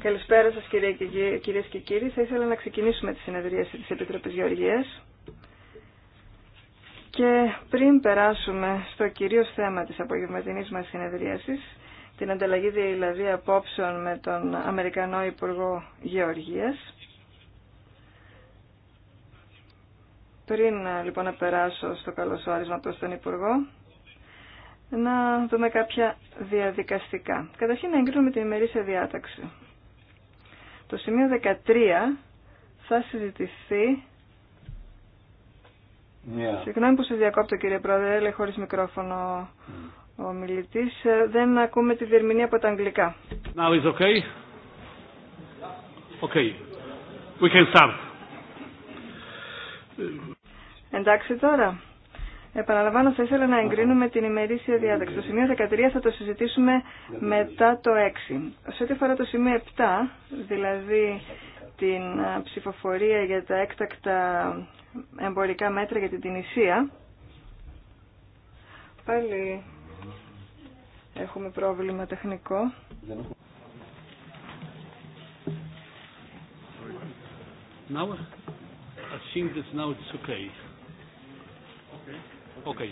Καλησπέρα σας κύριε και, κυρίες και κύριοι. Θα ήθελα να ξεκινήσουμε τη συνεδρίαση της Επιτροπής Γεωργίας. Και πριν περάσουμε στο κυρίως θέμα της απογευματινής μας συνεδρίασης, την ανταλλαγή δηλαδή απόψεων με τον Αμερικανό Υπουργό Γεωργίας, πριν λοιπόν να περάσω στο καλωσόρισμα προς τον Υπουργό, να δούμε κάποια διαδικαστικά. Καταρχήν να εγκρίνουμε την ημερήσια διάταξη. Το σημείο 13 θα συζητηθεί... Yeah. Συγγνώμη που σε διακόπτω κύριε Πρόεδρε, λέει χωρίς μικρόφωνο ο μιλητής. Δεν ακούμε τη διερμηνία από τα αγγλικά. Now is okay. Okay. We can start. Εντάξει τώρα. Επαναλαμβάνω, θα ήθελα να εγκρίνουμε την ημερήσια διάταξη. Το σημείο 13 θα το συζητήσουμε μετά το 6. Σε ό,τι αφορά το σημείο 7, δηλαδή την ψηφοφορία για τα έκτακτα εμπορικά μέτρα για την Τινησία, πάλι έχουμε πρόβλημα τεχνικό. Now, I think that now okay. Okay.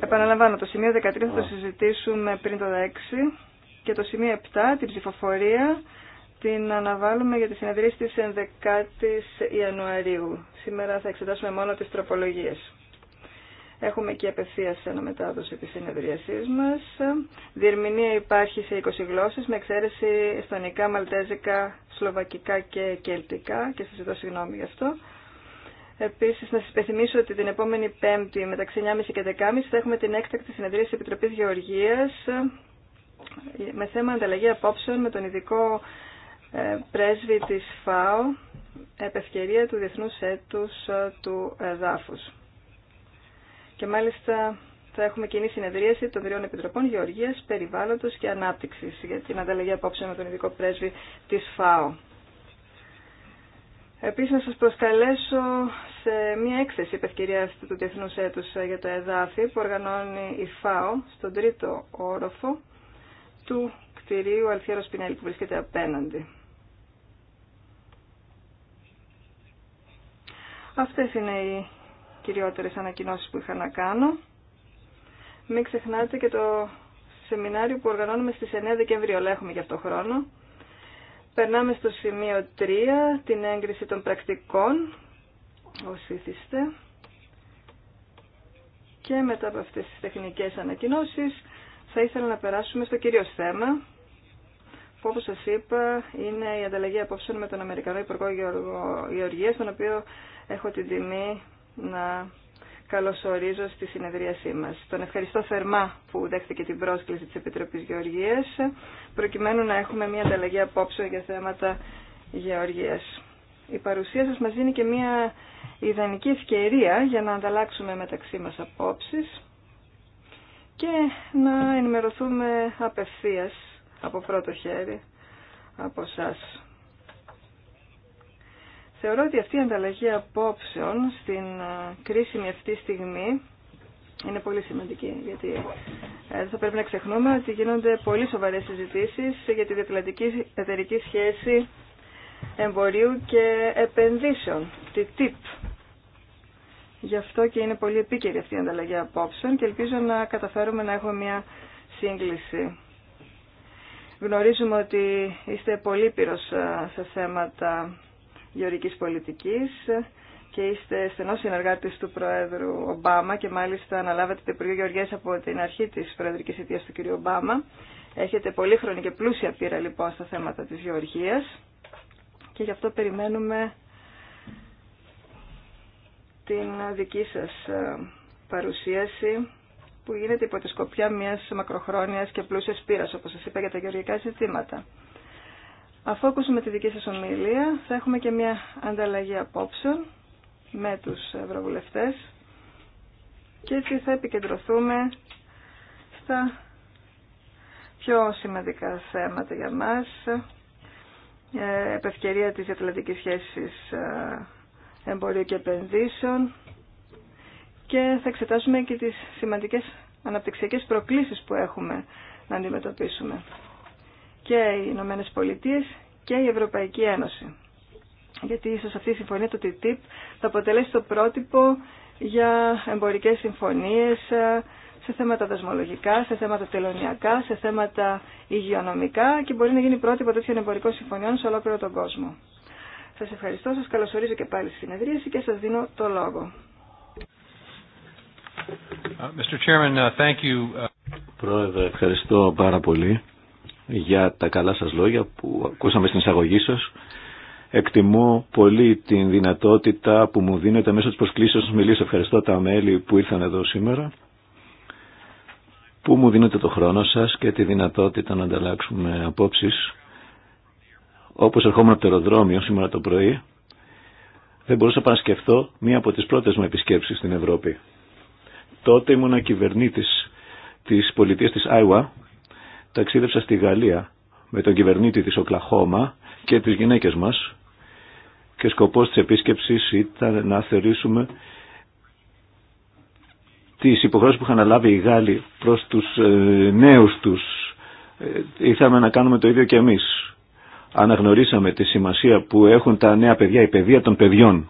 Επαναλαμβάνω, το σημείο 13 θα το συζητήσουμε πριν το 16 και το σημείο 7, την ψηφοφορία, την αναβάλουμε για τη συνεδρίαση της 11 Ιανουαρίου. Σήμερα θα εξετάσουμε μόνο τις τροπολογίες. Έχουμε και απευθεία αναμετάδοση τη συνεδρίασή μα. Διερμηνία υπάρχει σε 20 γλώσσε με εξαίρεση εστονικά, μαλτέζικα, σλοβακικά και κελτικά και σα ζητώ συγγνώμη γι' αυτό. Επίση, να σα υπενθυμίσω ότι την επόμενη Πέμπτη μεταξύ 9.30 και 10.30 θα έχουμε την έκτακτη συνεδρία τη Επιτροπή Γεωργία με θέμα ανταλλαγή απόψεων με τον ειδικό ε, πρέσβη της ΦΑΟ επευκαιρία του Διεθνούς Έτους ε, του Εδάφους και μάλιστα θα έχουμε κοινή συνεδρίαση των τριών επιτροπών Γεωργίας, Περιβάλλοντος και ανάπτυξη για την ανταλλαγή απόψε με τον ειδικό πρέσβη της ΦΑΟ. Επίσης να σας προσκαλέσω σε μια έκθεση επευκαιρία του Διεθνού Έτους για το εδάφη που οργανώνει η ΦΑΟ στον τρίτο όροφο του κτηρίου Αλθιέρο Σπινέλη που βρίσκεται απέναντι. Αυτές είναι οι κυριότερες ανακοινώσεις που είχα να κάνω. Μην ξεχνάτε και το σεμινάριο που οργανώνουμε στις 9 Δεκεμβρίου, αλλά έχουμε γι' αυτό χρόνο. Περνάμε στο σημείο 3, την έγκριση των πρακτικών, όσοι είστε. Και μετά από αυτές τις τεχνικές ανακοινώσεις, θα ήθελα να περάσουμε στο κυρίω θέμα, που όπως σας είπα είναι η ανταλλαγή απόψεων με τον Αμερικανό Υπουργό Γεωργίας, τον οποίο έχω την τιμή να καλωσορίζω στη συνεδρίασή μας. Τον ευχαριστώ θερμά που δέχτηκε την πρόσκληση της Επιτροπής Γεωργίας, προκειμένου να έχουμε μια ανταλλαγή απόψεων για θέματα γεωργίας. Η παρουσία σας μας δίνει και μια ιδανική ευκαιρία για να ανταλλάξουμε μεταξύ μας απόψεις και να ενημερωθούμε απευθείας από πρώτο χέρι από σας Θεωρώ ότι αυτή η ανταλλαγή απόψεων στην ε, κρίσιμη αυτή στιγμή είναι πολύ σημαντική, γιατί ε, δεν θα πρέπει να ξεχνούμε ότι γίνονται πολύ σοβαρές συζητήσεις για τη διατλαντική εταιρική σχέση εμπορίου και επενδύσεων, τη TIP. Γι' αυτό και είναι πολύ επίκαιρη αυτή η ανταλλαγή απόψεων και ελπίζω να καταφέρουμε να έχουμε μια σύγκληση. Γνωρίζουμε ότι είστε πολύπειρος ε, σε θέματα γεωρικής πολιτικής και είστε στενός συνεργάτης του Προέδρου Ομπάμα και μάλιστα αναλάβατε το Υπουργείο Γεωργίας από την αρχή της Προεδρικής Αιτίας του κ. Ομπάμα. Έχετε πολύχρονη και πλούσια πείρα λοιπόν στα θέματα της γεωργίας και γι' αυτό περιμένουμε την δική σας ε, παρουσίαση που γίνεται υπό τη σκοπιά μιας μακροχρόνιας και πλούσιας πείρας, όπως σας είπα, για τα γεωργικά ζητήματα. Αφού ακούσουμε τη δική σας ομιλία, θα έχουμε και μια ανταλλαγή απόψεων με τους ευρωβουλευτές και έτσι θα επικεντρωθούμε στα πιο σημαντικά θέματα για μας, ε, επευκαιρία της διατλαντικής σχέσης ε, εμπορίου και επενδύσεων και θα εξετάσουμε και τις σημαντικές αναπτυξιακές προκλήσεις που έχουμε να αντιμετωπίσουμε και οι Ηνωμένε Πολιτείε και η Ευρωπαϊκή Ένωση. Γιατί ίσως αυτή η συμφωνία του TTIP θα αποτελέσει το πρότυπο για εμπορικές συμφωνίες ε, σε θέματα δασμολογικά, σε θέματα τελωνιακά, σε θέματα υγειονομικά και μπορεί να γίνει πρότυπο τέτοιων εμπορικών συμφωνιών σε ολόκληρο τον κόσμο. Σας ευχαριστώ, σας καλωσορίζω και πάλι στη συνεδρίαση και σας δίνω το λόγο. Uh, uh, uh, Πρόεδρε, ευχαριστώ πάρα πολύ για τα καλά σας λόγια που ακούσαμε στην εισαγωγή σας. Εκτιμώ πολύ την δυνατότητα που μου δίνεται μέσω της προσκλήσεως μιλήσω. Ευχαριστώ τα μέλη που ήρθαν εδώ σήμερα που μου δίνετε το χρόνο σας και τη δυνατότητα να ανταλλάξουμε απόψεις. Όπως ερχόμουν από το αεροδρόμιο σήμερα το πρωί, δεν μπορούσα να σκεφτώ μία από τις πρώτες μου επισκέψεις στην Ευρώπη. Τότε ήμουν κυβερνήτης της πολιτείας της Άιουα ταξίδεψα στη Γαλλία με τον κυβερνήτη της Οκλαχώμα και τις γυναίκες μας και σκοπός της επίσκεψης ήταν να θεωρήσουμε τις υποχρεώσεις που είχαν λάβει οι Γάλλοι προς τους ε, νέους τους. Ε, Ήθαμε να κάνουμε το ίδιο και εμείς. Αναγνωρίσαμε τη σημασία που έχουν τα νέα παιδιά, η παιδεία των παιδιών.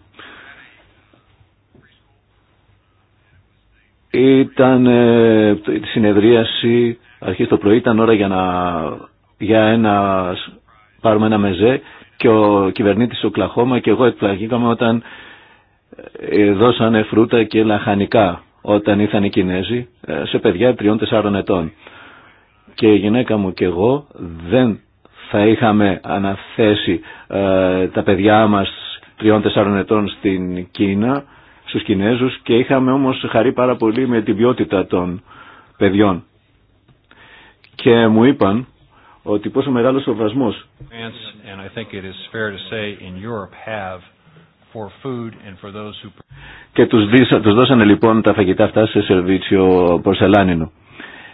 Ήταν ε, συνεδρίαση αρχή το πρωί, ήταν ώρα για, να, για ένα, πάρουμε ένα μεζέ και ο κυβερνήτης του Κλαχώμα και εγώ εκπλαγήκαμε όταν ε, δώσανε φρούτα και λαχανικά όταν ήρθαν οι Κινέζοι ε, σε παιδιά 3-4 ετών. Και η γυναίκα μου και εγώ δεν θα είχαμε αναθέσει ε, τα παιδιά μας 3-4 ετών στην Κίνα στους Κινέζους και είχαμε όμως χαρεί πάρα πολύ με την ποιότητα των παιδιών. Και μου είπαν ότι πόσο μεγάλος ο βρασμός. Και τους, δίσα, τους δώσανε λοιπόν τα φαγητά αυτά σε σερβίτσιο πορσελάνινο.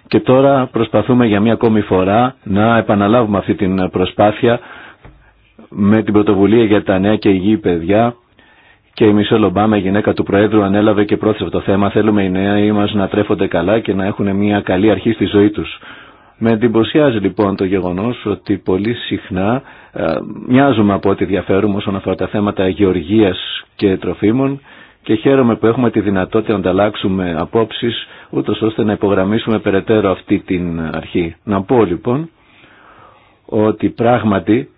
Και τώρα προσπαθούμε για μία ακόμη φορά να επαναλάβουμε αυτή την προσπάθεια με την πρωτοβουλία για τα νέα και υγιή παιδιά και η Μισελ Ομπάμα, η γυναίκα του Προέδρου, ανέλαβε και πρόθεσε το θέμα. Θέλουμε οι νέοι μα να τρέφονται καλά και να έχουν μια καλή αρχή στη ζωή του. Με εντυπωσιάζει λοιπόν το γεγονό ότι πολύ συχνά ε, μοιάζουμε από ό,τι διαφέρουμε όσον αφορά τα θέματα γεωργία και τροφίμων και χαίρομαι που έχουμε τη δυνατότητα να ανταλλάξουμε απόψει ούτω ώστε να υπογραμμίσουμε περαιτέρω αυτή την αρχή. Να πω λοιπόν ότι πράγματι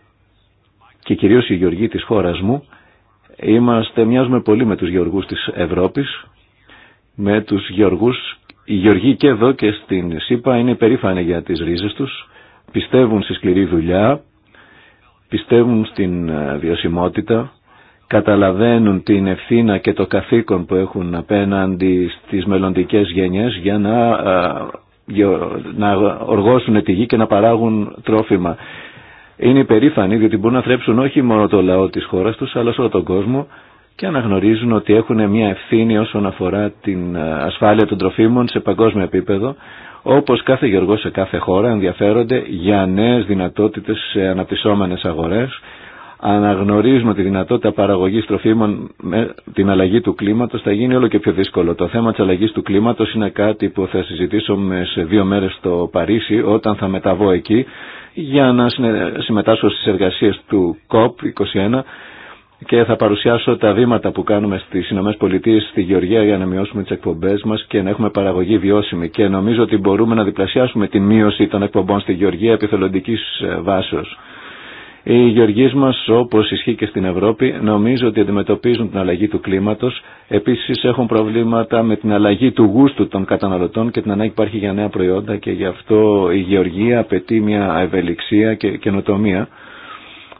και κυρίως οι γεωργοί της χώρα μου Είμαστε, μοιάζουμε πολύ με τους γεωργούς της Ευρώπης, με τους γεωργούς. Οι γεωργοί και εδώ και στην ΣΥΠΑ είναι περήφανοι για τις ρίζες τους, πιστεύουν στη σκληρή δουλειά, πιστεύουν στην ε, βιωσιμότητα, καταλαβαίνουν την ευθύνα και το καθήκον που έχουν απέναντι στις μελλοντικέ γενιές για να, ε, να οργώσουν τη γη και να παράγουν τρόφιμα είναι υπερήφανοι διότι μπορούν να θρέψουν όχι μόνο το λαό της χώρας τους αλλά σε όλο τον κόσμο και αναγνωρίζουν ότι έχουν μια ευθύνη όσον αφορά την ε, ασφάλεια των τροφίμων σε παγκόσμιο επίπεδο όπως κάθε γεωργός σε κάθε χώρα ενδιαφέρονται για νέες δυνατότητες σε αναπτυσσόμενες αγορές αναγνωρίζουμε τη δυνατότητα παραγωγής τροφίμων με την αλλαγή του κλίματος θα γίνει όλο και πιο δύσκολο. Το θέμα της αλλαγής του κλίματος είναι κάτι που θα συζητήσουμε σε δύο μέρες στο Παρίσι όταν θα μεταβώ εκεί για να συμμετάσχω στις εργασίες του COP21 και θα παρουσιάσω τα βήματα που κάνουμε στις ΗΠΑ στη Γεωργία για να μειώσουμε τις εκπομπές μας και να έχουμε παραγωγή βιώσιμη και νομίζω ότι μπορούμε να διπλασιάσουμε τη μείωση των εκπομπών στη Γεωργία επιθελοντικής ε, βάσεως. Οι γεωργοί μας, όπως ισχύει και στην Ευρώπη, νομίζω ότι αντιμετωπίζουν την αλλαγή του κλίματος. Επίσης έχουν προβλήματα με την αλλαγή του γούστου των καταναλωτών και την ανάγκη που υπάρχει για νέα προϊόντα και γι' αυτό η γεωργία απαιτεί μια ευελιξία και καινοτομία.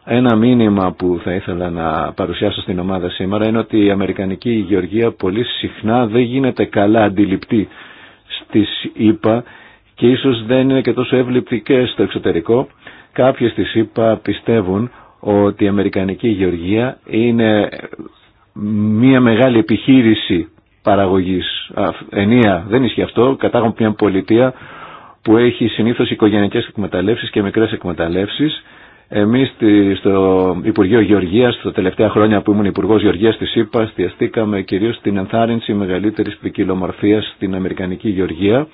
Ένα μήνυμα που θα ήθελα να παρουσιάσω στην ομάδα σήμερα είναι ότι η Αμερικανική γεωργία πολύ συχνά δεν γίνεται καλά αντιληπτή στις ΗΠΑ και ίσως δεν είναι και τόσο ευληπτικές στο εξωτερικό Κάποιοι στη ΣΥΠΑ πιστεύουν ότι η Αμερικανική Γεωργία είναι μια μεγάλη επιχείρηση παραγωγής ενία. Δεν ισχύει αυτό. Κατάγουν μια πολιτεία που έχει συνήθως οικογενειακές εκμεταλλεύσεις και μικρές εκμεταλλεύσεις. Εμείς στο Υπουργείο Γεωργίας, τα τελευταία χρόνια που ήμουν Υπουργός Γεωργίας της ΕΠΑ, εστιαστήκαμε κυρίως στην ενθάρρυνση μεγαλύτερης ποικιλομορφίας στην Αμερικανική Γεωργία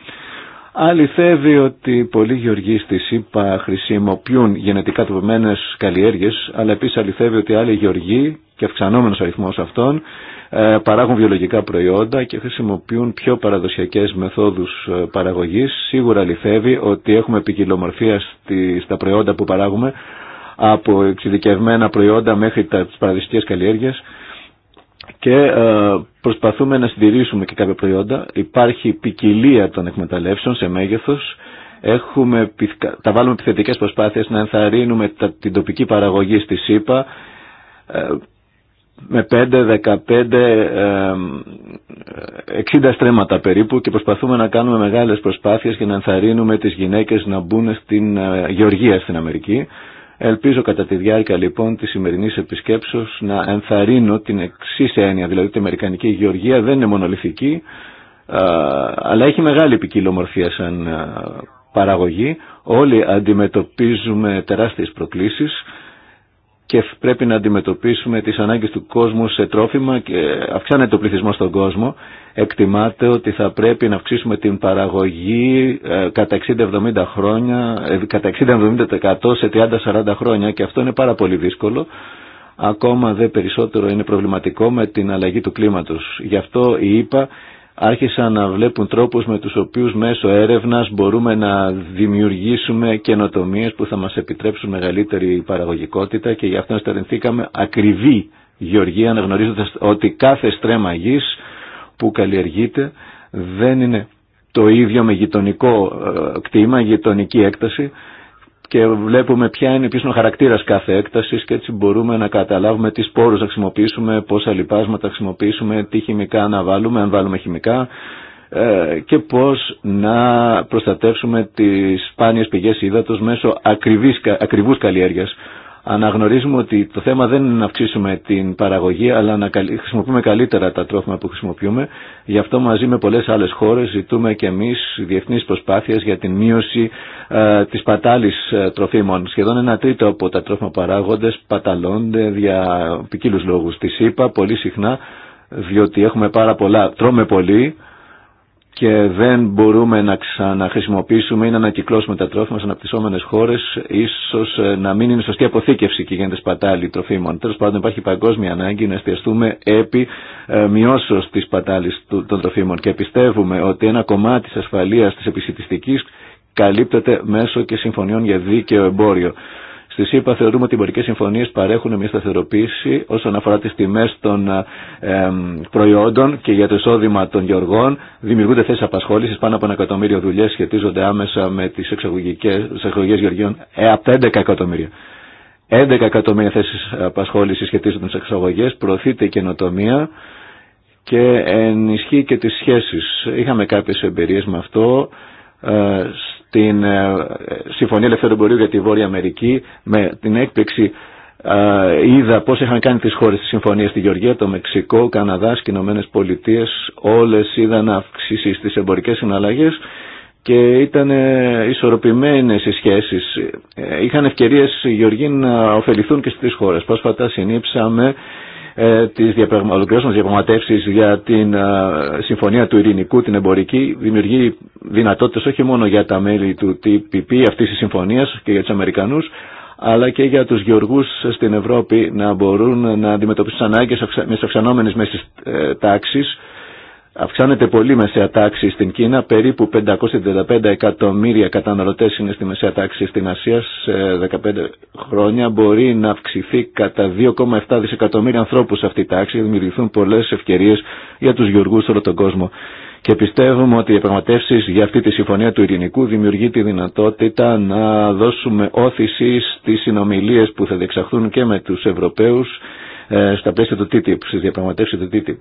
αληθεύει ότι πολλοί γεωργοί στη ΣΥΠΑ χρησιμοποιούν γενετικά τροπημένες καλλιέργειες, αλλά επίσης αληθεύει ότι άλλοι γεωργοί και αυξανόμενος αριθμός αυτών ε, παράγουν βιολογικά προϊόντα και χρησιμοποιούν πιο παραδοσιακές μεθόδους ε, παραγωγής. Σίγουρα αληθεύει ότι έχουμε ποικιλομορφία στα προϊόντα που παράγουμε, από εξειδικευμένα προϊόντα μέχρι τι παραδοσιακές καλλιέργειες και ε, προσπαθούμε να συντηρήσουμε και κάποια προϊόντα. Υπάρχει ποικιλία των εκμεταλλεύσεων σε μέγεθος. Έχουμε, τα βάλουμε επιθετικές προσπάθειες να ενθαρρύνουμε την τοπική παραγωγή στη ΣΥΠΑ ε, με 5, 15, 60 στρέμματα περίπου και προσπαθούμε να κάνουμε μεγάλες προσπάθειες για να ενθαρρύνουμε τις γυναίκες να μπουν στην ε, γεωργία στην Αμερική. Ελπίζω κατά τη διάρκεια λοιπόν τη σημερινή επισκέψεω να ενθαρρύνω την εξή έννοια, δηλαδή ότι η Αμερικανική Γεωργία δεν είναι μονολυθική, αλλά έχει μεγάλη ποικιλομορφία σαν παραγωγή. Όλοι αντιμετωπίζουμε τεράστιες προκλήσεις και πρέπει να αντιμετωπίσουμε τις ανάγκες του κόσμου σε τρόφιμα και αυξάνεται ο πληθυσμό στον κόσμο. Εκτιμάται ότι θα πρέπει να αυξήσουμε την παραγωγή ε, κατά 60-70 χρόνια, ε, κατά 60-70% σε 30-40 χρόνια και αυτό είναι πάρα πολύ δύσκολο. Ακόμα δε περισσότερο είναι προβληματικό με την αλλαγή του κλίματος. Γι' αυτό η άρχισαν να βλέπουν τρόπους με τους οποίους μέσω έρευνας μπορούμε να δημιουργήσουμε καινοτομίε που θα μας επιτρέψουν μεγαλύτερη παραγωγικότητα και γι' αυτό αστερνθήκαμε ακριβή γεωργία αναγνωρίζοντας ότι κάθε στρέμα γης που καλλιεργείται δεν είναι το ίδιο με γειτονικό ε, κτήμα, γειτονική έκταση και βλέπουμε ποια είναι, ποιος είναι ο χαρακτήρας κάθε έκτασης και έτσι μπορούμε να καταλάβουμε τι σπόρους να χρησιμοποιήσουμε, πόσα λιπάσματα χρησιμοποιήσουμε, τι χημικά να βάλουμε, αν βάλουμε χημικά ε, και πώς να προστατεύσουμε τις σπάνιες πηγές ύδατος μέσω ακριβής, ακριβούς καλλιέργειας αναγνωρίζουμε ότι το θέμα δεν είναι να αυξήσουμε την παραγωγή, αλλά να χρησιμοποιούμε καλύτερα τα τρόφιμα που χρησιμοποιούμε. Γι' αυτό μαζί με πολλές άλλες χώρες ζητούμε και εμείς διεθνείς προσπάθειες για την μείωση ε, της πατάλης ε, τροφίμων. Σχεδόν ένα τρίτο από τα τρόφιμα παράγοντες παταλώνται για ποικίλου λόγους. Τη είπα πολύ συχνά, διότι έχουμε πάρα πολλά, τρώμε πολύ, και δεν μπορούμε να ξαναχρησιμοποιήσουμε ή να ανακυκλώσουμε τα τρόφιμα σε αναπτυσσόμενε χώρε, ίσω ε, να μην είναι σωστή αποθήκευση και γίνεται σπατάλη τροφίμων. Τέλο πάντων, υπάρχει παγκόσμια ανάγκη να εστιαστούμε επί ε, μειώσεω τη σπατάλη των τροφίμων και πιστεύουμε ότι ένα κομμάτι τη ασφαλεία τη επισητιστική καλύπτεται μέσω και συμφωνιών για δίκαιο εμπόριο. Στη ΣΥΠΑ θεωρούμε ότι οι εμπορικέ συμφωνίε παρέχουν μια σταθεροποίηση όσον αφορά τι τιμέ των ε, προϊόντων και για το εισόδημα των γεωργών. Δημιουργούνται θέσει απασχόληση. Πάνω από ένα εκατομμύριο δουλειέ σχετίζονται άμεσα με τι εξαγωγέ γεωργιών ε, από τα 11 εκατομμύρια. 11 εκατομμύρια θέσει απασχόληση σχετίζονται με τι εξαγωγέ. Προωθείται η καινοτομία και ενισχύει και τι σχέσει. Είχαμε κάποιε εμπειρίε με αυτό ε, την ε, Συμφωνία Ελευθερου για τη Βόρεια Αμερική με την έκπληξη ε, είδα πώς είχαν κάνει τις χώρες τη Συμφωνία στη Γεωργία, το Μεξικό, Καναδάς και Ηνωμένε Πολιτείε, όλες είδαν αύξηση στις εμπορικές συναλλαγές και ήταν ε, ισορροπημένε οι σχέσεις. Είχαν ευκαιρίες οι Γεωργοί να ωφεληθούν και στις χώρες. Πρόσφατα συνήψαμε ε, τις ολοκληρώσουμε διαπραγματεύσεις για την ε, συμφωνία του ειρηνικού, την εμπορική, δημιουργεί δυνατότητε όχι μόνο για τα μέλη του TPP αυτής της συμφωνία και για τους Αμερικανούς, αλλά και για τους γεωργού στην Ευρώπη να μπορούν να αντιμετωπίσουν τις ανάγκες με τις μέσει τάξεις Αυξάνεται πολύ η μεσαία τάξη στην Κίνα, περίπου 535 εκατομμύρια καταναλωτέ είναι στη μεσαία τάξη στην Ασία σε 15 χρόνια. Μπορεί να αυξηθεί κατά 2,7 δισεκατομμύρια ανθρώπου σε αυτή η τάξη, δημιουργηθούν πολλέ ευκαιρίε για τους σε όλο τον κόσμο. Και πιστεύουμε ότι οι διαπραγματεύσει για αυτή τη συμφωνία του ειρηνικού δημιουργεί τη δυνατότητα να δώσουμε όθηση στις συνομιλίε που θα διεξαχθούν και με τους Ευρωπαίους ε, στα πλαίσια του TTIP, στι διαπραγματεύσει του TTIP.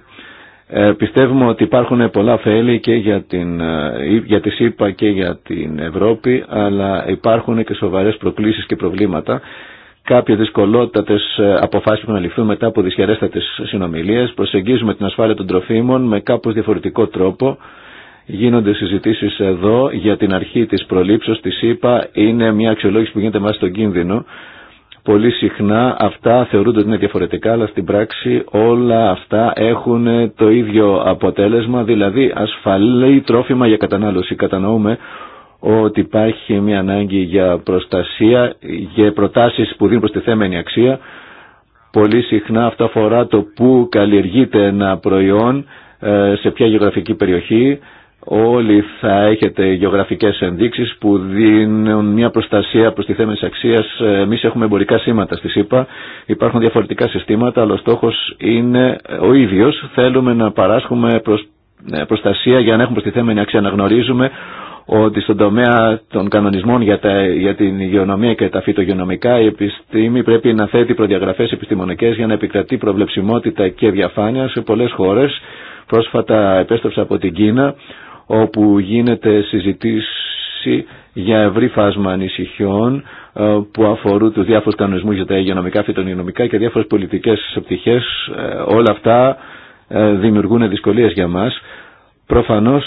Ε, πιστεύουμε ότι υπάρχουν πολλά φέλη και για, την, ε, για τη ΣΥΠΑ και για την Ευρώπη, αλλά υπάρχουν και σοβαρές προκλήσεις και προβλήματα. Κάποιες δυσκολότατες ε, αποφάσεις που να ληφθούν μετά από δυσχερέστατες συνομιλίες. Προσεγγίζουμε την ασφάλεια των τροφίμων με κάπως διαφορετικό τρόπο. Γίνονται συζητήσεις εδώ για την αρχή της προλήψεως της ΣΥΠΑ. Είναι μια αξιολόγηση που γίνεται μέσα στον κίνδυνο. Πολύ συχνά αυτά θεωρούνται ότι είναι διαφορετικά, αλλά στην πράξη όλα αυτά έχουν το ίδιο αποτέλεσμα, δηλαδή ασφαλή τρόφιμα για κατανάλωση. Κατανοούμε ότι υπάρχει μια ανάγκη για προστασία, για προτάσεις που δίνουν προστιθέμενη αξία. Πολύ συχνά αυτό αφορά το πού καλλιεργείται ένα προϊόν, ε, σε ποια γεωγραφική περιοχή, Όλοι θα έχετε γεωγραφικές ενδείξεις που δίνουν μια προστασία προς τη της αξίας. Εμείς έχουμε εμπορικά σήματα στη ΣΥΠΑ. Υπάρχουν διαφορετικά συστήματα, αλλά ο στόχος είναι ο ίδιος. Θέλουμε να παράσχουμε ε, προστασία για να έχουμε τη θέμενη αξία. Να γνωρίζουμε ότι στον τομέα των κανονισμών για, τα, για την υγειονομία και τα φυτογειονομικά η επιστήμη πρέπει να θέτει προδιαγραφές επιστημονικές για να επικρατεί προβλεψιμότητα και διαφάνεια σε πολλές χώρες. Πρόσφατα επέστρεψα από την Κίνα όπου γίνεται συζητήση για ευρύ φάσμα ανησυχιών ε, που αφορούν τους διάφορους κανονισμούς για τα υγειονομικά, φυτονομικά και διάφορες πολιτικές πτυχές. Ε, όλα αυτά ε, δημιουργούν δυσκολίες για μας. Προφανώς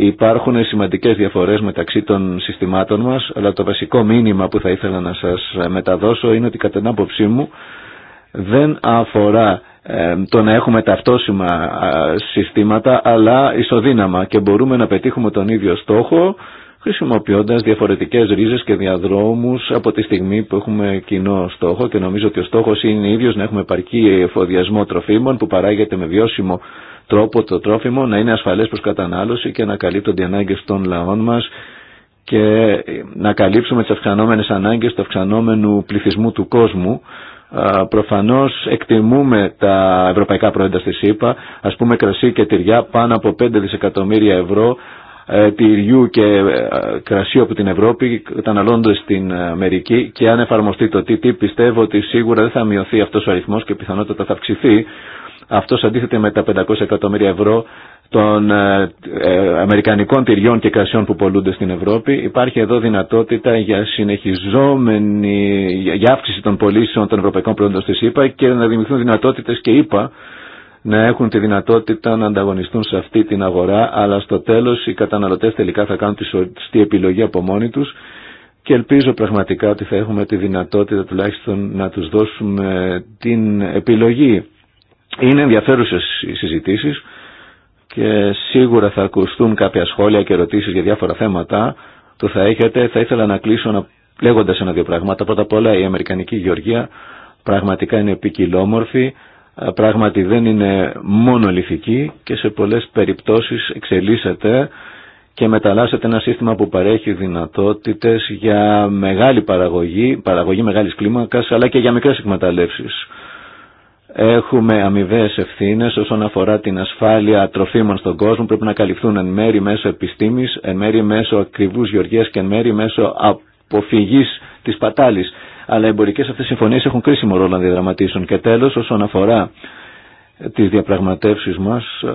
υπάρχουν σημαντικές διαφορές μεταξύ των συστημάτων μας, αλλά το βασικό μήνυμα που θα ήθελα να σας μεταδώσω είναι ότι κατά την άποψή μου δεν αφορά το να έχουμε ταυτόσιμα συστήματα αλλά ισοδύναμα και μπορούμε να πετύχουμε τον ίδιο στόχο χρησιμοποιώντας διαφορετικές ρίζες και διαδρόμους από τη στιγμή που έχουμε κοινό στόχο και νομίζω ότι ο στόχος είναι ίδιος να έχουμε επαρκή εφοδιασμό τροφίμων που παράγεται με βιώσιμο τρόπο το τρόφιμο, να είναι ασφαλές προς κατανάλωση και να καλύπτονται οι ανάγκες των λαών μας και να καλύψουμε τις αυξανόμενες ανάγκες του αυξανόμενου πληθυσμού του κόσμου Προφανώς εκτιμούμε τα ευρωπαϊκά προέντα στη ΣΥΠΑ, ας πούμε κρασί και τυριά πάνω από 5 δισεκατομμύρια ευρώ ε, τυριού και ε, κρασί από την Ευρώπη καταναλώνονται στην ε, Αμερική και αν εφαρμοστεί το TTIP πιστεύω ότι σίγουρα δεν θα μειωθεί αυτός ο αριθμός και πιθανότατα θα αυξηθεί αυτό αντίθεται με τα 500 εκατομμύρια ευρώ των ε, ε, αμερικανικών τυριών και κρασιών που πολλούνται στην Ευρώπη. Υπάρχει εδώ δυνατότητα για συνεχιζόμενη, για, αύξηση των πωλήσεων των ευρωπαϊκών προϊόντων στη ΣΥΠΑ και να δημιουργηθούν δυνατότητες και ΗΠΑ να έχουν τη δυνατότητα να ανταγωνιστούν σε αυτή την αγορά, αλλά στο τέλος οι καταναλωτές τελικά θα κάνουν τη σωστή επιλογή από μόνοι τους και ελπίζω πραγματικά ότι θα έχουμε τη δυνατότητα τουλάχιστον να τους δώσουμε την επιλογή είναι ενδιαφέρουσε οι συζητήσει και σίγουρα θα ακουστούν κάποια σχόλια και ερωτήσει για διάφορα θέματα που θα έχετε. Θα ήθελα να κλεισω λέγοντα λέγοντας ένα-δύο πράγματα. Πρώτα απ' όλα η Αμερικανική Γεωργία πραγματικά είναι ποικιλόμορφη, ε, πράγματι δεν είναι μόνο λυθική και σε πολλέ περιπτώσει εξελίσσεται και μεταλλάσσεται ένα σύστημα που παρέχει δυνατότητες για μεγάλη παραγωγή, παραγωγή μεγάλης κλίμακας αλλά και για μικρές εκμεταλλεύσεις. Έχουμε αμοιβέ ευθύνε όσον αφορά την ασφάλεια τροφίμων στον κόσμο. Πρέπει να καλυφθούν εν μέρη μέσω επιστήμη, εν μέρη μέσω ακριβού γεωργία και εν μέρη μέσω αποφυγή τη πατάλη. Αλλά οι εμπορικέ αυτέ συμφωνίε έχουν κρίσιμο ρόλο να διαδραματίσουν. Και τέλο, όσον αφορά τις διαπραγματεύσεις μας ε,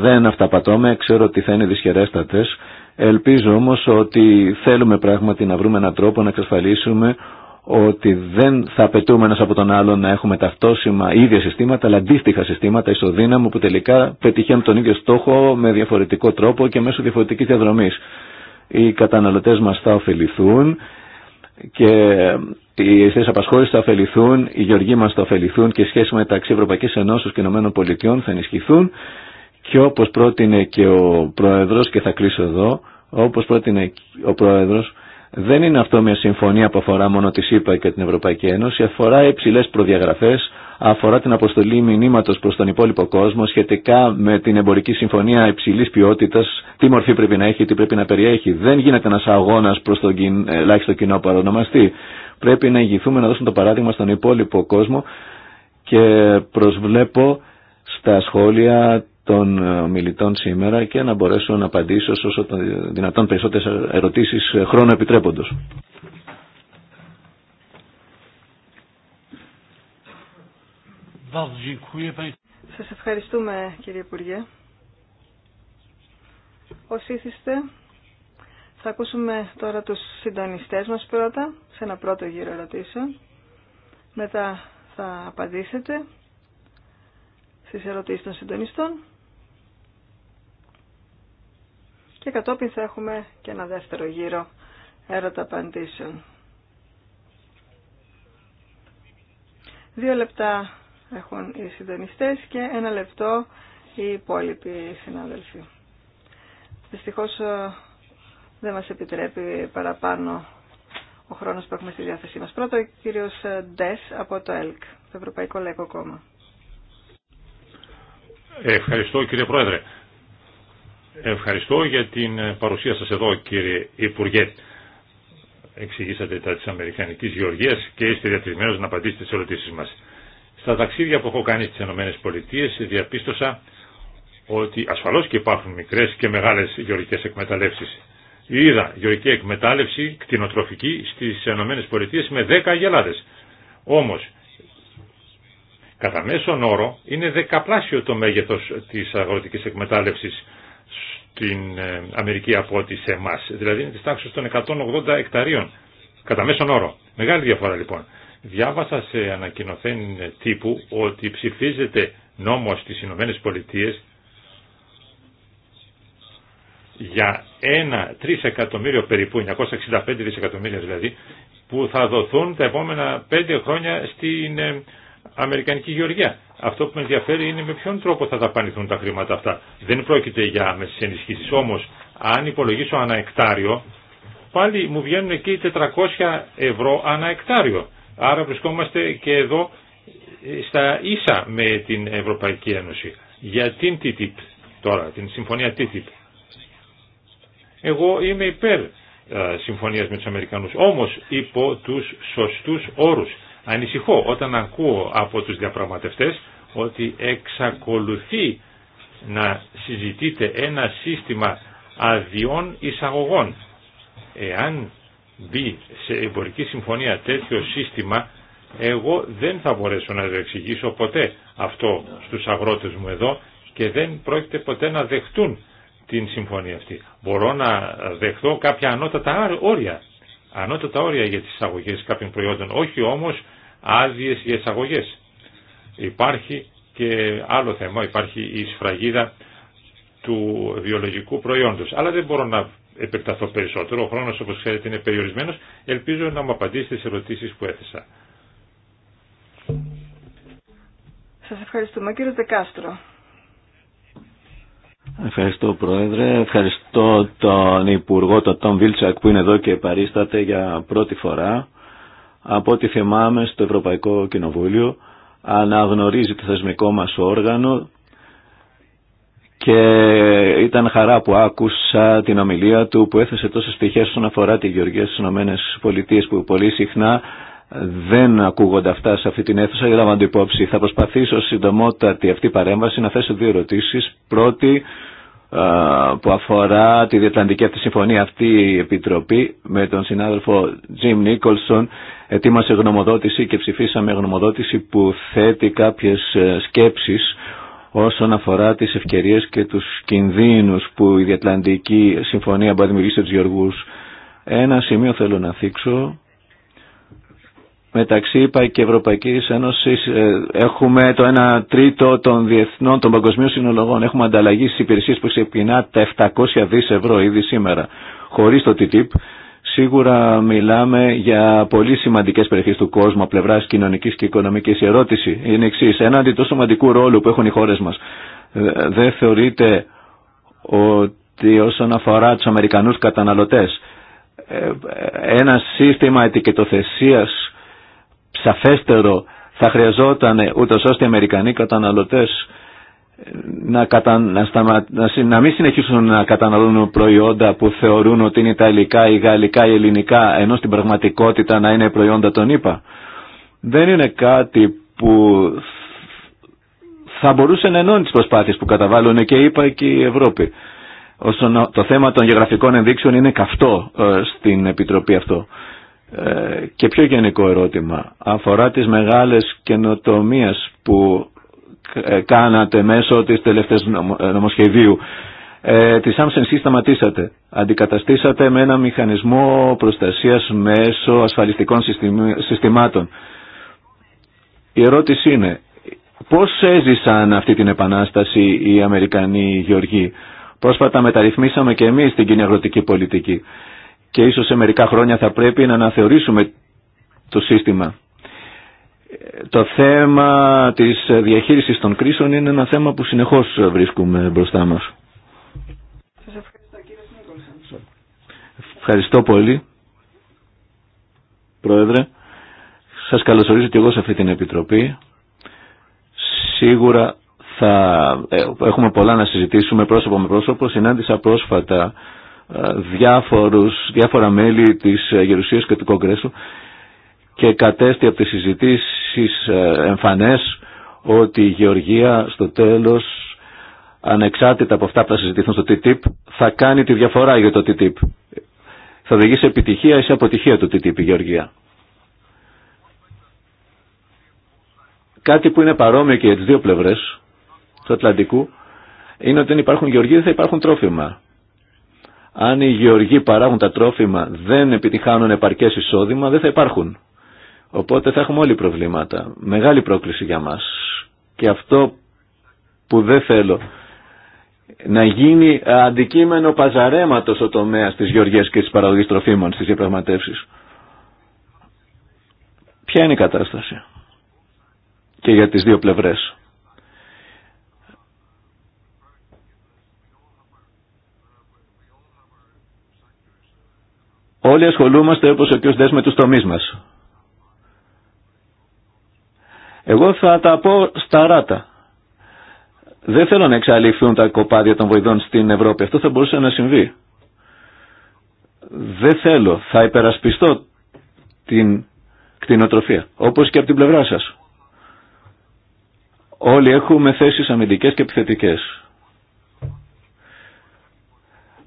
δεν αυταπατώμε, ξέρω ότι θα είναι δυσχερέστατε. Ελπίζω όμω ότι θέλουμε πράγματι να βρούμε έναν τρόπο να εξασφαλίσουμε ότι δεν θα απαιτούμε ένας από τον άλλον να έχουμε ταυτόσημα ίδια συστήματα, αλλά αντίστοιχα συστήματα ισοδύναμου που τελικά πετυχαίνουν τον ίδιο στόχο με διαφορετικό τρόπο και μέσω διαφορετικής διαδρομής. Οι καταναλωτές μας θα ωφεληθούν και οι θέσει απασχόληση θα ωφεληθούν, οι γεωργοί μα θα ωφεληθούν και οι σχέσει μεταξύ Ευρωπαϊκή Ενώσεω και Ηνωμένων θα ενισχυθούν. Και όπω πρότεινε και ο Πρόεδρο, και θα κλείσω εδώ, όπω πρότεινε ο Πρόεδρο, δεν είναι αυτό μια συμφωνία που αφορά μόνο τη ΣΥΠΑ και την Ευρωπαϊκή Ένωση, αφορά υψηλέ προδιαγραφέ, αφορά την αποστολή μηνύματο προ τον υπόλοιπο κόσμο σχετικά με την εμπορική συμφωνία υψηλή ποιότητα, τι μορφή πρέπει να έχει, τι πρέπει να περιέχει. Δεν γίνεται ένα αγώνα προ τον ε, ελάχιστο κοινό παρονομαστή. Πρέπει να ηγηθούμε να δώσουμε το παράδειγμα στον υπόλοιπο κόσμο και προσβλέπω στα σχόλια των ε, μιλητών σήμερα και να μπορέσω να απαντήσω όσο το δυνατόν περισσότερες ερωτήσεις ε, χρόνο επιτρέποντος. Σας ευχαριστούμε κύριε Υπουργέ. Ως ήθιστε, θα ακούσουμε τώρα τους συντονιστές μας πρώτα, σε ένα πρώτο γύρο ερωτήσεων. Μετά θα απαντήσετε στις ερωτήσεις των συντονιστών και κατόπιν θα έχουμε και ένα δεύτερο γύρο έρωτα απαντήσεων. Δύο λεπτά έχουν οι συντονιστές και ένα λεπτό οι υπόλοιποι συνάδελφοι. Δυστυχώς ε, δεν μας επιτρέπει παραπάνω ο χρόνος που έχουμε στη διάθεσή μας. Πρώτο ο κύριος ε, Ντες από το ΕΛΚ, το Ευρωπαϊκό Λαϊκό Κόμμα. Ε, ευχαριστώ κύριε Πρόεδρε. Ευχαριστώ για την ε, παρουσία σας εδώ κύριε Υπουργέ. Εξηγήσατε τα της Αμερικανικής Γεωργίας και είστε διατριμμένος να απαντήσετε σε ερωτήσεις μας. Στα ταξίδια που έχω κάνει στις ΗΠΑ διαπίστωσα ότι ασφαλώς και υπάρχουν μικρές και μεγάλες γεωργικές εκμεταλλεύσεις. Είδα γεωργική εκμετάλλευση κτηνοτροφική στις ΗΠΑ με 10 αγελάδες. Όμως, κατά μέσον όρο είναι δεκαπλάσιο το μέγεθος της αγροτικής εκμετάλλευσης στην ε, Αμερική από ότι σε εμά. Δηλαδή είναι τη τάξη των 180 εκταρίων, κατά μέσον όρο. Μεγάλη διαφορά λοιπόν. Διάβασα σε ανακοινωθέν τύπου ότι ψηφίζεται νόμος στις Ηνωμένες Πολιτείες για ένα τρισεκατομμύριο περίπου, 965 δισεκατομμύρια δηλαδή, που θα δοθούν τα επόμενα πέντε χρόνια στην ε, Αμερικανική Γεωργία. Αυτό που με ενδιαφέρει είναι με ποιον τρόπο θα δαπανηθούν τα χρήματα αυτά. Δεν πρόκειται για άμεσε ενισχύσει. Όμω, αν υπολογίσω αναεκτάριο, εκτάριο, πάλι μου βγαίνουν εκεί 400 ευρώ αναεκτάριο. εκτάριο. Άρα βρισκόμαστε και εδώ ε, στα ίσα με την Ευρωπαϊκή Ένωση. Για την TTIP τώρα, την συμφωνία TTIP. Εγώ είμαι υπέρ ε, συμφωνίας με τους Αμερικανούς, όμως υπό τους σωστούς όρους. Ανησυχώ όταν ακούω από τους διαπραγματευτές ότι εξακολουθεί να συζητείται ένα σύστημα αδειών εισαγωγών. Εάν μπει σε εμπορική συμφωνία τέτοιο σύστημα, εγώ δεν θα μπορέσω να διεξηγήσω ποτέ αυτό στους αγρότες μου εδώ και δεν πρόκειται ποτέ να δεχτούν την συμφωνία αυτή. Μπορώ να δεχτώ κάποια ανώτατα όρια ανώτατα όρια για τις εισαγωγές κάποιων προϊόντων, όχι όμως άδειε για εισαγωγές. Υπάρχει και άλλο θέμα, υπάρχει η σφραγίδα του βιολογικού προϊόντος. Αλλά δεν μπορώ να επεκταθώ περισσότερο, ο χρόνος όπως ξέρετε είναι περιορισμένος. Ελπίζω να μου απαντήσετε στις ερωτήσεις που έθεσα. Σας ευχαριστούμε. Κύριε Δεκάστρο. Ευχαριστώ Πρόεδρε. Ευχαριστώ τον Υπουργό, τον Τόμ Βίλτσακ που είναι εδώ και παρίσταται για πρώτη φορά. Από ό,τι θυμάμαι στο Ευρωπαϊκό Κοινοβούλιο αναγνωρίζει το θεσμικό μας όργανο και ήταν χαρά που άκουσα την ομιλία του που έθεσε τόσες στοιχεία όσον αφορά τη Γεωργία στις ΗΠΑ που πολύ συχνά δεν ακούγονται αυτά σε αυτή την αίθουσα, για να υπόψη. Θα προσπαθήσω συντομότατη αυτή η παρέμβαση να θέσω δύο ερωτήσεις. Πρώτη, που αφορά τη Διατλαντική αυτή συμφωνία αυτή η Επιτροπή με τον συνάδελφο Jim Nicholson ετοίμασε γνωμοδότηση και ψηφίσαμε γνωμοδότηση που θέτει κάποιες ε, σκέψεις όσον αφορά τις ευκαιρίες και τους κινδύνους που η Διατλαντική συμφωνία μπορεί να δημιουργήσει τους Γεωργούς. Ένα σημείο θέλω να θίξω μεταξύ ΙΠΑ και Ευρωπαϊκής Ένωσης ε, έχουμε το 1 τρίτο των διεθνών, των παγκοσμίων συνολογών. Έχουμε ανταλλαγή στις υπηρεσίες που ξεπινά τα 700 δις ευρώ ήδη σήμερα. Χωρίς το TTIP σίγουρα μιλάμε για πολύ σημαντικές περιοχές του κόσμου από πλευράς κοινωνικής και οικονομικής. Η ερώτηση είναι εξή. Έναντι τόσο σημαντικού ρόλου που έχουν οι χώρες μας, ε, δεν θεωρείτε ότι όσον αφορά τους Αμερικανούς καταναλωτές, ε, ένα σύστημα ετικετοθεσίας σαφέστερο θα χρειαζόταν ούτω ώστε οι Αμερικανοί καταναλωτέ να, κατα... να, μην συνεχίσουν να καταναλώνουν προϊόντα που θεωρούν ότι είναι ιταλικά ή γαλλικά ή ελληνικά, ενώ στην πραγματικότητα να είναι προϊόντα των ΗΠΑ. Δεν είναι κάτι που θα μπορούσε να ενώνει τις προσπάθειες που καταβάλουν και η ΕΠΑ και η Ευρώπη. το θέμα των γεγραφικών ενδείξεων είναι καυτό ε, στην Επιτροπή αυτό. Ε, και πιο γενικό ερώτημα αφορά τις μεγάλες καινοτομίες που ε, κάνατε μέσω της τελευταίας ε, νομοσχεδίου ε, της Άμσεν σταματήσατε αντικαταστήσατε με ένα μηχανισμό προστασίας μέσω ασφαλιστικών συστημάτων η ερώτηση είναι πώς έζησαν αυτή την επανάσταση οι Αμερικανοί γεωργοί πρόσφατα μεταρρυθμίσαμε και εμείς την κοινή πολιτική και ίσως σε μερικά χρόνια θα πρέπει να αναθεωρήσουμε το σύστημα. Το θέμα της διαχείρισης των κρίσεων είναι ένα θέμα που συνεχώς βρίσκουμε μπροστά μας. Σας ευχαριστώ Ευχαριστώ πολύ. Πρόεδρε, σας καλωσορίζω και εγώ σε αυτή την Επιτροπή. Σίγουρα θα ε, έχουμε πολλά να συζητήσουμε πρόσωπο με πρόσωπο. Συνάντησα πρόσφατα ε, διάφορους, διάφορα μέλη της ε, Γερουσίας και του Κογκρέσου και κατέστη από τις συζητήσεις ε, εμφανές ότι η Γεωργία στο τέλος ανεξάρτητα από αυτά που θα συζητηθούν στο TTIP θα κάνει τη διαφορά για το TTIP. Θα οδηγήσει επιτυχία ή σε αποτυχία του TTIP η Γεωργία. Κάτι που είναι παρόμοιο και για τις δύο πλευρές του Ατλαντικού είναι ότι αν υπάρχουν γεωργοί δεν θα υπάρχουν τρόφιμα. Αν οι γεωργοί παράγουν τα τρόφιμα, δεν επιτυχάνουν επαρκές εισόδημα, δεν θα υπάρχουν. Οπότε θα έχουμε όλοι προβλήματα. Μεγάλη πρόκληση για μας. Και αυτό που δεν θέλω να γίνει αντικείμενο παζαρέματος ο τομέας της γεωργίας και της παραγωγής τροφίμων στις διαπραγματεύσεις. Ποια είναι η κατάσταση και για τις δύο πλευρές. Όλοι ασχολούμαστε όπως ο κ. Δες με τους τομείς μας. Εγώ θα τα πω στα ράτα. Δεν θέλω να εξαλειφθούν τα κοπάδια των βοηδών στην Ευρώπη. Αυτό θα μπορούσε να συμβεί. Δεν θέλω. Θα υπερασπιστώ την κτηνοτροφία. Όπως και από την πλευρά σας. Όλοι έχουμε θέσεις αμυντικές και επιθετικές.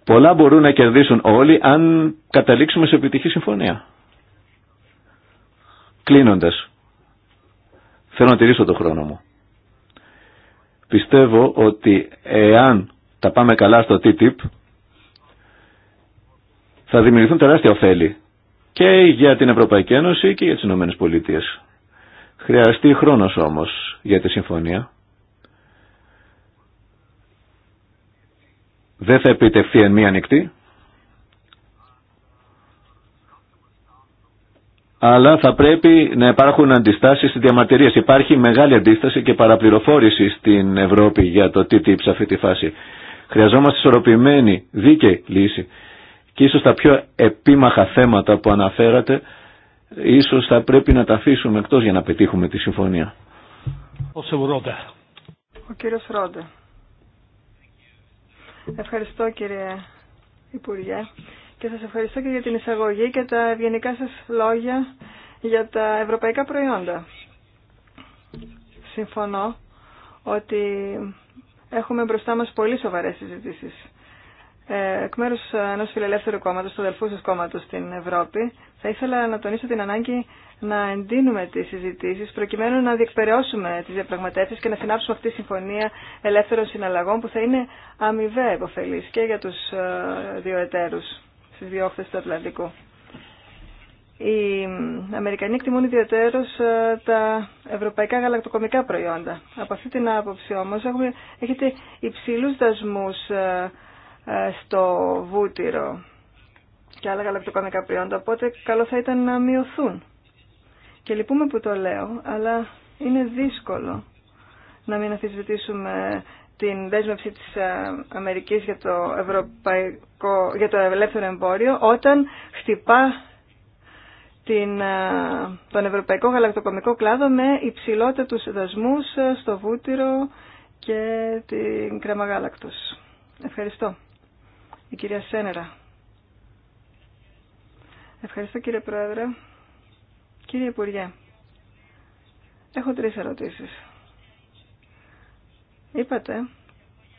Πολλά μπορούν να κερδίσουν όλοι αν καταλήξουμε σε επιτυχή συμφωνία. Κλείνοντας, θέλω να τηρήσω το χρόνο μου. Πιστεύω ότι εάν τα πάμε καλά στο TTIP, θα δημιουργηθούν τεράστια ωφέλη και για την Ευρωπαϊκή Ένωση και για τις Ηνωμένες Πολιτείες. Χρειαστεί χρόνος όμως για τη συμφωνία. δεν θα επιτευχθεί εν μία νυχτή, αλλά θα πρέπει να υπάρχουν αντιστάσεις στις διαμαρτυρίες. Υπάρχει μεγάλη αντίσταση και παραπληροφόρηση στην Ευρώπη για το τι σε αυτή τη φάση. Χρειαζόμαστε ισορροπημένη, δίκαιη λύση. Και ίσως τα πιο επίμαχα θέματα που αναφέρατε, ίσως θα πρέπει να τα αφήσουμε εκτός για να πετύχουμε τη συμφωνία. Ο κύριος Ρόντε. Ευχαριστώ κύριε Υπουργέ και σας ευχαριστώ και για την εισαγωγή και τα ευγενικά σας λόγια για τα ευρωπαϊκά προϊόντα. Συμφωνώ ότι έχουμε μπροστά μας πολύ σοβαρές συζητήσεις ε, εκ μέρου ενό φιλελεύθερου κόμματο, του αδελφού σα κόμματο στην Ευρώπη, θα ήθελα να τονίσω την ανάγκη να εντείνουμε τι συζητήσει προκειμένου να διεκπαιρεώσουμε τι διαπραγματεύσει και να συνάψουμε αυτή τη συμφωνία ελεύθερων συναλλαγών που θα είναι αμοιβαία υποφελή και για του ε, δύο εταίρου στι δύο όχθε του Ατλαντικού. Οι Αμερικανοί εκτιμούν ιδιαίτερω ε, τα ευρωπαϊκά γαλακτοκομικά προϊόντα. Από αυτή την άποψη όμω έχετε υψηλού δασμού ε, στο βούτυρο και άλλα γαλακτοκομικά προϊόντα, οπότε καλό θα ήταν να μειωθούν. Και λυπούμε που το λέω, αλλά είναι δύσκολο να μην αφισβητήσουμε την δέσμευση της ε, Αμερικής για το, ευρωπαϊκό, για το ελεύθερο εμπόριο όταν χτυπά την, ε, τον ευρωπαϊκό γαλακτοκομικό κλάδο με υψηλότερους τους δασμούς στο βούτυρο και την κρέμα γάλακτος. Ευχαριστώ. Η κυρία Σένερα. Ευχαριστώ κύριε Πρόεδρε. Κύριε Υπουργέ, έχω τρεις ερωτήσεις. Είπατε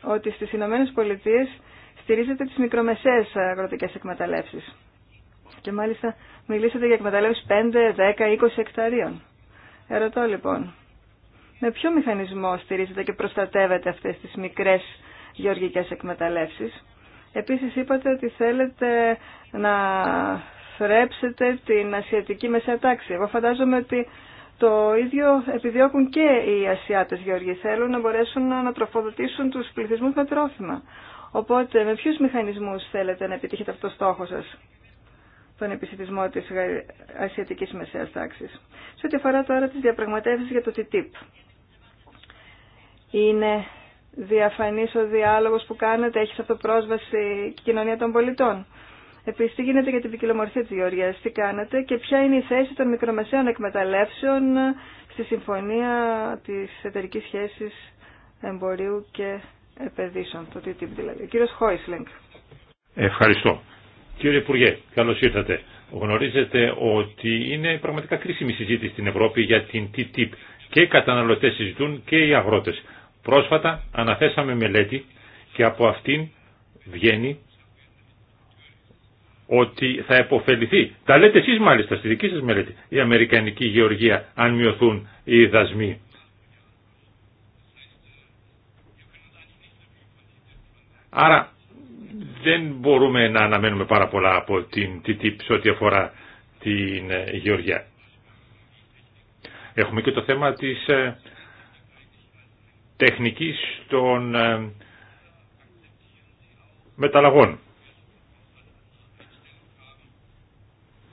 ότι στις Ηνωμένες Πολιτείες στηρίζετε τις μικρομεσαίες αγροτικές εκμεταλλεύσεις. Και μάλιστα μιλήσατε για εκμεταλλεύσεις 5, 10, 20 εκταρίων. Ερωτώ λοιπόν, με ποιο μηχανισμό στηρίζετε και προστατεύετε αυτές τις μικρές γεωργικές εκμεταλλεύσεις Επίσης είπατε ότι θέλετε να θρέψετε την ασιατική μεσατάξη. Εγώ φαντάζομαι ότι το ίδιο επιδιώκουν και οι Ασιάτες Γεωργοί. Θέλουν να μπορέσουν να τροφοδοτήσουν τους πληθυσμούς με τρόφιμα. Οπότε με ποιους μηχανισμούς θέλετε να επιτύχετε αυτό το στόχο σας, τον επισητισμό της ασιατικής μεσαίας τάξης. Σε ό,τι αφορά τώρα τις διαπραγματεύσεις για το TTIP. Είναι διαφανής ο διάλογος που κάνετε, έχει αυτό πρόσβαση η κοινωνία των πολιτών. Επίσης, τι γίνεται για την ποικιλομορφία της Γεωργίας, τι κάνετε και ποια είναι η θέση των μικρομεσαίων εκμεταλλεύσεων στη συμφωνία της εταιρικής σχέσης εμπορίου και επενδύσεων, το TTIP δηλαδή. Ο κύριος Χόισλενγκ. Ευχαριστώ. Κύριε Υπουργέ, καλώς ήρθατε. Γνωρίζετε ότι είναι πραγματικά κρίσιμη συζήτηση στην Ευρώπη για την TTIP. Και οι καταναλωτές συζητούν και οι αγρότες. Πρόσφατα αναθέσαμε μελέτη και από αυτήν βγαίνει ότι θα επωφεληθεί. Τα λέτε εσείς μάλιστα στη δική σας μελέτη, η Αμερικανική Γεωργία, αν μειωθούν οι δασμοί. Άρα δεν μπορούμε να αναμένουμε πάρα πολλά από την TTIP σε ό,τι αφορά την ε, Γεωργία. Έχουμε και το θέμα της ε, τεχνικής των ε, μεταλλαγών.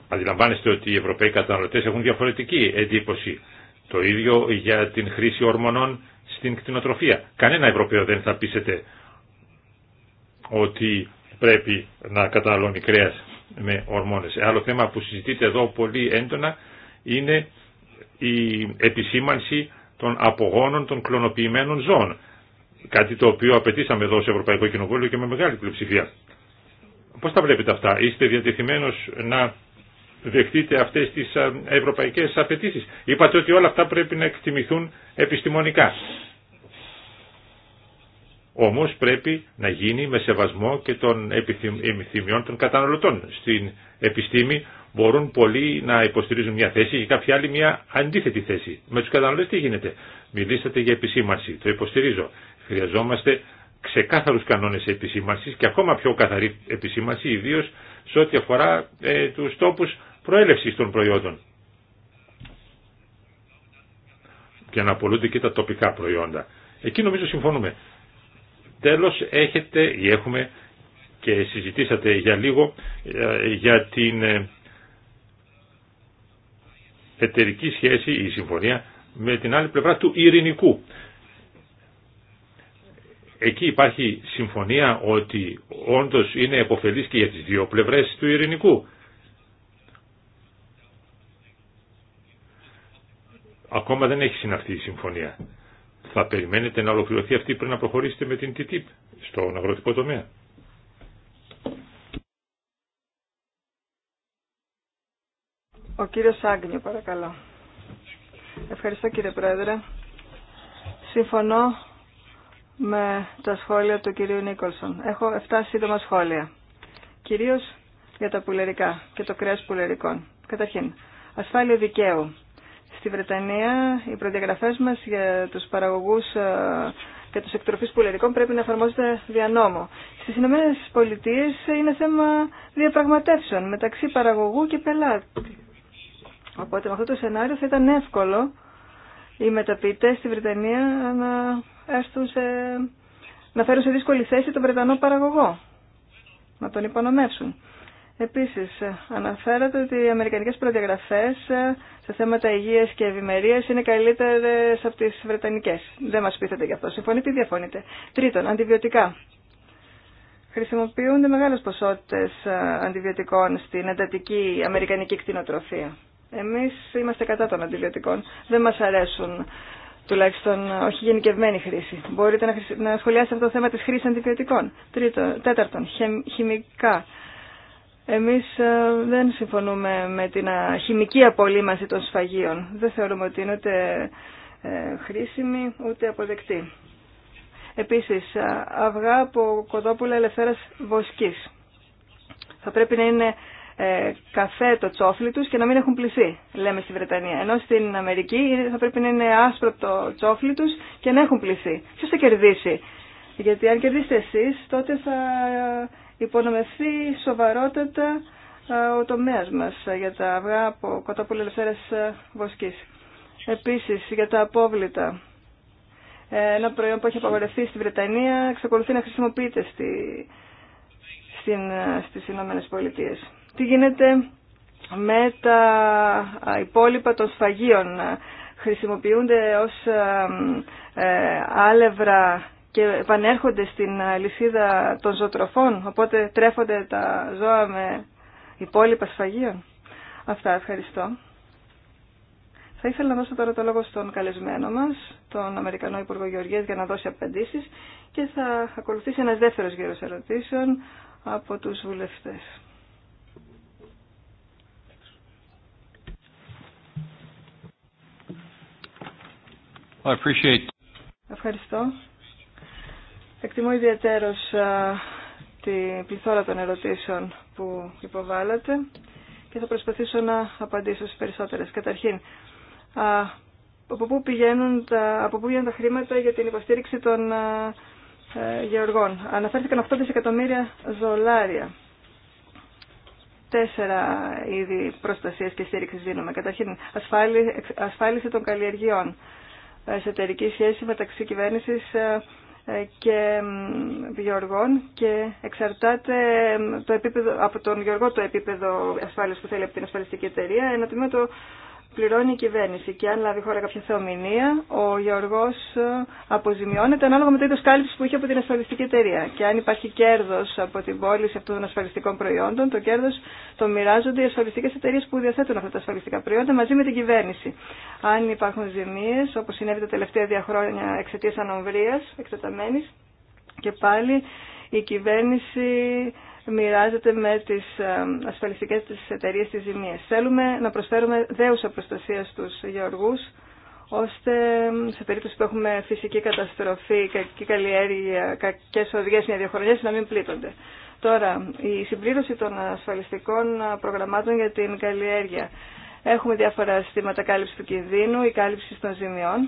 Αντιλαμβάνεστε ότι οι Ευρωπαίοι καταναλωτές έχουν διαφορετική εντύπωση. Το ίδιο για την χρήση ορμονών στην κτηνοτροφία. Κανένα Ευρωπαίο δεν θα πείσετε ότι πρέπει να καταναλώνει κρέας με ορμόνες. Άλλο θέμα που συζητείται εδώ πολύ έντονα είναι η επισήμανση των απογόνων των κλωνοποιημένων ζώων. Κάτι το οποίο απαιτήσαμε εδώ σε Ευρωπαϊκό Κοινοβούλιο και με μεγάλη πλειοψηφία. Πώς τα βλέπετε αυτά, είστε διατεθειμένος να δεχτείτε αυτές τις ευρωπαϊκές απαιτήσει. Είπατε ότι όλα αυτά πρέπει να εκτιμηθούν επιστημονικά. Όμως πρέπει να γίνει με σεβασμό και των επιθυμιών των καταναλωτών. Στην επιστήμη μπορούν πολλοί να υποστηρίζουν μια θέση και κάποιοι άλλοι μια αντίθετη θέση. Με τους καταναλωτές τι γίνεται. Μιλήσατε για επισήμανση. Το υποστηρίζω. Χρειαζόμαστε ξεκάθαρους κανόνες επισήμανσης και ακόμα πιο καθαρή επισήμανση ιδίως σε ό,τι αφορά ε, τους τόπους προέλευσης των προϊόντων. Και να απολούνται και τα τοπικά προϊόντα. Εκεί νομίζω συμφωνούμε. Τέλος έχετε ή έχουμε και συζητήσατε για λίγο ε, για την ε, εταιρική σχέση ή συμφωνία με την άλλη πλευρά του ειρηνικού. Εκεί υπάρχει συμφωνία ότι όντως είναι εποφελής και για τις δύο πλευρές του ειρηνικού. Ακόμα δεν έχει συναυθεί η συμφωνία. Θα περιμένετε να ολοκληρωθεί αυτή πριν να προχωρήσετε με την TTIP στον αγροτικό τομέα. Ο κύριος Άγνιο, παρακαλώ. Ευχαριστώ κύριε Πρόεδρε. Συμφωνώ με τα σχόλια του κυρίου Νίκολσον. Έχω 7 σύντομα σχόλια. Κυρίως για τα πουλερικά και το κρέας πουλερικών. Καταρχήν, ασφάλεια δικαίου. Στη Βρετανία οι προδιαγραφές μας για τους παραγωγούς ε, και τους εκτροφείς πουλερικών πρέπει να εφαρμόζονται δια νόμο. Στις Ηνωμένες Πολιτείες είναι θέμα διαπραγματεύσεων μεταξύ παραγωγού και πελάτη. Οπότε με αυτό το σενάριο θα ήταν εύκολο οι μεταποιητές στη Βρετανία να, σε, να φέρουν σε δύσκολη θέση τον Βρετανό παραγωγό, να τον υπονομεύσουν. Επίσης, αναφέρατε ότι οι αμερικανικές προδιαγραφές σε θέματα υγείας και ευημερία είναι καλύτερες από τις βρετανικές. Δεν μας πείθετε γι' αυτό. Συμφωνείτε ή διαφωνείτε. Τρίτον, αντιβιωτικά. Χρησιμοποιούνται μεγάλες ποσότητες αντιβιωτικών στην εντατική αμερικανική κτηνοτροφία. Εμείς είμαστε κατά των αντιβιωτικών. Δεν μας αρέσουν τουλάχιστον όχι γενικευμένη χρήση. Μπορείτε να σχολιάσετε αυτό το θέμα της χρήσης αντιβιωτικών. Τρίτο, τέταρτον, χημικά. Εμείς ε, δεν συμφωνούμε με την χημική απολύμαση των σφαγίων. Δεν θεωρούμε ότι είναι ούτε ε, χρήσιμη ούτε αποδεκτή. Επίσης, αυγά από κοδόπουλα ελευθέρας βοσκής. Θα πρέπει να είναι ε, καφέ το τσόφλι τους και να μην έχουν πληθεί, λέμε στη Βρετανία. Ενώ στην Αμερική θα πρέπει να είναι άσπρο το τσόφλι τους και να έχουν πληθεί. Ποιος θα κερδίσει. Γιατί αν κερδίσετε εσείς, τότε θα ε, υπονομευθεί σοβαρότατα ε, ο τομέας μας για τα αυγά από κοντά ελευθέρας βοσκής. Επίσης, για τα απόβλητα. Ένα προϊόν που έχει απαγορευτεί στη Βρετανία εξακολουθεί να χρησιμοποιείται στη, στην, στις Ηνωμένες Πολιτείες τι γίνεται με τα υπόλοιπα των σφαγίων. Χρησιμοποιούνται ως ε, άλευρα και επανέρχονται στην λυσίδα των ζωοτροφών, οπότε τρέφονται τα ζώα με υπόλοιπα σφαγίων. Αυτά, ευχαριστώ. Θα ήθελα να δώσω τώρα το λόγο στον καλεσμένο μας, τον Αμερικανό Υπουργό Γεωργίας, για να δώσει απαντήσεις και θα ακολουθήσει ένας δεύτερος γύρος ερωτήσεων από τους βουλευτές. Ευχαριστώ. Εκτιμώ ιδιαίτερως την πληθώρα των ερωτήσεων που υποβάλλατε και θα προσπαθήσω να απαντήσω στις περισσότερες. Καταρχήν, από πού πηγαίνουν τα, χρήματα για την υποστήριξη των ε, γεωργών. Αναφέρθηκαν 8 δισεκατομμύρια δολάρια. Τέσσερα είδη προστασίας και στήριξης δίνουμε. Καταρχήν, ασφάλιση των καλλιεργειών εσωτερική σχέση μεταξύ κυβέρνησης ε, ε, και γεωργών και εξαρτάται το επίπεδο, από τον γεωργό το επίπεδο ασφάλειας που θέλει από την ασφαλιστική εταιρεία. Ένα τμήμα το πληρώνει η κυβέρνηση και αν λάβει χώρα κάποια θεομηνία, ο γεωργός ε, αποζημιώνεται ανάλογα με το είδο κάλυψη που είχε από την ασφαλιστική εταιρεία. Και αν υπάρχει κέρδο από την πώληση αυτών των ασφαλιστικών προϊόντων, το κέρδο το μοιράζονται οι ασφαλιστικέ εταιρείε που διαθέτουν αυτά τα ασφαλιστικά προϊόντα μαζί με την κυβέρνηση. Αν υπάρχουν ζημίε, όπω συνέβη τα τελευταία δύο χρόνια εξαιτία ανομβρία εκτεταμένη, και πάλι η κυβέρνηση μοιράζεται με τι ε, ασφαλιστικέ τη εταιρείες της ζημίες. Θέλουμε να προσφέρουμε δέουσα προστασία στου γεωργού, ώστε σε περίπτωση που έχουμε φυσική καταστροφή, κακή καλλιέργεια, κακές μια και να μην πλήττονται. Τώρα, η συμπλήρωση των ασφαλιστικών ε, προγραμμάτων για την καλλιέργεια. Έχουμε διάφορα συστήματα κάλυψη του κινδύνου ή κάλυψη των ζημιών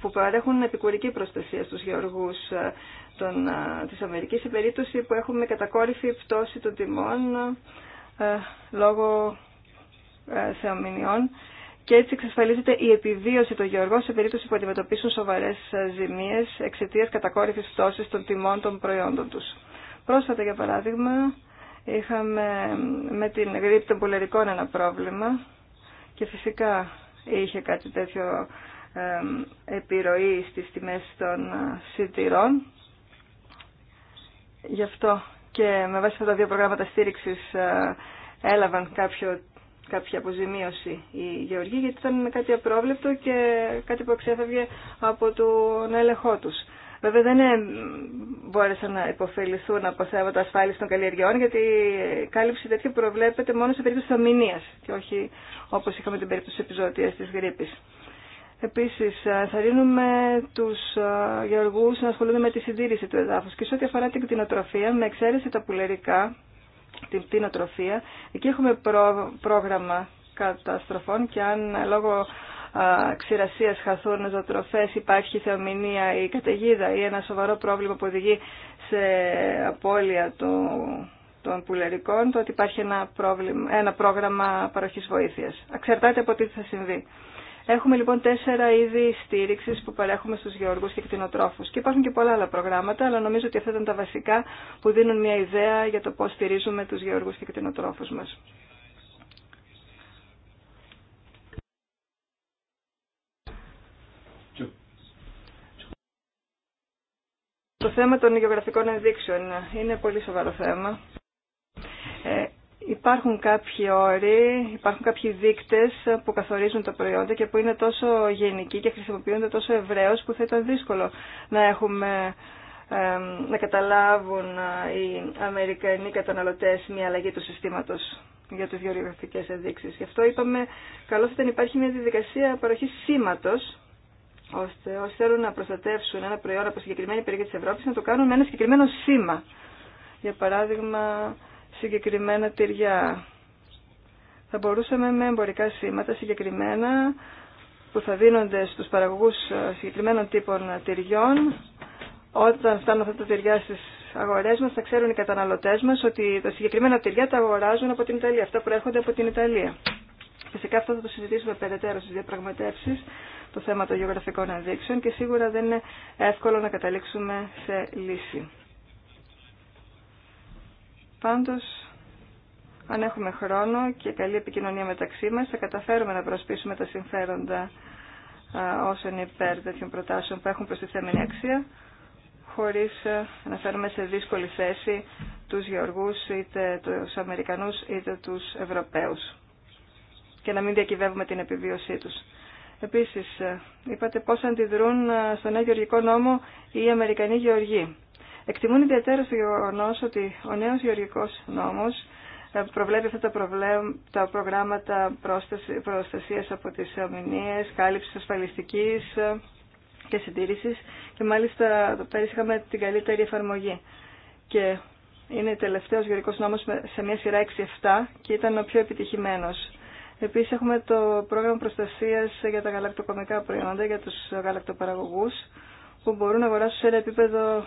που παρέχουν επικουρική προστασία στους γεωργούς ε, των, της Αμερικής σε περίπτωση που έχουμε κατακόρυφη πτώση των τιμών ε, λόγω ε, θεομηνιών και έτσι εξασφαλίζεται η επιβίωση των γεωργών σε περίπτωση που αντιμετωπίσουν σοβαρές ε, ζημίες εξαιτία κατακόρυφης πτώσης των τιμών των προϊόντων τους. Πρόσφατα, για παράδειγμα, είχαμε με την γρήπη των πουλερικών ένα πρόβλημα και φυσικά είχε κάτι τέτοιο επιρροή στις τιμές των σιτηρών Γι' αυτό και με βάση αυτά τα δύο προγράμματα στήριξη ε, έλαβαν κάποιο, κάποια αποζημίωση οι γεωργοί γιατί ήταν κάτι απρόβλεπτο και κάτι που εξέφευγε από τον έλεγχό του. Βέβαια δεν ε, μπόρεσαν να υποφεληθούν από θέματα ασφάλεια των καλλιεργειών, γιατί η κάλυψη τέτοια προβλέπεται μόνο σε περίπτωση αμυνία και όχι όπω είχαμε την περίπτωση τη επιζωτία τη γρήπη. Επίσης, ε, δίνουμε τους ε, γεωργούς να ασχολούνται με τη συντήρηση του εδάφους και σε ό,τι αφορά την κτηνοτροφία, με εξαίρεση τα πουλερικά, την κτηνοτροφία, εκεί έχουμε πρόγραμμα καταστροφών και αν λόγω ε, ξηρασία χαθούν ζωοτροφέ, υπάρχει θεομηνία ή καταιγίδα ή ένα σοβαρό πρόβλημα που οδηγεί σε απώλεια του, των πουλερικών, τότε υπάρχει ένα, πρόβλημα, ένα πρόγραμμα παροχής βοήθειας. Αξαρτάται από τι θα συμβεί. Έχουμε λοιπόν τέσσερα είδη στήριξη που παρέχουμε στου γεωργού και κτηνοτρόφου. Και υπάρχουν και πολλά άλλα προγράμματα, αλλά νομίζω ότι αυτά ήταν τα βασικά που δίνουν μια ιδέα για το πώ στηρίζουμε του γεωργού και κτηνοτρόφου μα. Το θέμα των γεωγραφικών ενδείξεων είναι πολύ σοβαρό θέμα. Υπάρχουν κάποιοι όροι, υπάρχουν κάποιοι δείκτες που καθορίζουν τα προϊόντα και που είναι τόσο γενικοί και χρησιμοποιούνται τόσο ευρέως που θα ήταν δύσκολο να έχουμε να καταλάβουν οι Αμερικανοί καταναλωτές μια αλλαγή του συστήματος για τις γεωγραφικές ενδείξεις. Γι' αυτό είπαμε καλό θα ήταν υπάρχει μια διαδικασία παροχής σήματος ώστε όσοι θέλουν να προστατεύσουν ένα προϊόν από συγκεκριμένη περιοχή της Ευρώπης να το κάνουν με ένα συγκεκριμένο σήμα. Για παράδειγμα συγκεκριμένα τυριά. Θα μπορούσαμε με εμπορικά σήματα συγκεκριμένα που θα δίνονται στους παραγωγούς ε, συγκεκριμένων τύπων τυριών όταν φτάνουν αυτά τα τυριά στις αγορές μας θα ξέρουν οι καταναλωτές μας ότι τα συγκεκριμένα τυριά τα αγοράζουν από την Ιταλία, αυτά προέρχονται από την Ιταλία. Φυσικά αυτό θα το συζητήσουμε περαιτέρω στις διαπραγματεύσεις, το θέμα των γεωγραφικών αδείξεων και σίγουρα δεν είναι εύκολο να καταλήξουμε σε λύση. Πάντως, αν έχουμε χρόνο και καλή επικοινωνία μεταξύ μας, θα καταφέρουμε να προσπίσουμε τα συμφέροντα όσων υπέρ τέτοιων προτάσεων που έχουν προστιθέμενη αξία, χωρίς να φέρουμε σε δύσκολη θέση τους Γεωργούς, είτε τους Αμερικανούς, είτε τους Ευρωπαίους και να μην διακυβεύουμε την επιβίωσή τους. Επίσης, είπατε πώς αντιδρούν στον νέο νόμο οι Αμερικανοί γεωργοί. Εκτιμούν ιδιαίτερα στο γεγονό ότι ο νέο γεωργικό νόμο ε, προβλέπει αυτά τα, τα προγράμματα προστασία από τι ομιλίε, κάλυψη ασφαλιστική ε, και συντήρηση και μάλιστα πέρυσι είχαμε την καλύτερη εφαρμογή. Και είναι τελευταίο γεωργικό νόμο σε μια σειρά 6-7 και ήταν ο πιο επιτυχημένο. Επίση έχουμε το πρόγραμμα προστασία για τα γαλακτοκομικά προϊόντα, για του γαλακτοπαραγωγού που μπορούν να αγοράσουν σε ένα επίπεδο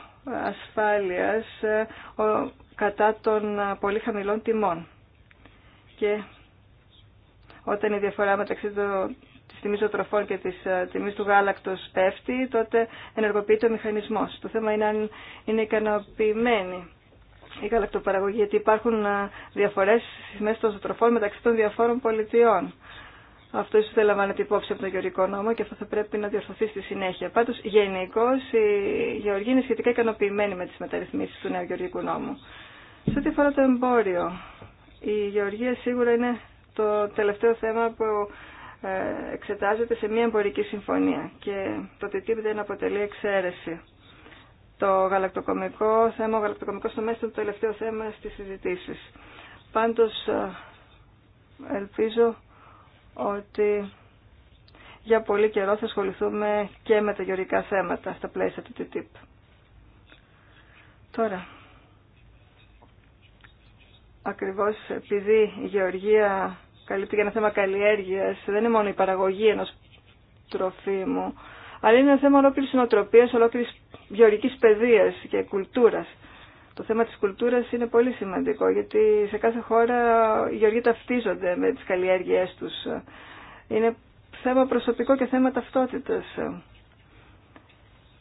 ασφάλειας ε, κατά των ε, πολύ χαμηλών τιμών. Και όταν η διαφορά μεταξύ των της τιμής των και της ε, τιμής του γάλακτος πέφτει, τότε ενεργοποιείται ο μηχανισμός. Το θέμα είναι αν είναι ικανοποιημένη η γαλακτοπαραγωγή, γιατί υπάρχουν διαφορές στις των τροφών μεταξύ των διαφόρων πολιτιών. Αυτό ίσω δεν λαμβάνεται υπόψη από τον γεωργικό νόμο και αυτό θα πρέπει να διορθωθεί στη συνέχεια. Πάντω, γενικώ, η γεωργία είναι σχετικά ικανοποιημένη με τι μεταρρυθμίσει του νέου γεωργικού νόμου. Σε ό,τι αφορά το εμπόριο, η γεωργία σίγουρα είναι το τελευταίο θέμα που ε, εξετάζεται σε μια εμπορική συμφωνία και το TTIP δεν αποτελεί εξαίρεση. Το γαλακτοκομικό θέμα, ο γαλακτοκομικό στο ήταν το τελευταίο θέμα στι συζητήσει. Πάντω ε, ελπίζω ότι για πολύ καιρό θα ασχοληθούμε και με τα γεωργικά θέματα στα πλαίσια του TTIP. Τώρα, ακριβώς επειδή η γεωργία καλύπτει για ένα θέμα καλλιέργειας, δεν είναι μόνο η παραγωγή ενός τροφίμου, αλλά είναι ένα θέμα ολόκληρης νοοτροπίας, ολόκληρης γεωργικής παιδείας και κουλτούρας. Το θέμα της κουλτούρας είναι πολύ σημαντικό γιατί σε κάθε χώρα οι γεωργοί ταυτίζονται με τις καλλιέργειές τους. Είναι θέμα προσωπικό και θέμα ταυτότητας.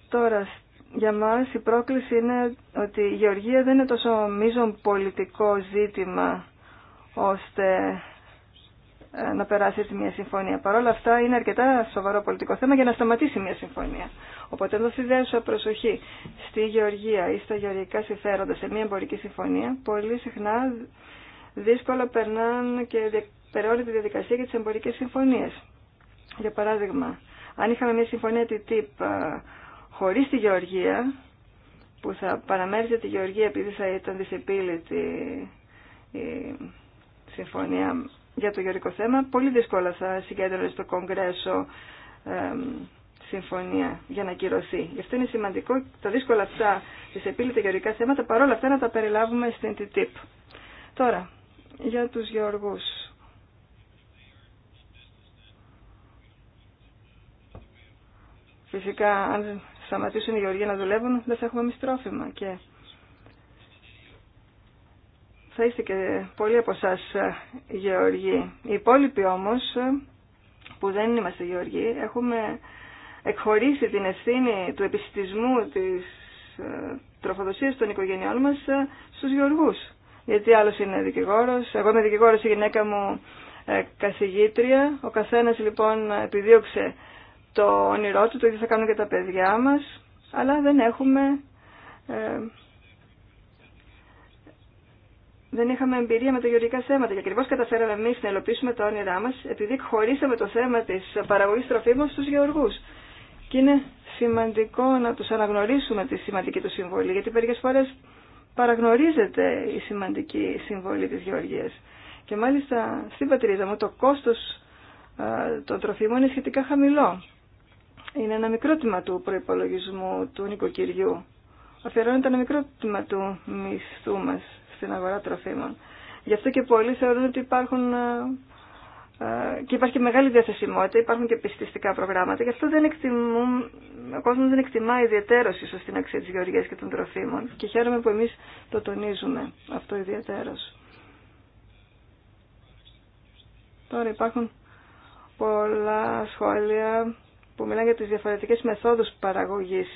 Τώρα, για μας η πρόκληση είναι ότι η γεωργία δεν είναι τόσο μείζον πολιτικό ζήτημα ώστε να περάσει σε μια συμφωνία. Παρ' όλα αυτά είναι αρκετά σοβαρό πολιτικό θέμα για να σταματήσει μια συμφωνία. Οπότε εδώ ιδέουσα προσοχή στη γεωργία ή στα γεωργικά συμφέροντα σε μια εμπορική συμφωνία πολύ συχνά δύσκολα περνάνε και περαιώνει τη διαδικασία για τι εμπορικέ συμφωνίε. Για παράδειγμα, αν είχαμε μια συμφωνία TTIP χωρί τη γεωργία, που θα παραμέριζε τη γεωργία επειδή θα ήταν δυσεπίλητη η συμφωνία για το γεωρικό θέμα, πολύ δύσκολα θα συγκέντρωνε στο Κογκρέσο συμφωνία για να κυρωθεί. Γι' αυτό είναι σημαντικό τα δύσκολα αυτά, τις επίλυτα γεωρικά θέματα, παρόλα αυτά να τα περιλάβουμε στην TTIP. Τώρα, για τους γεωργούς. Φυσικά, αν σταματήσουν οι γεωργοί να δουλεύουν, δεν θα έχουμε εμείς τρόφιμα και θα είστε και πολλοί από εσά ε, γεωργοί. Οι υπόλοιποι όμως ε, που δεν είμαστε γεωργοί έχουμε εκχωρήσει την ευθύνη του επιστησμού της ε, τροφοδοσίας των οικογενειών μας στους γεωργούς. Γιατί άλλος είναι δικηγόρος, εγώ είμαι δικηγόρος, η γυναίκα μου καθηγήτρια. Ο καθένας λοιπόν επιδίωξε το όνειρό του, το ίδιο θα κάνουν και τα παιδιά μας, αλλά δεν έχουμε δεν είχαμε εμπειρία με τα γεωργικά θέματα. Και ακριβώ καταφέραμε εμεί να υλοποιήσουμε τα όνειρά μα, επειδή χωρίσαμε το θέμα τη παραγωγή τροφίμων στου γεωργού. Και είναι σημαντικό να του αναγνωρίσουμε τη σημαντική του συμβολή, γιατί μερικέ φορέ παραγνωρίζεται η σημαντική συμβολή τη γεωργία. Και μάλιστα στην πατρίδα μου το κόστο των τροφίμων είναι σχετικά χαμηλό. Είναι ένα τμήμα του προπολογισμού του νοικοκυριού. Αφιερώνεται ένα τμήμα του μισθού μας στην αγορά τροφίμων. Γι' αυτό και πολλοί θεωρούν ότι υπάρχουν ε, ε, και υπάρχει και μεγάλη διαθεσιμότητα, υπάρχουν και πιστιστικά προγράμματα. Γι' αυτό δεν εκτιμούν, ο κόσμο δεν εκτιμά ιδιαίτερω ίσω την αξία τη γεωργία και των τροφίμων. Και χαίρομαι που εμεί το τονίζουμε αυτό ιδιαίτερο. Τώρα υπάρχουν πολλά σχόλια που μιλάνε για τι διαφορετικέ μεθόδου παραγωγή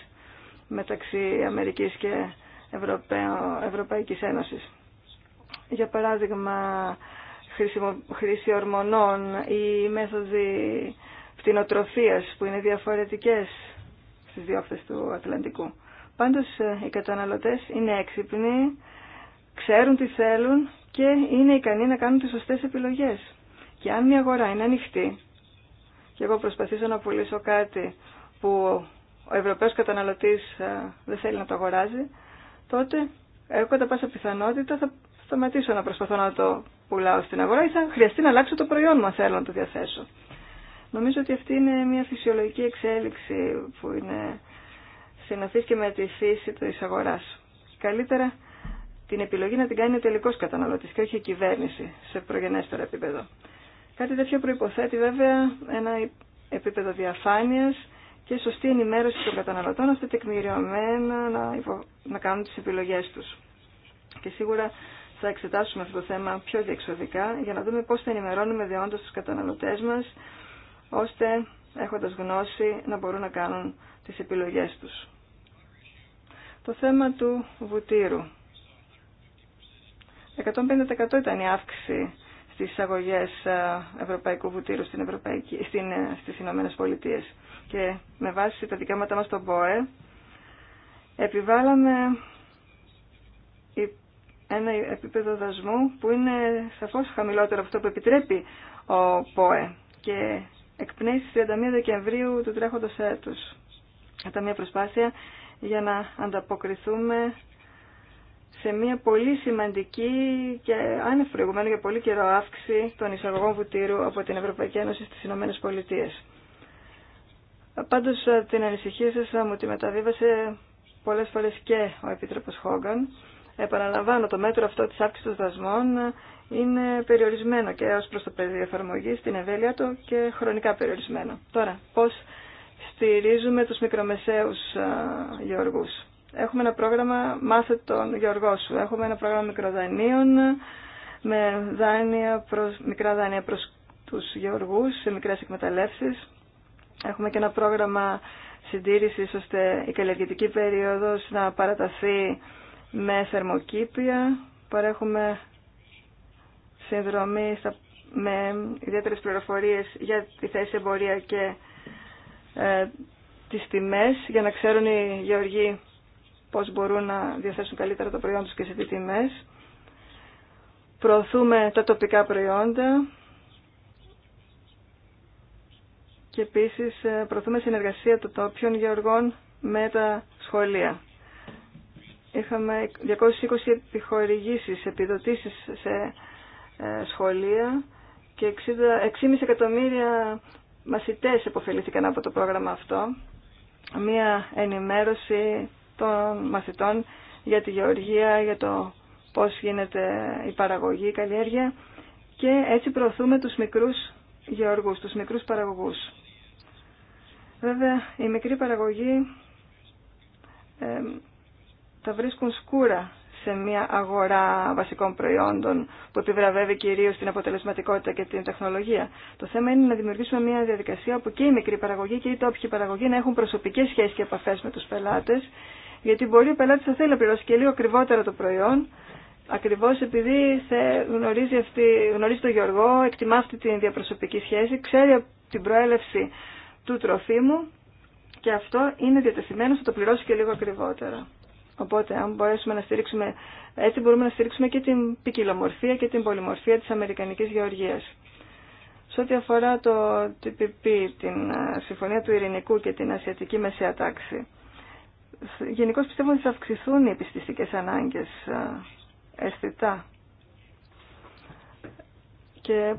μεταξύ Αμερική και Ευρωπαϊκή Ευρωπαϊκής Ένωσης. Για παράδειγμα, χρήση ορμονών ή μέθοδοι φτηνοτροφίας που είναι διαφορετικές στις διόχθες του Ατλαντικού. Πάντως ε, οι καταναλωτές είναι έξυπνοι, ξέρουν τι θέλουν και είναι ικανοί να κάνουν τις σωστές επιλογές. Και αν μια αγορά είναι ανοιχτή και εγώ προσπαθήσω να πουλήσω κάτι που ο Ευρωπαίος καταναλωτής ε, δεν θέλει να το αγοράζει, τότε εγώ κατά πάσα πιθανότητα θα σταματήσω να προσπαθώ να το πουλάω στην αγορά ή θα χρειαστεί να αλλάξω το προϊόν μου αν θέλω να το διαθέσω. Νομίζω ότι αυτή είναι μια φυσιολογική εξέλιξη που είναι συναφής και με τη φύση του αγορά. Καλύτερα την επιλογή να την κάνει ο τελικός καταναλωτής και όχι η κυβέρνηση σε προγενέστερο επίπεδο. Κάτι τέτοιο προϋποθέτει βέβαια ένα επίπεδο διαφάνειας και σωστή ενημέρωση των καταναλωτών ώστε τεκμηριωμένα να, να κάνουν τις επιλογές τους. Και σίγουρα θα εξετάσουμε αυτό το θέμα πιο διεξοδικά για να δούμε πώς θα ενημερώνουμε διόντως τους καταναλωτές μας ώστε έχοντας γνώση να μπορούν να κάνουν τις επιλογές τους. Το θέμα του βουτύρου. 150% ήταν η αύξηση στις εισαγωγές ε, ευρωπαϊκού βουτύρου στην Ευρωπαϊκή, στην, ε, στις Ηνωμένες Πολιτείες και με βάση τα δικαιώματά μας στον ΠΟΕ επιβάλαμε ένα επίπεδο δασμού που είναι σαφώς χαμηλότερο από αυτό που επιτρέπει ο ΠΟΕ και εκπνέει στις 31 Δεκεμβρίου του τρέχοντος έτους. Κατά μια προσπάθεια για να ανταποκριθούμε σε μια πολύ σημαντική και άνευ προηγουμένου για πολύ καιρό αύξηση των εισαγωγών βουτύρου από την Ευρωπαϊκή Ένωση στις Ηνωμένες Πολιτείες. Πάντως ε, την ανησυχία σας ε, μου τη μεταβίβασε πολλές φορές και ο Επίτροπος Χόγκαν. Επαναλαμβάνω, το μέτρο αυτό της αύξησης των δασμών ε, είναι περιορισμένο και ως προς το πεδίο εφαρμογή, την ευέλεια του και χρονικά περιορισμένο. Τώρα, πώς στηρίζουμε τους μικρομεσαίους γεωργούς. Έχουμε ένα πρόγραμμα «Μάθε τον γεωργό σου». Έχουμε ένα πρόγραμμα μικροδανείων με δάνεια προς, μικρά δάνεια προς τους γεωργούς σε μικρές εκμεταλλεύσεις Έχουμε και ένα πρόγραμμα συντήρησης ώστε η καλλιεργητική περίοδος να παραταθεί με θερμοκήπια. Παρέχουμε συνδρομή στα, με ιδιαίτερες πληροφορίες για τη θέση εμπορία και ε, τις τιμές για να ξέρουν οι γεωργοί πώς μπορούν να διαθέσουν καλύτερα το προϊόν τους και σε τι τιμές. Προωθούμε τα τοπικά προϊόντα και επίσης ε, προωθούμε συνεργασία των τόπιων γεωργών με τα σχολεία. Είχαμε 220 επιχορηγήσεις, επιδοτήσεις σε ε, σχολεία και 6,5 εκατομμύρια μαθητές επωφελήθηκαν από το πρόγραμμα αυτό. Μία ενημέρωση των μαθητών για τη γεωργία, για το πώς γίνεται η παραγωγή, η καλλιέργεια και έτσι προωθούμε τους μικρούς γεωργούς, τους μικρούς παραγωγούς. Βέβαια, οι μικροί παραγωγοί ε, τα βρίσκουν σκούρα σε μια αγορά βασικών προϊόντων που επιβραβεύει κυρίω την αποτελεσματικότητα και την τεχνολογία. Το θέμα είναι να δημιουργήσουμε μια διαδικασία όπου και οι μικροί παραγωγοί και οι τόπιοι παραγωγοί να έχουν προσωπικέ σχέσει και επαφέ με του πελάτε, γιατί μπορεί ο πελάτη να θέλει να πληρώσει και λίγο ακριβότερα το προϊόν, ακριβώ επειδή γνωρίζει, αυτή, γνωρίζει τον Γιώργο, εκτιμά αυτή την διαπροσωπική σχέση, ξέρει την προέλευση του τροφίμου και αυτό είναι διατεθειμένο να το πληρώσει και λίγο ακριβότερα. Οπότε, αν μπορέσουμε να στηρίξουμε, έτσι μπορούμε να στηρίξουμε και την ποικιλομορφία και την πολυμορφία της Αμερικανικής Γεωργίας. Σε ό,τι αφορά το TPP, την ε, Συμφωνία του Ειρηνικού και την Ασιατική Μεσαία Τάξη, γενικώ πιστεύω ότι θα αυξηθούν οι επιστηστικές ανάγκες ε, αισθητά. Και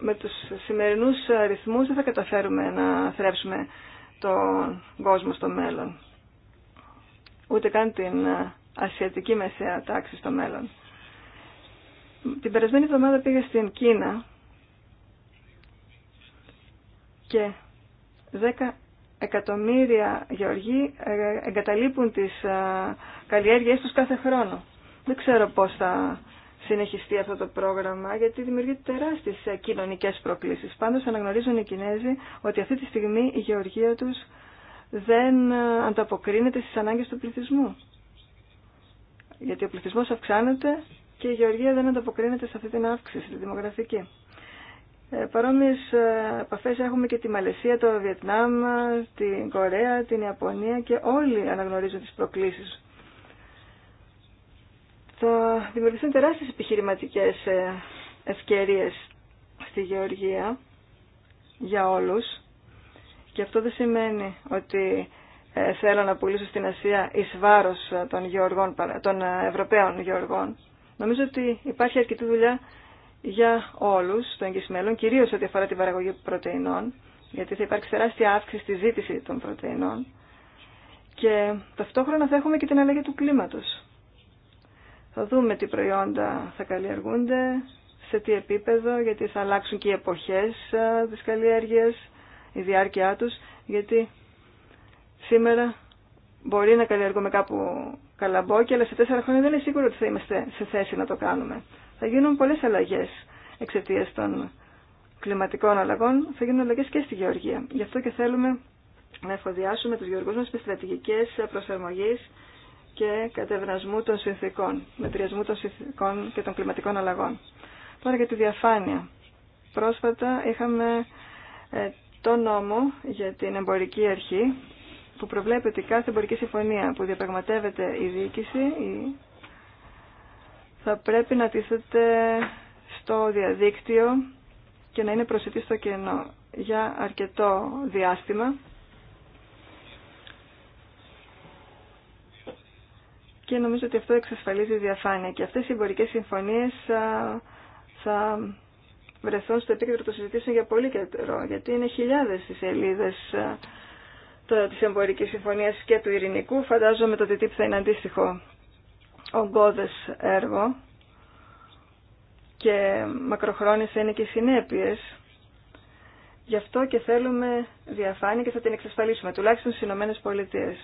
με τους σημερινούς αριθμούς δεν θα καταφέρουμε να θρέψουμε τον κόσμο στο μέλλον. Ούτε καν την ασιατική μεσαία τάξη στο μέλλον. Την περασμένη εβδομάδα πήγα στην Κίνα και 10 εκατομμύρια γεωργοί εγκαταλείπουν τις ε, καλλιέργειές τους κάθε χρόνο. Δεν ξέρω πώς θα συνεχιστεί αυτό το πρόγραμμα γιατί δημιουργεί τεράστιε κοινωνικέ προκλήσει. Πάντω αναγνωρίζουν οι Κινέζοι ότι αυτή τη στιγμή η γεωργία του δεν ανταποκρίνεται στι ανάγκε του πληθυσμού. Γιατί ο πληθυσμό αυξάνεται και η γεωργία δεν ανταποκρίνεται σε αυτή την αύξηση, τη δημογραφική. Ε, παρόμοιες ε, έχουμε και τη Μαλαισία, το Βιετνάμ, την Κορέα, την Ιαπωνία και όλοι αναγνωρίζουν τι προκλήσει θα δημιουργηθούν τεράστιες επιχειρηματικές ε, ευκαιρίες στη γεωργία για όλους και αυτό δεν σημαίνει ότι ε, θέλω να πουλήσω στην Ασία εις βάρος των, γεωργών, των ε, Ευρωπαίων γεωργών. Νομίζω ότι υπάρχει αρκετή δουλειά για όλους στο εγγύς κυρίως ό,τι αφορά την παραγωγή πρωτεϊνών, γιατί θα υπάρξει τεράστια αύξηση στη ζήτηση των πρωτεϊνών και ταυτόχρονα θα έχουμε και την αλλαγή του κλίματος. Θα δούμε τι προϊόντα θα καλλιεργούνται, σε τι επίπεδο, γιατί θα αλλάξουν και οι εποχές της καλλιέργειας, η διάρκειά τους, γιατί σήμερα μπορεί να καλλιεργούμε κάπου καλαμπόκι, αλλά σε τέσσερα χρόνια δεν είναι σίγουρο ότι θα είμαστε σε θέση να το κάνουμε. Θα γίνουν πολλές αλλαγές εξαιτία των κλιματικών αλλαγών, θα γίνουν αλλαγές και στη γεωργία. Γι' αυτό και θέλουμε να εφοδιάσουμε τους γεωργούς μας με στρατηγικές προσαρμογής και κατευνασμού των συνθήκων, μετριασμού των συνθήκων και των κλιματικών αλλαγών. Τώρα για τη διαφάνεια. Πρόσφατα είχαμε ε, το νόμο για την εμπορική αρχή που προβλέπει ότι κάθε εμπορική συμφωνία που διαπραγματεύεται η διοίκηση θα πρέπει να τίθεται στο διαδίκτυο και να είναι προσιτή στο κενό για αρκετό διάστημα και νομίζω ότι αυτό εξασφαλίζει διαφάνεια και αυτές οι εμπορικέ συμφωνίες θα, βρεθούν στο επίκεντρο των συζητήσεων για πολύ καιρό, γιατί είναι χιλιάδες οι σελίδες τη Εμπορική Συμφωνία και του ειρηνικού. Φαντάζομαι το TTIP θα είναι αντίστοιχο ογκώδες έργο και μακροχρόνιες θα είναι και συνέπειε, Γι' αυτό και θέλουμε διαφάνεια και θα την εξασφαλίσουμε, τουλάχιστον στι Ηνωμένε Πολιτείε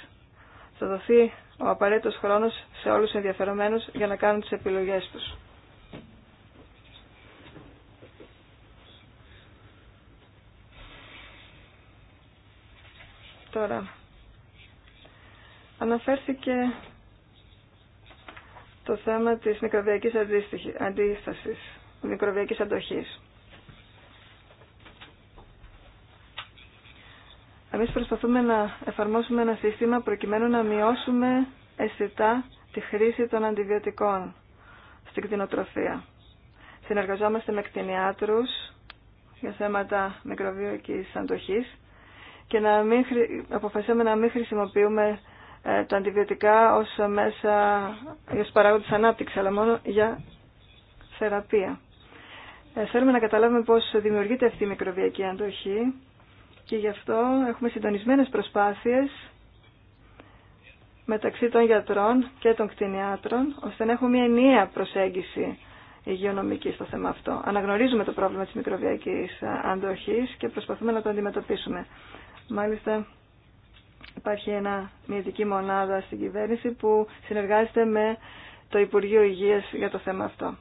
θα δοθεί ο απαραίτητος χρόνος σε όλους τους ενδιαφερομένους για να κάνουν τις επιλογές τους. Τώρα, αναφέρθηκε το θέμα της μικροβιακής αντίστασης, μικροβιακής αντοχής. Εμείς προσπαθούμε να εφαρμόσουμε ένα σύστημα προκειμένου να μειώσουμε αισθητά τη χρήση των αντιβιωτικών στην κτηνοτροφία. Συνεργαζόμαστε με κτηνιάτρους για θέματα μικροβιοικής αντοχής και να μην, αποφασίσαμε να μην χρησιμοποιούμε ε, τα αντιβιωτικά ως μέσα ως ανάπτυξη, αλλά μόνο για θεραπεία. Ε, θέλουμε να καταλάβουμε πώς δημιουργείται αυτή η μικροβιακή αντοχή και γι' αυτό έχουμε συντονισμένες προσπάθειες μεταξύ των γιατρών και των κτηνιάτρων, ώστε να έχουμε μια ενιαία προσέγγιση υγειονομική στο θέμα αυτό. Αναγνωρίζουμε το πρόβλημα της μικροβιακής αντοχής και προσπαθούμε να το αντιμετωπίσουμε. Μάλιστα υπάρχει μια ειδική μονάδα στην κυβέρνηση που συνεργάζεται με το Υπουργείο Υγείας για το θέμα αυτό.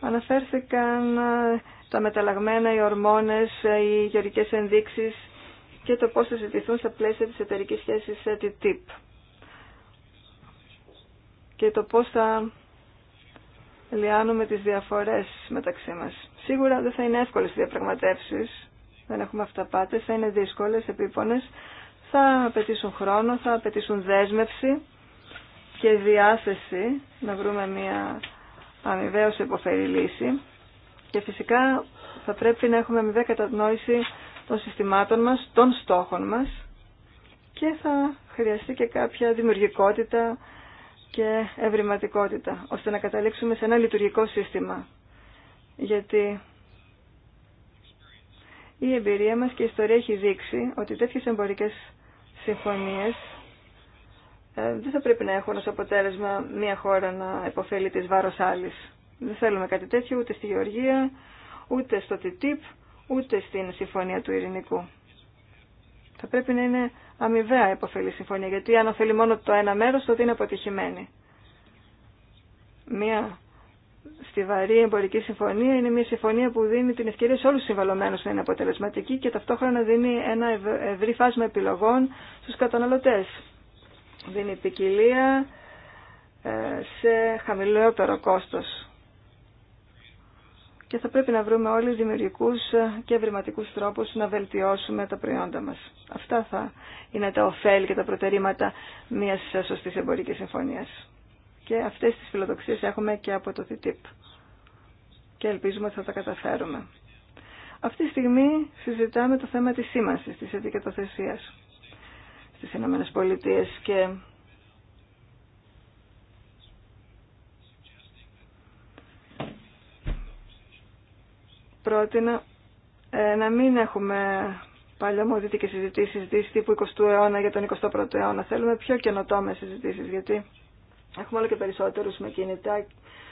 Αναφέρθηκαν τα μεταλλαγμένα, οι ορμόνες, οι γεωρικές ενδείξεις και το πώς θα ζητηθούν στα πλαίσια της εταιρικής σχέσης TTIP και το πώς θα λιάνουμε τις διαφορές μεταξύ μας. Σίγουρα δεν θα είναι εύκολες οι διαπραγματεύσεις, δεν έχουμε αυταπάτες, θα είναι δύσκολες, επίπονες, θα απαιτήσουν χρόνο, θα απαιτήσουν δέσμευση και διάθεση να βρούμε μια αμοιβαίως υποφερή λύση και φυσικά θα πρέπει να έχουμε αμοιβαία κατανόηση των συστημάτων μας, των στόχων μας και θα χρειαστεί και κάποια δημιουργικότητα και ευρηματικότητα, ώστε να καταλήξουμε σε ένα λειτουργικό σύστημα. Γιατί η εμπειρία μας και η ιστορία έχει δείξει ότι τέτοιες εμπορικές συμφωνίες ε, δεν θα πρέπει να έχουν ως αποτέλεσμα μία χώρα να υποφέλει της βάρος άλλης. Δεν θέλουμε κάτι τέτοιο ούτε στη Γεωργία, ούτε στο TTIP, ούτε στην Συμφωνία του Ειρηνικού. Θα πρέπει να είναι αμοιβαία υποφελή συμφωνία, γιατί αν ωφελεί μόνο το ένα μέρος, τότε είναι αποτυχημένη. Μία στιβαρή εμπορική συμφωνία είναι μια συμφωνία που δίνει την ευκαιρία σε όλους τους συμβαλωμένους να είναι αποτελεσματική και ταυτόχρονα δίνει ένα ευρύ φάσμα επιλογών στους καταναλωτές. Δίνει ποικιλία ε, σε χαμηλότερο κόστος και θα πρέπει να βρούμε όλοι δημιουργικού και ευρηματικού τρόπους να βελτιώσουμε τα προϊόντα μας. Αυτά θα είναι τα ωφέλη και τα προτερήματα μιας σωστή εμπορικής συμφωνία. Και αυτές τι φιλοδοξίε έχουμε και από το TTIP. Και ελπίζουμε ότι θα τα καταφέρουμε. Αυτή τη στιγμή συζητάμε το θέμα της σήμανσης, της ετικετοθεσίας στις Ηνωμένες Πολιτείες και πρότεινα ε, να μην έχουμε παλαιομοδίτικε συζητήσει, συζητήσει τύπου 20ου αιώνα για τον 21ο αιώνα. Θέλουμε πιο καινοτόμε συζητήσει, γιατί έχουμε όλο και περισσότερου με κινητά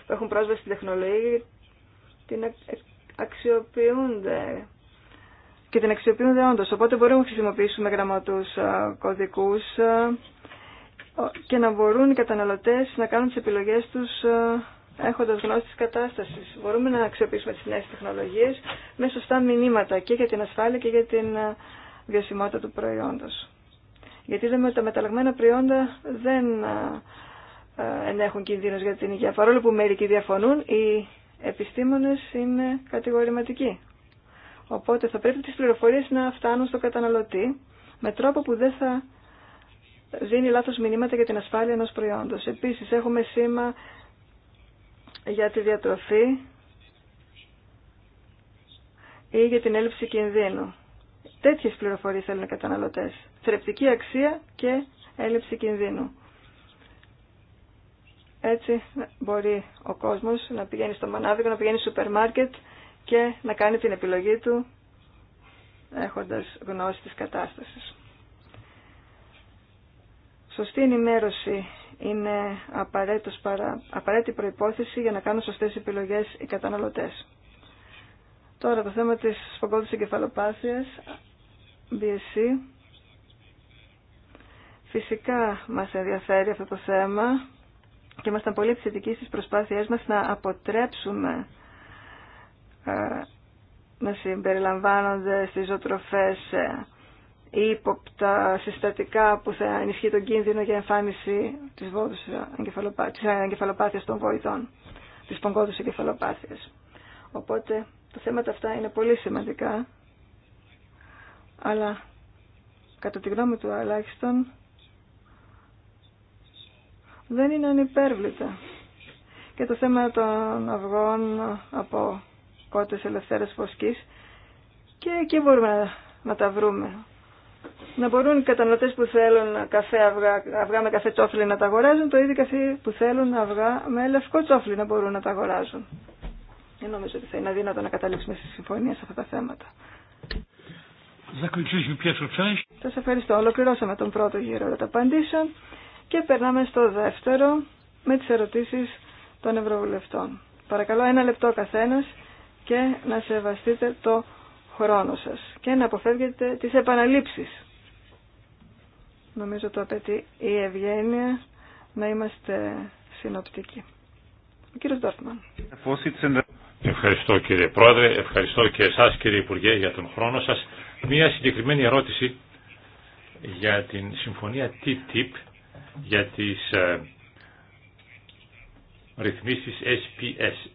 που έχουν πρόσβαση στην τεχνολογία την ε, αξιοποιούνται και την αξιοποιούνται όντω. Οπότε μπορούμε να χρησιμοποιήσουμε γραμματού ε, κωδικού και να μπορούν οι καταναλωτέ να κάνουν τι επιλογέ του έχοντα γνώση τη κατάσταση. Μπορούμε να αξιοποιήσουμε τι νέε τεχνολογίε με σωστά μηνύματα και για την ασφάλεια και για την ε, βιωσιμότητα του προϊόντο. Γιατί είδαμε ότι τα μεταλλαγμένα προϊόντα δεν ε, ε, ενέχουν κινδύνους για την υγεία. Παρόλο που μερικοί διαφωνούν, οι επιστήμονες είναι κατηγορηματικοί. Οπότε θα πρέπει τις πληροφορίες να φτάνουν στο καταναλωτή με τρόπο που δεν θα δίνει λάθος μηνύματα για την ασφάλεια ενός προϊόντος. Επίσης έχουμε σήμα για τη διατροφή ή για την έλλειψη κινδύνου. Τέτοιες πληροφορίες θέλουν οι καταναλωτές. Θρεπτική αξία και έλλειψη κινδύνου. Έτσι μπορεί ο κόσμος να πηγαίνει στο μανάβικο, να πηγαίνει στο σούπερ μάρκετ και να κάνει την επιλογή του έχοντας γνώση της κατάστασης. Σωστή ενημέρωση είναι παρα, απαραίτητη προϋπόθεση για να κάνουν σωστές επιλογές οι καταναλωτές. Τώρα το θέμα της σπαγκώδης εγκεφαλοπάθειας, BSC. Φυσικά μας ενδιαφέρει αυτό το θέμα και ήμασταν πολύ επιθετικοί στις προσπάθειές μας να αποτρέψουμε ε, να συμπεριλαμβάνονται στις ζωτροφές... Ε, ύποπτα συστατικά που θα ενισχύει τον κίνδυνο για εμφάνιση της, βόδους, ε, της ε, εγκεφαλοπάθειας των βοηθών, της πονκόδους εγκεφαλοπάθειας. Οπότε τα θέματα αυτά είναι πολύ σημαντικά, αλλά κατά τη γνώμη του ελάχιστον δεν είναι ανυπέρβλητα. Και το θέμα των αυγών από κότες ελευθέρας φωσκής, και εκεί μπορούμε να, να τα βρούμε να μπορούν οι καταναλωτές που θέλουν καφέ, αυγά, αυγά με καφέ τσόφλι να τα αγοράζουν, το ίδιο καφέ που θέλουν αυγά με λευκό τσόφλι να μπορούν να τα αγοράζουν. Δεν νομίζω ότι θα είναι αδύνατο να καταλήξουμε στη συμφωνία σε αυτά τα θέματα. Σα ευχαριστώ. Ολοκληρώσαμε τον πρώτο γύρο απαντήσεων και περνάμε στο δεύτερο με τις ερωτήσεις των Ευρωβουλευτών. Παρακαλώ ένα λεπτό καθένας και να σεβαστείτε το χρόνο σας και να αποφεύγετε τις επαναλήψεις. Νομίζω το απαιτεί η ευγένεια να είμαστε συνοπτικοί. Ο κύριος Ντόρφμαν. Ευχαριστώ κύριε Πρόεδρε, ευχαριστώ και εσάς κύριε Υπουργέ για τον χρόνο σας. Μία συγκεκριμένη ερώτηση για την συμφωνία TTIP για τις ε, ρυθμίσεις SPS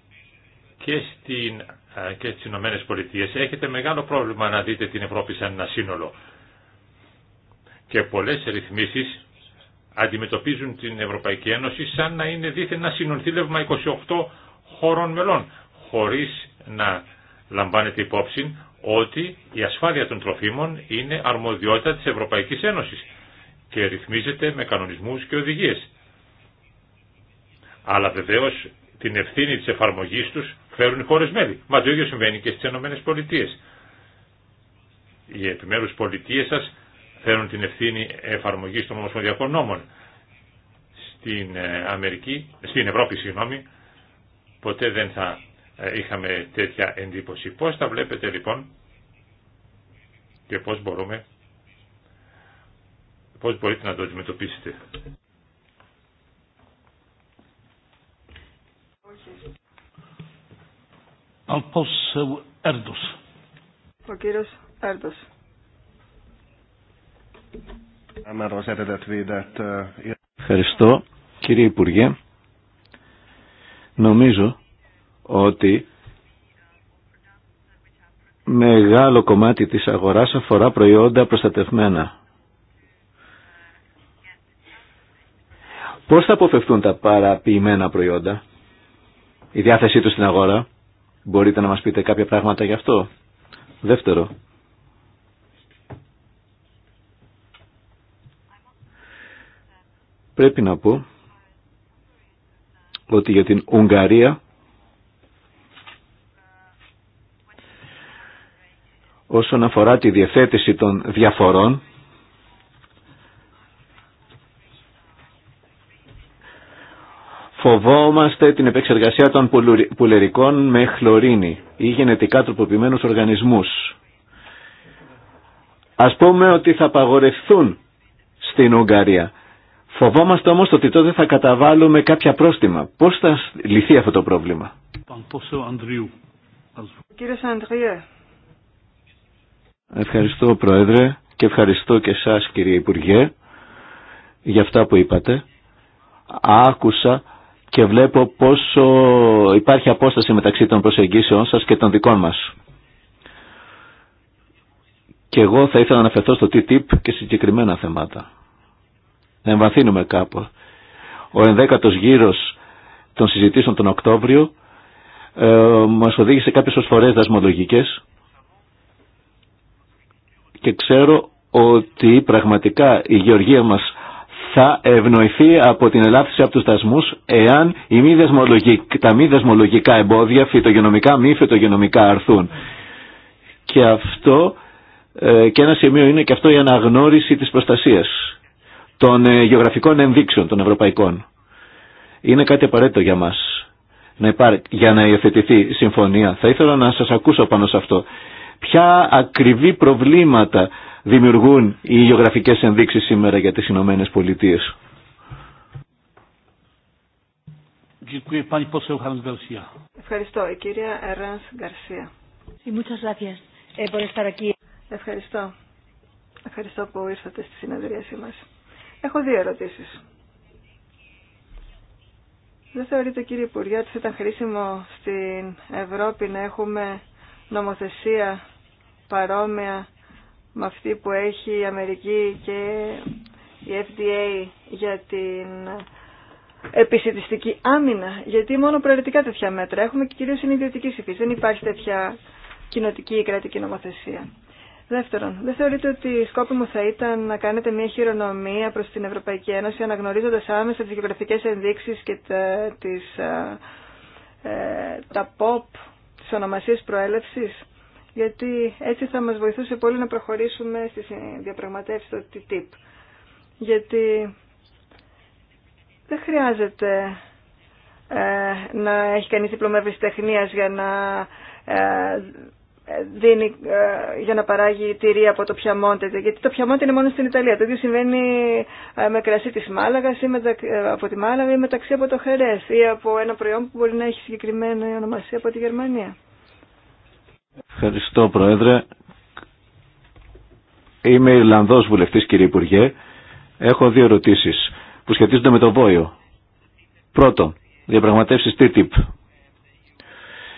και στην ε, και στι Ηνωμένε Πολιτείες έχετε μεγάλο πρόβλημα να δείτε την Ευρώπη σαν ένα σύνολο. Και πολλές ρυθμίσεις αντιμετωπίζουν την Ευρωπαϊκή Ένωση σαν να είναι δίθεν ένα συνονθήλευμα 28 χωρών μελών, χωρίς να λαμβάνετε υπόψη ότι η ασφάλεια των τροφίμων είναι αρμοδιότητα της Ευρωπαϊκής Ένωσης και ρυθμίζεται με κανονισμούς και οδηγίες. Αλλά βεβαίως την ευθύνη της εφαρμογής τους φέρουν οι χώρε μέλη. Μα το ίδιο συμβαίνει και στι ΗΠΑ. Οι επιμέρου πολιτείε σα φέρουν την ευθύνη εφαρμογή των ομοσπονδιακών νόμων. Στην, ε, Αμερική, στην Ευρώπη, συγγνώμη, ποτέ δεν θα ε, είχαμε τέτοια εντύπωση. Πώ τα βλέπετε λοιπόν και πώ μπορούμε, πώς μπορείτε να το αντιμετωπίσετε. Ε, Ο κύριος Ευχαριστώ κύριε Υπουργέ. Νομίζω ότι μεγάλο κομμάτι της αγοράς αφορά προϊόντα προστατευμένα. Πώς θα αποφευθούν τα παραποιημένα προϊόντα, η διάθεσή τους στην αγορά, Μπορείτε να μας πείτε κάποια πράγματα γι' αυτό. Δεύτερο. Πρέπει να πω ότι για την Ουγγαρία όσον αφορά τη διαθέτηση των διαφορών Φοβόμαστε την επεξεργασία των πουλερικών με χλωρίνη ή γενετικά τροποποιημένους οργανισμούς. Ας πούμε ότι θα απαγορευθούν στην Ουγγαρία. Φοβόμαστε όμως ότι τότε θα καταβάλουμε κάποια πρόστιμα. Πώς θα λυθεί αυτό το πρόβλημα. Κύριε Σαντριέ. Ευχαριστώ Πρόεδρε και ευχαριστώ και εσάς κύριε Υπουργέ για αυτά που είπατε. Άκουσα και βλέπω πόσο υπάρχει απόσταση μεταξύ των προσεγγίσεών σας και των δικών μας. Και εγώ θα ήθελα να αναφερθώ στο TTIP και συγκεκριμένα θέματα. Να εμβαθύνουμε κάπου. Ο ενδέκατος γύρος των συζητήσεων τον Οκτώβριο ε, μας οδήγησε κάποιες φορές δασμολογικές και ξέρω ότι πραγματικά η γεωργία μας θα ευνοηθεί από την ελάφρυνση από τους τασμούς εάν οι μη τα μη δεσμολογικά εμπόδια φυτογενομικά μη φυτογενομικά αρθούν. Και αυτό ε, και ένα σημείο είναι και αυτό η αναγνώριση της προστασίας των ε, γεωγραφικών ενδείξεων των ευρωπαϊκών. Είναι κάτι απαραίτητο για μας να για να υιοθετηθεί συμφωνία. Θα ήθελα να σας ακούσω πάνω σε αυτό. Ποια ακριβή προβλήματα δημιουργούν οι γεωγραφικές ενδείξεις σήμερα για τις Ηνωμένε Πολιτείε. Ευχαριστώ. Η κυρία Ερένς Γκαρσία. Eh, Ευχαριστώ. Ευχαριστώ που ήρθατε στη συνεδρίασή μας. Έχω δύο ερωτήσεις. Δεν θεωρείτε κύριε Υπουργέ ότι θα ήταν χρήσιμο στην Ευρώπη να έχουμε νομοθεσία παρόμοια με αυτή που έχει η Αμερική και η FDA για την επισητιστική άμυνα. Γιατί μόνο προαιρετικά τέτοια μέτρα έχουμε και κυρίως είναι ιδιωτική υφή. Δεν υπάρχει τέτοια κοινοτική ή κρατική νομοθεσία. Δεύτερον, δεν θεωρείτε ότι μου θα ήταν να κάνετε μια χειρονομία προς την Ευρωπαϊκή Ένωση αναγνωρίζοντας άμεσα τις γεωγραφικές ενδείξεις και τα, τις, ε, ε, τα POP, τις ονομασίες προέλευσης γιατί έτσι θα μας βοηθούσε πολύ να προχωρήσουμε στη διαπραγματεύσεις του TTIP. Γιατί δεν χρειάζεται ε, να έχει κανείς διπλωμά τεχνίας για να ε, δίνει, ε, για να παράγει τυρί από το πιαμόντε. Γιατί το πιαμόντε είναι μόνο στην Ιταλία. Το ίδιο συμβαίνει με κρασί της Μάλαγας ή από τη Μάλαγα ή μεταξύ από το Χερές ή από ένα προϊόν που μπορεί να έχει συγκεκριμένη ονομασία από τη Γερμανία. Ευχαριστώ Πρόεδρε. Είμαι Ιρλανδός βουλευτής κύριε Υπουργέ. Έχω δύο ερωτήσεις που σχετίζονται με το Βόιο. Πρώτον, διαπραγματεύσεις TTIP.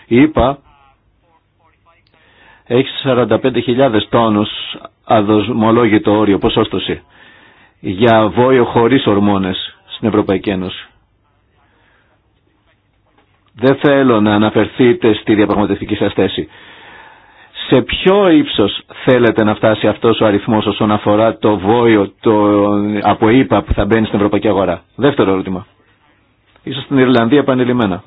Η ΕΠΑ έχει 45.000 τόνους αδοσμολόγητο όριο ποσόστοση για βόιο χωρίς ορμόνες στην Ευρωπαϊκή Ένωση. Δεν θέλω να αναφερθείτε στη διαπραγματευτική σας θέση σε ποιο ύψος θέλετε να φτάσει αυτός ο αριθμός όσον αφορά το βόιο το, από ΕΥΠΑ που θα μπαίνει στην ευρωπαϊκή αγορά. Δεύτερο ερώτημα. Ίσως στην Ιρλανδία επανειλημμένα.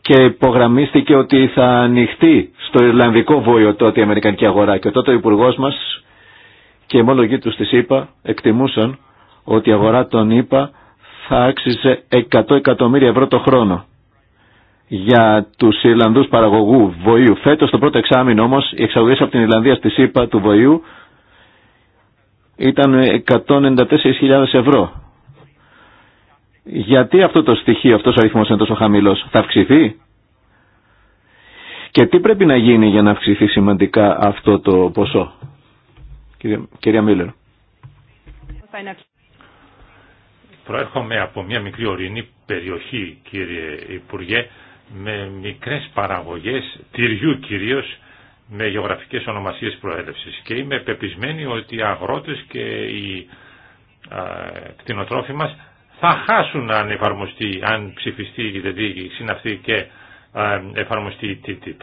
Και υπογραμμίστηκε ότι θα ανοιχτεί στο Ιρλανδικό βόιο τότε η Αμερικανική αγορά και τότε ο υπουργό μας και οι ομολογοί του της ΙΠΑ εκτιμούσαν ότι η αγορά των ΙΠΑ θα άξιζε 100 εκατομμύρια ευρώ το χρόνο για τους Ιρλανδούς παραγωγού βοήου. Φέτο το πρώτο εξάμεινο όμως οι εξαγωγέ από την Ιρλανδία στη ΣΥΠΑ του βοήου ήταν 194.000 ευρώ. Γιατί αυτό το στοιχείο, αυτός ο αριθμός είναι τόσο χαμηλό, θα αυξηθεί? Και τι πρέπει να γίνει για να αυξηθεί σημαντικά αυτό το ποσό, κυρία, κυρία Μίλλερ. Προέρχομαι από μια μικρή ορεινή περιοχή, κύριε Υπουργέ, με μικρές παραγωγές τυριού κυρίως, με γεωγραφικές ονομασίες προέλευσης. Και είμαι πεπισμένη ότι οι αγρότες και οι κτηνοτρόφοι μας θα χάσουν αν εφαρμοστεί, αν ψηφιστεί, δηλαδή συναυθεί και εφαρμοστεί η TTIP.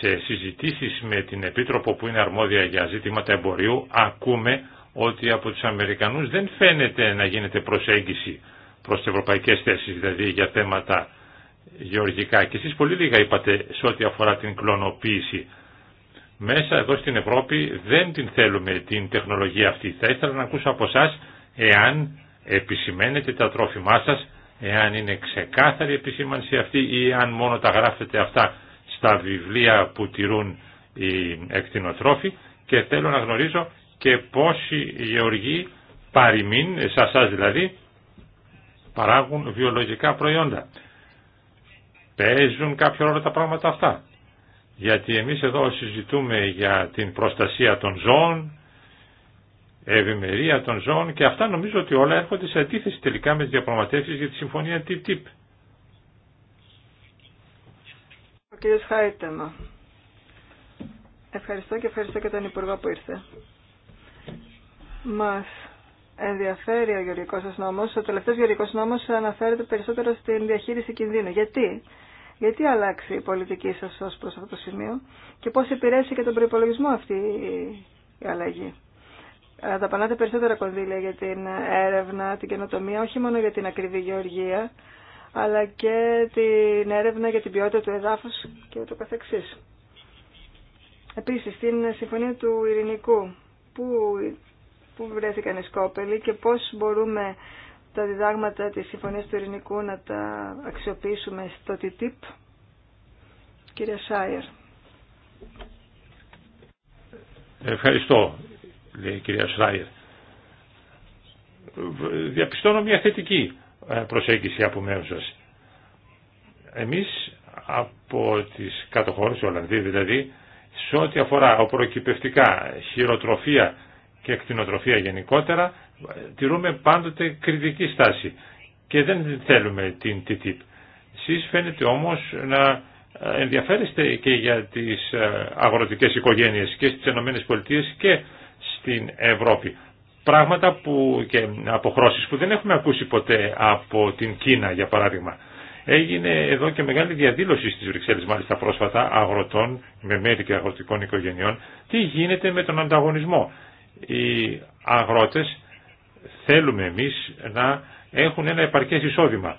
Σε συζητήσεις με την Επίτροπο που είναι αρμόδια για ζήτηματα εμπορίου ακούμε ότι από τους Αμερικανούς δεν φαίνεται να γίνεται προσέγγιση προς τις ευρωπαϊκές θέσεις, δηλαδή για θέματα γεωργικά. Και εσείς πολύ λίγα είπατε σε ό,τι αφορά την κλωνοποίηση. Μέσα εδώ στην Ευρώπη δεν την θέλουμε την τεχνολογία αυτή. Θα ήθελα να ακούσω από εσά εάν επισημαίνετε τα τρόφιμά σας, εάν είναι ξεκάθαρη η επισήμανση αυτή ή αν μόνο τα γράφετε αυτά στα βιβλία που τηρούν οι εκτινοτρόφοι και θέλω να γνωρίζω και πόσοι γεωργοί παροιμήν, σαν δηλαδή, παράγουν βιολογικά προϊόντα. Παίζουν κάποιο ρόλο τα πράγματα αυτά. Γιατί εμείς εδώ συζητούμε για την προστασία των ζώων, ευημερία των ζώων και αυτά νομίζω ότι όλα έρχονται σε αντίθεση τελικά με τις διαπραγματεύσεις για τη συμφωνία TTIP. Ο κύριος Χάιτεμα. Ευχαριστώ και ευχαριστώ και τον Υπουργό που ήρθε. Μας ενδιαφέρει ο γεωργικός σας νόμος. Ο τελευταίος γεωργικός νόμος αναφέρεται περισσότερο στην διαχείριση κινδύνου. Γιατί? Γιατί αλλάξει η πολιτική σας ως προς αυτό το σημείο και πώς επηρέασε και τον προϋπολογισμό αυτή η αλλαγή. Ε, δαπανάτε περισσότερα κονδύλια για την έρευνα, την καινοτομία, όχι μόνο για την ακριβή γεωργία, αλλά και την έρευνα για την ποιότητα του εδάφους και το καθεξής. Επίσης, στην Συμφωνία του Ειρηνικού, που πού βρέθηκαν οι σκόπελοι και πώς μπορούμε τα διδάγματα της Συμφωνίας του Ειρηνικού να τα αξιοποιήσουμε στο TTIP. Κύριε Σάιερ. Ευχαριστώ, λέει η κυρία Σάιερ. Διαπιστώνω μια θετική ε, προσέγγιση από μέρους σας. Εμείς από τις κατοχώρες δηλαδή, σε ό,τι αφορά προκυπευτικά... χειροτροφία και εκτινοτροφία γενικότερα, τηρούμε πάντοτε κριτική στάση και δεν θέλουμε την TTIP. Εσείς φαίνεται όμως να ε, ενδιαφέρεστε και για τις ε, αγροτικές οικογένειες και στις ΗΠΑ και στην Ευρώπη. Πράγματα που και αποχρώσεις που δεν έχουμε ακούσει ποτέ από την Κίνα για παράδειγμα. Έγινε εδώ και μεγάλη διαδήλωση στις Βρυξέλλες μάλιστα πρόσφατα αγροτών με μέλη και αγροτικών οικογενειών τι γίνεται με τον ανταγωνισμό οι αγρότες θέλουμε εμείς να έχουν ένα επαρκές εισόδημα.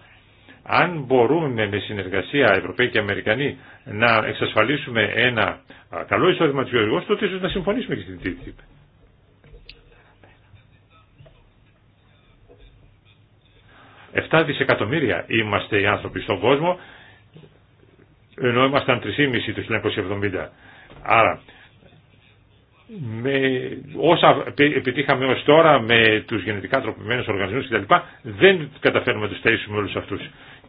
Αν μπορούμε με συνεργασία Ευρωπαίοι και Αμερικανοί να εξασφαλίσουμε ένα καλό εισόδημα του γεωργός, τότε ίσως να συμφωνήσουμε και στην TTIP. Εφτά δισεκατομμύρια είμαστε οι άνθρωποι στον κόσμο, ενώ ήμασταν 3,5 το 1970. Άρα με όσα επιτύχαμε ως τώρα με τους γενετικά τροποποιημένους οργανισμούς κτλ. δεν καταφέρουμε να τους θέσουμε όλους αυτούς.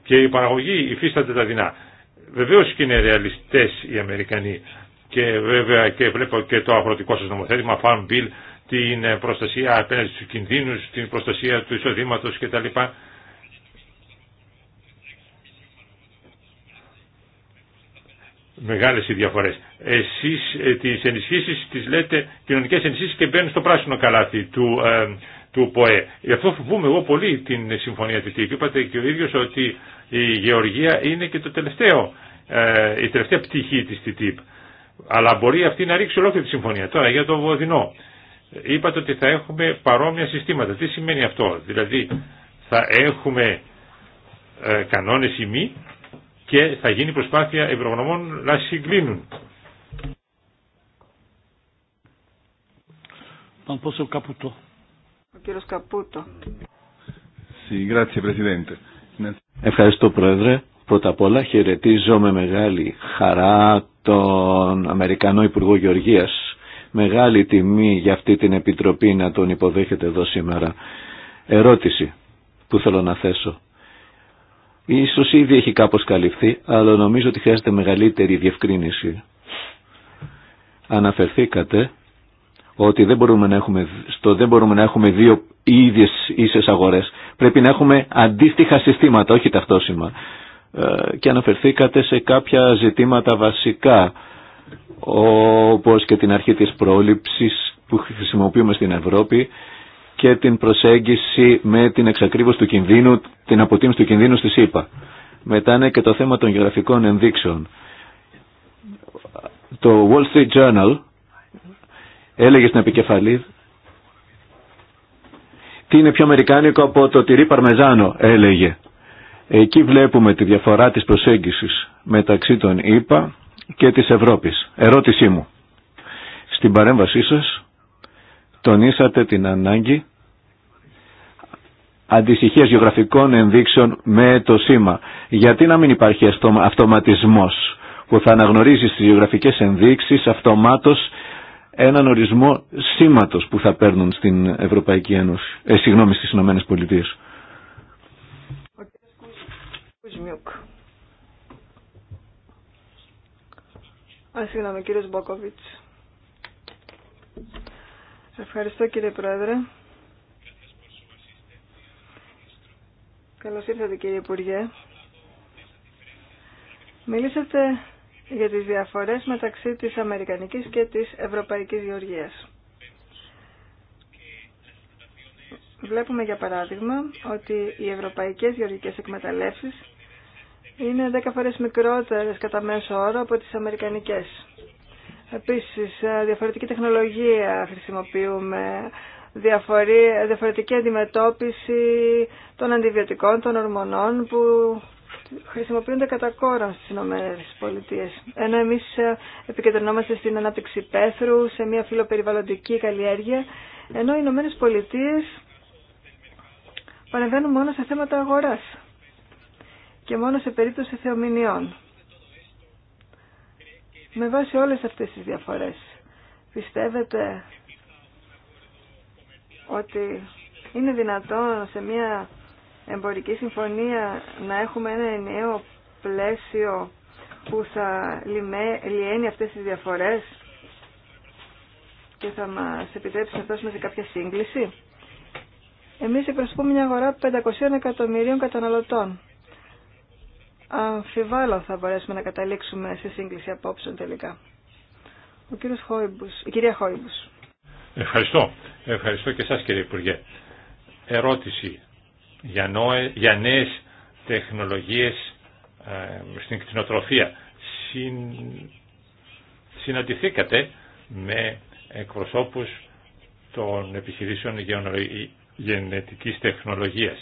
Και η παραγωγή υφίσταται τα δεινά. Βεβαίως και είναι ρεαλιστές οι Αμερικανοί και βέβαια και βλέπω και το αγροτικό σας νομοθέτημα, Farm Bill, την προστασία απέναντι στους κινδύνους, την προστασία του εισοδήματος κτλ. Μεγάλες οι διαφορές. Εσείς ε, τις ενισχύσεις τις λέτε κοινωνικές ενισχύσεις και μπαίνουν στο πράσινο καλάθι του, ε, του ΠΟΕ. Γι' αυτό φοβούμαι εγώ πολύ την συμφωνία της ΤΥΠ. Είπατε και ο ίδιος ότι η γεωργία είναι και το τελευταίο, ε, η τελευταία πτυχή της ΤΥΠ. Αλλά μπορεί αυτή να ρίξει ολόκληρη τη συμφωνία. Τώρα για το βοδινό. Είπατε ότι θα έχουμε παρόμοια συστήματα. Τι σημαίνει αυτό. Δηλαδή θα έχουμε ε, κανόνες ή και θα γίνει προσπάθεια ευρωγνωμών να συγκλίνουν. Καπούτο. Καπούτο. Ευχαριστώ Πρόεδρε. Πρώτα απ' όλα χαιρετίζω με μεγάλη χαρά τον Αμερικανό Υπουργό Γεωργίας. Μεγάλη τιμή για αυτή την Επιτροπή να τον υποδέχεται εδώ σήμερα. Ερώτηση που θέλω να θέσω. Ίσως ήδη έχει κάπως καλυφθεί, αλλά νομίζω ότι χρειάζεται μεγαλύτερη διευκρίνηση. Αναφερθήκατε ότι δεν μπορούμε να έχουμε, στο δεν μπορούμε να έχουμε δύο ίδιες ίσες αγορές. Πρέπει να έχουμε αντίστοιχα συστήματα, όχι ταυτόσημα. Ε, και αναφερθήκατε σε κάποια ζητήματα βασικά, όπως και την αρχή της πρόληψης που χρησιμοποιούμε στην Ευρώπη, και την προσέγγιση με την εξακρίβωση του κινδύνου, την αποτίμηση του κινδύνου στη ΣΥΠΑ. Μετά είναι και το θέμα των γεωγραφικών ενδείξεων. Το Wall Street Journal έλεγε στην επικεφαλή τι είναι πιο αμερικάνικο από το τυρί παρμεζάνο, έλεγε. Εκεί βλέπουμε τη διαφορά της προσέγγισης μεταξύ των ΗΠΑ και της Ευρώπης. Ερώτησή μου. Στην παρέμβασή σας τονίσατε την ανάγκη αντιστοιχεία γεωγραφικών ενδείξεων με το σήμα. Γιατί να μην υπάρχει αυτοματισμός που θα αναγνωρίζει στις γεωγραφικές ενδείξεις αυτομάτως έναν ορισμό σήματος που θα παίρνουν στην Ευρωπαϊκή Ένωση, ε, συγγνώμη, στις Ηνωμένες Πολιτείες. Ευχαριστώ κύριε Πρόεδρε. Καλώς ήρθατε κύριε Υπουργέ. Μιλήσατε για τις διαφορές μεταξύ της Αμερικανικής και της Ευρωπαϊκής Γεωργίας. Βλέπουμε για παράδειγμα ότι οι ευρωπαϊκές γεωργικές εκμεταλλεύσεις είναι 10 φορές μικρότερες κατά μέσο όρο από τις αμερικανικές. Επίσης, ε, διαφορετική τεχνολογία χρησιμοποιούμε, διαφορετική αντιμετώπιση των αντιβιωτικών, των ορμονών που χρησιμοποιούνται κατά κόρον στις Ηνωμένες Πολιτείες. Ενώ εμείς ε, επικεντρωνόμαστε στην ανάπτυξη πέθρου, σε μια φιλοπεριβαλλοντική καλλιέργεια, ενώ οι Ηνωμένες Πολιτείες παρεμβαίνουν μόνο σε θέματα αγοράς και μόνο σε περίπτωση θεομηνιών. Με βάση όλες αυτές τις διαφορές, πιστεύετε ότι είναι δυνατόν σε μια εμπορική συμφωνία να έχουμε ένα νέο πλαίσιο που θα λιένει αυτές τις διαφορές και θα μας επιτρέψει να φτάσουμε σε κάποια σύγκληση. Εμείς εκπροσωπούμε μια αγορά 500 εκατομμυρίων καταναλωτών αμφιβάλλω θα μπορέσουμε να καταλήξουμε σε σύγκληση απόψεων τελικά. Ο κύριος Χόιμπους, η κυρία Χόιμπους. Ευχαριστώ. Ευχαριστώ και εσάς κύριε Υπουργέ. Ερώτηση για, νόε, για νέες τεχνολογίες ε, στην κτηνοτροφία. Συν, συναντηθήκατε με εκπροσώπους των επιχειρήσεων γενετικής τεχνολογίας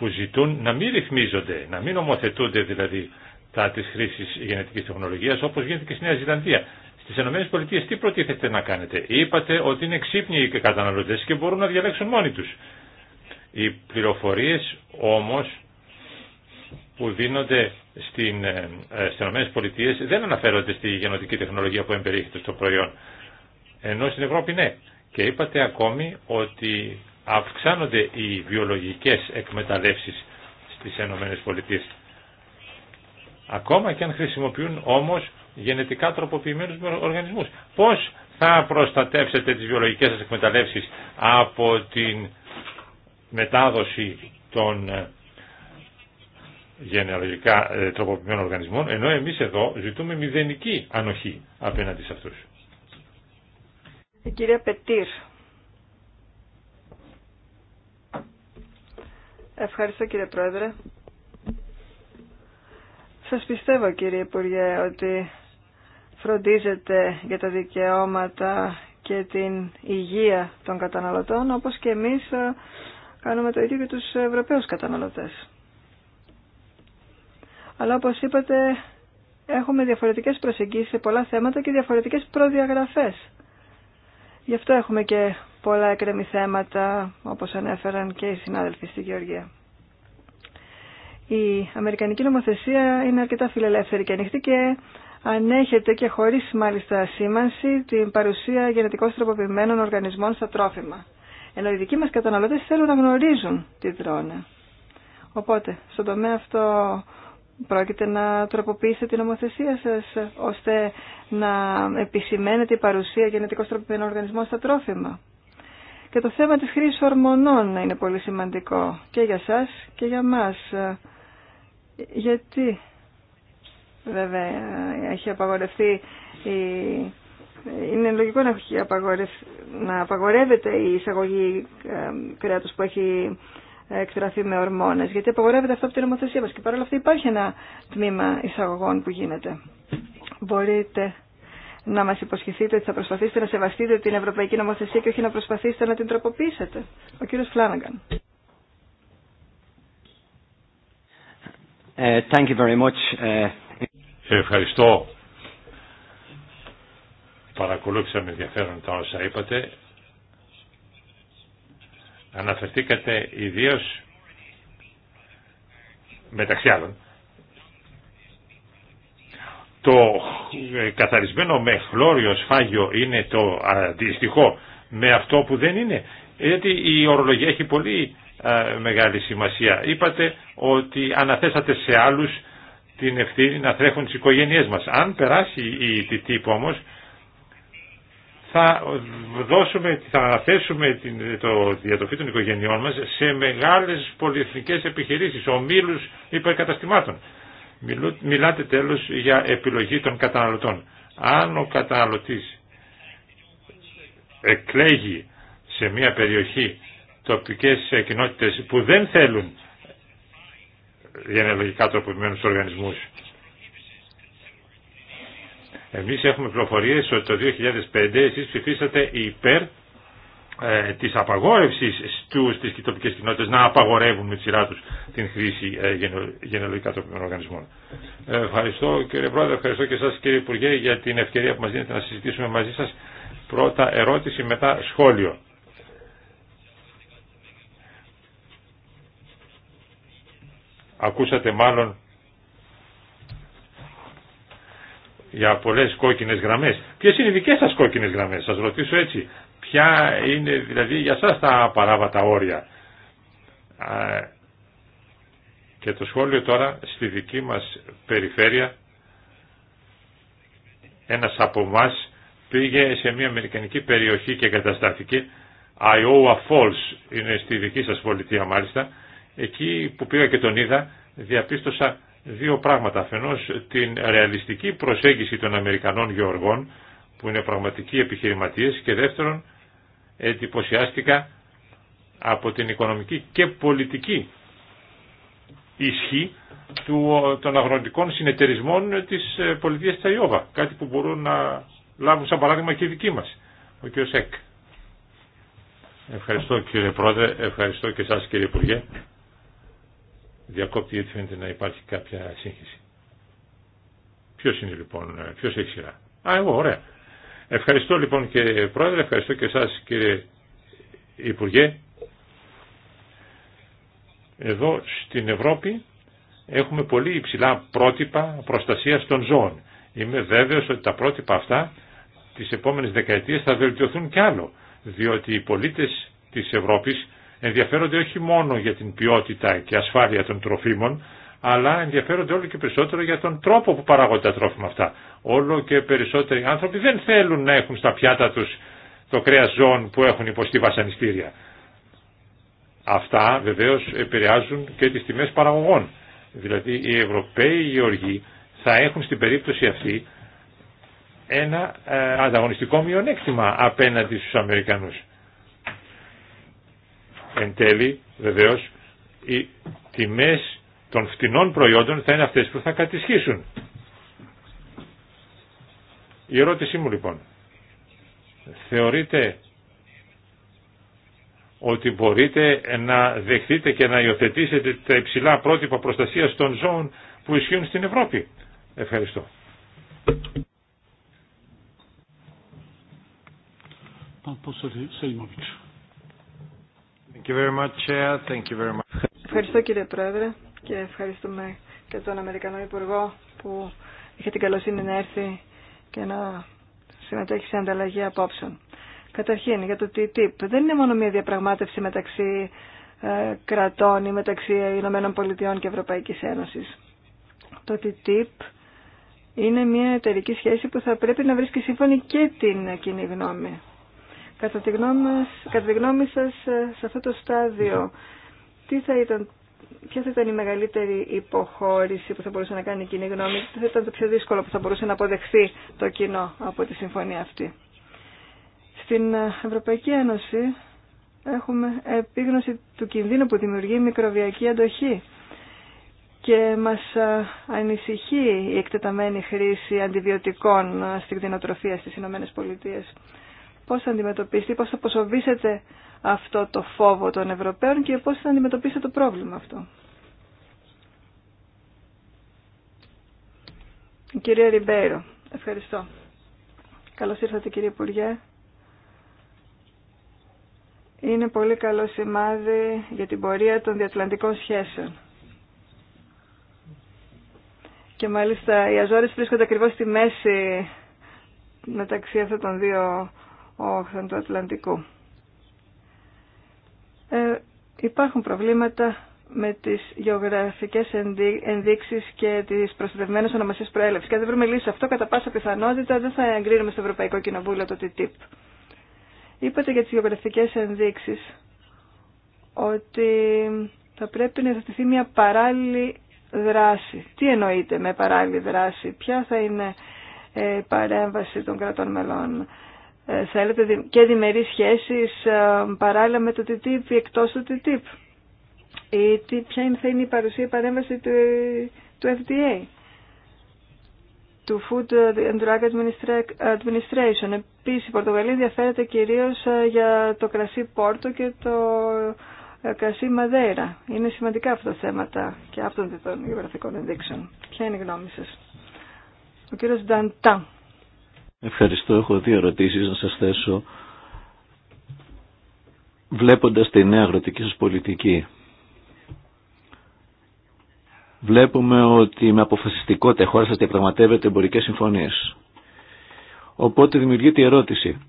που ζητούν να μην ρυθμίζονται, να μην ομοθετούνται δηλαδή τα της χρήσης γενετικής τεχνολογίας όπως γίνεται και στη Νέα Ζηλανδία. Στις ΗΠΑ τι προτίθεται να κάνετε. Είπατε ότι είναι ξύπνοι οι καταναλωτές και μπορούν να διαλέξουν μόνοι τους. Οι πληροφορίες όμως που δίνονται στην, ε, στις ΗΠΑ δεν αναφέρονται στη γενετική τεχνολογία που εμπεριέχεται στο προϊόν. Ενώ στην Ευρώπη ναι. Και είπατε ακόμη ότι αυξάνονται οι βιολογικές εκμεταλλεύσεις στις ΗΠΑ. Ακόμα και αν χρησιμοποιούν όμως γενετικά τροποποιημένους οργανισμούς. Πώς θα προστατεύσετε τις βιολογικές σας εκμεταλλεύσεις από την μετάδοση των ε, γενεολογικά ε, τροποποιημένων οργανισμών, ενώ εμείς εδώ ζητούμε μηδενική ανοχή απέναντι σε αυτούς. Κύριε Ευχαριστώ κύριε Πρόεδρε. Σας πιστεύω κύριε Υπουργέ ότι φροντίζετε για τα δικαιώματα και την υγεία των καταναλωτών όπως και εμείς ε, κάνουμε το ίδιο και τους Ευρωπαίους καταναλωτές. Αλλά όπως είπατε έχουμε διαφορετικές προσεγγίσεις σε πολλά θέματα και διαφορετικές προδιαγραφές. Γι' αυτό έχουμε και πολλά έκρεμη θέματα, όπως ανέφεραν και οι συνάδελφοι στη Γεωργία. Η Αμερικανική νομοθεσία είναι αρκετά φιλελεύθερη και ανοιχτή και ανέχεται και χωρίς μάλιστα σήμανση την παρουσία γενετικώς τροποποιημένων οργανισμών στα τρόφιμα. Ενώ οι δικοί μας καταναλωτές θέλουν να γνωρίζουν τι τρώνε. Οπότε, στον τομέα αυτό πρόκειται να τροποποιήσετε την νομοθεσία σας ώστε να επισημαίνετε η παρουσία γενετικώς τροποποιημένων οργανισμών στα τρόφιμα. Και το θέμα της χρήσης ορμονών είναι πολύ σημαντικό και για σας και για μας. Γιατί βέβαια έχει απαγορευτεί η... Είναι λογικό να, να απαγορεύεται η εισαγωγή ε, κρέατος που έχει εκτραφεί με ορμόνες, γιατί απαγορεύεται αυτό από την νομοθεσία μας και παρόλα αυτά υπάρχει ένα τμήμα εισαγωγών που γίνεται. Μπορείτε να μας υποσχεθείτε ότι θα προσπαθήσετε να σεβαστείτε την Ευρωπαϊκή Νομοθεσία και όχι να προσπαθήσετε να την τροποποιήσετε. Ο κύριος Φλάνναγκαν. Ε, thank you very much. Ε, Ευχαριστώ. Παρακολούθησα με ενδιαφέρον τα όσα είπατε. Αναφερθήκατε ιδίως μεταξύ άλλων το καθαρισμένο με χλώριο σφάγιο είναι το αντίστοιχο με αυτό που δεν είναι. Γιατί η ορολογία έχει πολύ μεγάλη σημασία. Είπατε ότι αναθέσατε σε άλλους την ευθύνη να τρέχουν τις οικογένειές μας. Αν περάσει η TTIP όμως, θα, δώσουμε, θα αναθέσουμε την, το διατροφή των οικογενειών μας σε μεγάλες πολυεθνικές επιχειρήσεις, ομίλους υπερκαταστημάτων. Μιλάτε τέλος για επιλογή των καταναλωτών. Αν ο καταναλωτής εκλέγει σε μια περιοχή τοπικές κοινότητες που δεν θέλουν γενελογικά τροποποιημένους οργανισμούς. Εμείς έχουμε πληροφορίες ότι το 2005 εσείς ψηφίσατε υπέρ ε, της απαγόρευσης στους, στις τοπικές κοινότητες να απαγορεύουν με τη σειρά τους την χρήση ε, γενεολογικά οργανισμών. Ε, ευχαριστώ κύριε Πρόεδρε, ευχαριστώ και εσάς κύριε Υπουργέ για την ευκαιρία που μας δίνετε να συζητήσουμε μαζί σας. Πρώτα ερώτηση, μετά σχόλιο. Ακούσατε μάλλον για πολλές κόκκινες γραμμές. Ποιες είναι οι δικές σας κόκκινες γραμμές, σας ρωτήσω έτσι. Ποια είναι δηλαδή για σας τα παράβατα όρια. Και το σχόλιο τώρα στη δική μας περιφέρεια ένας από εμά πήγε σε μια αμερικανική περιοχή και καταστάθηκε Iowa Falls είναι στη δική σας πολιτεία μάλιστα εκεί που πήγα και τον είδα διαπίστωσα δύο πράγματα αφενός την ρεαλιστική προσέγγιση των Αμερικανών γεωργών που είναι πραγματικοί επιχειρηματίες και δεύτερον εντυπωσιάστηκα από την οικονομική και πολιτική ισχύ του, των αγροτικών συνεταιρισμών της ε, πολιτείας Αϊόβα. Κάτι που μπορούν να λάβουν σαν παράδειγμα και οι δικοί μας. Ο κ. Σεκ. Ευχαριστώ κύριε Πρόεδρε, ευχαριστώ και εσάς κύριε Υπουργέ. Διακόπτη γιατί φαίνεται να υπάρχει κάποια σύγχυση. Ποιος είναι λοιπόν, ε, ποιος έχει σειρά. Α, εγώ, ωραία. Ευχαριστώ λοιπόν κύριε Πρόεδρε, ευχαριστώ και εσάς κύριε Υπουργέ. Εδώ στην Ευρώπη έχουμε πολύ υψηλά πρότυπα προστασίας των ζώων. Είμαι βέβαιος ότι τα πρότυπα αυτά τις επόμενες δεκαετίες θα βελτιωθούν κι άλλο, διότι οι πολίτες της Ευρώπης ενδιαφέρονται όχι μόνο για την ποιότητα και ασφάλεια των τροφίμων, αλλά ενδιαφέρονται όλο και περισσότερο για τον τρόπο που παράγονται τα τρόφιμα αυτά όλο και περισσότεροι άνθρωποι δεν θέλουν να έχουν στα πιάτα τους το κρέας ζώων που έχουν υποστεί βασανιστήρια. Αυτά βεβαίως επηρεάζουν και τις τιμές παραγωγών. Δηλαδή οι Ευρωπαίοι γεωργοί θα έχουν στην περίπτωση αυτή ένα ε, ανταγωνιστικό μειονέκτημα απέναντι στους Αμερικανούς. Εν τέλει βεβαίως οι τιμές των φτηνών προϊόντων θα είναι αυτές που θα κατησχίσουν. Η ερώτησή μου λοιπόν, θεωρείτε ότι μπορείτε να δεχτείτε και να υιοθετήσετε τα υψηλά πρότυπα προστασίας των ζώων που ισχύουν στην Ευρώπη. Ευχαριστώ. Ευχαριστώ κύριε Πρόεδρε και ευχαριστούμε και τον Αμερικανό Υπουργό που είχε την καλοσύνη να έρθει και να συμμετέχει σε ανταλλαγή απόψεων. Καταρχήν, για το TTIP δεν είναι μόνο μια διαπραγμάτευση μεταξύ ε, κρατών ή μεταξύ Ηνωμένων Πολιτειών και Ευρωπαϊκής Ένωσης. Το TTIP είναι μια εταιρική σχέση που θα πρέπει να βρίσκει σύμφωνη και την κοινή γνώμη. Κατά τη γνώμη, κατά τη γνώμη σας, ε, σε αυτό το στάδιο, τι θα ήταν ποια θα ήταν η μεγαλύτερη υποχώρηση που θα μπορούσε να κάνει η κοινή γνώμη και θα ήταν το πιο δύσκολο που θα μπορούσε να αποδεχθεί το κοινό από τη συμφωνία αυτή. Στην Ευρωπαϊκή Ένωση έχουμε επίγνωση του κινδύνου που δημιουργεί μικροβιακή αντοχή και μας ανησυχεί η εκτεταμένη χρήση αντιβιωτικών στην κτηνοτροφία στις Ηνωμένες Πολιτείες. Πώς θα αντιμετωπίσετε, πώς θα αποσοβήσετε αυτό το φόβο των Ευρωπαίων και πώς θα αντιμετωπίσετε το πρόβλημα αυτό. Κυρία Ριμπέιρο, ευχαριστώ. Καλώς ήρθατε κύριε Υπουργέ. Είναι πολύ καλό σημάδι για την πορεία των διατλαντικών σχέσεων. Και μάλιστα οι Αζόρες βρίσκονται ακριβώς στη μέση μεταξύ αυτών των δύο όχθων του Ατλαντικού. Ε, υπάρχουν προβλήματα με τις γεωγραφικές ενδείξεις και τις προστατευμένε ονομασίες προέλευσης. Και αν δεν βρούμε λύση αυτό, κατά πάσα πιθανότητα δεν θα εγκρίνουμε στο Ευρωπαϊκό Κοινοβούλιο το TTIP. Είπατε για τις γεωγραφικές ενδείξεις ότι θα πρέπει να θετηθεί μια παράλληλη δράση. Τι εννοείται με παράλληλη δράση, ποια θα είναι η ε, παρέμβαση των κρατών μελών. Ε, θέλετε, και διμερεί σχέσεις ε, παράλληλα με το TTIP ή εκτός του TTIP. Ή τι, ποια είναι, θα είναι η παρουσία η παρέμβαση του, FDA, του Food and Drug Administration. Επίσης, η Πορτογαλία ενδιαφέρεται κυρίως ε, για το κρασί Πόρτο και το κρασί Μαδέρα. Είναι σημαντικά αυτά τα θέματα και αυτών των γεωγραφικών ενδείξεων. Ποια είναι η γνώμη σας. Ο κύριος Νταντάν. Ευχαριστώ. Έχω δύο ερωτήσεις να σας θέσω. Βλέποντας τη νέα αγροτική σας πολιτική, βλέπουμε ότι με αποφασιστικότητα η χώρα σας διαπραγματεύεται εμπορικές συμφωνίες. Οπότε δημιουργείται η ερώτηση.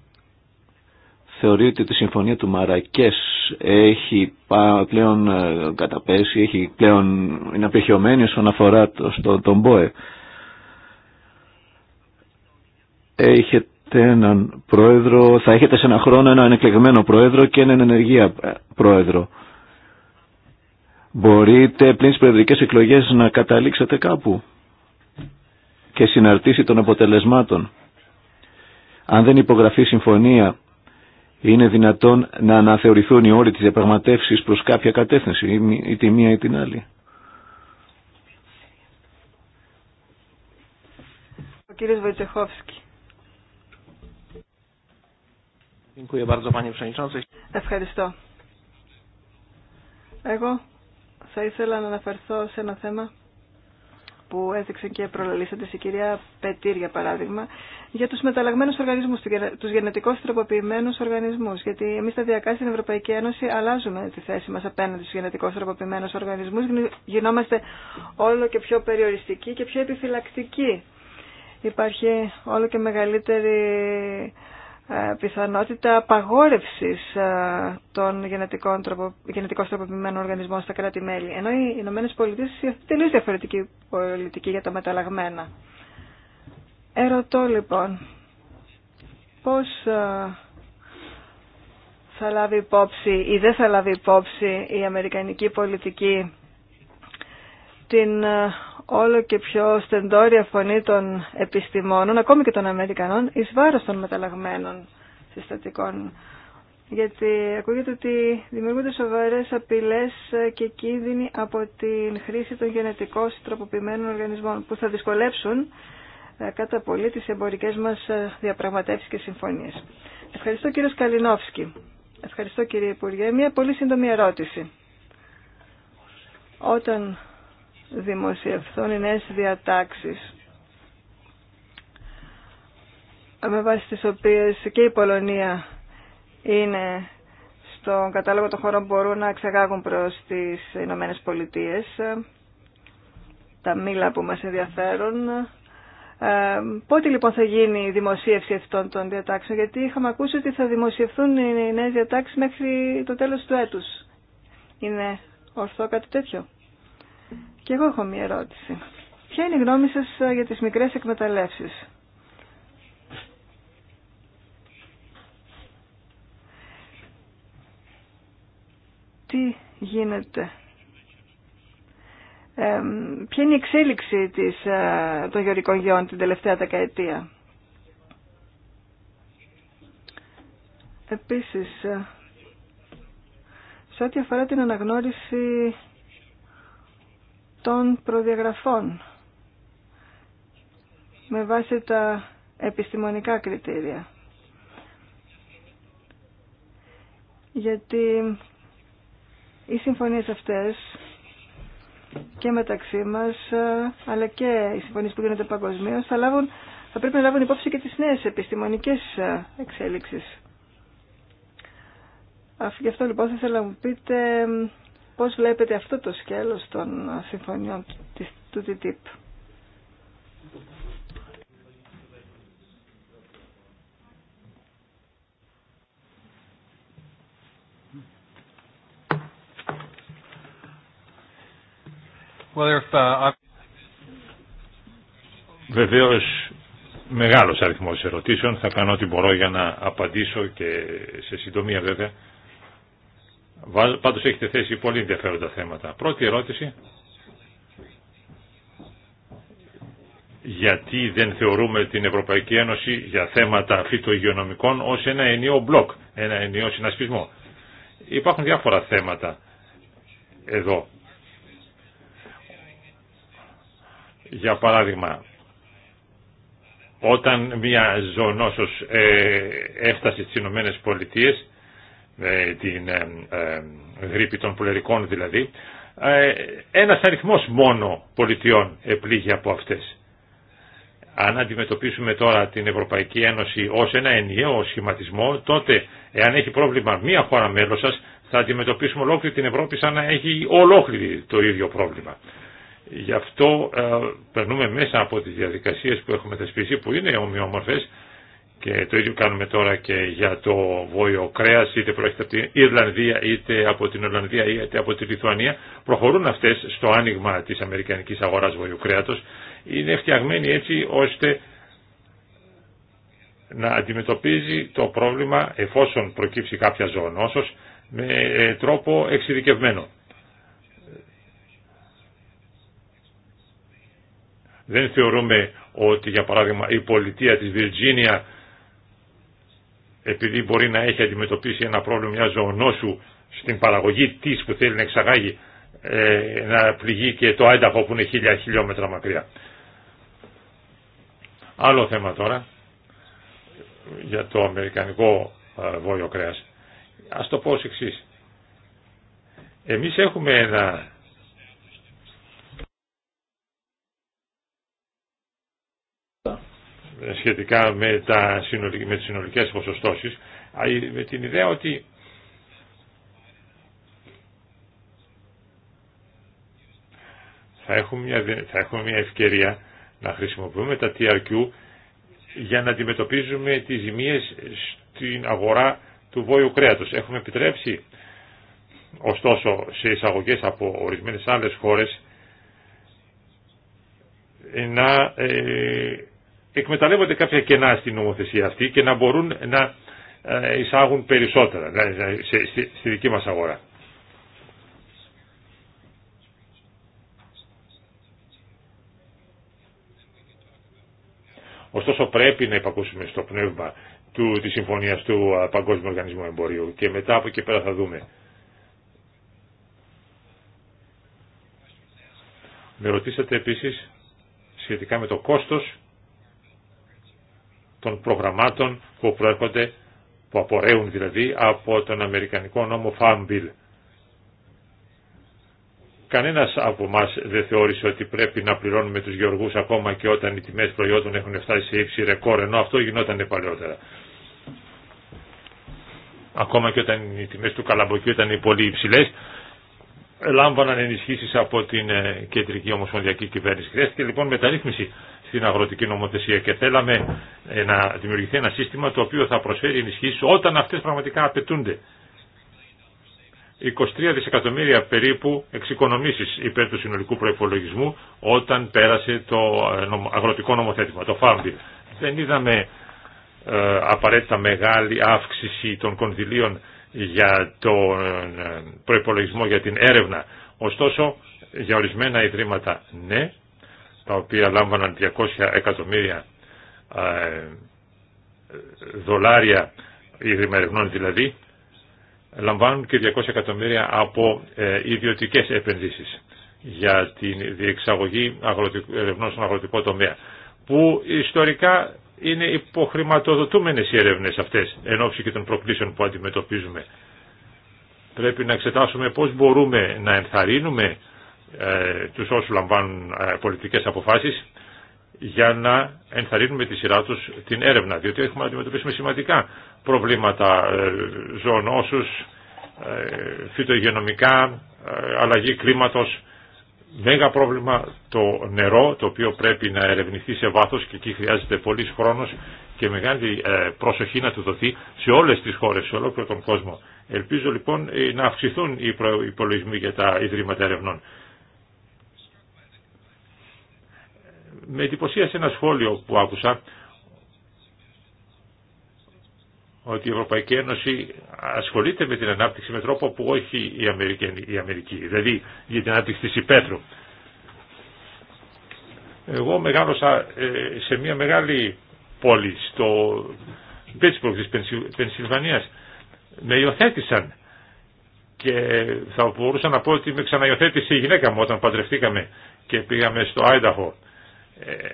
Θεωρείτε ότι η συμφωνία του Μαρακές έχει πλέον ε, καταπέσει, έχει πλέον, είναι απεχειωμένη όσον αφορά το, στο, τον ΠΟΕ έχετε έναν πρόεδρο, θα έχετε σε ένα χρόνο έναν εκλεγμένο πρόεδρο και έναν ενεργεία πρόεδρο. Μπορείτε πλην τις προεδρικές εκλογές να καταλήξετε κάπου και συναρτήσει των αποτελεσμάτων. Αν δεν υπογραφεί συμφωνία, είναι δυνατόν να αναθεωρηθούν οι όροι της διαπραγματεύσεις προς κάποια κατεύθυνση, ή τη μία ή την άλλη. Ο Ευχαριστώ. Εγώ θα ήθελα να αναφερθώ σε ένα θέμα που έδειξε και προλαλήσατε η κυρία Πετήρ για παράδειγμα, για τους μεταλλαγμένους οργανισμούς, τους γενετικώς τροποποιημένους οργανισμούς. Γιατί εμείς σταδιακά στην Ευρωπαϊκή Ένωση αλλάζουμε τη θέση μας απέναντι στους γενετικώς τροποποιημένους οργανισμούς, γινόμαστε όλο και πιο περιοριστικοί και πιο επιφυλακτικοί. Υπάρχει όλο και μεγαλύτερη ε, πιθανότητα απαγόρευσης ε, των γενετικών γενετικώς τροποποιημένων οργανισμών στα κράτη-μέλη. Ενώ οι Ηνωμένε Πολιτείε έχουν τελείω διαφορετική πολιτική για τα μεταλλαγμένα. Ερωτώ λοιπόν, πώς ε, θα λάβει υπόψη ή δεν θα λάβει υπόψη η αμερικανική πολιτική την όλο και πιο στεντόρια φωνή των επιστημόνων, ακόμη και των Αμερικανών, εις βάρος των μεταλλαγμένων συστατικών. Γιατί ακούγεται ότι δημιουργούνται σοβαρές απειλές και κίνδυνοι από την χρήση των γενετικώς τροποποιημένων οργανισμών, που θα δυσκολέψουν ε, κατά πολύ τις εμπορικές μας ε, διαπραγματεύσεις και συμφωνίες. Ευχαριστώ κύριο Σκαλινόφσκι. Ευχαριστώ κύριε Υπουργέ. Μια πολύ σύντομη ερώτηση. Όταν δημοσιευθούν οι νέες διατάξεις με βάση τις οποίες και η Πολωνία είναι στον κατάλογο των χωρών που μπορούν να εξαγάγουν προς τις Ηνωμένε Πολιτείες τα μήλα που μας ενδιαφέρουν. Ε, πότε λοιπόν θα γίνει η δημοσίευση αυτών των διατάξεων, γιατί είχαμε ακούσει ότι θα δημοσιευθούν οι νέες διατάξεις μέχρι το τέλος του έτους. Είναι ορθό κάτι τέτοιο. Και εγώ έχω μία ερώτηση. Ποια είναι η γνώμη σας ε, για τις μικρές εκμεταλλεύσεις. Τι γίνεται. Ε, ποια είναι η εξέλιξη της, ε, των γεωρικών γεών την τελευταία δεκαετία. Επίσης, ε, σε ό,τι αφορά την αναγνώριση των προδιαγραφών με βάση τα επιστημονικά κριτήρια. Γιατί οι συμφωνίες αυτές και μεταξύ μας, αλλά και οι συμφωνίες που γίνονται παγκοσμίω, θα, λάβουν, θα πρέπει να λάβουν υπόψη και τις νέες επιστημονικές εξέλιξεις. Γι' αυτό λοιπόν θα ήθελα να μου πείτε πώς βλέπετε αυτό το σκέλος των συμφωνιών του TTIP. Uh, Βεβαίως Βεβαίω μεγάλος αριθμός ερωτήσεων. Θα κάνω ό,τι μπορώ για να απαντήσω και σε συντομία βέβαια. Πάντως έχετε θέσει πολύ ενδιαφέροντα θέματα. Πρώτη ερώτηση. Γιατί δεν θεωρούμε την Ευρωπαϊκή Ένωση για θέματα φυτογειονομικών ως ένα ενίο μπλοκ, ένα ενίο συνασπισμό. Υπάρχουν διάφορα θέματα εδώ. Για παράδειγμα, όταν μια ζωνόσος ε, έφτασε στις Ηνωμένες Πολιτείες, ε, την ε, ε, γρήπη των πουλερικών δηλαδή, ένας αριθμός μόνο πολιτιών επλήγει από αυτές. Αν αντιμετωπίσουμε τώρα την Ευρωπαϊκή Ένωση ως ένα ενιαίο σχηματισμό, τότε εάν έχει πρόβλημα μία χώρα μέλος σας, θα αντιμετωπίσουμε ολόκληρη την Ευρώπη σαν να έχει ολόκληρη το ίδιο πρόβλημα. Γι' αυτό περνούμε μέσα από τις διαδικασίες που έχουμε θεσπίσει, που είναι ομοιόμορφες, και το ίδιο κάνουμε τώρα και για το βόλιο κρέα, είτε προέρχεται από την Ιρλανδία, είτε από την Ολλανδία, είτε από τη Λιθουανία. Προχωρούν αυτέ στο άνοιγμα τη Αμερικανική αγορά βόλιο κρέατο. Είναι φτιαγμένοι έτσι ώστε να αντιμετωπίζει το πρόβλημα, εφόσον προκύψει κάποια ζωονόσος, με ε, τρόπο εξειδικευμένο. Δεν θεωρούμε ότι, για παράδειγμα, η πολιτεία της Βιρτζίνια επειδή μπορεί να έχει αντιμετωπίσει ένα πρόβλημα μια ζωονόσου στην παραγωγή τη που θέλει να εξαγάγει ε, να πληγεί και το άνταχο που είναι χίλια χιλιόμετρα μακριά. Άλλο θέμα τώρα για το αμερικανικό ε, βόλιο κρέας. Ας το πω ως εξής. Εμείς έχουμε ένα σχετικά με, τα συνολικές, με τις συνολικές ποσοστώσεις με την ιδέα ότι θα έχουμε, μια, θα έχουμε μια ευκαιρία να χρησιμοποιούμε τα TRQ για να αντιμετωπίζουμε τις ζημίες στην αγορά του βόλου κρέατος. Έχουμε επιτρέψει ωστόσο σε εισαγωγές από ορισμένες άλλες χώρες να ε, εκμεταλλεύονται κάποια κενά στην νομοθεσία αυτή και να μπορούν να ε, εισάγουν περισσότερα στη δική μας αγορά. Ωστόσο πρέπει να υπακούσουμε στο πνεύμα του, της συμφωνίας του Παγκόσμιου Οργανισμού Εμπορίου και μετά από εκεί πέρα θα δούμε. Με ρωτήσατε επίσης σχετικά με το κόστος των προγραμμάτων που προέρχονται, που απορρέουν δηλαδή από τον Αμερικανικό νόμο Farm Bill. Κανένας από εμά δεν θεώρησε ότι πρέπει να πληρώνουμε τους γεωργούς ακόμα και όταν οι τιμές προϊόντων έχουν φτάσει σε ύψη ρεκόρ, ενώ αυτό γινόταν παλαιότερα. Ακόμα και όταν οι τιμές του καλαμποκιού ήταν πολύ υψηλές, λάμβαναν ενισχύσεις από την ε, κεντρική ομοσπονδιακή κυβέρνηση. Χρειάστηκε λοιπόν μεταρρύθμιση στην αγροτική νομοθεσία και θέλαμε ε, να δημιουργηθεί ένα σύστημα το οποίο θα προσφέρει ενισχύσει όταν αυτές πραγματικά απαιτούνται. 23 δισεκατομμύρια περίπου εξοικονομήσεις υπέρ του συνολικού προϋπολογισμού όταν πέρασε το ε, αγροτικό νομοθέτημα, το ΦΑΜΠΙΛ. Δεν είδαμε ε, απαραίτητα μεγάλη αύξηση των κονδυλίων για τον προϋπολογισμό για την έρευνα. Ωστόσο, για ορισμένα ιδρύματα ναι, τα οποία λάμβαναν 200 εκατομμύρια ε, δολάρια ίδρυμα ερευνών δηλαδή, λαμβάνουν και 200 εκατομμύρια από ε, ιδιωτικές επενδύσεις για την διεξαγωγή ερευνών στον αγροτικό τομέα, που ιστορικά είναι υποχρηματοδοτούμενες οι ερευνές αυτές εν ώψη και των προκλήσεων που αντιμετωπίζουμε. Πρέπει να εξετάσουμε πώς μπορούμε να ενθαρρύνουμε ε, τους όσους λαμβάνουν ε, πολιτικές αποφάσεις για να ενθαρρύνουμε τη σειρά τους την έρευνα, διότι έχουμε να αντιμετωπίσουμε σημαντικά προβλήματα ε, ζωονόσους, ε, φυτογενομικά, ε, αλλαγή κλίματος, μέγα πρόβλημα το νερό, το οποίο πρέπει να ερευνηθεί σε βάθος και εκεί χρειάζεται πολύς χρόνος και μεγάλη ε, προσοχή να του δοθεί σε όλες τις χώρες, σε ολόκληρο τον κόσμο. Ελπίζω λοιπόν ε, να αυξηθούν οι υπολογισμοί για τα Ιδρύματα Ερευνών. με εντυπωσίασε ένα σχόλιο που άκουσα ότι η Ευρωπαϊκή Ένωση ασχολείται με την ανάπτυξη με τρόπο που όχι η Αμερική, η Αμερική δηλαδή για την ανάπτυξη της υπέτρου. Εγώ μεγάλωσα ε, σε μια μεγάλη πόλη στο Πίτσπουργκ της Πενσιλβανίας. Με υιοθέτησαν και θα μπορούσα να πω ότι με ξαναϊοθέτησε η γυναίκα μου όταν παντρευτήκαμε και πήγαμε στο Άινταχο. Ε,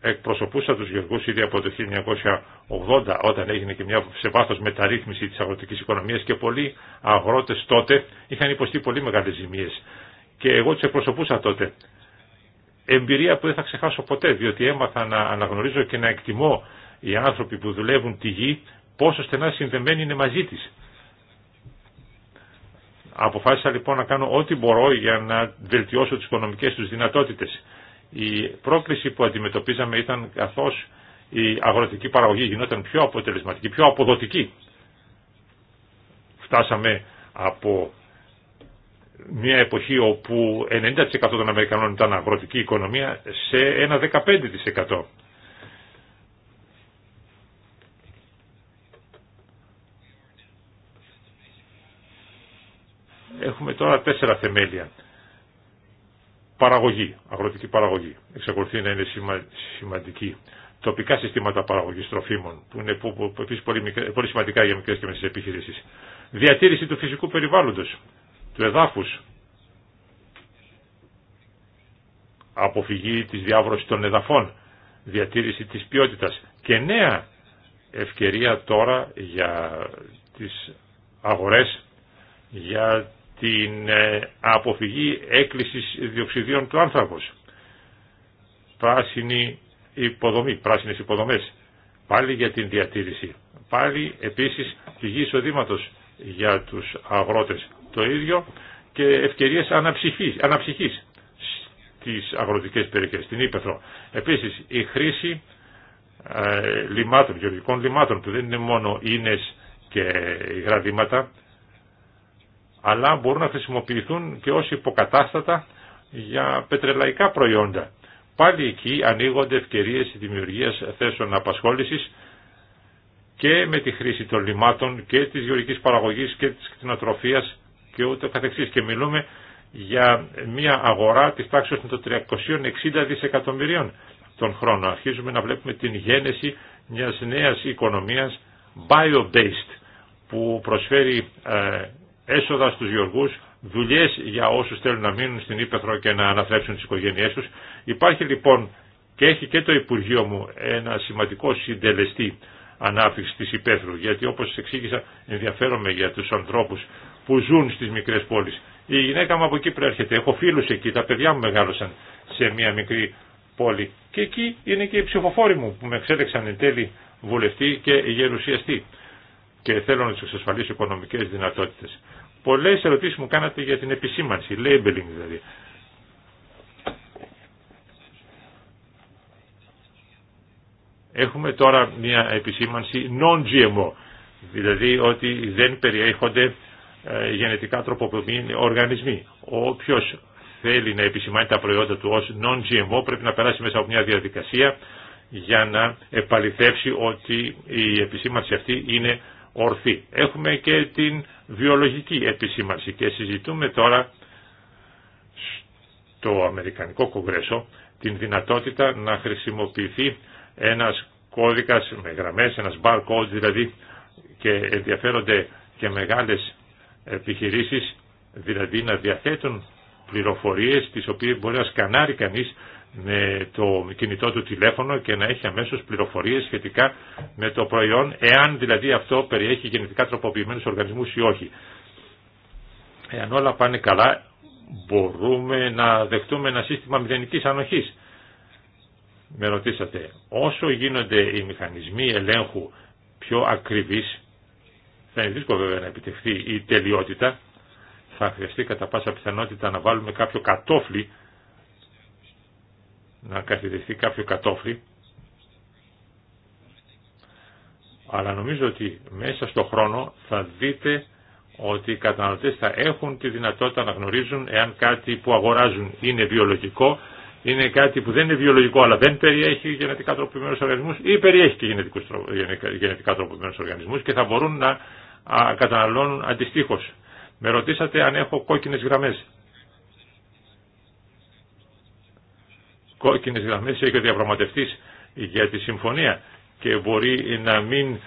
εκπροσωπούσα τους γεωργούς ήδη από το 1980 όταν έγινε και μια σε βάθος μεταρρύθμιση της αγροτικής οικονομίας και πολλοί αγρότες τότε είχαν υποστεί πολύ μεγάλες ζημίες και εγώ τους εκπροσωπούσα τότε. Εμπειρία που δεν θα ξεχάσω ποτέ διότι έμαθα να αναγνωρίζω και να εκτιμώ οι άνθρωποι που δουλεύουν τη γη πόσο στενά συνδεμένοι είναι μαζί της. Αποφάσισα λοιπόν να κάνω ό,τι μπορώ για να βελτιώσω τις οικονομικές τους δυνατότητες η πρόκληση που αντιμετωπίζαμε ήταν καθώς η αγροτική παραγωγή γινόταν πιο αποτελεσματική, πιο αποδοτική. Φτάσαμε από μια εποχή όπου 90% των Αμερικανών ήταν αγροτική οικονομία σε ένα 15%. Έχουμε τώρα τέσσερα θεμέλια παραγωγή, αγροτική παραγωγή. Εξακολουθεί να είναι σημαντική. Τοπικά συστήματα παραγωγή τροφίμων, που είναι που, πολύ, πολύ, σημαντικά για μικρέ και μεσαίε επιχειρήσει. Διατήρηση του φυσικού περιβάλλοντο, του εδάφου. Αποφυγή τη διάβρωση των εδαφών. Διατήρηση τη ποιότητα. Και νέα ευκαιρία τώρα για τις αγορές, για την ε, αποφυγή έκκλησης διοξιδίων του άνθρακος. Πράσινη υποδομή, πράσινες υποδομές, πάλι για την διατήρηση. Πάλι επίσης πηγή εισοδήματο για τους αγρότες. Το ίδιο και ευκαιρίες αναψυχής, αναψυχής στις αγροτικές περιοχές, στην Ήπεθρο. Επίσης η χρήση ε, λιμάτων, γεωργικών λιμάτων που δεν είναι μόνο ίνες και υγραδίματα, αλλά μπορούν να χρησιμοποιηθούν και ως υποκατάστατα για πετρελαϊκά προϊόντα. Πάλι εκεί ανοίγονται ευκαιρίες δημιουργία θέσεων απασχόλησης και με τη χρήση των λιμάτων και της γεωργικής παραγωγής και της κτηνοτροφίας και ούτω καθεξής. Και μιλούμε για μια αγορά της τάξης των 360 δισεκατομμυρίων τον χρόνο. Αρχίζουμε να βλέπουμε την γένεση μιας νέας οικονομίας bio-based που προσφέρει ε, έσοδα στους γεωργούς, δουλειές για όσους θέλουν να μείνουν στην Ήπεθρο και να αναθρέψουν τις οικογένειές τους. Υπάρχει λοιπόν και έχει και το Υπουργείο μου ένα σημαντικό συντελεστή ανάπτυξη της Υπέθρου, γιατί όπως σας εξήγησα ενδιαφέρομαι για τους ανθρώπους που ζουν στις μικρές πόλεις. Η γυναίκα μου από εκεί προέρχεται, έχω φίλους εκεί, τα παιδιά μου μεγάλωσαν σε μια μικρή πόλη και εκεί είναι και οι ψηφοφόροι μου που με εξέλεξαν εν τέλει βουλευτή και γερουσιαστή και θέλω να του εξασφαλίσω οικονομικέ δυνατότητε. Πολλέ ερωτήσει μου κάνατε για την επισήμανση, labeling δηλαδή. Έχουμε τώρα μια επισήμανση non-GMO, δηλαδή ότι δεν περιέχονται ε, γενετικά τροποποιημένοι οργανισμοί. Όποιο θέλει να επισημάνει τα προϊόντα του ως non-GMO πρέπει να περάσει μέσα από μια διαδικασία για να επαληθεύσει ότι η επισήμανση αυτή είναι ορθή. Έχουμε και την βιολογική επισήμανση και συζητούμε τώρα στο Αμερικανικό Κογκρέσο την δυνατότητα να χρησιμοποιηθεί ένας κώδικας με γραμμές, ένας barcode δηλαδή και ενδιαφέρονται και μεγάλες επιχειρήσεις δηλαδή να διαθέτουν πληροφορίες τις οποίες μπορεί να σκανάρει κανείς με το κινητό του τηλέφωνο και να έχει αμέσως πληροφορίες σχετικά με το προϊόν, εάν δηλαδή αυτό περιέχει γενετικά τροποποιημένους οργανισμούς ή όχι. Εάν όλα πάνε καλά, μπορούμε να δεχτούμε ένα σύστημα μηδενικής ανοχής. Με ρωτήσατε, όσο γίνονται οι μηχανισμοί ελέγχου πιο ακριβείς, θα είναι δύσκολο βέβαια να επιτευχθεί η τελειότητα, θα χρειαστεί κατά πάσα πιθανότητα να βάλουμε κάποιο κατόφλι να καθιδευτεί κάποιο κατόφλι αλλά νομίζω ότι μέσα στο χρόνο θα δείτε ότι οι καταναλωτές θα έχουν τη δυνατότητα να γνωρίζουν εάν κάτι που αγοράζουν είναι βιολογικό, είναι κάτι που δεν είναι βιολογικό αλλά δεν περιέχει γενετικά τροποποιημένους οργανισμούς ή περιέχει και γενετικά τροποποιημένους οργανισμούς και θα μπορούν να καταναλώνουν αντιστοίχως. Με ρωτήσατε αν έχω κόκκινες γραμμές. κόκκινες γραμμές έχει ο διαπραγματευτής για τη συμφωνία και μπορεί να μην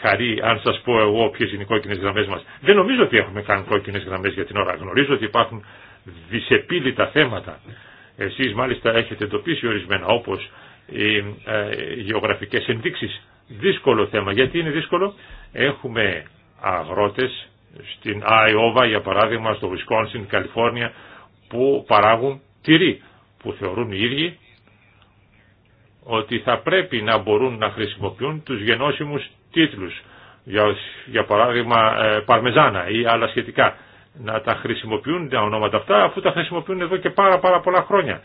χαρεί αν σας πω εγώ ποιες είναι οι κόκκινες γραμμές μας. Δεν νομίζω ότι έχουμε καν κόκκινες γραμμές για την ώρα. Γνωρίζω ότι υπάρχουν δυσεπίλητα θέματα. Εσείς μάλιστα έχετε εντοπίσει ορισμένα όπως οι ε, γεωγραφικές ενδείξεις. Δύσκολο θέμα. Γιατί είναι δύσκολο. Έχουμε αγρότες στην Αϊόβα για παράδειγμα, στο Wisconsin, Καλιφόρνια που παράγουν τυρί που θεωρούν οι ίδιοι ότι θα πρέπει να μπορούν να χρησιμοποιούν τους γενώσιμους τίτλους για, για παράδειγμα ε, παρμεζάνα ή άλλα σχετικά να τα χρησιμοποιούν τα ονόματα αυτά αφού τα χρησιμοποιούν εδώ και πάρα πάρα πολλά χρόνια.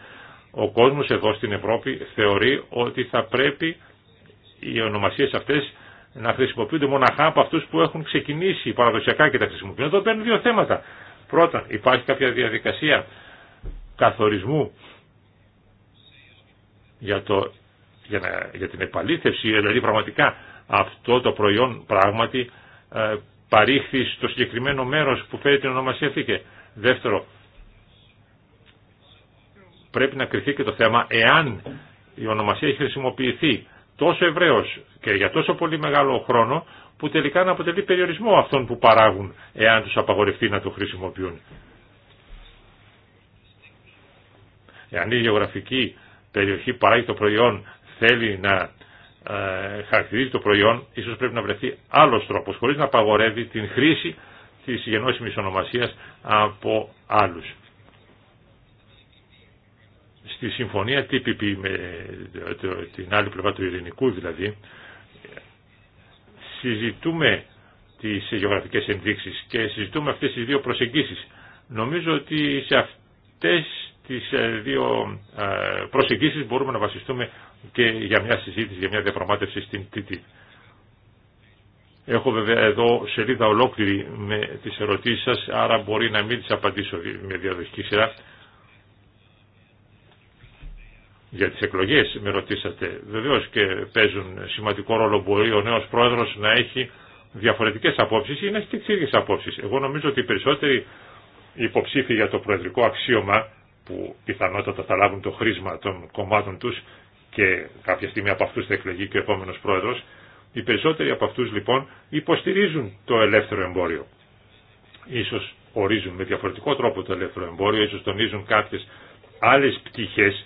Ο κόσμος εδώ στην Ευρώπη θεωρεί ότι θα πρέπει οι ονομασίες αυτές να χρησιμοποιούνται μοναχά από αυτούς που έχουν ξεκινήσει παραδοσιακά και τα χρησιμοποιούν. Εδώ παίρνουν δύο θέματα. Πρώτα, υπάρχει κάποια διαδικασία καθορισμού για, το, για, για την επαλήθευση, δηλαδή πραγματικά αυτό το προϊόν πράγματι ε, παρήχθη στο συγκεκριμένο μέρος που φέρει την ονομασία θήκε. Δεύτερο, πρέπει να κριθεί και το θέμα εάν η ονομασία έχει χρησιμοποιηθεί τόσο ευρέως και για τόσο πολύ μεγάλο χρόνο που τελικά να αποτελεί περιορισμό αυτών που παράγουν εάν τους απαγορευτεί να το χρησιμοποιούν. Εάν η γεωγραφική περιοχή παράγει το προϊόν θέλει να ε, χαρακτηρίζει το προϊόν, ίσως πρέπει να βρεθεί άλλος τρόπος, χωρίς να απαγορεύει την χρήση της γενώσιμης ονομασίας από άλλους. Στη συμφωνία TPP με την άλλη πλευρά του ειρηνικού δηλαδή, συζητούμε τις γεωγραφικές ενδείξεις και συζητούμε αυτές τις δύο προσεγγίσεις. Νομίζω ότι σε αυτές τις ε, δύο ε, προσεγγίσεις μπορούμε να βασιστούμε και για μια συζήτηση, για μια διαπραγμάτευση στην TTIP. Έχω βέβαια εδώ σελίδα ολόκληρη με τις ερωτήσεις σας, άρα μπορεί να μην τις απαντήσω με διαδοχική σειρά. Για τις εκλογές με ρωτήσατε. Βεβαίως και παίζουν σημαντικό ρόλο μπορεί ο νέος πρόεδρος να έχει διαφορετικές απόψεις ή να έχει και τις ίδιες απόψεις. Εγώ νομίζω ότι οι περισσότεροι υποψήφοι για το προεδρικό αξίωμα που πιθανότατα θα λάβουν το χρήσμα των κομμάτων τους και κάποια στιγμή από αυτούς θα εκλεγεί και ο επόμενος πρόεδρος. Οι περισσότεροι από αυτούς λοιπόν υποστηρίζουν το ελεύθερο εμπόριο. Ίσως ορίζουν με διαφορετικό τρόπο το ελεύθερο εμπόριο, ίσως τονίζουν κάποιες άλλες πτυχές,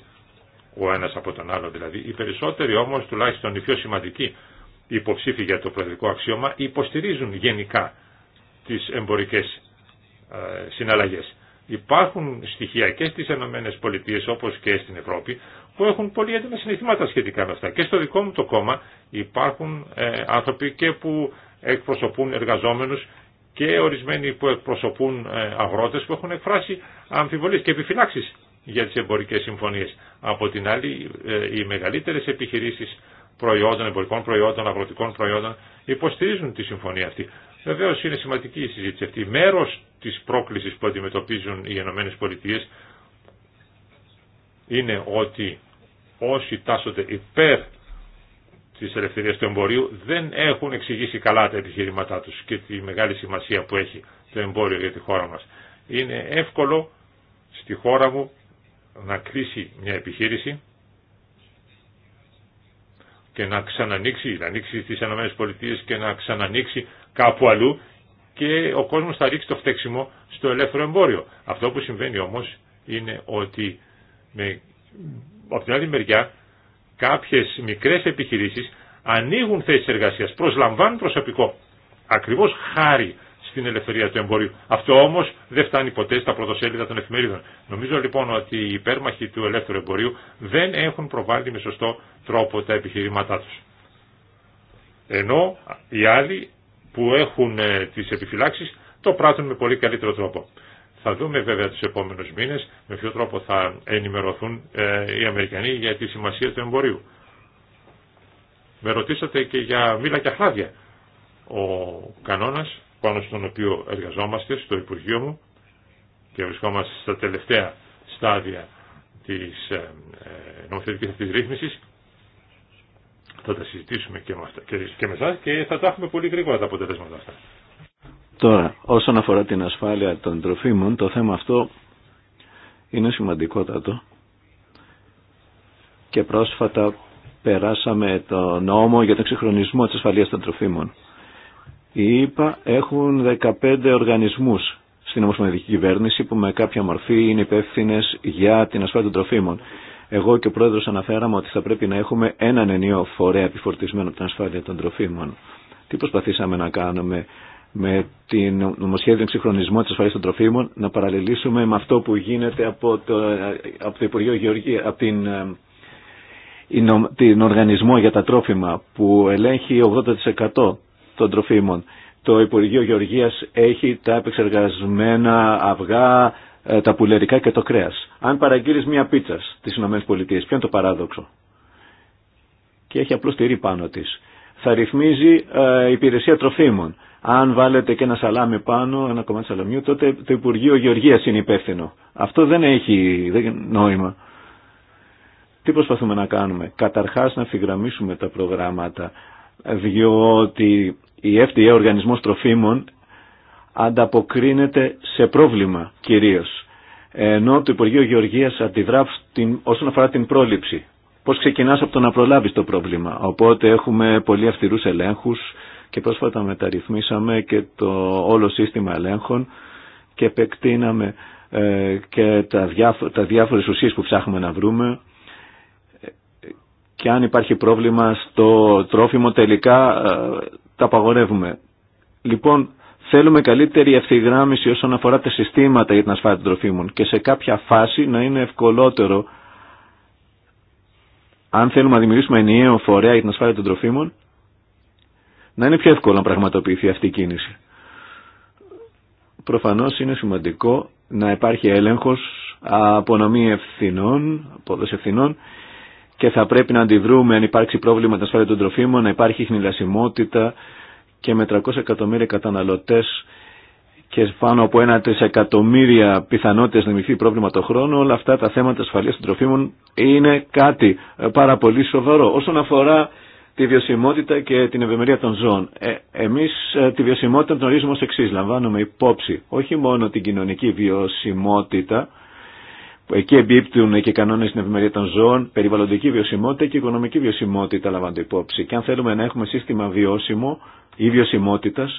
ο ένας από τον άλλο δηλαδή. Οι περισσότεροι όμως, τουλάχιστον οι πιο σημαντικοί υποψήφοι για το προεδρικό αξίωμα, υποστηρίζουν γενικά τις εμπορικές ε, συναλλαγές. Υπάρχουν στοιχεία και στις ΗΠΑ όπως και στην Ευρώπη που έχουν πολύ έντονα συναισθήματα σχετικά με αυτά. Και στο δικό μου το κόμμα υπάρχουν ε, άνθρωποι και που εκπροσωπούν εργαζόμενους και ορισμένοι που εκπροσωπούν ε, αγρότες που έχουν εκφράσει αμφιβολίες και επιφυλάξεις για τις εμπορικές συμφωνίες. Από την άλλη ε, οι μεγαλύτερες επιχειρήσεις προϊόντων, εμπορικών προϊόντων, αγροτικών προϊόντων υποστηρίζουν τη συμφωνία αυτή. Βεβαίω είναι σημαντική η συζήτηση αυτή. Μέρο τη πρόκληση που αντιμετωπίζουν οι ΗΠΑ είναι ότι όσοι τάσσονται υπέρ της ελευθερία του εμπορίου δεν έχουν εξηγήσει καλά τα επιχειρήματά του και τη μεγάλη σημασία που έχει το εμπόριο για τη χώρα μας. Είναι εύκολο στη χώρα μου να κλείσει μια επιχείρηση και να ξανανοίξει, να ανοίξει στις ΗΠΑ και να ξανανοίξει κάπου αλλού και ο κόσμος θα ρίξει το φταίξιμο στο ελεύθερο εμπόριο. Αυτό που συμβαίνει όμως είναι ότι με, από την άλλη μεριά κάποιες μικρές επιχειρήσεις ανοίγουν θέσεις εργασίας, προσλαμβάνουν προσωπικό ακριβώς χάρη στην ελευθερία του εμπορίου. Αυτό όμως δεν φτάνει ποτέ στα πρωτοσέλιδα των εφημερίδων. Νομίζω λοιπόν ότι οι υπέρμαχοι του ελεύθερου εμπορίου δεν έχουν προβάλλει με σωστό τρόπο τα επιχειρήματά τους. Ενώ οι άλλοι που έχουν ε, τις επιφυλάξεις το πράττουν με πολύ καλύτερο τρόπο. Θα δούμε βέβαια τους επόμενους μήνες με ποιο τρόπο θα ενημερωθούν ε, οι Αμερικανοί για τη σημασία του εμπορίου. Με ρωτήσατε και για μήλα και χλάδια. Ο κανόνας πάνω στον οποίο εργαζόμαστε στο Υπουργείο μου και βρισκόμαστε στα τελευταία στάδια της ε, νομοθετικής αυτής ρύθμισης θα τα συζητήσουμε και με, αυτά, και με εσάς και θα τα έχουμε πολύ γρήγορα τα αποτελέσματα αυτά. Τώρα, όσον αφορά την ασφάλεια των τροφίμων, το θέμα αυτό είναι σημαντικότατο και πρόσφατα περάσαμε το νόμο για τον ξεχρονισμό της ασφαλείας των τροφίμων. Οι ΙΠΑ έχουν 15 οργανισμούς στην Ομοσπονδιακή Κυβέρνηση που με κάποια μορφή είναι υπεύθυνε για την ασφάλεια των τροφίμων. Εγώ και ο πρόεδρο αναφέραμε ότι θα πρέπει να έχουμε έναν ενίο φορέα επιφορτισμένο από την ασφάλεια των τροφίμων. Τι προσπαθήσαμε να κάνουμε με την νομοσχέδιο εξυγχρονισμό τη ασφάλεια των τροφίμων να παραλληλήσουμε με αυτό που γίνεται από το, από το Υπουργείο Γεωργία, από την, ε, την Οργανισμό για τα Τρόφιμα που ελέγχει 80% των τροφίμων. Το Υπουργείο Γεωργίας έχει τα επεξεργασμένα αυγά, ε, τα πουλερικά και το κρέας. Αν παραγγείλει μία πίτσα στι ΗΠΑ, ποιο είναι το παράδοξο. Και έχει απλώς τυρί πάνω τη. Θα ρυθμίζει ε, η υπηρεσία τροφίμων. Αν βάλετε και ένα σαλάμι πάνω, ένα κομμάτι σαλαμιού, τότε το Υπουργείο Γεωργίας είναι υπεύθυνο. Αυτό δεν έχει δεν, νόημα. Τι προσπαθούμε να κάνουμε. Καταρχάς να ευθυγραμμίσουμε τα προγράμματα, διότι η FDA, ο Οργανισμό Τροφίμων, ανταποκρίνεται σε πρόβλημα κυρίως. Ενώ το Υπουργείο Γεωργίας αντιδρά όσον αφορά την πρόληψη. Πώς ξεκινάς από το να προλάβεις το πρόβλημα. Οπότε έχουμε πολύ αυστηρούς ελέγχους και πρόσφατα μεταρρυθμίσαμε και το όλο σύστημα ελέγχων και επεκτείναμε ε, και τα, διάφο τα διάφορες ουσίες που ψάχνουμε να βρούμε και αν υπάρχει πρόβλημα στο τρόφιμο τελικά ε, τα απαγορεύουμε. Λοιπόν, Θέλουμε καλύτερη ευθυγράμμιση όσον αφορά τα συστήματα για την ασφάλεια των τροφίμων και σε κάποια φάση να είναι ευκολότερο αν θέλουμε να δημιουργήσουμε ενιαίο φορέα για την ασφάλεια των τροφίμων, να είναι πιο εύκολο να πραγματοποιηθεί αυτή η κίνηση. Προφανώς είναι σημαντικό να υπάρχει έλεγχος απονομή ευθυνών, απόδοση ευθυνών και θα πρέπει να αντιδρούμε αν υπάρξει πρόβλημα την ασφάλεια των τροφίμων, να υπάρχει χνηλασιμότητα, και με 300 εκατομμύρια καταναλωτές και πάνω από ένα τρισεκατομμύρια πιθανότητε να μηνθεί πρόβλημα το χρόνο, όλα αυτά τα θέματα ασφαλεία των τροφίμων είναι κάτι ε, πάρα πολύ σοβαρό. Όσον αφορά τη βιωσιμότητα και την ευημερία των ζώων, ε, εμεί ε, τη βιωσιμότητα γνωρίζουμε ω εξή. Λαμβάνουμε υπόψη όχι μόνο την κοινωνική βιωσιμότητα, Εκεί εμπίπτουν και οι κανόνε στην ευημερία των ζώων, περιβαλλοντική βιωσιμότητα και οικονομική βιωσιμότητα λαμβάνονται υπόψη. Και αν θέλουμε να έχουμε σύστημα βιώσιμο ή βιωσιμότητα,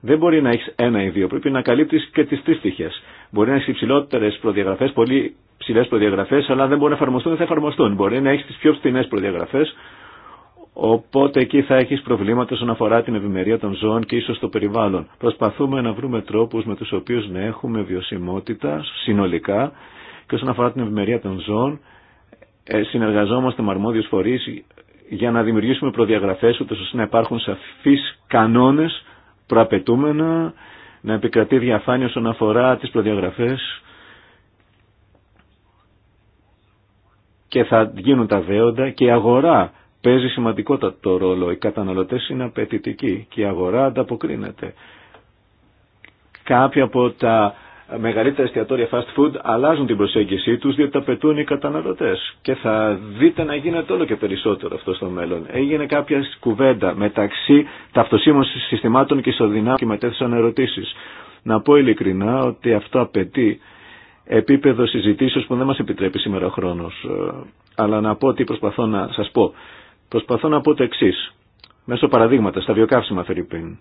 δεν μπορεί να έχει ένα ή δύο. Πρέπει να καλύπτει και τι τρει στοιχείε. Μπορεί να έχει υψηλότερε προδιαγραφέ, πολύ ψηλέ προδιαγραφέ, αλλά δεν μπορεί να εφαρμοστούν, δεν θα εφαρμοστούν. Μπορεί να έχει τι πιο φθηνέ προδιαγραφέ, οπότε εκεί θα έχει προβλήματα όσον αφορά την ευημερία των ζώων και ίσω το περιβάλλον. Προσπαθούμε να βρούμε τρόπου με του οποίου να έχουμε βιωσιμότητα συνολικά και όσον αφορά την ευημερία των ζώων, ε, συνεργαζόμαστε με αρμόδιου φορεί για να δημιουργήσουμε προδιαγραφέ, ούτω ώστε να υπάρχουν σαφεί κανόνε προαπαιτούμενα, να επικρατεί διαφάνεια όσον αφορά τι προδιαγραφέ. Και θα γίνουν τα δέοντα και η αγορά παίζει σημαντικότατο ρόλο. Οι καταναλωτές είναι απαιτητικοί και η αγορά ανταποκρίνεται. Κάποια από τα μεγαλύτερα εστιατόρια fast food αλλάζουν την προσέγγιση τους διότι τα πετούν οι καταναλωτές και θα δείτε να γίνεται όλο και περισσότερο αυτό στο μέλλον. Έγινε κάποια κουβέντα μεταξύ ταυτοσύμωσης συστημάτων και ισοδυνάμων και μετέθεσαν ερωτήσεις. Να πω ειλικρινά ότι αυτό απαιτεί επίπεδο συζητήσεως που δεν μας επιτρέπει σήμερα ο χρόνος. Ε, αλλά να πω τι προσπαθώ να σας πω. Προσπαθώ να πω το εξή. Μέσω παραδείγματα, στα βιοκαύσιμα Φερρυπίν.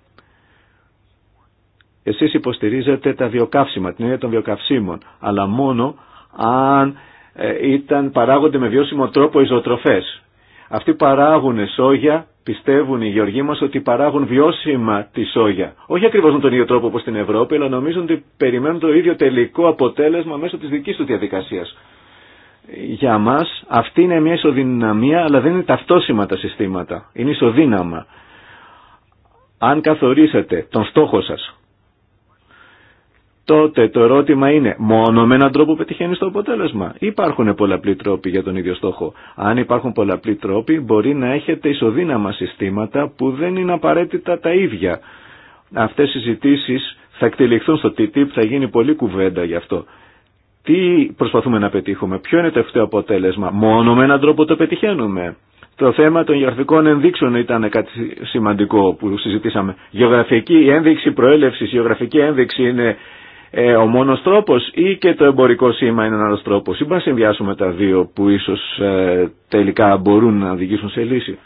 Εσείς υποστηρίζετε τα βιοκαύσιμα, την έννοια των βιοκαυσίμων, αλλά μόνο αν ε, ήταν παράγονται με βιώσιμο τρόπο οι ζωοτροφές. Αυτοί παράγουν σόγια, πιστεύουν οι γεωργοί μας ότι παράγουν βιώσιμα τη σόγια. Όχι ακριβώς με τον ίδιο τρόπο όπως στην Ευρώπη, αλλά νομίζουν ότι περιμένουν το ίδιο τελικό αποτέλεσμα μέσω της δικής του διαδικασίας. Για μας αυτή είναι μια ισοδυναμία, αλλά δεν είναι ταυτόσιμα τα συστήματα. Είναι ισοδύναμα. Αν καθορίσετε τον στόχο σας, τότε το ερώτημα είναι μόνο με έναν τρόπο πετυχαίνει το αποτέλεσμα. Υπάρχουν πολλαπλή τρόποι για τον ίδιο στόχο. Αν υπάρχουν πολλαπλή τρόποι μπορεί να έχετε ισοδύναμα συστήματα που δεν είναι απαραίτητα τα ίδια. Αυτές οι συζητήσει θα εκτελεχθούν στο TTIP, θα γίνει πολλή κουβέντα γι' αυτό. Τι προσπαθούμε να πετύχουμε, ποιο είναι το ευθέο αποτέλεσμα, μόνο με έναν τρόπο το πετυχαίνουμε. Το θέμα των γεωγραφικών ενδείξεων ήταν κάτι σημαντικό που συζητήσαμε. Γεωγραφική ένδειξη προέλευσης, γεωγραφική ένδειξη είναι ε, ο μόνος τρόπος ή και το εμπορικό σήμα είναι ένα άλλο τρόπος. Ή να συνδυάσουμε τα δύο που ίσως ε, τελικά μπορούν να οδηγήσουν σε λύση.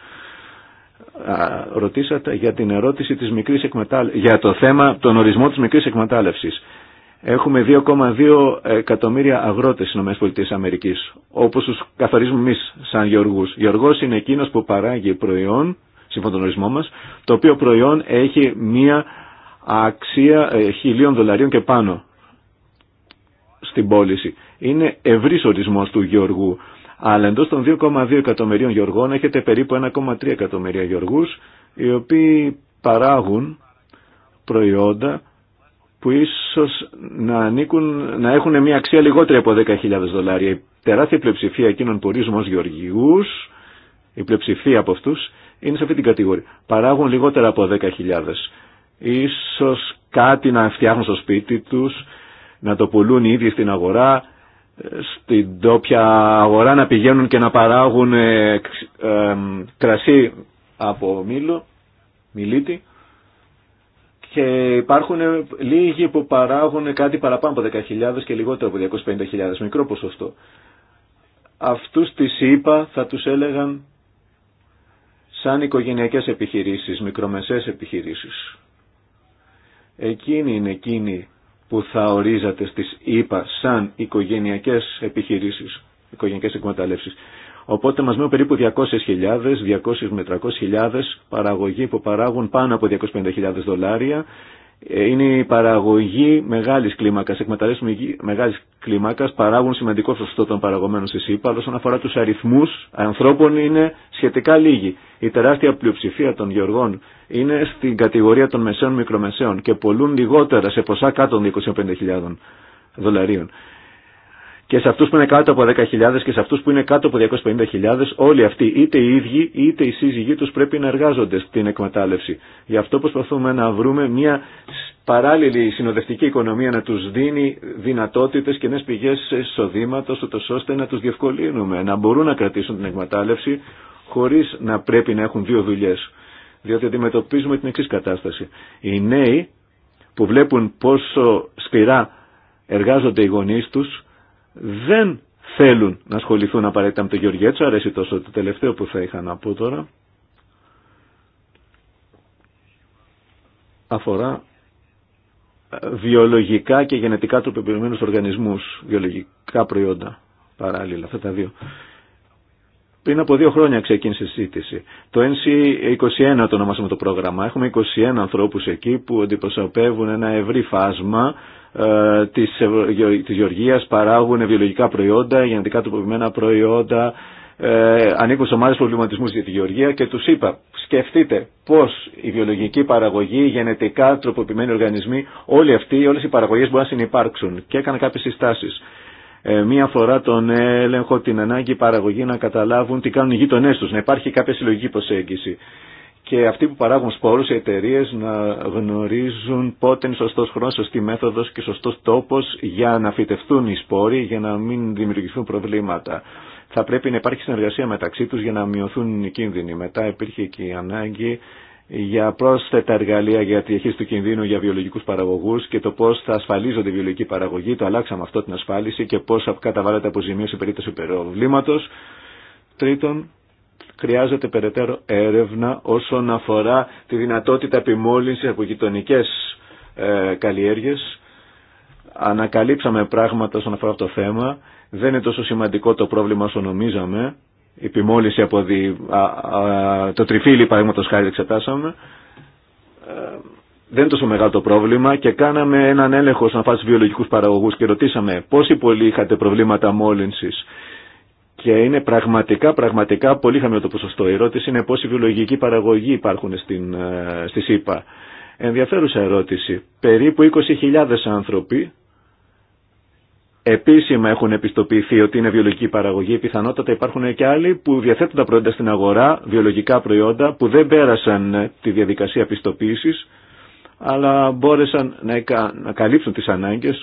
Α, ρωτήσατε για την ερώτηση της μικρής εκμετάλλευσης, για το θέμα, τον ορισμό της μικρής εκμετάλλευσης. Έχουμε 2,2 εκατομμύρια αγρότες στις ΗΠΑ, όπως τους καθορίζουμε εμείς σαν γεωργούς. Γεωργός είναι εκείνος που παράγει προϊόν, σύμφωνα τον ορισμό μας, το οποίο προϊόν έχει μία αξία ε, χιλίων δολαρίων και πάνω στην πώληση. Είναι ευρύ ορισμό του γεωργού. Αλλά εντό των 2,2 εκατομμυρίων γεωργών έχετε περίπου 1,3 εκατομμύρια γεωργού οι οποίοι παράγουν προϊόντα που ίσω να, ανήκουν, να έχουν μια αξία λιγότερη από 10.000 δολάρια. Η τεράστια πλειοψηφία εκείνων που ορίζουμε ω Γεωργιού, η πλειοψηφία από αυτού, είναι σε αυτή την κατηγορία. Παράγουν λιγότερα από 10.000 ίσως κάτι να φτιάχνουν στο σπίτι τους, να το πουλούν οι στην αγορά, στην τόπια αγορά να πηγαίνουν και να παράγουν ε, κρασί από μήλο, μιλίτη και υπάρχουν λίγοι που παράγουν κάτι παραπάνω από 10.000 και λιγότερο από 250.000, μικρό ποσοστό. Αυτούς τις είπα θα τους έλεγαν σαν οικογενειακές επιχειρήσεις, μικρομεσαίες επιχειρήσεις εκείνη είναι εκείνη που θα ορίζατε στις ίπα σαν οικογενειακές επιχειρήσεις, οικογενειακές εκμεταλλεύσεις. Οπότε μας μένουν περίπου 200.000, 200 με 300.000 παραγωγοί που παράγουν πάνω από 250.000 δολάρια ε, είναι η παραγωγή μεγάλης κλίμακας. εκμεταλλεύσουμε μεγάλη κλίμακας παράγουν σημαντικό ποσοστό των παραγωμένων στη ΣΥΠΑ, όσον αφορά τους αριθμούς ανθρώπων είναι σχετικά λίγοι. Η τεράστια πλειοψηφία των γεωργών είναι στην κατηγορία των μεσαίων μικρομεσαίων και πολλούν λιγότερα σε ποσά κάτω των 25.000 δολαρίων και σε αυτού που είναι κάτω από 10.000 και σε αυτού που είναι κάτω από 250.000 όλοι αυτοί είτε οι ίδιοι είτε οι σύζυγοί του πρέπει να εργάζονται στην εκμετάλλευση. Γι' αυτό προσπαθούμε να βρούμε μια παράλληλη συνοδευτική οικονομία να του δίνει δυνατότητε και νέες πηγές εισοδήματος ώστε να του διευκολύνουμε, να μπορούν να κρατήσουν την εκμετάλλευση χωρί να πρέπει να έχουν δύο δουλειέ. Διότι αντιμετωπίζουμε την εξή κατάσταση. Οι νέοι που βλέπουν πόσο σκληρά εργάζονται οι γονεί του, δεν θέλουν να ασχοληθούν απαραίτητα με τον Γεωργέτσο, αρέσει τόσο το τελευταίο που θα είχα να πω τώρα. Αφορά ε, βιολογικά και γενετικά τροποποιημένους οργανισμούς, βιολογικά προϊόντα παράλληλα, αυτά τα δύο. Πριν από δύο χρόνια ξεκίνησε η συζήτηση. Το NC21 το ονομάσαμε το πρόγραμμα. Έχουμε 21 ανθρώπους εκεί που αντιπροσωπεύουν ένα ευρύ φάσμα ε, της, της γεωργίας παράγουν βιολογικά προϊόντα, γενετικά τροποποιημένα προϊόντα, ε, ανήκουν σε ομάδες προβληματισμούς για τη γεωργία και τους είπα, σκεφτείτε πώς η βιολογική παραγωγή, οι γενετικά τροποποιημένοι οργανισμοί, όλοι αυτοί, όλες οι παραγωγές μπορούν να συνεπάρξουν και έκανα κάποιες συστάσεις. Ε, μία φορά τον έλεγχο, την ανάγκη παραγωγή να καταλάβουν τι κάνουν οι γείτονές τους, να υπάρχει κάποια συλλογική προσέγγιση και αυτοί που παράγουν σπόρους, οι εταιρείε να γνωρίζουν πότε είναι σωστός χρόνος, σωστή μέθοδος και σωστός τόπος για να φυτευτούν οι σπόροι, για να μην δημιουργηθούν προβλήματα. Θα πρέπει να υπάρχει συνεργασία μεταξύ τους για να μειωθούν οι κίνδυνοι. Μετά υπήρχε και η ανάγκη για πρόσθετα εργαλεία για τη διαχείριση του κινδύνου για βιολογικούς παραγωγούς και το πώς θα ασφαλίζονται οι βιολογικοί παραγωγοί, το αλλάξαμε αυτό την ασφάλιση και πώς καταβάλλεται αποζημίωση περίπτωση προβλήματο. Τρίτον, χρειάζεται περαιτέρω έρευνα όσον αφορά τη δυνατότητα επιμόλυνσης από γειτονικέ ε, καλλιέργειες. Ανακαλύψαμε πράγματα όσον αφορά αυτό το θέμα. Δεν είναι τόσο σημαντικό το πρόβλημα όσο νομίζαμε. Η επιμόλυνση από το τριφύλι παραδείγματο χάρη εξετάσαμε. Ε, δεν είναι τόσο μεγάλο το πρόβλημα και κάναμε έναν έλεγχο σαν φάση βιολογικούς παραγωγού και ρωτήσαμε πόσοι πολλοί είχατε προβλήματα μόλυνσης και είναι πραγματικά, πραγματικά πολύ χαμηλό το ποσοστό. Η ερώτηση είναι πόση βιολογική παραγωγή υπάρχουν στην, ε, στη ΣΥΠΑ. Ενδιαφέρουσα ερώτηση. Περίπου 20.000 άνθρωποι επίσημα έχουν επιστοποιηθεί ότι είναι βιολογική παραγωγή. Πιθανότατα υπάρχουν και άλλοι που διαθέτουν τα προϊόντα στην αγορά, βιολογικά προϊόντα, που δεν πέρασαν ε, τη διαδικασία επιστοποίηση, αλλά μπόρεσαν να καλύψουν τι ανάγκε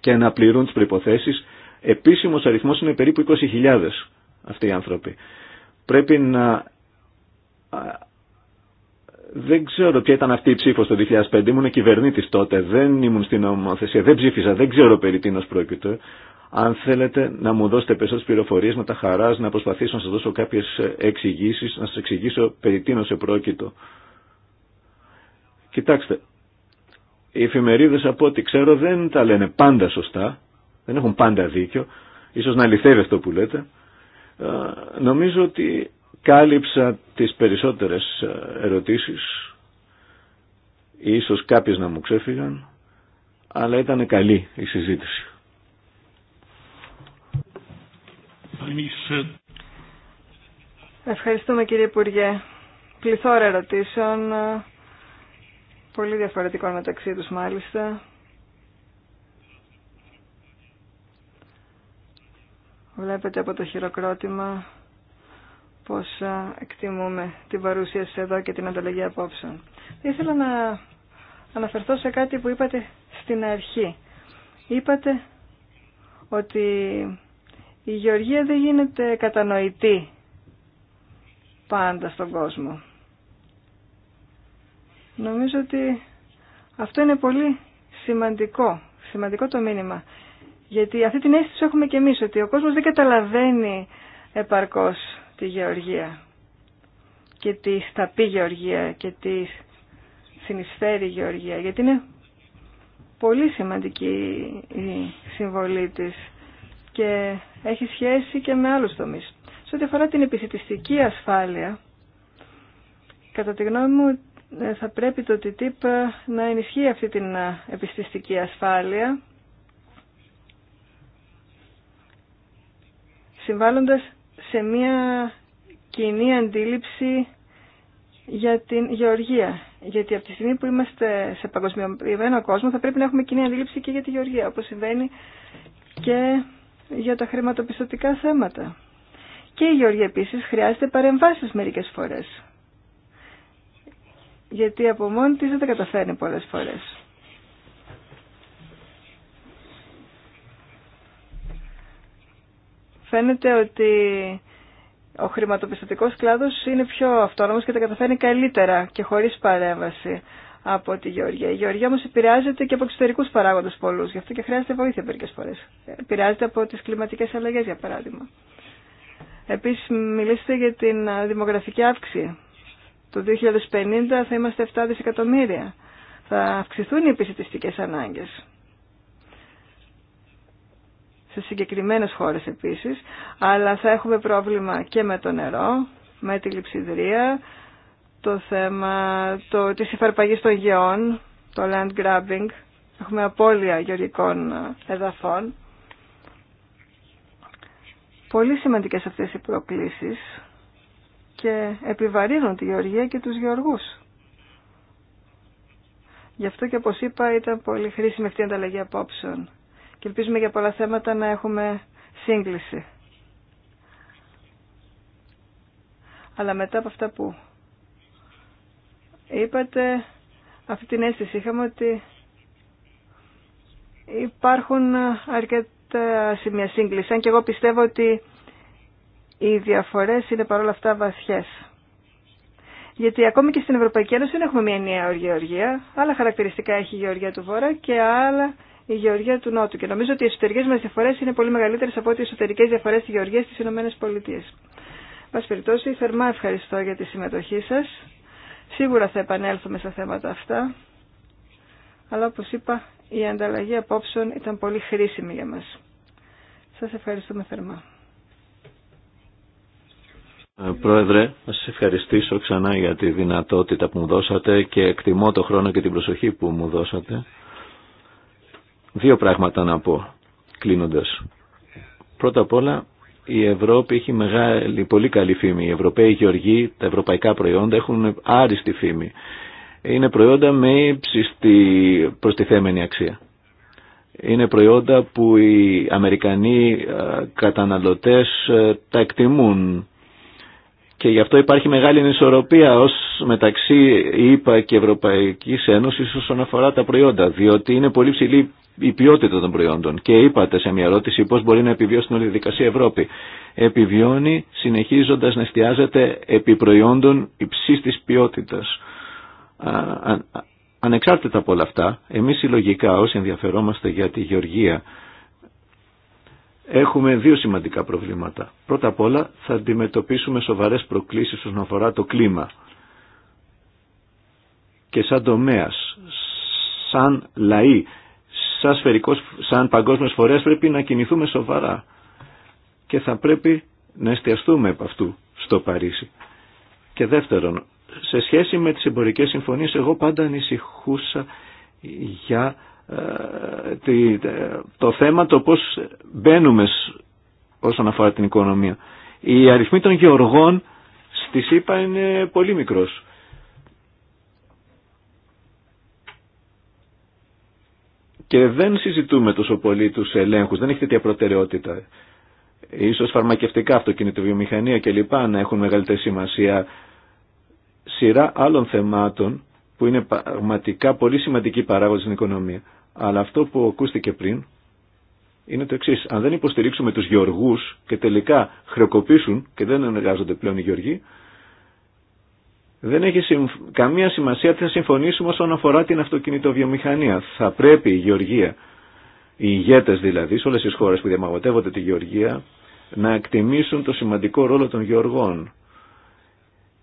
και να πληρούν τι προποθέσει. Επίσημο αριθμό είναι περίπου 20.000 αυτοί οι άνθρωποι. Πρέπει να... Δεν ξέρω ποια ήταν αυτή η ψήφο το 2005. Ήμουν κυβερνήτη τότε. Δεν ήμουν στην νομοθεσία. Δεν ψήφισα. Δεν ξέρω περί τίνο πρόκειται. Αν θέλετε να μου δώσετε περισσότερε πληροφορίε, με τα χαρά να προσπαθήσω να σα δώσω κάποιε εξηγήσει, να σα εξηγήσω περί τίνο πρόκειτο. Κοιτάξτε, οι εφημερίδε από ό,τι ξέρω δεν τα λένε πάντα σωστά δεν έχουν πάντα δίκιο, ίσως να αληθεύει αυτό που λέτε, ε, νομίζω ότι κάλυψα τις περισσότερες ε, ερωτήσεις, ίσως κάποιες να μου ξέφυγαν, αλλά ήταν καλή η συζήτηση. Ευχαριστούμε κύριε Υπουργέ. Πληθώρα ερωτήσεων, ε, πολύ διαφορετικό μεταξύ τους μάλιστα. Βλέπετε από το χειροκρότημα πώς εκτιμούμε την παρουσίαση εδώ και την ανταλλαγή απόψεων. Ήθελα να αναφερθώ σε κάτι που είπατε στην αρχή. Είπατε ότι η γεωργία δεν γίνεται κατανοητή πάντα στον κόσμο. Νομίζω ότι αυτό είναι πολύ σημαντικό, σημαντικό το μήνυμα γιατί αυτή την αίσθηση έχουμε και εμείς, ότι ο κόσμος δεν καταλαβαίνει επαρκώς τη γεωργία και τη σταπή γεωργία και τη συνεισφέρει γεωργία. Γιατί είναι πολύ σημαντική η συμβολή της και έχει σχέση και με άλλους τομείς. Σε ό,τι αφορά την επιθετιστική ασφάλεια, κατά τη γνώμη μου ε, θα πρέπει το TTIP να ενισχύει αυτή την ε, επιστηστική ασφάλεια συμβάλλοντας σε μια κοινή αντίληψη για την γεωργία. Γιατί από τη στιγμή που είμαστε σε παγκοσμιοποιημένο κόσμο θα πρέπει να έχουμε κοινή αντίληψη και για τη γεωργία, όπως συμβαίνει και για τα χρηματοπιστωτικά θέματα. Και η γεωργία επίσης χρειάζεται παρεμβάσεις μερικές φορές. Γιατί από μόνη της δεν τα καταφέρνει πολλές φορές. φαίνεται ότι ο χρηματοπιστωτικός κλάδος είναι πιο αυτόνομος και τα καταφέρνει καλύτερα και χωρίς παρέμβαση από τη Γεωργία. Η Γεωργία όμω επηρεάζεται και από εξωτερικούς παράγοντε πολλούς, Γι' αυτό και χρειάζεται βοήθεια μερικέ φορέ. Επηρεάζεται από τι κλιματικέ αλλαγέ, για παράδειγμα. Επίσης, μιλήσετε για την δημογραφική αύξηση. Το 2050 θα είμαστε 7 δισεκατομμύρια. Θα αυξηθούν οι επιστημιστικές ανάγκες σε συγκεκριμένες χώρες επίσης, αλλά θα έχουμε πρόβλημα και με το νερό, με τη λειψιδρία, το θέμα το, της υφαρπαγής των γεών, το land grabbing, έχουμε απώλεια γεωργικών εδαφών. Πολύ σημαντικές αυτές οι προκλήσεις και επιβαρύνουν τη γεωργία και τους γεωργούς. Γι' αυτό και όπως είπα ήταν πολύ χρήσιμη αυτή η ανταλλαγή απόψεων και ελπίζουμε για πολλά θέματα να έχουμε σύγκληση. Αλλά μετά από αυτά που είπατε, αυτή την αίσθηση είχαμε ότι υπάρχουν αρκετά σημεία σύγκληση. Αν και εγώ πιστεύω ότι οι διαφορές είναι παρόλα αυτά βαθιές. Γιατί ακόμη και στην Ευρωπαϊκή Ένωση δεν έχουμε μια νέα γεωργία. Άλλα χαρακτηριστικά έχει η γεωργία του Βόρα και άλλα η γεωργία του Νότου. Και νομίζω ότι οι εσωτερικέ μα διαφορέ είναι πολύ μεγαλύτερε από ό,τι οι εσωτερικέ διαφορέ τη γεωργία στι ΗΠΑ. Μα περιπτώσει, θερμά ευχαριστώ για τη συμμετοχή σα. Σίγουρα θα επανέλθουμε στα θέματα αυτά. Αλλά όπω είπα, η ανταλλαγή απόψεων ήταν πολύ χρήσιμη για μα. Σα ευχαριστούμε θερμά. Ε, πρόεδρε, να σας ευχαριστήσω ξανά για τη δυνατότητα που μου δώσατε και εκτιμώ το χρόνο και την προσοχή που μου δώσατε. Δύο πράγματα να πω, κλείνοντας. Πρώτα απ' όλα, η Ευρώπη έχει μεγάλη, πολύ καλή φήμη. Οι Ευρωπαίοι γεωργοί, τα ευρωπαϊκά προϊόντα έχουν άριστη φήμη. Είναι προϊόντα με ύψιστη προστιθέμενη αξία. Είναι προϊόντα που οι Αμερικανοί ε, καταναλωτές ε, τα εκτιμούν και γι' αυτό υπάρχει μεγάλη ενισορροπία μεταξύ ΙΠΑ ΕΕ και Ευρωπαϊκής Ένωσης όσον αφορά τα προϊόντα, διότι είναι πολύ ψηλή η ποιότητα των προϊόντων. Και είπατε σε μια ερώτηση πώς μπορεί να επιβιώσει την όλη δικασία Ευρώπη. Επιβιώνει συνεχίζοντας να εστιάζεται επί προϊόντων της ποιότητας. Ανεξάρτητα από όλα αυτά, εμείς συλλογικά όσοι ενδιαφερόμαστε για τη γεωργία έχουμε δύο σημαντικά προβλήματα. Πρώτα απ' όλα θα αντιμετωπίσουμε σοβαρές προκλήσεις όσον αφορά το κλίμα. Και σαν τομέα σαν λαοί, σαν, σφαιρικός, σαν παγκόσμιος πρέπει να κινηθούμε σοβαρά. Και θα πρέπει να εστιαστούμε από αυτού στο Παρίσι. Και δεύτερον, σε σχέση με τις εμπορικές συμφωνίες εγώ πάντα ανησυχούσα για το θέμα το πώς μπαίνουμε όσον αφορά την οικονομία. η αριθμή των γεωργών στη ΣΥΠΑ είναι πολύ μικρός. Και δεν συζητούμε τόσο πολύ τους ελέγχους, δεν έχει τέτοια προτεραιότητα. Ίσως φαρμακευτικά, αυτοκινητοβιομηχανία κλπ. να έχουν μεγαλύτερη σημασία. Σειρά άλλων θεμάτων που είναι πραγματικά πολύ σημαντική παράγοντα στην οικονομία. Αλλά αυτό που ακούστηκε πριν είναι το εξή. Αν δεν υποστηρίξουμε του γεωργού και τελικά χρεοκοπήσουν και δεν εργάζονται πλέον οι γεωργοί, δεν έχει καμία σημασία τι θα συμφωνήσουμε όσον αφορά την αυτοκινητοβιομηχανία. Θα πρέπει η γεωργία, οι ηγέτες δηλαδή, σε όλες τι χώρε που διαμαγωτεύονται τη γεωργία, να εκτιμήσουν το σημαντικό ρόλο των γεωργών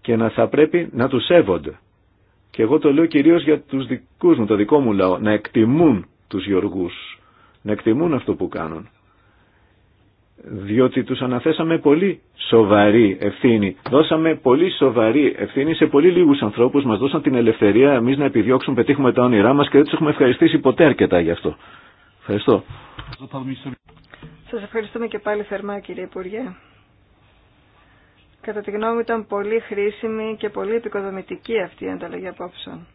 και να θα πρέπει να τους σέβονται και εγώ το λέω κυρίω για τους δικούς μου, το δικό μου λαό, να εκτιμούν τους γιοργού, να εκτιμούν αυτό που κάνουν. Διότι τους αναθέσαμε πολύ σοβαρή ευθύνη. Δώσαμε πολύ σοβαρή ευθύνη σε πολύ λίγους ανθρώπους, μας δώσαν την ελευθερία εμείς να επιδιώξουμε, πετύχουμε τα όνειρά μα και δεν του έχουμε ευχαριστήσει ποτέ αρκετά γι' αυτό. Ευχαριστώ. Σα ευχαριστούμε και πάλι θερμά κύριε Υπουργέ. Κατά τη γνώμη ήταν πολύ χρήσιμη και πολύ επικοδομητική αυτή η ανταλλαγή απόψεων.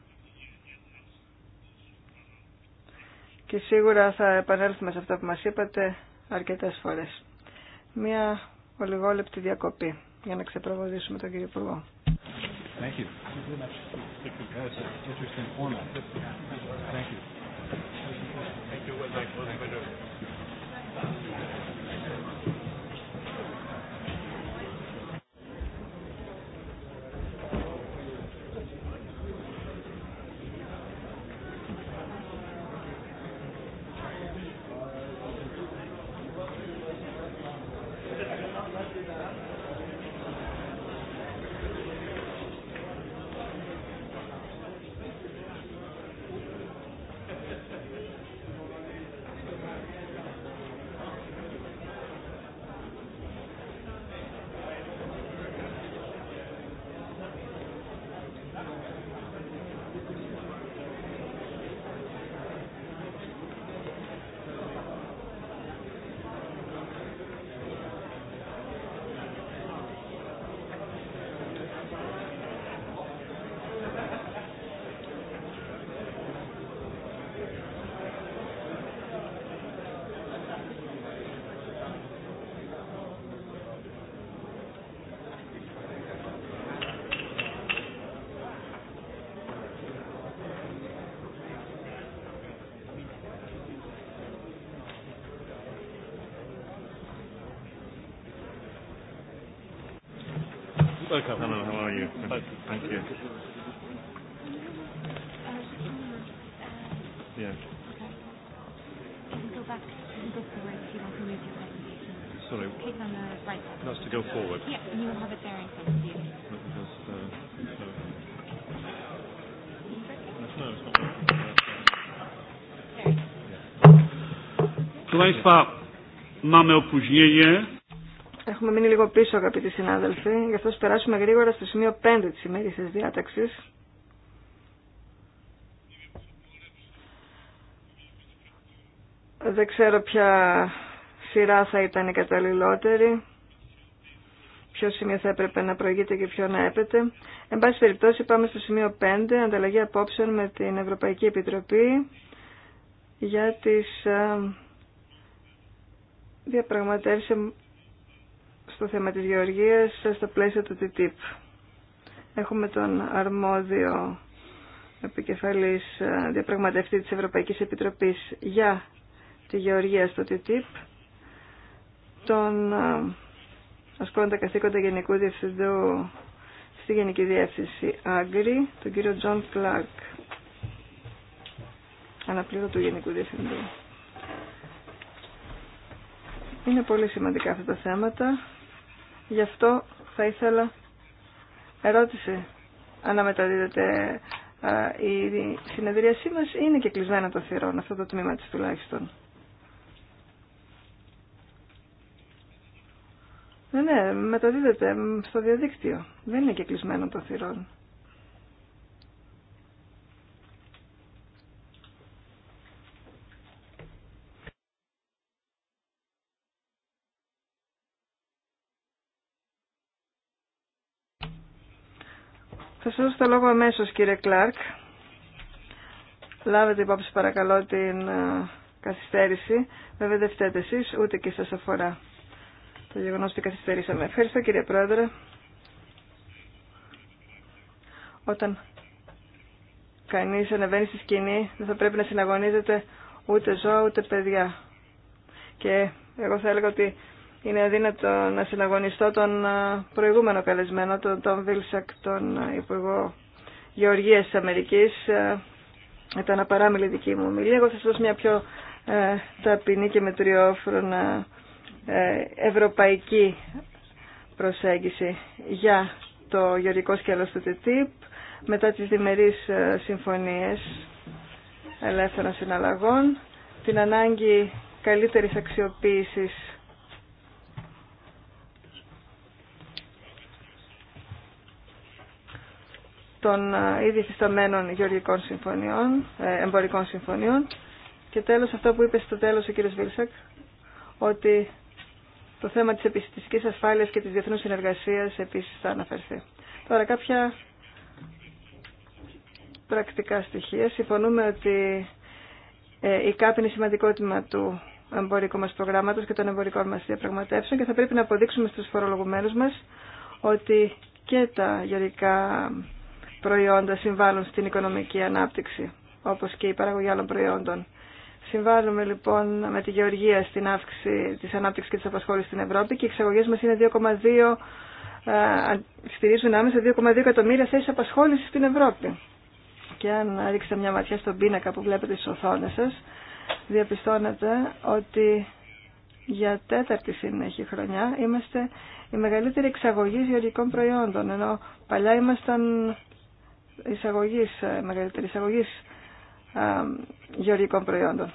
Και σίγουρα θα επανέλθουμε σε αυτό που μας είπατε αρκετές φορές. Μία ολιγόλεπτη διακοπή για να ξεπροβοδίσουμε τον κύριο Υπουργό. Okay, Hello, how are you? Thank you. Yeah. Sorry. the right to go forward. Yeah, and will have you. Państwa, mamy opóźnienie. Έχουμε μείνει λίγο πίσω, αγαπητοί συνάδελφοι, γι' αυτό περάσουμε γρήγορα στο σημείο 5 της τη διάταξης. Δεν ξέρω ποια σειρά θα ήταν η καταλληλότερη, ποιο σημείο θα έπρεπε να προηγείται και ποιο να έπεται. Εν πάση περιπτώσει πάμε στο σημείο 5, ανταλλαγή απόψεων με την Ευρωπαϊκή Επιτροπή για τις ε, διαπραγματεύσεις στο θέμα της γεωργίας στο πλαίσιο του TTIP. Έχουμε τον αρμόδιο επικεφαλής ε, διαπραγματευτή της Ευρωπαϊκής Επιτροπής για τη γεωργία στο TTIP, τον ε, ασκώντα καθήκοντα Γενικού Διευθυντού στη Γενική Διεύθυνση Άγκρη, τον κύριο Τζον Κλάκ, αναπλήρωτο του Γενικού Διευθυντού. Είναι πολύ σημαντικά αυτά τα θέματα Γι' αυτό θα ήθελα ερώτηση. Αναμεταδίδεται η συνεδρίασή μας είναι και κλεισμένα το θυρών, αυτό το τμήμα της τουλάχιστον. Ναι, ναι, μεταδίδεται στο διαδίκτυο. Δεν είναι και κλεισμένο το θυρών. Θα σας δώσω το λόγο αμέσω, κύριε Κλάρκ. Λάβετε υπόψη παρακαλώ την ε, καθυστέρηση. Βέβαια δεν φταίτε εσείς, ούτε και σας αφορά το γεγονός ότι καθυστερήσαμε. Ευχαριστώ κύριε Πρόεδρε. Όταν κανείς ανεβαίνει στη σκηνή δεν θα πρέπει να συναγωνίζεται ούτε ζώα ούτε παιδιά. Και εγώ θα έλεγα ότι είναι αδύνατο να συναγωνιστώ τον ε, προηγούμενο καλεσμένο, τον Τόμ Βίλσακ, τον ε, Υπουργό Γεωργίας Αμερικής. Ε, ήταν απαράμιλη δική μου ομιλία. Εγώ θα σας δώσω μια πιο ε, ταπεινή και μετριόφρονα ευρωπαϊκή προσέγγιση για το γεωργικό σκέλος του TTIP μετά τις διμερείς συμφωνίες ελεύθερων συναλλαγών, την ανάγκη καλύτερης αξιοποίησης των ε, ήδη συστομένων γεωργικών συμφωνιών, ε, εμπορικών συμφωνιών. Και τέλος αυτό που είπε στο τέλος ο κύριος Βίλσακ, ότι το θέμα της επιστημικής ασφάλειας και της διεθνούς συνεργασίας επίσης θα αναφερθεί. Τώρα κάποια πρακτικά στοιχεία. Συμφωνούμε ότι ε, η ΚΑΠ είναι σημαντικότημα του εμπορικού μας προγράμματος και των εμπορικών μας διαπραγματεύσεων και θα πρέπει να αποδείξουμε στους φορολογουμένους μας ότι και τα γεωργικά προϊόντα συμβάλλουν στην οικονομική ανάπτυξη, όπως και η παραγωγή άλλων προϊόντων. Συμβάλλουμε λοιπόν με τη γεωργία στην αύξηση της ανάπτυξης και της απασχόλησης στην Ευρώπη και οι εξαγωγές μας είναι 2,2 ε, στηρίζουν άμεσα 2,2 εκατομμύρια θέσεις απασχόλησης στην Ευρώπη. Και αν ρίξετε μια ματιά στον πίνακα που βλέπετε στις οθόνες σας, διαπιστώνετε ότι για τέταρτη συνέχεια χρονιά είμαστε η μεγαλύτερη εξαγωγή γεωργικών προϊόντων, ενώ παλιά ήμασταν εισαγωγής, ε, μεγαλύτερη εισαγωγής ε, γεωργικών προϊόντων.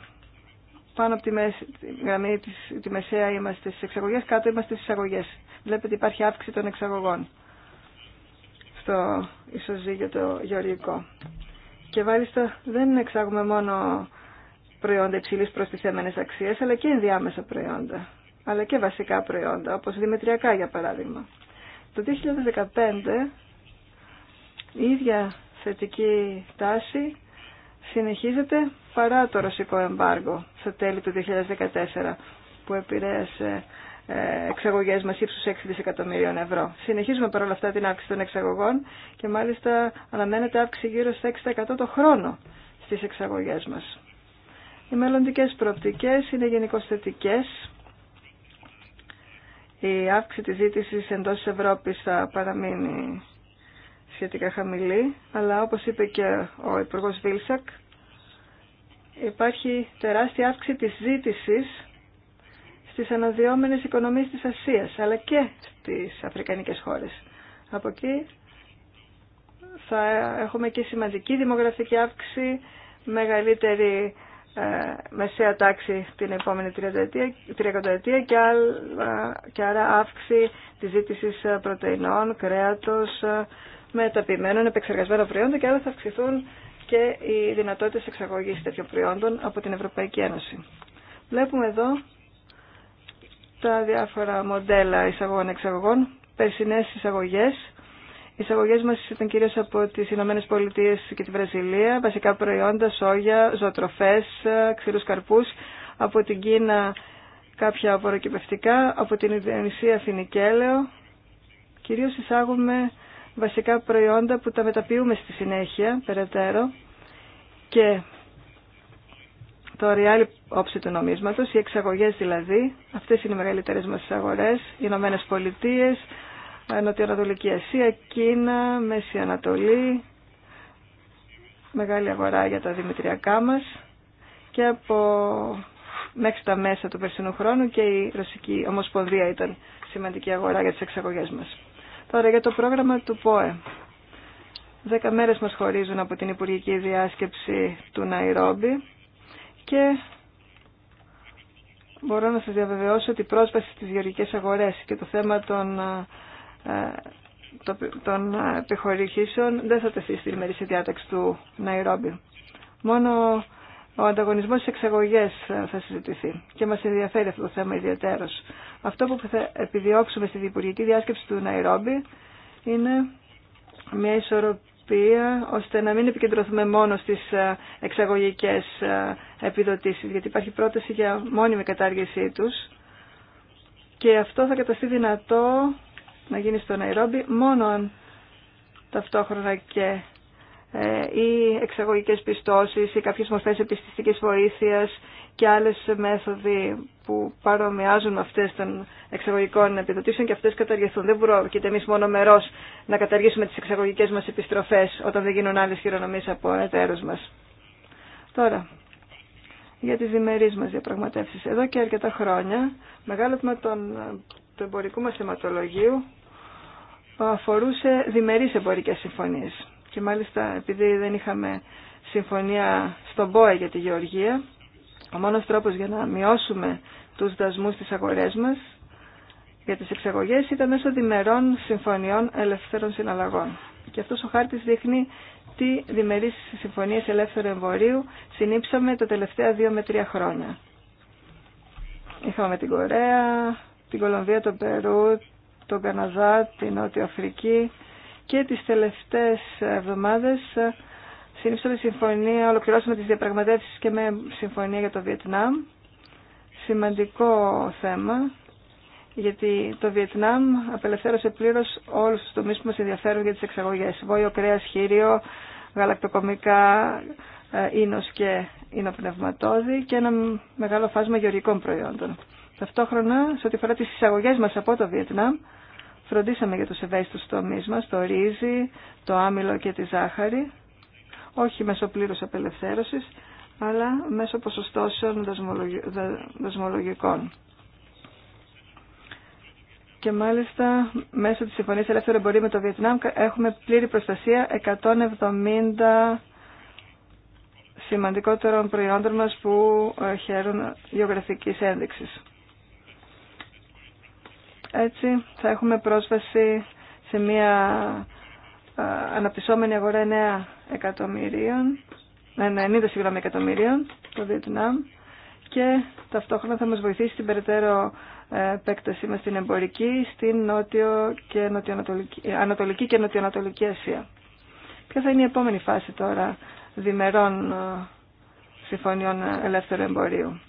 Πάνω από τη, μέση, τη γραμμή, τη μεσαία είμαστε στις εξαγωγές, κάτω είμαστε στις εισαγωγές. Βλέπετε υπάρχει αύξηση των εξαγωγών στο ισοζύγιο το γεωργικό. Και βάλιστα δεν εξάγουμε μόνο προϊόντα υψηλή προστιθέμενες αξίες, αλλά και ενδιάμεσα προϊόντα, αλλά και βασικά προϊόντα, όπως δημητριακά για παράδειγμα. Το 2015 η ίδια θετική τάση συνεχίζεται παρά το ρωσικό εμπάργο στο τέλη του 2014 που επηρέασε ε, εξαγωγέ μας ύψου 6 δισεκατομμυρίων ευρώ. Συνεχίζουμε παρόλα αυτά την αύξηση των εξαγωγών και μάλιστα αναμένεται αύξηση γύρω στα 6% το χρόνο στις εξαγωγές μας. Οι μελλοντικέ προοπτικές είναι γενικώ θετικέ. Η αύξηση τη ζήτηση εντό Ευρώπη θα παραμείνει σχετικά χαμηλή, αλλά όπως είπε και ο Υπουργός Βίλσακ, υπάρχει τεράστια αύξηση της ζήτησης στις αναδυόμενες οικονομίες της Ασίας, αλλά και στις αφρικανικές χώρες. Από εκεί θα έχουμε και σημαντική δημογραφική αύξηση, μεγαλύτερη ε, μεσαία τάξη την επόμενη τριακονταετία και, και άρα αύξηση της ζήτησης ε, πρωτεϊνών, κρέατος, ε, με μεταποιημένων επεξεργασμένων προϊόντων και άρα θα αυξηθούν και οι δυνατότητες εξαγωγής τέτοιων προϊόντων από την Ευρωπαϊκή Ένωση. Βλέπουμε εδώ τα διάφορα μοντέλα εισαγωγών-εξαγωγών, περσινές εισαγωγές. Οι εισαγωγές μας ήταν κυρίως από τις Ηνωμένες Πολιτείες και τη Βραζιλία, βασικά προϊόντα, σόγια, ζωοτροφές, ξηρούς καρπούς, από την Κίνα κάποια απορροκυπευτικά, από την Ινδονησία φινικέλαιο. Κυρίως εισάγουμε βασικά προϊόντα που τα μεταποιούμε στη συνέχεια, περαιτέρω, και το ρεάλι όψη του νομίσματος, οι εξαγωγές δηλαδή, αυτές είναι οι μεγαλύτερες μας αγορές, οι Ηνωμένε Πολιτείε, Νοτιοανατολική Ασία, Κίνα, Μέση Ανατολή, μεγάλη αγορά για τα δημητριακά μας και από μέχρι τα μέσα του περσινού χρόνου και η Ρωσική Ομοσπονδία ήταν σημαντική αγορά για τις εξαγωγές μας. Τώρα για το πρόγραμμα του ΠΟΕ. Δέκα μέρες μας χωρίζουν από την Υπουργική Διάσκεψη του Ναϊρόμπι και μπορώ να σας διαβεβαιώσω ότι η πρόσβαση στις γεωργικές αγορές και το θέμα των, ε, των επιχορηγήσεων δεν θα τεθεί στη ημερήσια διάταξη του Ναϊρόμπι. Μόνο ο ανταγωνισμός στις εξαγωγές ε, θα συζητηθεί και μας ενδιαφέρει αυτό το θέμα ιδιαίτερος. Αυτό που θα επιδιώξουμε στη Υπουργική Διάσκεψη του Ναϊρόμπι είναι μια ισορροπία ώστε να μην επικεντρωθούμε μόνο στις ε, εξαγωγικές ε, επιδοτήσεις γιατί υπάρχει πρόταση για μόνιμη κατάργησή τους και αυτό θα καταστεί δυνατό να γίνει στο Ναϊρόμπι μόνο αν ταυτόχρονα και ε, ή εξαγωγικές πιστώσεις ή κάποιες μορφές επιστηστικής βοήθειας και άλλες μέθοδοι που παρομοιάζουν με αυτές των εξαγωγικών επιδοτήσεων και αυτές καταργηθούν. Δεν μπορούμε και εμείς μόνο μερός να καταργήσουμε τις εξαγωγικές μας επιστροφές όταν δεν γίνουν άλλες χειρονομίες από εταίρους μας. Τώρα, για τις διμερείς μας διαπραγματεύσεις. Εδώ και αρκετά χρόνια, μεγάλο τμήμα του εμπορικού μας θεματολογίου αφορούσε διμερείς εμπορικέ συμφωνίε και μάλιστα επειδή δεν είχαμε συμφωνία στον ΠΟΕ για τη γεωργία, ο μόνος τρόπος για να μειώσουμε τους δασμούς στις αγορές μας για τις εξαγωγές ήταν μέσω διμερών συμφωνιών ελευθέρων συναλλαγών. Και αυτός ο χάρτης δείχνει τι διμερείς συμφωνίες ελεύθερου εμπορίου συνήψαμε τα τελευταία δύο με τρία χρόνια. Είχαμε την Κορέα, την Κολομβία, τον Περού, τον Καναδά, την Νότια Αφρική, και τις τελευταίες εβδομάδες ε, συνήθως συμφωνία, ολοκληρώσαμε τις διαπραγματεύσεις και με συμφωνία για το Βιετνάμ. Σημαντικό θέμα, γιατί το Βιετνάμ απελευθέρωσε πλήρως όλους τους τομείς που μας ενδιαφέρουν για τις εξαγωγές. Βόλιο, κρέας, χείριο, γαλακτοκομικά, ε, ίνος και ίνοπνευματόδη και ένα μεγάλο φάσμα γεωργικών προϊόντων. Ταυτόχρονα, σε ό,τι αφορά τις εισαγωγές μας από το Βιετνάμ, Φροντίσαμε για τους ευαίσθητους τομείς μας, το ρύζι, το άμυλο και τη ζάχαρη, όχι μέσω πλήρους απελευθέρωσης, αλλά μέσω ποσοστώσεων δασμολογικών. Και μάλιστα μέσω της Συμφωνίας Ελεύθερου Εμπορίου με το Βιετνάμ έχουμε πλήρη προστασία 170 σημαντικότερων προϊόντων μας που ε, χαίρουν γεωγραφικής ένδειξης. Έτσι θα έχουμε πρόσβαση σε μια αναπτυσσόμενη αγορά 9 εκατομμυρίων, 90 ε, ναι, συγγνώμη εκατομμυρίων, το Βιετνάμ, και ταυτόχρονα θα μας βοηθήσει στην περαιτέρω ε, επέκτασή μας στην εμπορική, στην νότιο και νοτιοανατολική, ανατολική και νοτιοανατολική Ασία. Ποια θα είναι η επόμενη φάση τώρα διμερών ε, συμφωνιών ελεύθερου εμπορίου.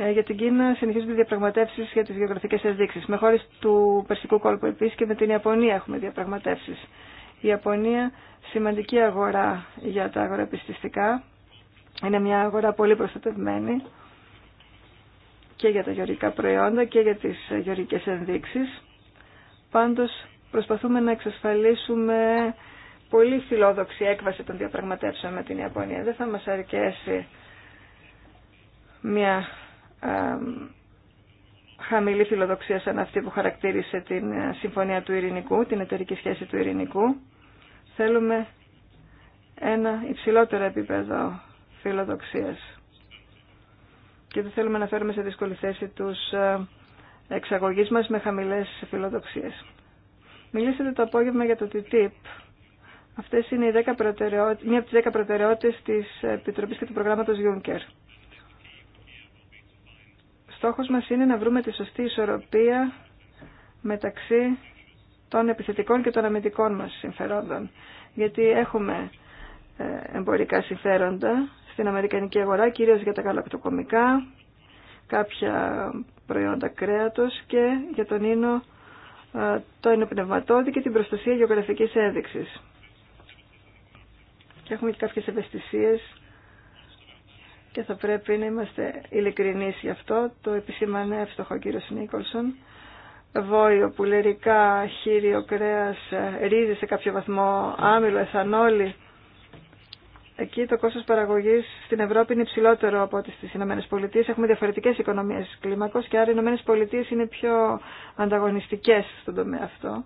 Ε, για την Κίνα συνεχίζονται οι διαπραγματεύσει για τι γεωγραφικέ ενδείξει. Με χώρε του Περσικού κόλπου επίση και με την Ιαπωνία έχουμε διαπραγματεύσει. Η Ιαπωνία σημαντική αγορά για τα αγοραπιστιστικά. Είναι μια αγορά πολύ προστατευμένη και για τα γεωργικά προϊόντα και για τις γεωργικέ ενδείξεις. πάντω προσπαθούμε να εξασφαλίσουμε πολύ φιλόδοξη έκβαση των διαπραγματεύσεων με την Ιαπωνία. Δεν θα μας αρκέσει μια χαμηλή φιλοδοξία σαν αυτή που χαρακτήρισε την ε, Συμφωνία του Ειρηνικού, την εταιρική σχέση του Ειρηνικού. Θέλουμε ένα υψηλότερο επίπεδο φιλοδοξίας. Και δεν θέλουμε να φέρουμε σε δύσκολη θέση τους ε, εξαγωγείς μας με χαμηλές φιλοδοξίες. Μιλήσατε το απόγευμα για το TTIP. Αυτές είναι οι 10 μία από τις 10 προτεραιότητες της Επιτροπής και του προγράμματος Juncker. Στόχος μας είναι να βρούμε τη σωστή ισορροπία μεταξύ των επιθετικών και των αμυντικών μας συμφερόντων. Γιατί έχουμε ε, εμπορικά συμφέροντα στην Αμερικανική αγορά, κυρίως για τα γαλακτοκομικά, κάποια προϊόντα κρέατος και για τον ίνο ε, το ενοπνευματώδη και την προστασία γεωγραφικής ένδειξης. Και έχουμε και κάποιες ευαισθησίες και θα πρέπει να είμαστε ειλικρινεί γι' αυτό. Το επισήμανε εύστοχο ο κύριο Νίκολσον. Βόλιο, πουλερικά, χείριο, κρέα ρύζι σε κάποιο βαθμό, άμυλο, εθανόλη. Εκεί το κόστο παραγωγή στην Ευρώπη είναι υψηλότερο από ό,τι στι Ηνωμένες Πολιτείες. Έχουμε διαφορετικέ οικονομίε κλίμακο και άρα οι Ηνωμένες Πολιτείες είναι πιο ανταγωνιστικέ στον τομέα αυτό.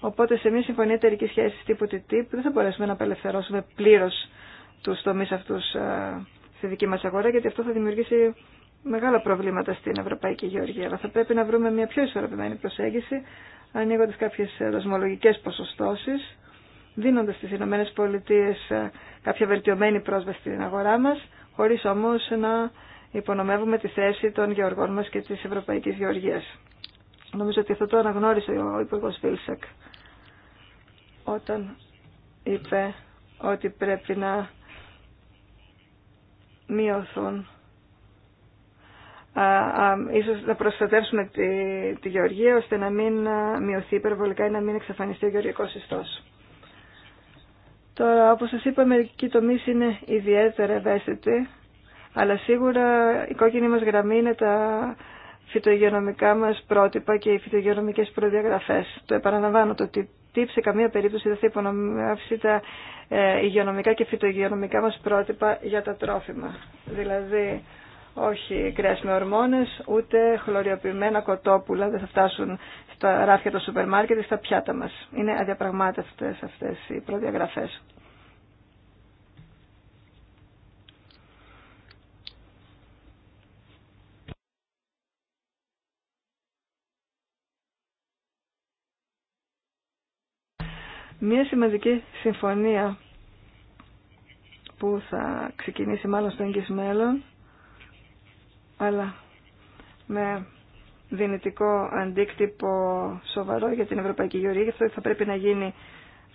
Οπότε σε μια συμφωνία εταιρική σχέση τύπου TTIP δεν θα μπορέσουμε να απελευθερώσουμε πλήρω του τομεί αυτού. Ε, στη δική μας αγορά, γιατί αυτό θα δημιουργήσει μεγάλα προβλήματα στην Ευρωπαϊκή Γεωργία. Αλλά θα πρέπει να βρούμε μια πιο ισορροπημένη προσέγγιση, ανοίγοντας κάποιες δοσμολογικές ποσοστώσεις, δίνοντας στις ΗΠΑ ε, κάποια βελτιωμένη πρόσβαση στην αγορά μας, χωρίς όμως να υπονομεύουμε τη θέση των γεωργών μας και της Ευρωπαϊκής Γεωργίας. Νομίζω ότι αυτό το αναγνώρισε ο Υπουργό Βίλσακ όταν είπε ότι πρέπει να μειωθούν. Ίσως να προστατεύσουμε τη, τη γεωργία ώστε να μην μειωθεί υπερβολικά ή να μην εξαφανιστεί ο γεωργικός ιστός. Τώρα, όπως σας είπα, μερικοί τομεί είναι ιδιαίτερα ευαίσθητοι, αλλά σίγουρα η κόκκινη μας γραμμή είναι τα φυτογενομικά μας πρότυπα και οι φυτογενομικές προδιαγραφές. Το επαναλαμβάνω, το ότι σε καμία περίπτωση δεν θα υπονομεύσει τα ε, υγειονομικά και φυτογειονομικά μας πρότυπα για τα τρόφιμα. Δηλαδή, όχι κρέας με ορμόνες, ούτε χλωριοποιημένα κοτόπουλα δεν θα φτάσουν στα ράφια των σούπερ μάρκετ ή στα πιάτα μας. Είναι αδιαπραγμάτευτες αυτές οι προδιαγραφές. Μία σημαντική συμφωνία που θα ξεκινήσει μάλλον στο εγγύς μέλλον, αλλά με δυνητικό αντίκτυπο σοβαρό για την Ευρωπαϊκή Γεωργία, γι' αυτό θα πρέπει να γίνει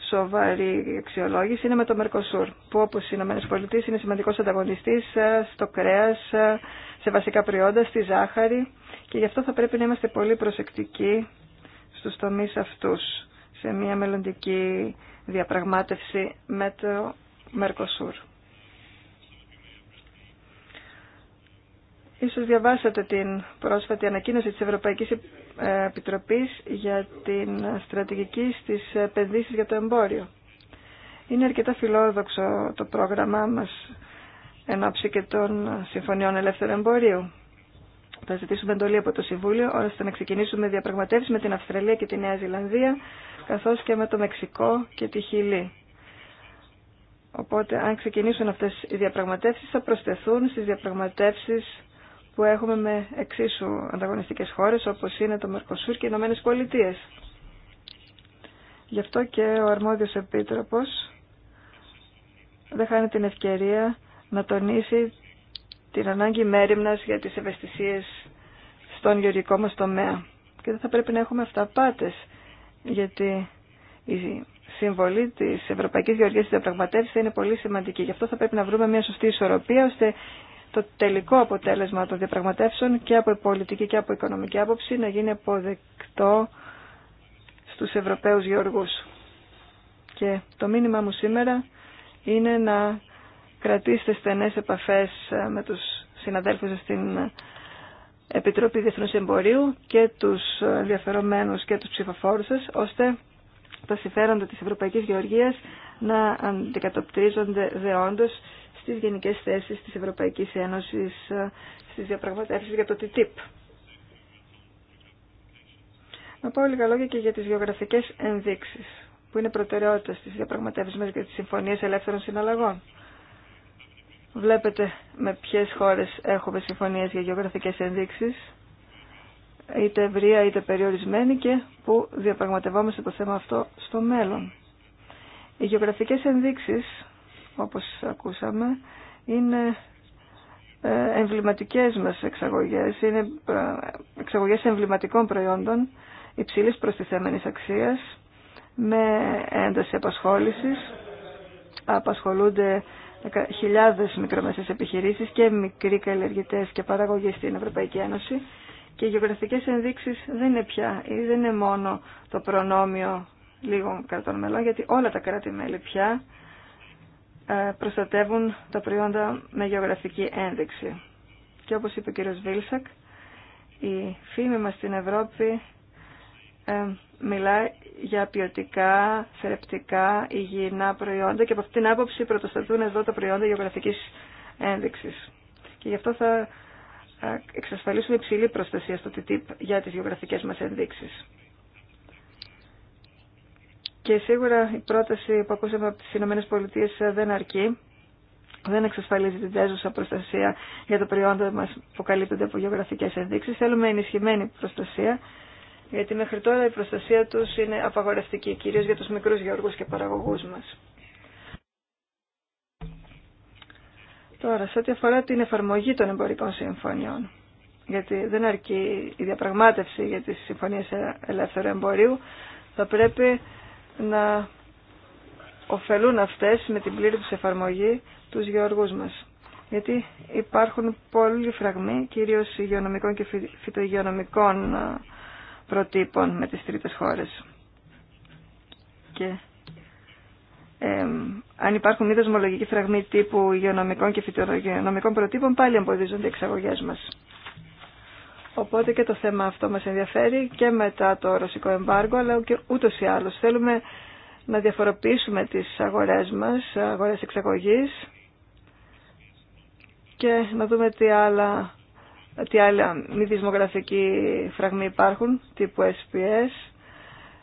σοβαρή αξιολόγηση, είναι με το Μερκοσούρ, που όπως οι ΗΠΑ είναι σημαντικός ανταγωνιστής ε, στο κρέας, ε, σε βασικά προϊόντα, στη ζάχαρη και γι' αυτό θα πρέπει να είμαστε πολύ προσεκτικοί στους τομείς αυτούς σε μια μελλοντική διαπραγμάτευση με το Μερκοσούρ. Ίσως διαβάσατε την πρόσφατη ανακοίνωση της Ευρωπαϊκής ε, Επιτροπής για την στρατηγική στις επενδύσεις για το εμπόριο. Είναι αρκετά φιλόδοξο το πρόγραμμά μας εν ώψη και των Συμφωνιών Ελεύθερου Εμπορίου. Θα ζητήσουμε εντολή από το Συμβούλιο ώστε να ξεκινήσουμε διαπραγματεύσεις με την Αυστραλία και τη Νέα Ζηλανδία καθώς και με το Μεξικό και τη Χιλή. Οπότε αν ξεκινήσουν αυτές οι διαπραγματεύσεις θα προσθεθούν στις διαπραγματεύσεις που έχουμε με εξίσου ανταγωνιστικές χώρες όπως είναι το Μερκοσούρ και οι Ηνωμένες Πολιτείες. Γι' αυτό και ο αρμόδιος επίτροπος δεν χάνει την ευκαιρία να τονίσει την ανάγκη μέρημνας για τις ευαισθησίες στον γεωργικό μας τομέα. Και δεν θα πρέπει να έχουμε αυταπάτες γιατί η συμβολή τη Ευρωπαϊκή Γεωργία στι διαπραγματεύσει θα είναι πολύ σημαντική. Γι' αυτό θα πρέπει να βρούμε μια σωστή ισορροπία ώστε το τελικό αποτέλεσμα των διαπραγματεύσεων και από πολιτική και από οικονομική άποψη να γίνει αποδεκτό στους Ευρωπαίους Γεωργούς. Και το μήνυμά μου σήμερα είναι να κρατήσετε στενές επαφές με τους συναδέλφους στην Επιτροπή Διεθνούς Εμπορίου και τους ενδιαφερομένους και τους ψηφοφόρους σας, ώστε τα συμφέροντα της Ευρωπαϊκής Γεωργίας να αντικατοπτρίζονται δεόντως στις γενικές θέσεις της Ευρωπαϊκής Ένωσης ε, στις διαπραγματεύσεις για το TTIP. Να πω λίγα λόγια και για τις γεωγραφικές ενδείξεις, που είναι προτεραιότητα στις διαπραγματεύσεις μας για τις συμφωνίες ελεύθερων συναλλαγών. Βλέπετε με ποιες χώρες έχουμε συμφωνίες για γεωγραφικές ενδείξεις, είτε ευρεία είτε περιορισμένη και που διαπραγματευόμαστε το θέμα αυτό στο μέλλον. Οι γεωγραφικές ενδείξεις, όπως ακούσαμε, είναι ε, εμβληματικές μας εξαγωγές, είναι ε, εξαγωγές εμβληματικών προϊόντων υψηλής προστιθέμενης αξίας, με ένταση απασχόλησης, απασχολούνται χιλιάδες μικρομεσαίες επιχειρήσεις και μικροί καλλιεργητές και παραγωγές στην Ευρωπαϊκή Ένωση και οι γεωγραφικές ενδείξεις δεν είναι πια ή δεν είναι μόνο το προνόμιο λίγων κρατών μελών γιατί όλα τα κράτη-μέλη πια ε, προστατεύουν τα προϊόντα με γεωγραφική ένδειξη. Και όπως είπε ο κύριος Βίλσακ, η δεν ειναι μονο το προνομιο λιγων κρατων μελων γιατι ολα τα κρατη μελη πια προστατευουν τα προιοντα με γεωγραφικη ενδειξη και οπως ειπε ο κ. βιλσακ η φημη μας στην Ευρώπη ε, μιλάει για ποιοτικά, θρεπτικά, υγιεινά προϊόντα και από αυτήν την άποψη πρωτοστατούν εδώ τα προϊόντα γεωγραφική ένδειξη. Και γι' αυτό θα ε, εξασφαλίσουμε υψηλή προστασία στο TTIP για τι γεωγραφικές μα ενδείξει. Και σίγουρα η πρόταση που ακούσαμε από τι ΗΠΑ ε, δεν αρκεί. Δεν εξασφαλίζει την τέζουσα προστασία για τα προϊόντα μα που καλύπτονται από γεωγραφικέ ενδείξει. Θέλουμε ενισχυμένη προστασία γιατί μέχρι τώρα η προστασία τους είναι απαγορευτική, κυρίως για τους μικρούς γεωργούς και παραγωγούς μας. Τώρα, σε ό,τι αφορά την εφαρμογή των εμπορικών συμφωνιών, γιατί δεν αρκεί η διαπραγμάτευση για τις συμφωνίες ελεύθερου εμπορίου, θα πρέπει να ωφελούν αυτές με την πλήρη τους εφαρμογή τους γεωργούς μας. Γιατί υπάρχουν πολλοί φραγμοί, κυρίως υγειονομικών και φυτοϊγειονομικών προτύπων με τις τρίτες χώρες. Και αν υπάρχουν μη δοσμολογικοί φραγμοί τύπου υγειονομικών και φυτογειονομικών προτύπων, πάλι εμποδίζονται οι εξαγωγές μας. Οπότε και το θέμα αυτό μας ενδιαφέρει και μετά το ρωσικό εμπάργο, αλλά και ούτως ή άλλως θέλουμε να διαφοροποιήσουμε τις αγορές μας, αγορές εξαγωγής και να δούμε τι άλλα τι άλλα μη δημογραφικοί φραγμοί υπάρχουν, τύπου SPS.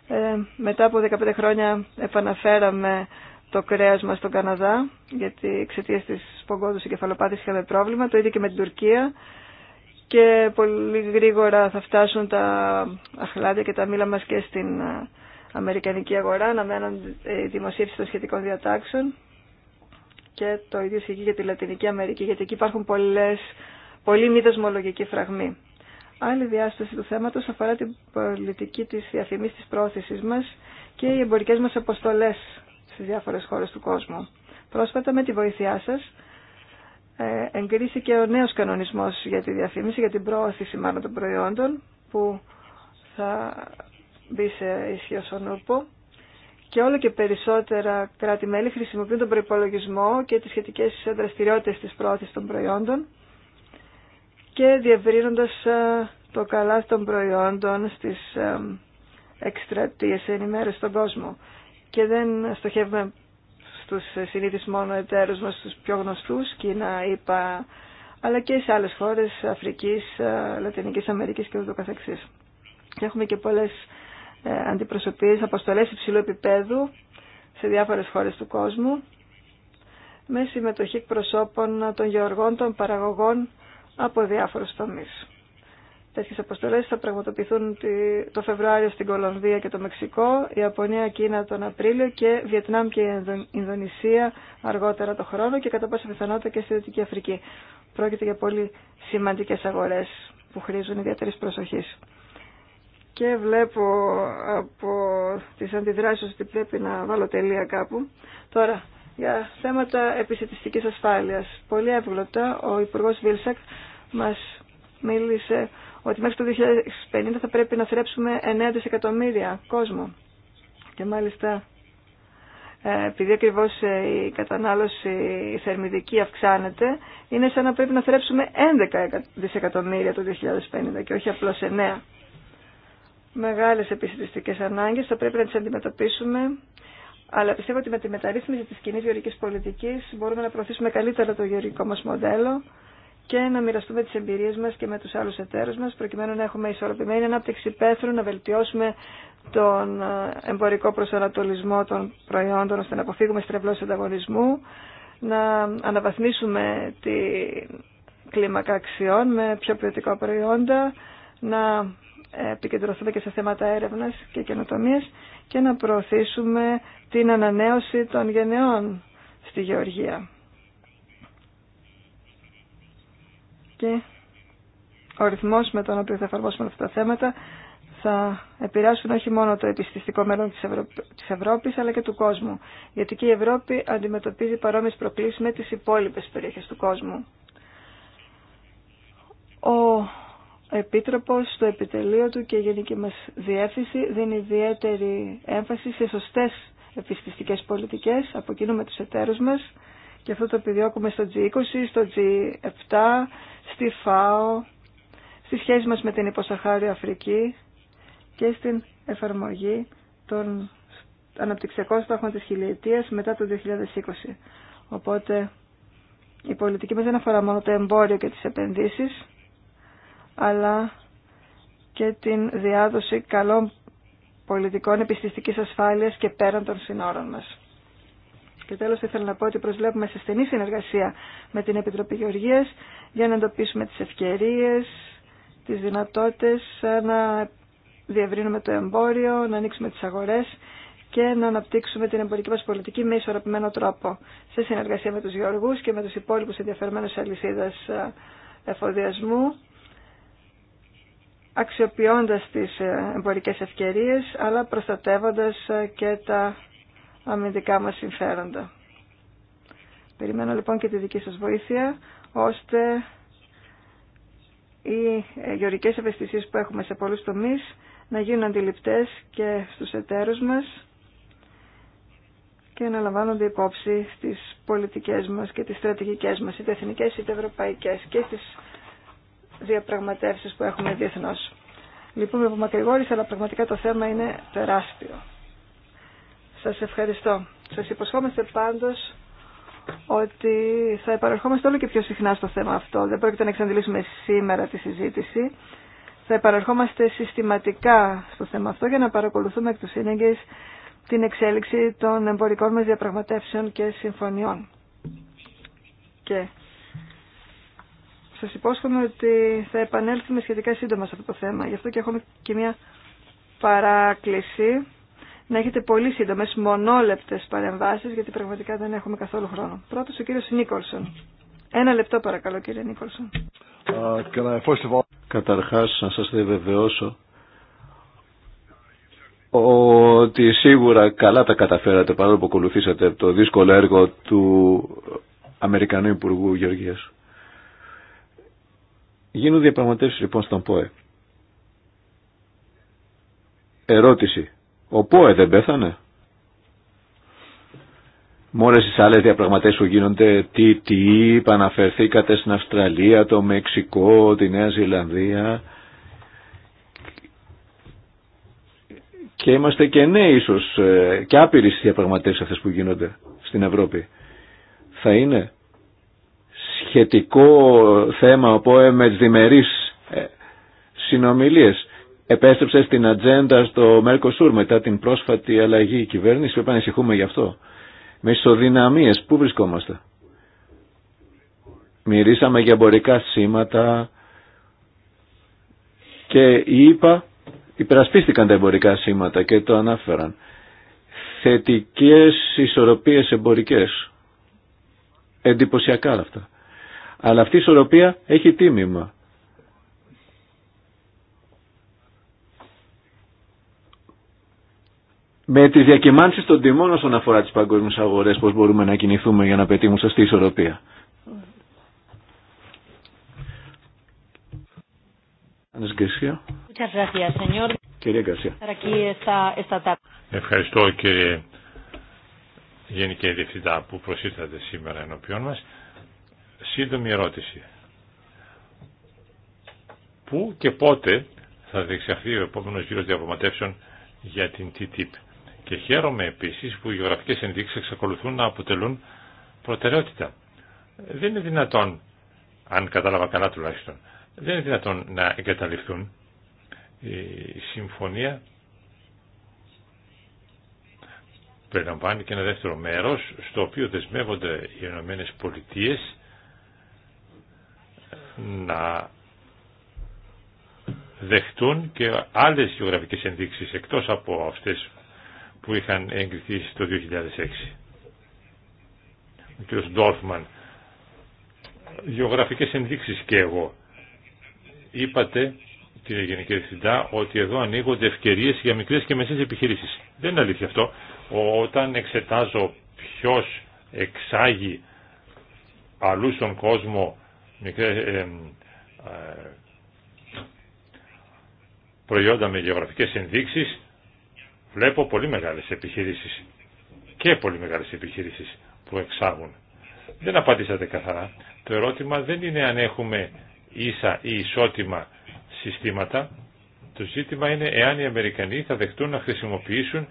Ε, μετά από 15 χρόνια επαναφέραμε το κρέας μας στον Καναδά, γιατί εξαιτία τη πογκόδους κεφαλοπάθης είχαμε πρόβλημα, το ίδιο και με την Τουρκία. Και πολύ γρήγορα θα φτάσουν τα αχλάδια και τα μήλα μας και στην ε, Αμερικανική αγορά, να μένουν ε, η δημοσίευση των σχετικών διατάξεων. Και το ίδιο ισχύει για τη Λατινική Αμερική, γιατί εκεί υπάρχουν πολλές πολύ μη δεσμολογική φραγμή. Άλλη διάσταση του θέματο αφορά την πολιτική τη διαφημής τη πρόθεση μα και οι εμπορικέ μα αποστολέ στι διάφορε χώρε του κόσμου. Πρόσφατα με τη βοήθειά σας ε, εγκρίθηκε ο νέο κανονισμό για τη διαφήμιση, για την πρόωθηση μάλλον των προϊόντων που θα μπει σε ισχύ νουπο και όλο και περισσότερα κράτη-μέλη χρησιμοποιούν τον προπολογισμό και τι σχετικέ δραστηριότητε τη προώθηση των προϊόντων και διευρύνοντας ε, το καλά των προϊόντων στις ε, εκστρατείες ενημέρωση στον κόσμο. Και δεν στοχεύουμε στους ε, συνήθεις μόνο εταίρους μας, στους πιο γνωστούς, Κίνα, ΙΠΑ, αλλά και σε άλλες χώρες Αφρικής, Λατινικής Αμερικής και ούτω καθεξής. Και έχουμε και πολλές αντιπροσωπείες, αποστολές υψηλού επίπεδου σε διάφορες χώρες του κόσμου με συμμετοχή προσώπων των γεωργών, των παραγωγών από διάφορους τομείς. Τέτοιες αποστολές θα πραγματοποιηθούν το Φεβρουάριο στην Κολομβία και το Μεξικό, η Ιαπωνία, Κίνα τον Απρίλιο και Βιετνάμ και η Ινδονησία αργότερα το χρόνο και κατά πάσα πιθανότητα και στη Δυτική Αφρική. Πρόκειται για πολύ σημαντικές αγορές που χρήζουν ιδιαίτερης προσοχής. Και βλέπω από τις αντιδράσεις ότι πρέπει να βάλω τελεία κάπου. Τώρα, για θέματα επιστημιστικής ασφάλειας. Πολύ εύγλωτα ο Υπουργός Βίλσακ μας μίλησε ότι μέχρι το 2050 θα πρέπει να θρέψουμε 9 δισεκατομμύρια κόσμο. Και μάλιστα ε, επειδή ακριβώ ε, η κατανάλωση θερμιδική αυξάνεται, είναι σαν να πρέπει να θρέψουμε 11 δισεκατομμύρια το 2050 και όχι απλώ 9. Μεγάλες επιστημιστικές ανάγκες θα πρέπει να τις αντιμετωπίσουμε αλλά πιστεύω ότι με τη μεταρρύθμιση τη κοινή γεωργική πολιτική μπορούμε να προωθήσουμε καλύτερα το γεωρικό μα μοντέλο και να μοιραστούμε τι εμπειρίε μα και με του άλλου εταίρου μα, προκειμένου να έχουμε ισορροπημένη ανάπτυξη πέθρου, να βελτιώσουμε τον ε, εμπορικό προσανατολισμό των προϊόντων ώστε να αποφύγουμε στρεβλώσει ανταγωνισμού, να αναβαθμίσουμε τη κλίμακα αξιών με πιο ποιοτικά προϊόντα, να ε, επικεντρωθούμε και σε θέματα έρευνας και καινοτομίας και να προωθήσουμε την ανανέωση των γενεών στη Γεωργία. Και ο ρυθμός με τον οποίο θα εφαρμόσουμε αυτά τα θέματα θα επηρεάσουν όχι μόνο το επιστηστικό μέλλον της, Ευρω... Ευρώπης αλλά και του κόσμου. Γιατί και η Ευρώπη αντιμετωπίζει παρόμοιες προκλήσεις με τις υπόλοιπες περιοχές του κόσμου. Επίτροπος στο επιτελείο του και η Γενική μας Διεύθυνση δίνει ιδιαίτερη έμφαση σε σωστές επιστηστικές πολιτικές, από κοινού με τους εταίρους μας και αυτό το επιδιώκουμε στο G20, στο G7, στη ΦΑΟ, στη σχέση μας με την υποσαχάρια Αφρική και στην εφαρμογή των αναπτυξιακών στόχων της χιλιετίας μετά το 2020. Οπότε η πολιτική μας δεν αφορά μόνο το εμπόριο και τις επενδύσεις, αλλά και την διάδοση καλών πολιτικών επιστηστικής ασφάλειας και πέραν των συνόρων μας. Και τέλος ήθελα να πω ότι προσβλέπουμε σε στενή συνεργασία με την Επιτροπή Γεωργίας για να εντοπίσουμε τις ευκαιρίες, τις δυνατότητες, να διευρύνουμε το εμπόριο, να ανοίξουμε τις αγορές και να αναπτύξουμε την εμπορική μας πολιτική με ισορροπημένο τρόπο σε συνεργασία με τους γεωργούς και με τους υπόλοιπους ενδιαφερμένους αλυσίδας ε, εφοδιασμού αξιοποιώντας τις ε, εμπορικές ευκαιρίες, αλλά προστατεύοντας ε, και τα αμυντικά μας συμφέροντα. Περιμένω λοιπόν και τη δική σας βοήθεια, ώστε οι ε, γεωρικές ευαισθησίες που έχουμε σε πολλούς τομείς να γίνουν αντιληπτές και στους εταίρους μας και να λαμβάνονται υπόψη στις πολιτικές μας και τις στρατηγικές μας, είτε εθνικές είτε ευρωπαϊκές και στις διαπραγματεύσεις που έχουμε διεθνώς. Λυπούμε λοιπόν, που μακρηγόρησα, αλλά πραγματικά το θέμα είναι τεράστιο. Σας ευχαριστώ. Σας υποσχόμαστε πάντως ότι θα επαναρχόμαστε όλο και πιο συχνά στο θέμα αυτό. Δεν πρόκειται να εξαντλήσουμε σήμερα τη συζήτηση. Θα επαναρχόμαστε συστηματικά στο θέμα αυτό για να παρακολουθούμε εκ του σύνεγγες την εξέλιξη των εμπορικών μα διαπραγματεύσεων και συμφωνιών. Και Σα υπόσχομαι ότι θα επανέλθουμε σχετικά σύντομα σε αυτό το θέμα. Γι' αυτό και έχουμε και μια παράκληση να έχετε πολύ σύντομε, μονόλεπτε παρεμβάσει γιατί πραγματικά δεν έχουμε καθόλου χρόνο. Πρώτο ο κύριο Νίκολσον. Ένα λεπτό παρακαλώ κύριε Νίκολσον. Uh, Καταρχά να σα διαβεβαιώσω ότι σίγουρα καλά τα καταφέρατε παρόλο που ακολουθήσατε το δύσκολο έργο του Αμερικανού Υπουργού Γεωργίας. Γίνουν διαπραγματεύσεις λοιπόν στον ΠΟΕ. Ερώτηση. Ο ΠΟΕ δεν πέθανε. Μόλις τις άλλες διαπραγματεύσεις που γίνονται, τι, τι, παναφερθήκατε στην Αυστραλία, το Μεξικό, τη Νέα Ζηλανδία. Και είμαστε και νέοι ίσως ε, και άπειροι στις διαπραγματεύσεις αυτές που γίνονται στην Ευρώπη. Θα είναι σχετικό θέμα ο ΠΟΕ με τις διμερείς ε, συνομιλίες. Επέστρεψε στην ατζέντα στο Μέρκοσούρ μετά την πρόσφατη αλλαγή κυβέρνηση. Πρέπει να ανησυχούμε γι' αυτό. Με ισοδυναμίες. Πού βρισκόμαστε. Μυρίσαμε για εμπορικά σήματα και είπα υπερασπίστηκαν τα εμπορικά σήματα και το ανάφεραν. Θετικές ισορροπίες εμπορικές. Εντυπωσιακά αυτά. Αλλά αυτή η ισορροπία έχει τίμημα. Με τις διακυμάνσεις των τιμών όσον αφορά τις παγκόσμιες αγορές, πώς μπορούμε να κινηθούμε για να πετύχουμε σωστή ισορροπία. Ευχαριστώ κύριε Γενική Διευθυντά που προσήλθατε σήμερα ενώπιον μας σύντομη ερώτηση. Πού και πότε θα διεξαχθεί ο επόμενος γύρος διαπραγματεύσεων για την TTIP. Και χαίρομαι επίσης που οι γεωγραφικές ενδείξεις εξακολουθούν να αποτελούν προτεραιότητα. Δεν είναι δυνατόν, αν κατάλαβα καλά τουλάχιστον, δεν είναι δυνατόν να εγκαταληφθούν η συμφωνία περιλαμβάνει και ένα δεύτερο μέρος στο οποίο δεσμεύονται οι ΗΠΑ να δεχτούν και άλλες γεωγραφικές ενδείξεις εκτός από αυτές που είχαν εγκριθεί το 2006. Ο κ. Ντόρφμαν, γεωγραφικές ενδείξεις και εγώ. Είπατε, κ. Γενική Διευθυντά, ότι εδώ ανοίγονται ευκαιρίες για μικρές και μεσές επιχειρήσεις. Δεν είναι αλήθεια αυτό. Όταν εξετάζω ποιος εξάγει αλλού στον κόσμο ε, ε, προϊόντα με γεωγραφικές ενδείξεις βλέπω πολύ μεγάλες επιχειρήσεις και πολύ μεγάλες επιχειρήσεις που εξάγουν. Δεν απαντήσατε καθαρά. Το ερώτημα δεν είναι αν έχουμε ίσα ή ισότιμα συστήματα. Το ζήτημα είναι εάν οι Αμερικανοί θα δεχτούν να χρησιμοποιήσουν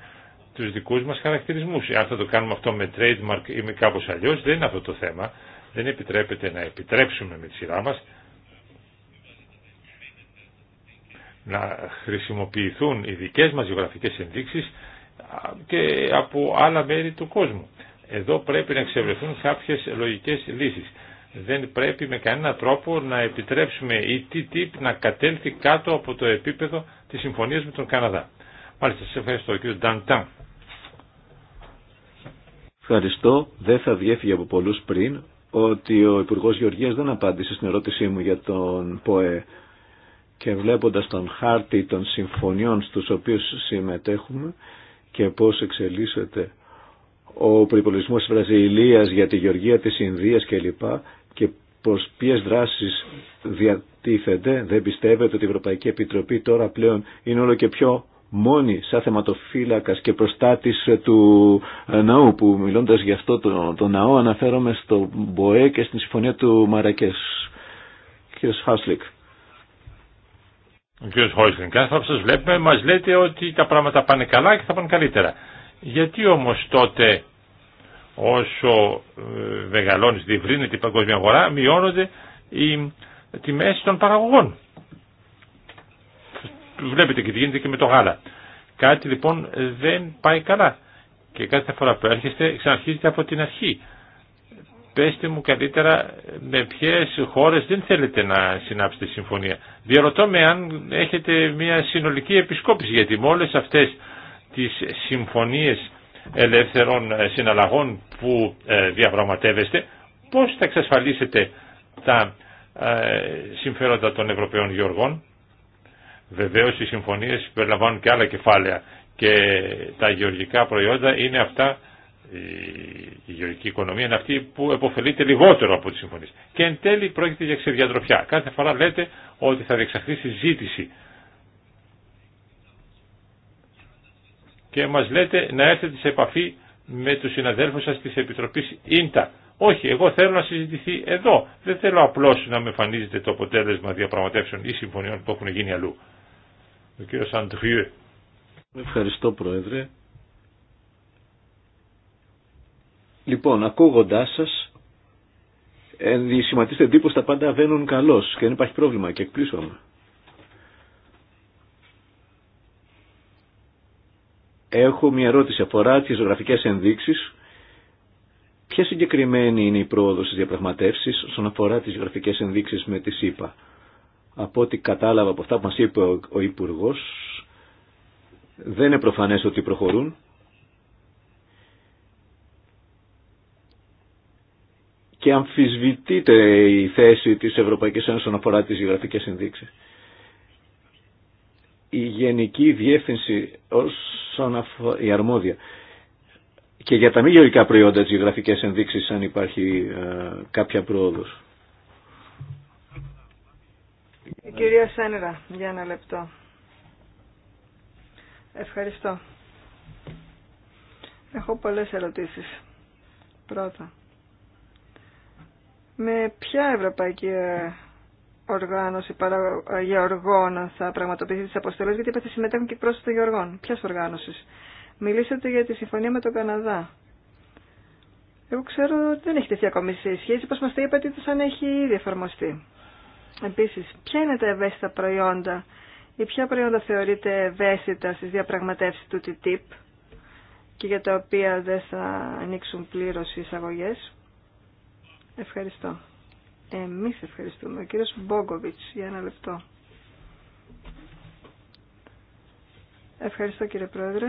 τους δικούς μας χαρακτηρισμούς. Αν θα το κάνουμε αυτό με trademark ή με κάπως αλλιώς δεν είναι αυτό το θέμα δεν επιτρέπεται να επιτρέψουμε με τη σειρά μας να χρησιμοποιηθούν οι δικές μας γεωγραφικές ενδείξεις και από άλλα μέρη του κόσμου. Εδώ πρέπει να εξευρεθούν κάποιες λογικές λύσεις. Δεν πρέπει με κανένα τρόπο να επιτρέψουμε η TTIP να κατέλθει κάτω από το επίπεδο της συμφωνίας με τον Καναδά. Μάλιστα, σας ευχαριστώ κύριο Νταντάν. Ευχαριστώ. Δεν θα διέφυγε από πολλούς πριν ότι ο Υπουργό Γεωργία δεν απάντησε στην ερώτησή μου για τον ΠΟΕ και βλέποντας τον χάρτη των συμφωνιών στους οποίους συμμετέχουμε και πώς εξελίσσεται ο προπολογισμό της Βραζιλίας για τη Γεωργία της Ινδίας κλπ. και πως ποιες δράσεις διατίθεται, δεν πιστεύετε ότι η Ευρωπαϊκή Επιτροπή τώρα πλέον είναι όλο και πιο μόνη σαν θεματοφύλακας και προστάτης του ε, ναού που μιλώντας για αυτό το, το ναό αναφέρομαι στο ΜΠΟΕ και στην συμφωνία του Μαρακές. Κύριος Χάσλικ. Ο κύριος κάθε φορά σας βλέπουμε μας λέτε ότι τα πράγματα πάνε καλά και θα πάνε καλύτερα. Γιατί όμως τότε όσο ε, μεγαλώνει, διευρύνεται η παγκόσμια αγορά, μειώνονται οι τιμές των παραγωγών βλέπετε και τι γίνεται και με το γάλα. Κάτι λοιπόν δεν πάει καλά. Και κάθε φορά που έρχεστε ξαναρχίζετε από την αρχή. Πεστε μου καλύτερα με ποιες χώρες δεν θέλετε να συνάψετε συμφωνία. Διαρωτώ με αν έχετε μια συνολική επισκόπηση γιατί με όλες αυτές τις συμφωνίες ελεύθερων συναλλαγών που ε, διαπραγματεύεστε πώς θα εξασφαλίσετε τα ε, συμφέροντα των Ευρωπαίων Γεωργών Βεβαίω οι συμφωνίε περιλαμβάνουν και άλλα κεφάλαια και τα γεωργικά προϊόντα είναι αυτά, η γεωργική οικονομία είναι αυτή που επωφελείται λιγότερο από τι συμφωνίε. Και εν τέλει πρόκειται για ξεδιατροφιά. Κάθε φορά λέτε ότι θα διεξαχθεί συζήτηση. Και μα λέτε να έρθετε σε επαφή με του συναδέλφου σα τη Επιτροπή. Ίντα. Όχι, εγώ θέλω να συζητηθεί εδώ. Δεν θέλω απλώς να με εμφανίζετε το αποτέλεσμα διαπραγματεύσεων ή συμφωνιών που έχουν γίνει αλλού. Ο Ευχαριστώ Πρόεδρε. Λοιπόν, ακούγοντάς σας, ενδυσηματίστε ότι τα πάντα βαίνουν καλώς και δεν υπάρχει πρόβλημα και εκπλήσωμα. Έχω μια ερώτηση αφορά τι ζωγραφικέ ενδείξεις. Ποια συγκεκριμένη είναι η πρόοδος της διαπραγματεύσεις όσον αφορά τι ζωγραφικέ ενδείξεις με τη ΣΥΠΑ. Από ό,τι κατάλαβα από αυτά που μας είπε ο υπουργό. δεν είναι προφανές ότι προχωρούν. Και αμφισβητείται η θέση της Ευρωπαϊκής Ένωσης όσον αφορά τις γραφικές ενδείξεις. Η Γενική Διεύθυνση όσον αφορά, η αρμόδια, και για τα μη γεωργικά προϊόντα τις γραφικές ενδείξεις αν υπάρχει ε, κάποια πρόοδος. Η κυρία Σένερα, για ένα λεπτό. Ευχαριστώ. Έχω πολλές ερωτήσεις. Πρώτα. Με ποια ευρωπαϊκή ε, οργάνωση γεωργών θα πραγματοποιηθεί τις αποστολές, γιατί είπατε συμμετέχουν και πρόσωποι για γεωργών. Ποιας οργάνωσης. Μιλήσατε για τη συμφωνία με τον Καναδά. Εγώ ξέρω ότι δεν έχει τεθεί ακόμη σε σχέση. Όπω μα τα είπατε, σαν έχει ήδη εφαρμοστεί. Επίσης, ποια είναι τα ευαίσθητα προϊόντα ή ποια προϊόντα θεωρείται ευαίσθητα στις διαπραγματεύσεις του TTIP και για τα οποία δεν θα ανοίξουν πλήρως οι εισαγωγές. Ευχαριστώ. Εμείς ευχαριστούμε. Ο κύριος Μπόγκοβιτς, για ένα λεπτό. Ευχαριστώ κύριε Πρόεδρε.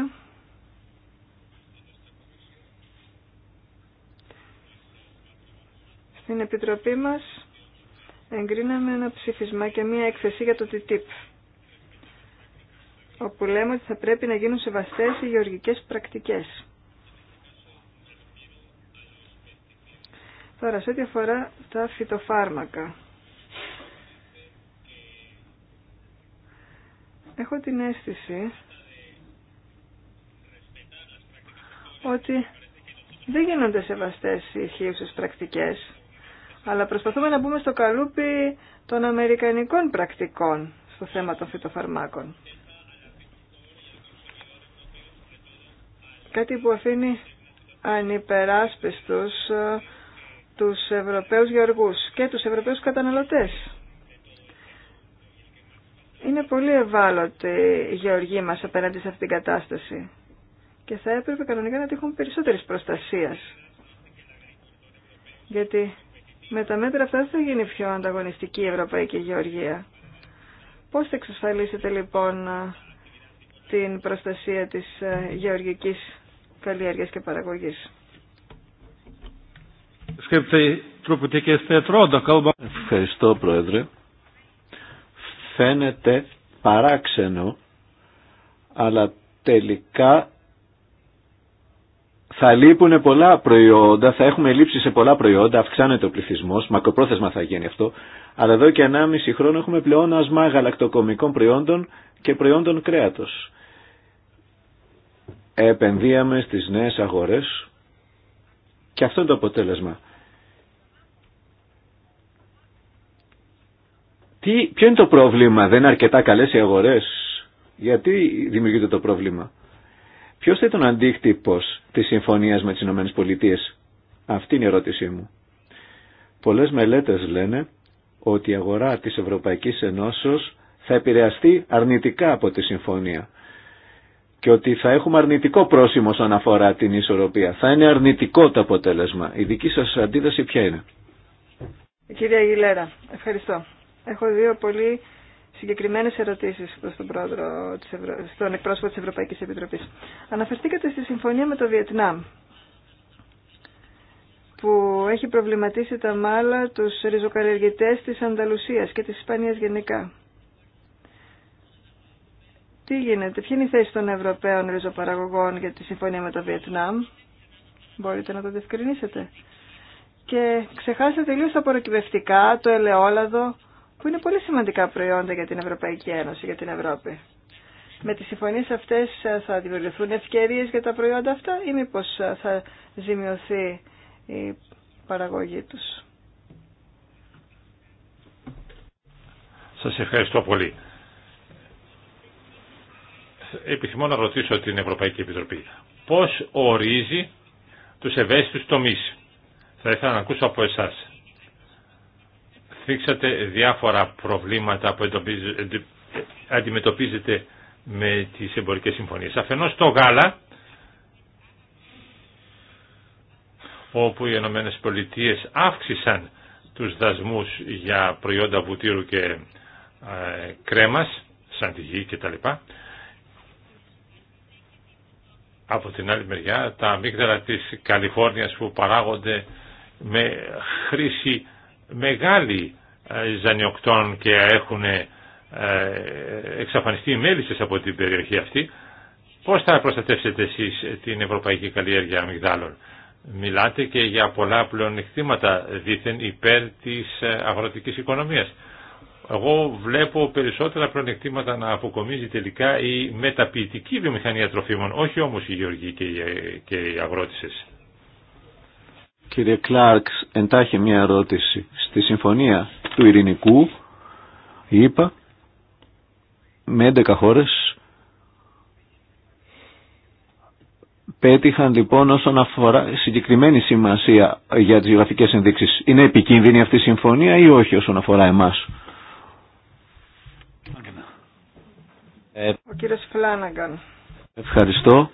Στην Επιτροπή μας εγκρίναμε ένα ψήφισμα και μία έκθεση για το TTIP όπου λέμε ότι θα πρέπει να γίνουν σεβαστές οι γεωργικές πρακτικές. Τώρα, σε ό,τι αφορά τα φυτοφάρμακα. Έχω την αίσθηση ότι δεν γίνονται σεβαστές οι χείουσες πρακτικές αλλά προσπαθούμε να μπούμε στο καλούπι των αμερικανικών πρακτικών στο θέμα των φυτοφαρμάκων. Κάτι που αφήνει ανυπεράσπιστους ε, τους Ευρωπαίους γεωργούς και τους Ευρωπαίους καταναλωτές. Είναι πολύ ευάλωτη η γεωργοί μας απέναντι σε αυτήν την κατάσταση και θα έπρεπε κανονικά να τύχουν περισσότερης προστασίας. Γιατί με τα μέτρα αυτά θα γίνει πιο ανταγωνιστική η Ευρωπαϊκή Γεωργία. Πώς θα εξασφαλίσετε λοιπόν την προστασία της ε, γεωργικής καλλιέργειας και παραγωγής. Ευχαριστώ Πρόεδρε. Φαίνεται παράξενο αλλά τελικά θα λείπουν πολλά προϊόντα, θα έχουμε λήψει σε πολλά προϊόντα, αυξάνεται ο πληθυσμό, μακροπρόθεσμα θα γίνει αυτό, αλλά εδώ και 1,5 χρόνο έχουμε πλεόνασμα γαλακτοκομικών προϊόντων και προϊόντων κρέατο. Επενδύαμε στι νέε αγορέ και αυτό είναι το αποτέλεσμα. Τι, ποιο είναι το πρόβλημα, δεν είναι αρκετά καλές οι αγορές. Γιατί δημιουργείται το πρόβλημα. Ποιος θα ήταν ο αντίκτυπος της συμφωνίας με τις Πολιτείες. Αυτή είναι η ερώτησή μου. Πολλές μελέτες λένε ότι η αγορά της Ευρωπαϊκής Ενώσεως θα επηρεαστεί αρνητικά από τη συμφωνία και ότι θα έχουμε αρνητικό πρόσημο όσον αφορά την ισορροπία. Θα είναι αρνητικό το αποτέλεσμα. Η δική σας αντίδραση ποια είναι. Κυρία Γιλέρα, ευχαριστώ. Έχω δύο πολύ Συγκεκριμένε ερωτήσει προ τον, πρόεδρο της στον εκπρόσωπο τη Ευρωπαϊκή Επιτροπή. Αναφερθήκατε στη συμφωνία με το Βιετνάμ που έχει προβληματίσει τα μάλα τους ριζοκαλλιεργητές της Ανταλουσίας και της Ισπανίας γενικά. Τι γίνεται, ποια είναι η θέση των Ευρωπαίων ριζοπαραγωγών για τη συμφωνία με το Βιετνάμ. Μπορείτε να το διευκρινίσετε. Και ξεχάσετε λίγο στα προκυβευτικά, το ελαιόλαδο, που είναι πολύ σημαντικά προϊόντα για την Ευρωπαϊκή Ένωση, για την Ευρώπη. Με τις συμφωνίες αυτές ε, θα δημιουργηθούν ευκαιρίες για τα προϊόντα αυτά ή μήπως ε, θα ζημιωθεί η παραγωγή τους. Σας ευχαριστώ πολύ. Επιθυμώ να ρωτήσω την Ευρωπαϊκή Επιτροπή. Πώς ορίζει τους ευαίσθητους τομείς. Θα ήθελα να ακούσω από εσάς θίξατε διάφορα προβλήματα που αντιμετωπίζετε με τις εμπορικές συμφωνίες. Αφενός το γάλα, όπου οι ΗΠΑ αύξησαν τους δασμούς για προϊόντα βουτύρου και ε, κρέμας, σαν τη γη κτλ. Από την άλλη μεριά, τα αμύγδαλα της Καλιφόρνιας που παράγονται με χρήση μεγάλοι ε, ζανιοκτών και έχουν ε, εξαφανιστεί οι μέλισσες από την περιοχή αυτή, πώς θα προστατεύσετε εσείς την ευρωπαϊκή καλλιέργεια αμυγδάλων. Μιλάτε και για πολλά πλεονεκτήματα δήθεν υπέρ της ε, αγροτικής οικονομίας. Εγώ βλέπω περισσότερα πλεονεκτήματα να αποκομίζει τελικά η μεταποιητική βιομηχανία τροφίμων, όχι όμως οι γεωργοί και οι αγρότησες. Κύριε Κλάρκ εντάχει μια ερώτηση. Στη συμφωνία του Ειρηνικού, είπα, με 11 χώρες πέτυχαν λοιπόν όσον αφορά συγκεκριμένη σημασία για τις γραφικές ενδείξεις. Είναι επικίνδυνη αυτή η συμφωνία ή όχι όσον αφορά εμάς. Ο κύριος Φλάναγκαν. Ευχαριστώ.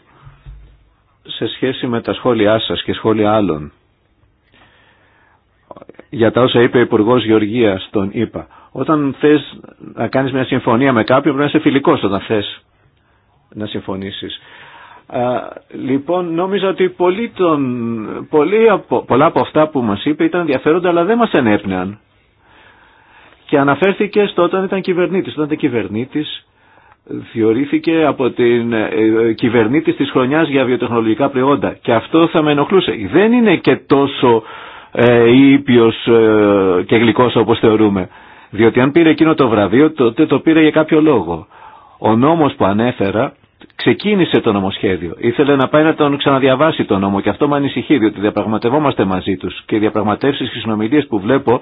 Σε σχέση με τα σχόλιά σας και σχόλια άλλων για τα όσα είπε ο Υπουργό Γεωργία στον ΗΠΑ. Όταν θε να κάνει μια συμφωνία με κάποιον, πρέπει να είσαι φιλικό όταν θε να συμφωνήσει. Λοιπόν, νόμιζα ότι πολλοί πολλά από αυτά που μα είπε ήταν ενδιαφέροντα, αλλά δεν μα ενέπνεαν. Και αναφέρθηκε στο όταν ήταν κυβερνήτη. Όταν ήταν κυβερνήτη θεωρήθηκε από την ε, ε κυβερνήτη τη χρονιά για βιοτεχνολογικά προϊόντα. Και αυτό θα με ενοχλούσε. Δεν είναι και τόσο ή ε, ήπιος ε, και γλυκός όπως θεωρούμε. Διότι αν πήρε εκείνο το βραβείο τότε το πήρε για κάποιο λόγο. Ο νόμος που ανέφερα ξεκίνησε το νομοσχέδιο. Ήθελε να πάει να τον ξαναδιαβάσει το νόμο και αυτό με ανησυχεί διότι διαπραγματευόμαστε μαζί τους και οι διαπραγματεύσεις και που βλέπω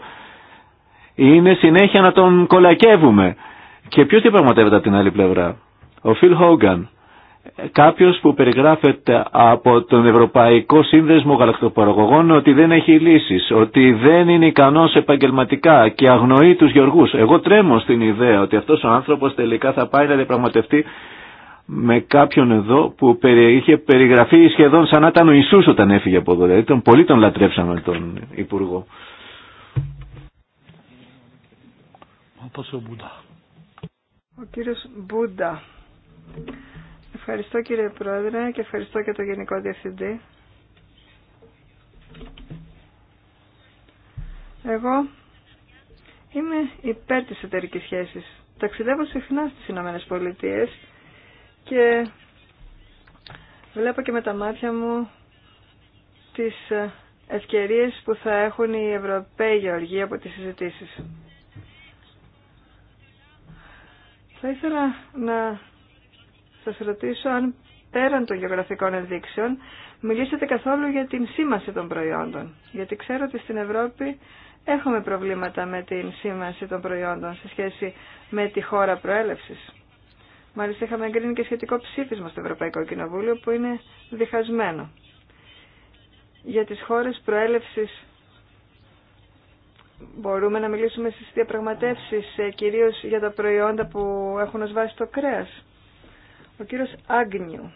είναι συνέχεια να τον κολακεύουμε. Και ποιος διαπραγματεύεται από την άλλη πλευρά. Ο Φιλ Χόγκαν κάποιος που περιγράφεται από τον Ευρωπαϊκό Σύνδεσμο Γαλακτοπαραγωγών ότι δεν έχει λύσεις, ότι δεν είναι ικανός επαγγελματικά και αγνοεί τους γεωργούς. Εγώ τρέμω στην ιδέα ότι αυτός ο άνθρωπος τελικά θα πάει να διαπραγματευτεί με κάποιον εδώ που είχε περιγραφεί σχεδόν σαν να ήταν ο Ιησούς όταν έφυγε από εδώ. Δηλαδή τον, πολύ τον λατρέψαμε τον Υπουργό. Ο κύριος Μπούντα. Ευχαριστώ κύριε Πρόεδρε και ευχαριστώ και τον Γενικό Διευθυντή. Εγώ είμαι υπέρ της εταιρικής σχέσης. Ταξιδεύω συχνά στις Ηνωμένες Πολιτείες και βλέπω και με τα μάτια μου τις ευκαιρίες που θα έχουν οι Ευρωπαίοι Γεωργοί από τις συζητήσεις. Θα ήθελα να σας ρωτήσω αν πέραν των γεωγραφικών ενδείξεων μιλήσατε καθόλου για την σήμαση των προϊόντων. Γιατί ξέρω ότι στην Ευρώπη έχουμε προβλήματα με την σήμανση των προϊόντων σε σχέση με τη χώρα προέλευσης. Μάλιστα είχαμε εγκρίνει και σχετικό ψήφισμα στο Ευρωπαϊκό Κοινοβούλιο που είναι διχασμένο. Για τις χώρες προέλευσης μπορούμε να μιλήσουμε στις διαπραγματεύσεις ε, κυρίως για τα προϊόντα που έχουν ως βάση το κρέας. Ο κύριος Άγνιου.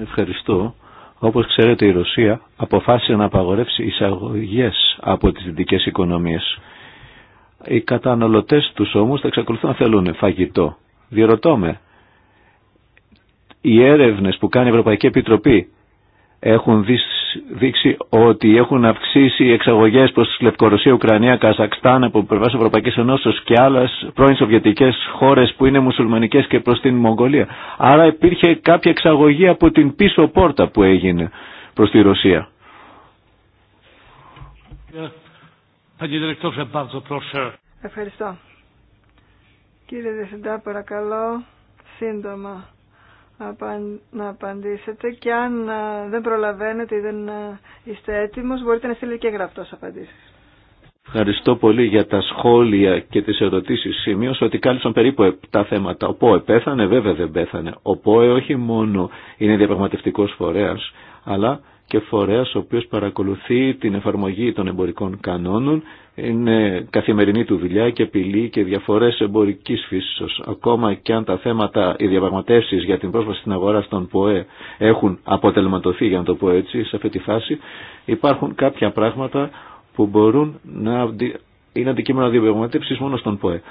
Ευχαριστώ. Όπως ξέρετε η Ρωσία αποφάσισε να απαγορεύσει εισαγωγές από τις δυτικές οικονομίες. Οι καταναλωτές τους όμως θα εξακολουθούν να θέλουν φαγητό. Διερωτώ με, οι έρευνες που κάνει η Ευρωπαϊκή Επιτροπή έχουν δει δείξει ότι έχουν αυξήσει οι εξαγωγές προς Λευκορωσία, Ουκρανία, Καζακστάν από πλευρά Ευρωπαϊκή Ενώσης και άλλες πρώην Σοβιετικές χώρες που είναι μουσουλμανικές και προς την Μογγολία. Άρα υπήρχε κάποια εξαγωγή από την πίσω πόρτα που έγινε προς τη Ρωσία. Ευχαριστώ. Κύριε Διευθυντά, παρακαλώ, σύντομα να απαντήσετε και αν ε, δεν προλαβαίνετε ή δεν ε, είστε έτοιμος μπορείτε να στείλετε και γραπτός απαντήσεις. Ευχαριστώ πολύ για τα σχόλια και τις ερωτήσεις. Σημείωσα ότι κάλυψαν περίπου 7 θέματα. Ο ΠΟΕ πέθανε, βέβαια δεν πέθανε. Ο ΠΟΕ όχι μόνο είναι διαπραγματευτικός φορέας, αλλά και φορέας ο οποίος παρακολουθεί την εφαρμογή των εμπορικών κανόνων. Είναι καθημερινή του δουλειά και απειλή και διαφορές εμπορικής φύσης. Ακόμα και αν τα θέματα, οι διαπραγματεύσεις για την πρόσβαση στην αγορά στον ΠΟΕ έχουν αποτελματωθεί, για να το πω έτσι, σε αυτή τη φάση, υπάρχουν κάποια πράγματα που μπορούν να είναι αντικείμενα διαπραγματεύσεις μόνο στον ΠΟΕ.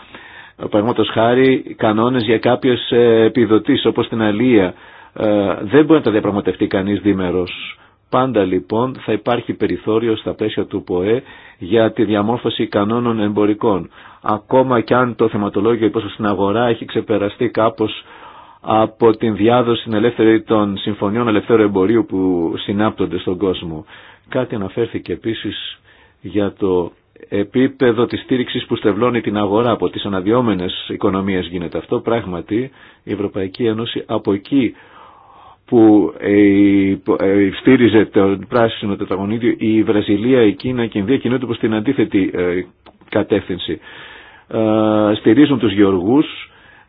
Παραδείγματο χάρη, κανόνε για κάποιε επιδοτήσει όπω την Αλία ε, δεν μπορεί να τα διαπραγματευτεί κανεί δίμερος Πάντα λοιπόν θα υπάρχει περιθώριο στα πλαίσια του ΠΟΕ για τη διαμόρφωση κανόνων εμπορικών. Ακόμα και αν το θεματολόγιο υπόσχεση στην αγορά έχει ξεπεραστεί κάπως από την διάδοση ελεύθερη των συμφωνιών ελευθέρου εμπορίου που συνάπτονται στον κόσμο. Κάτι αναφέρθηκε επίσης για το επίπεδο της στήριξης που στευλώνει την αγορά από τις αναδυόμενες οικονομίες γίνεται αυτό. Πράγματι η Ευρωπαϊκή Ένωση από εκεί που ε, ε, στήριζε το πράσινο τετραγωνίδιο η Βραζιλία, η Κίνα και η Ινδία κινούνται προς την αντίθετη ε, κατεύθυνση. Στηρίζουν τους γεωργούς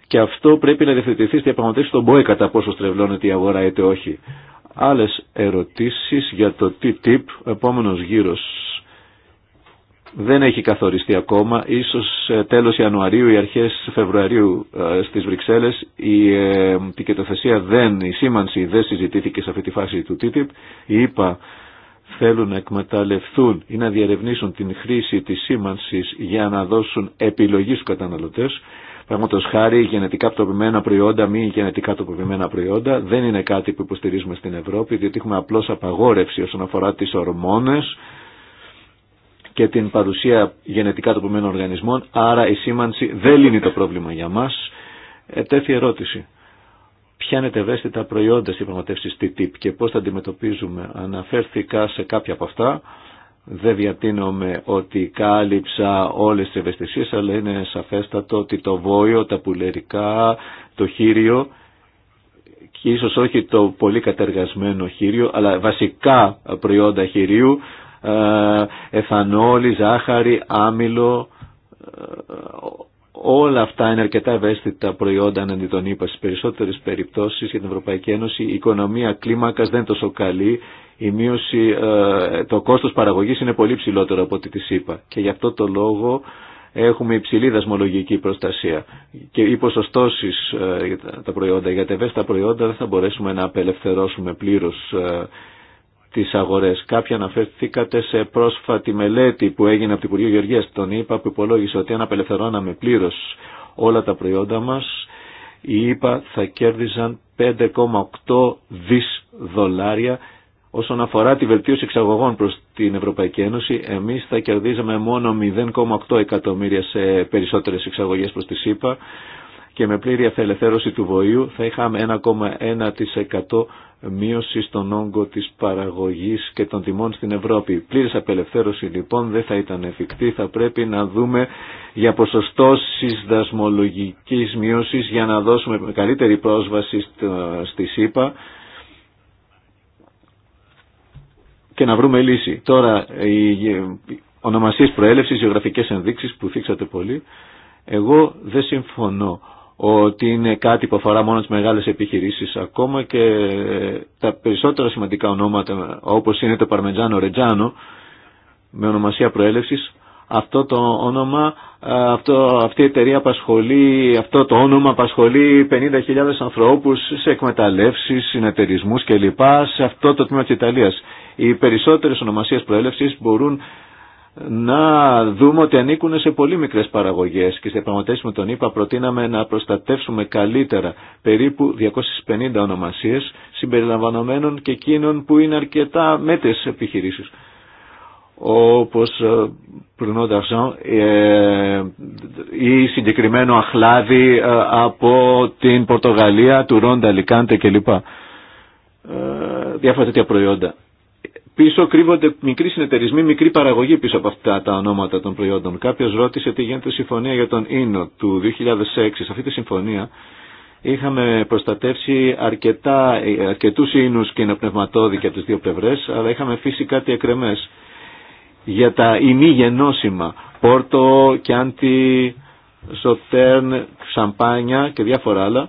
και αυτό πρέπει να διευθετηθεί στη διαπραγματεύση των ΜΟΕ κατά πόσο στρεβλώνεται η αγορά είτε όχι. Άλλες ερωτήσεις για το TTIP, επόμενος γύρος δεν έχει καθοριστεί ακόμα. Ίσως ε, τέλος Ιανουαρίου ή αρχές Φεβρουαρίου ε, στις Βρυξέλλες η αρχες φεβρουαριου στις βρυξελλες η δεν, η σήμανση δεν συζητήθηκε σε αυτή τη φάση του TTIP. Οι ΕΠΑ θέλουν να εκμεταλλευτούν ή να διαρευνήσουν την χρήση της σήμανσης για να δώσουν επιλογή στους καταναλωτές. Πράγματος χάρη γενετικά τοπημένα προϊόντα, μη γενετικά τοπημένα προϊόντα δεν είναι κάτι που υποστηρίζουμε στην Ευρώπη διότι έχουμε απλώς απαγόρευση όσον αφορά τις ορμόνες και την παρουσία γενετικά τουμένων οργανισμών, άρα η σήμανση δεν λύνει το πρόβλημα για μα. Ε, ερώτηση. Ποια είναι τα ευαίσθητα προϊόντα στι πραγματεύσει TTIP και πώς τα αντιμετωπίζουμε. Αναφέρθηκα σε κάποια από αυτά. Δεν διατείνομαι ότι κάλυψα όλες τις ευαισθησίε, αλλά είναι σαφέστατο ότι το βόιο, τα πουλερικά, το χείριο και ίσως όχι το πολύ κατεργασμένο χείριο, αλλά βασικά προϊόντα χειρίου ε, εθανόλη, ζάχαρη, άμυλο. Ε, όλα αυτά είναι αρκετά ευαίσθητα προϊόντα αντί τον είπα. Στι περισσότερε περιπτώσει για την Ευρωπαϊκή Ένωση η οικονομία κλίμακα δεν είναι τόσο καλή. Η μείωση, ε, το κόστος παραγωγής είναι πολύ ψηλότερο από ό,τι της είπα. Και γι' αυτό το λόγο έχουμε υψηλή δασμολογική προστασία. Και οι ποσοστώσει τα προϊόντα, για τα ευαίσθητα προϊόντα δεν θα μπορέσουμε να απελευθερώσουμε πλήρως τις αγορές. Κάποιοι αναφέρθηκατε σε πρόσφατη μελέτη που έγινε από την Υπουργείο Γεωργίας τον ΗΠΑ που υπολόγισε ότι αν απελευθερώναμε πλήρως όλα τα προϊόντα μας οι ΗΠΑ θα κέρδιζαν 5,8 δις δολάρια όσον αφορά τη βελτίωση εξαγωγών προς την Ευρωπαϊκή Ένωση εμείς θα κερδίζαμε μόνο 0,8 εκατομμύρια σε περισσότερες εξαγωγές προς τη ΗΠΑ και με πλήρη απελευθέρωση του βοήου θα είχαμε 1,1% μείωση στον όγκο της παραγωγής και των τιμών στην Ευρώπη. Πλήρης απελευθέρωση λοιπόν δεν θα ήταν εφικτή, θα πρέπει να δούμε για ποσοστώσεις δασμολογικής μείωσης για να δώσουμε καλύτερη πρόσβαση στη ΣΥΠΑ και να βρούμε λύση. Τώρα, οι ονομασίες προέλευσης, οι γεωγραφικές ενδείξεις που θίξατε πολύ, εγώ δεν συμφωνώ ότι είναι κάτι που αφορά μόνο τις μεγάλες επιχειρήσεις ακόμα και τα περισσότερα σημαντικά ονόματα όπως είναι το Παρμεντζάνο Ρετζάνο με ονομασία προέλευσης αυτό το όνομα, αυτό, αυτή η εταιρεία απασχολεί, αυτό το όνομα απασχολεί 50.000 ανθρώπους σε εκμεταλλεύσεις, συνεταιρισμούς κλπ. σε αυτό το τμήμα της Ιταλίας. Οι περισσότερες ονομασίες προέλευσης μπορούν να δούμε ότι ανήκουν σε πολύ μικρές παραγωγές και σε πραγματεύσεις με τον ΙΠΑ προτείναμε να προστατεύσουμε καλύτερα περίπου 250 ονομασίες συμπεριλαμβανομένων και εκείνων που είναι αρκετά μέτρες επιχειρήσεις όπως προυνόνταυσαν ε, ε, ή συγκεκριμένο αχλάδι ε, από την Πορτογαλία, του Ρόντα, Λικάντε κλπ. Διάφορα τέτοια προϊόντα πίσω κρύβονται μικροί συνεταιρισμοί, μικρή παραγωγή πίσω από αυτά τα ονόματα των προϊόντων. Κάποιο ρώτησε τι γίνεται συμφωνία για τον Ίνο του 2006. Σε αυτή τη συμφωνία είχαμε προστατεύσει αρκετά, αρκετούς ίνους και είναι και από τις δύο πλευρές, αλλά είχαμε αφήσει κάτι εκρεμές για τα ινή γενώσιμα, πόρτο και σαμπάνια και διάφορα άλλα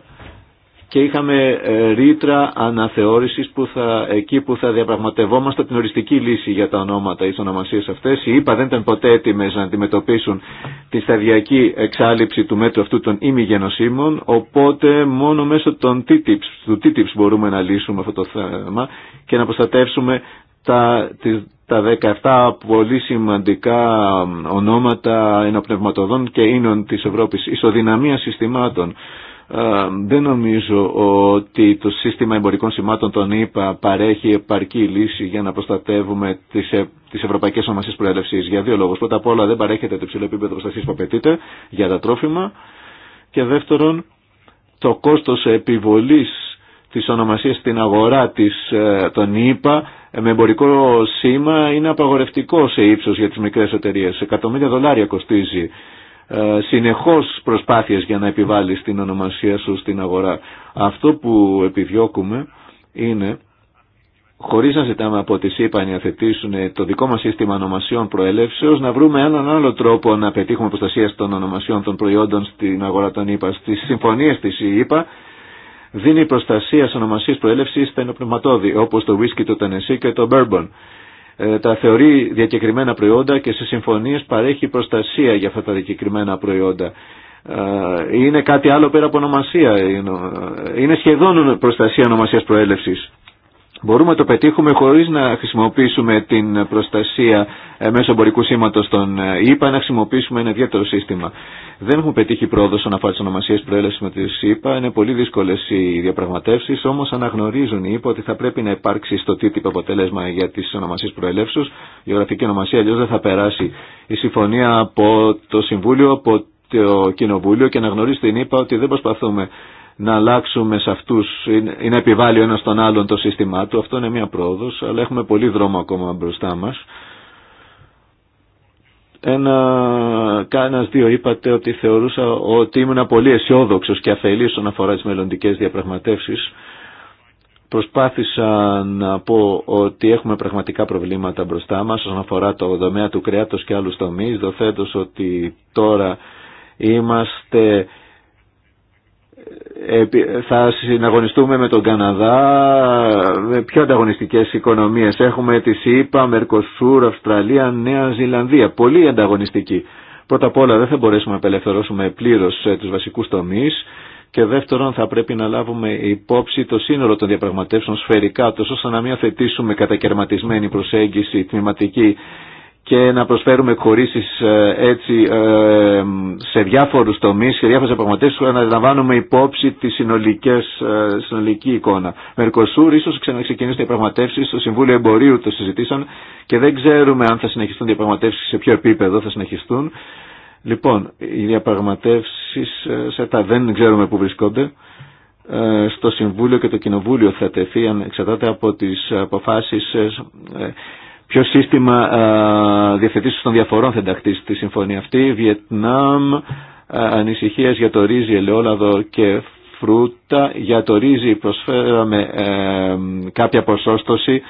και είχαμε ε, ρήτρα αναθεώρησης που θα, εκεί που θα διαπραγματευόμαστε την οριστική λύση για τα ονόματα ή τις ονομασίες αυτές. Οι ΙΠΑ δεν ήταν ποτέ έτοιμες να αντιμετωπίσουν τη σταδιακή εξάλληψη του μέτρου αυτού των ημιγενοσύμων, οπότε μόνο μέσω των TTIPs, του TTIPs μπορούμε να λύσουμε αυτό το θέμα και να προστατεύσουμε τα, τα 17 πολύ σημαντικά ονόματα ενοπνευματοδών και ίνων της Ευρώπης, ισοδυναμία συστημάτων. Ε, δεν νομίζω ότι το σύστημα εμπορικών σημάτων των ΗΠΑ παρέχει επαρκή λύση για να προστατεύουμε τις, ε, τις ευρωπαϊκές ονομασίες προέλευσης για δύο λόγους. Πρώτα απ' όλα δεν παρέχεται το υψηλό επίπεδο προστασίας που απαιτείται για τα τρόφιμα και δεύτερον το κόστος επιβολής της ονομασίας στην αγορά της, ε, των ΗΠΑ ε, με εμπορικό σήμα είναι απαγορευτικό σε ύψος για τις μικρές εταιρείες. Εκατομμύρια δολάρια κοστίζει ε, συνεχώς προσπάθειες για να επιβάλλεις την ονομασία σου στην αγορά. Αυτό που επιδιώκουμε είναι, χωρίς να ζητάμε από τις ΣΥΠΑ να θετήσουν το δικό μας σύστημα ονομασιών προέλευσεως, να βρούμε έναν άλλο τρόπο να πετύχουμε προστασία των ονομασιών των προϊόντων στην αγορά των ΗΠΑ. Στις συμφωνίες της ΗΠΑ δίνει προστασία σε ονομασίες προέλευσης στα ενοπνευματόδη, όπως το whisky, του Tennessee και το bourbon. Ε, τα θεωρεί διακεκριμένα προϊόντα και σε συμφωνίες παρέχει προστασία για αυτά τα διακεκριμένα προϊόντα. Ε, είναι κάτι άλλο πέρα από ονομασία. Είναι ε, σχεδόν προστασία ονομασίας προέλευσης. Μπορούμε να το πετύχουμε χωρίς να χρησιμοποιήσουμε την προστασία ε, μέσω εμπορικού σήματος των ΙΠΑ, ε, να χρησιμοποιήσουμε ένα ιδιαίτερο σύστημα. Δεν έχουμε πετύχει πρόοδο στον αφορά τις ονομασίες προέλευσης με τις ΙΠΑ, είναι πολύ δύσκολες οι διαπραγματεύσεις, όμως αναγνωρίζουν οι ΙΠΑ ότι θα πρέπει να υπάρξει στο τίτυπο αποτέλεσμα για τις ονομασίες προέλευσης, η γεωγραφική ονομασία, αλλιώς δεν θα περάσει η συμφωνία από το Συμβούλιο, από το Κοινοβούλιο και να γνωρίζει την ΙΠΑ ότι δεν προσπαθούμε να αλλάξουμε σε αυτού ή να επιβάλλει ο ένα τον άλλον το σύστημά του. Αυτό είναι μια πρόοδος, αλλά έχουμε πολύ δρόμο ακόμα μπροστά μα. Ένα, κάνας δύο είπατε ότι θεωρούσα ότι ήμουν πολύ αισιόδοξο και αφελή όσον αφορά τι μελλοντικέ διαπραγματεύσει. Προσπάθησα να πω ότι έχουμε πραγματικά προβλήματα μπροστά μας όσον αφορά το δομέα του κρέατος και άλλους τομείς, δοθέτως ότι τώρα είμαστε θα συναγωνιστούμε με τον Καναδά, με πιο ανταγωνιστικές οικονομίες. Έχουμε τη ΣΥΠΑ, Μερκοσούρ, Αυστραλία, Νέα Ζηλανδία. Πολύ ανταγωνιστική. Πρώτα απ' όλα δεν θα μπορέσουμε να απελευθερώσουμε πλήρως ε, τους βασικούς τομείς και δεύτερον θα πρέπει να λάβουμε υπόψη το σύνολο των διαπραγματεύσεων σφαιρικά τόσο ώστε να μην θετήσουμε κατακαιρματισμένη προσέγγιση τμηματική και να προσφέρουμε χωρίσεις ε, έτσι ε, σε διάφορους τομείς και διάφορες επαγματεύσεις να λαμβάνουμε υπόψη τη ε, συνολική εικόνα. Μερκοσούρ ίσως ξαναξεκινήσουν οι διαπραγματεύσεις στο Συμβούλιο Εμπορίου το συζητήσαν και δεν ξέρουμε αν θα συνεχιστούν οι διαπραγματεύσεις σε ποιο επίπεδο θα συνεχιστούν. Λοιπόν, οι διαπραγματεύσεις σε τα δεν ξέρουμε που βρισκόνται στο Συμβούλιο και το Κοινοβούλιο θα τεθεί αν εξαρτάται από τις αποφάσεις ποιο σύστημα ε, διευθετήσεως των διαφορών θα ενταχθεί στη συμφωνία αυτή. Βιετνάμ, ε, ανησυχίε για το ρύζι, ελαιόλαδο και φρούτα. Για το ρύζι προσφέραμε ε, κάποια ποσόστοση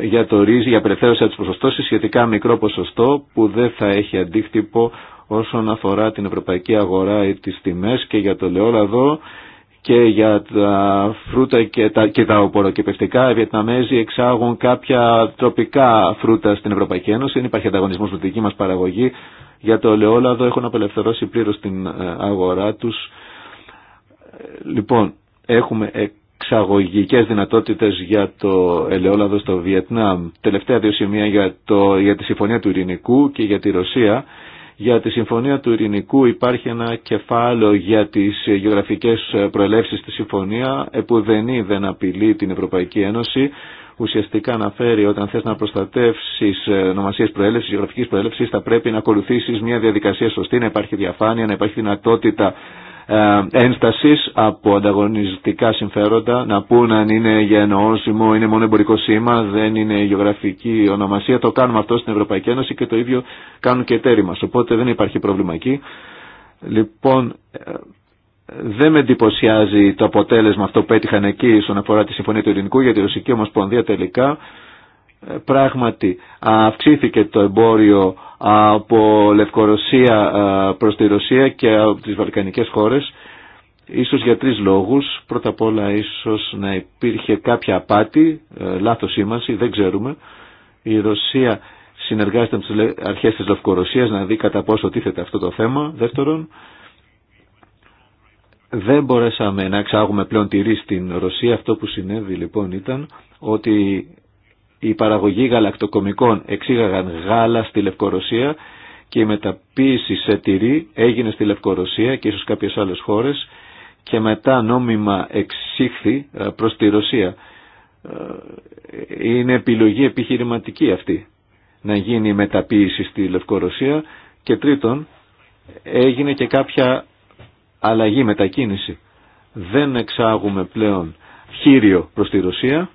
για το ρύζι, για απελευθέρωση της ποσοστώσης, σχετικά μικρό ποσοστό που δεν θα έχει αντίκτυπο όσον αφορά την ευρωπαϊκή αγορά ή τις τιμές και για το ελαιόλαδο και για τα φρούτα και τα, και τα οποροκυπευτικά. Οι Βιετναμέζοι εξάγουν κάποια τροπικά φρούτα στην Ευρωπαϊκή Ένωση. Δεν υπάρχει ανταγωνισμό με τη δική μα παραγωγή. Για το ελαιόλαδο έχουν απελευθερώσει πλήρω την ε, αγορά του. Λοιπόν, έχουμε εξαγωγικέ δυνατότητε για το ελαιόλαδο στο Βιετνάμ. Τελευταία δύο σημεία για τη συμφωνία του Ειρηνικού και για τη Ρωσία. Για τη Συμφωνία του Ειρηνικού υπάρχει ένα κεφάλαιο για τις γεωγραφικές προελεύσεις στη Συμφωνία, που δεν απειλεί την Ευρωπαϊκή Ένωση. Ουσιαστικά αναφέρει όταν θες να προστατεύσεις νομασίες προέλευσης, γεωγραφικής προέλευσης, θα πρέπει να ακολουθήσεις μια διαδικασία σωστή, να υπάρχει διαφάνεια, να υπάρχει δυνατότητα ε, ένστασης από ανταγωνιστικά συμφέροντα να πούν αν είναι εννοώσιμο, είναι μόνο εμπορικό σήμα, δεν είναι γεωγραφική ονομασία. Το κάνουμε αυτό στην Ευρωπαϊκή Ένωση και το ίδιο κάνουν και εταίροι μα. Οπότε δεν υπάρχει πρόβλημα εκεί. Λοιπόν, ε, δεν με εντυπωσιάζει το αποτέλεσμα αυτό που πέτυχαν εκεί στον αφορά τη Συμφωνία του Ειρηνικού για τη Ρωσική Ομοσπονδία τελικά ε, πράγματι, αυξήθηκε το εμπόριο από Λευκορωσία ε, προς τη Ρωσία και από τις Βαλκανικές χώρες, ίσως για τρεις λόγους. Πρώτα απ' όλα ίσως να υπήρχε κάποια απάτη, ε, λάθος σήμανση, δεν ξέρουμε. Η Ρωσία συνεργάζεται με τις αρχές της Λευκορωσίας να δει κατά πόσο τίθεται αυτό το θέμα. Δεύτερον, δεν μπορέσαμε να εξάγουμε πλέον τυρί στην Ρωσία. Αυτό που συνέβη λοιπόν ήταν ότι η παραγωγή γαλακτοκομικών εξήγαγαν γάλα στη Λευκορωσία και η μεταποίηση σε τυρί έγινε στη Λευκορωσία και ίσως κάποιες άλλες χώρες και μετά νόμιμα εξήχθη ε, προς τη Ρωσία. Ε, είναι επιλογή επιχειρηματική αυτή να γίνει η μεταποίηση στη Λευκορωσία και τρίτον έγινε και κάποια αλλαγή μετακίνηση. Δεν εξάγουμε πλέον χείριο προς τη Ρωσία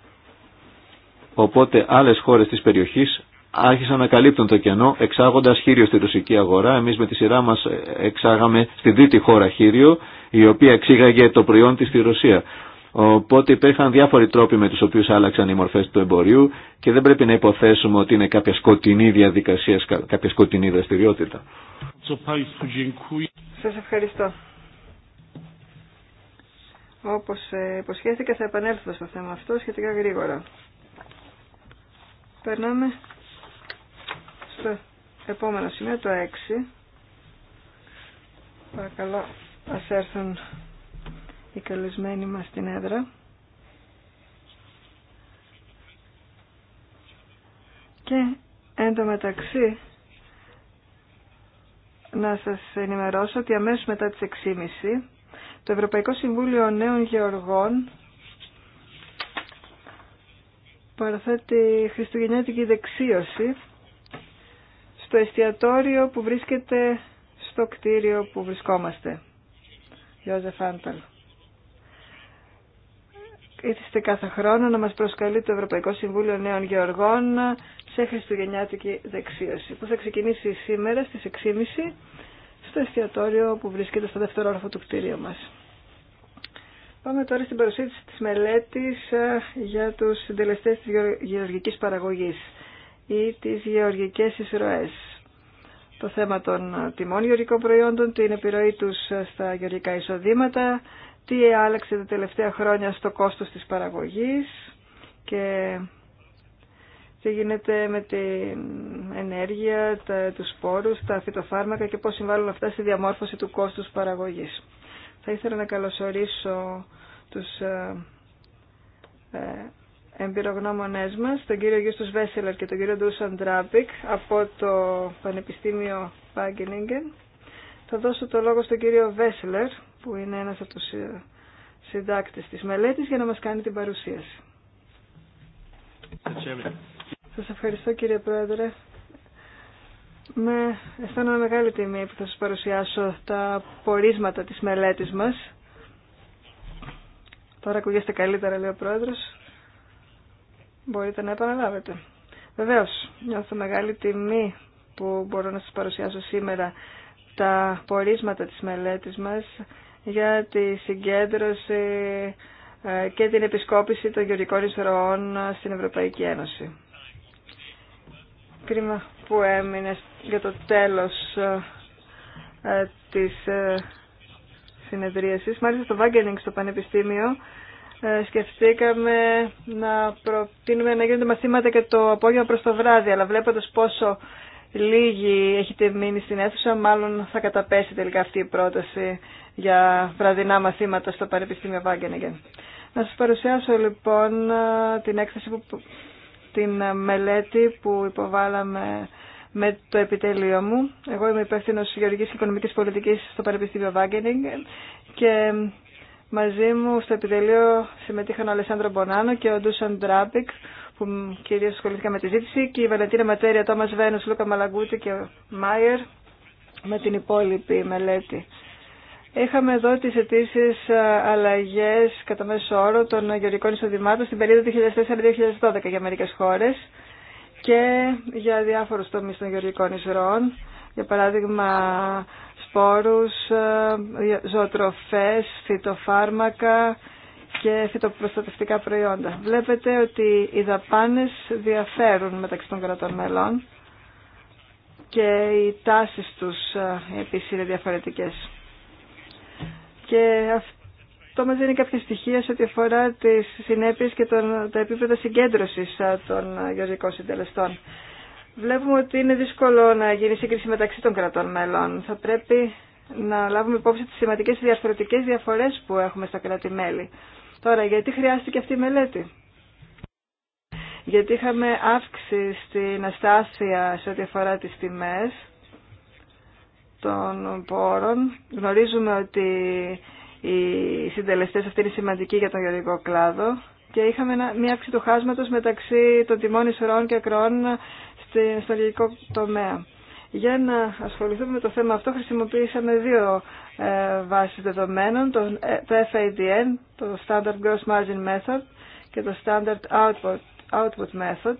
Οπότε άλλε χώρε τη περιοχή άρχισαν να καλύπτουν το κενό εξάγοντα χείριο στη ρωσική αγορά. Εμεί με τη σειρά μα εξάγαμε στην τρίτη χώρα χείριο η οποία εξήγαγε το προϊόν τη στη Ρωσία. Οπότε υπήρχαν διάφοροι τρόποι με του οποίου άλλαξαν οι μορφέ του εμπορίου και δεν πρέπει να υποθέσουμε ότι είναι κάποια σκοτεινή διαδικασία, κάποια σκοτεινή δραστηριότητα. Σα ευχαριστώ. Όπως ε, υποσχέθηκα θα επανέλθω στο θέμα αυτό σχετικά γρήγορα. Περνάμε στο επόμενο σημείο, το 6. Παρακαλώ, ας έρθουν οι καλεσμένοι μας στην έδρα. Και εν τω μεταξύ, να σας ενημερώσω ότι αμέσως μετά τις 6.30 το Ευρωπαϊκό Συμβούλιο Νέων Γεωργών παραθέτει χριστουγεννιάτικη δεξίωση στο εστιατόριο που βρίσκεται στο κτίριο που βρισκόμαστε. Γιώζεφ Άνταλ. Ήθιστε κάθε χρόνο να μας προσκαλεί το Ευρωπαϊκό Συμβούλιο Νέων Γεωργών σε χριστουγεννιάτικη δεξίωση που θα ξεκινήσει σήμερα στις 6.30 στο εστιατόριο που βρίσκεται στο δεύτερο όροφο του κτίριου μας. Πάμε τώρα στην παρουσίαση της μελέτης ε, για τους συντελεστές της γεωργικής παραγωγής ή τις γεωργικές εισρωές. Το θέμα των ε, τιμών γεωργικών προϊόντων, την επιρροή τους ε, στα γεωργικά εισοδήματα, τι άλλαξε τα τελευταία χρόνια στο κόστος της παραγωγής και τι γίνεται με την ενέργεια, τα, τους σπόρους, τα φυτοφάρμακα και πώς συμβάλλουν αυτά στη διαμόρφωση του κόστους παραγωγής. Θα ήθελα να καλωσορίσω τους ε, ε, εμπειρογνώμονές μας, τον κύριο Γιώστος Βέσελερ και τον κύριο Ντούσαν Τράπικ από το Πανεπιστήμιο Βάγκενίγκεν. Θα δώσω το λόγο στον κύριο Βέσελερ, που είναι ένας από τους ε, συντάκτες της μελέτης, για να μας κάνει την παρουσίαση. Σας ευχαριστώ κύριε Πρόεδρε. Με αισθάνομαι μεγάλη τιμή που θα σας παρουσιάσω τα πορίσματα της μελέτης μας. Τώρα ακουγέστε καλύτερα, λέει ο Πρόεδρος. Μπορείτε να επαναλάβετε. Βεβαίως, νιώθω μεγάλη τιμή που μπορώ να σας παρουσιάσω σήμερα τα πορίσματα της μελέτης μας για τη συγκέντρωση ε, και την επισκόπηση των γεωργικών ισορροών στην Ευρωπαϊκή Ένωση. Κρίμα που έμεινε για το τέλος ε, ε, της ε, συνεδρίασης. Μάλιστα στο Βάγκενινγκ στο Πανεπιστήμιο ε, σκεφτήκαμε να προτείνουμε να γίνονται μαθήματα και το απόγευμα προς το βράδυ, αλλά βλέποντα πόσο λίγοι έχετε μείνει στην αίθουσα, μάλλον θα καταπέσει τελικά αυτή η πρόταση για βραδινά μαθήματα στο Πανεπιστήμιο Βάγκενιγκεν. Να σας παρουσιάσω λοιπόν την έκθεση που στην μελέτη που υποβάλαμε με το επιτέλειο μου. Εγώ είμαι υπεύθυνο γεωργική και οικονομική πολιτική στο Πανεπιστήμιο Βάγκενινγκ και μαζί μου στο επιτελείο συμμετείχαν ο Αλεσάνδρο Μπονάνο και ο Ντούσαν Ντράπικ που κυρίω ασχολήθηκαν με τη ζήτηση και η Βαλεντίνα Ματέρια, Τόμα Βένου, Λούκα Μαλαγκούτη και Μάιερ με την υπόλοιπη μελέτη. Είχαμε εδώ τις αιτήσει αλλαγές κατά μέσο όρο των γεωργικών εισοδημάτων στην περίοδο 2004-2012 για μερικές χώρες και για διάφορους τομείς των γεωργικών εισρώων, για παράδειγμα σπόρους, ζωοτροφές, φυτοφάρμακα και φυτοπροστατευτικά προϊόντα. Βλέπετε ότι οι δαπάνες διαφέρουν μεταξύ των κρατών μελών και οι τάσεις τους επίσης είναι διαφορετικές. Και αυτό μας δίνει κάποια στοιχεία σε ό,τι αφορά τις συνέπειες και τον, τα επίπεδα συγκέντρωσης των γεωργικών συντελεστών. Βλέπουμε ότι είναι δύσκολο να γίνει σύγκριση μεταξύ των κρατών μέλων. Θα πρέπει να λάβουμε υπόψη τις σημαντικές διαφορετικές διαφορές που έχουμε στα κράτη-μέλη. Τώρα, γιατί χρειάστηκε αυτή η μελέτη. Γιατί είχαμε αύξηση στην αστάθεια σε ό,τι αφορά τις τιμές των πόρων. Γνωρίζουμε ότι οι συντελεστές αυτοί είναι σημαντικοί για τον γεωργικό κλάδο και είχαμε μια αύξηση του χάσματος μεταξύ των τιμών ισορών και ακρών στον γεωργικό τομέα. Για να ασχοληθούμε με το θέμα αυτό χρησιμοποίησαμε δύο ε, βάσεις δεδομένων, το, ε, το FADN, το Standard Gross Margin Method και το Standard Output, Output Method.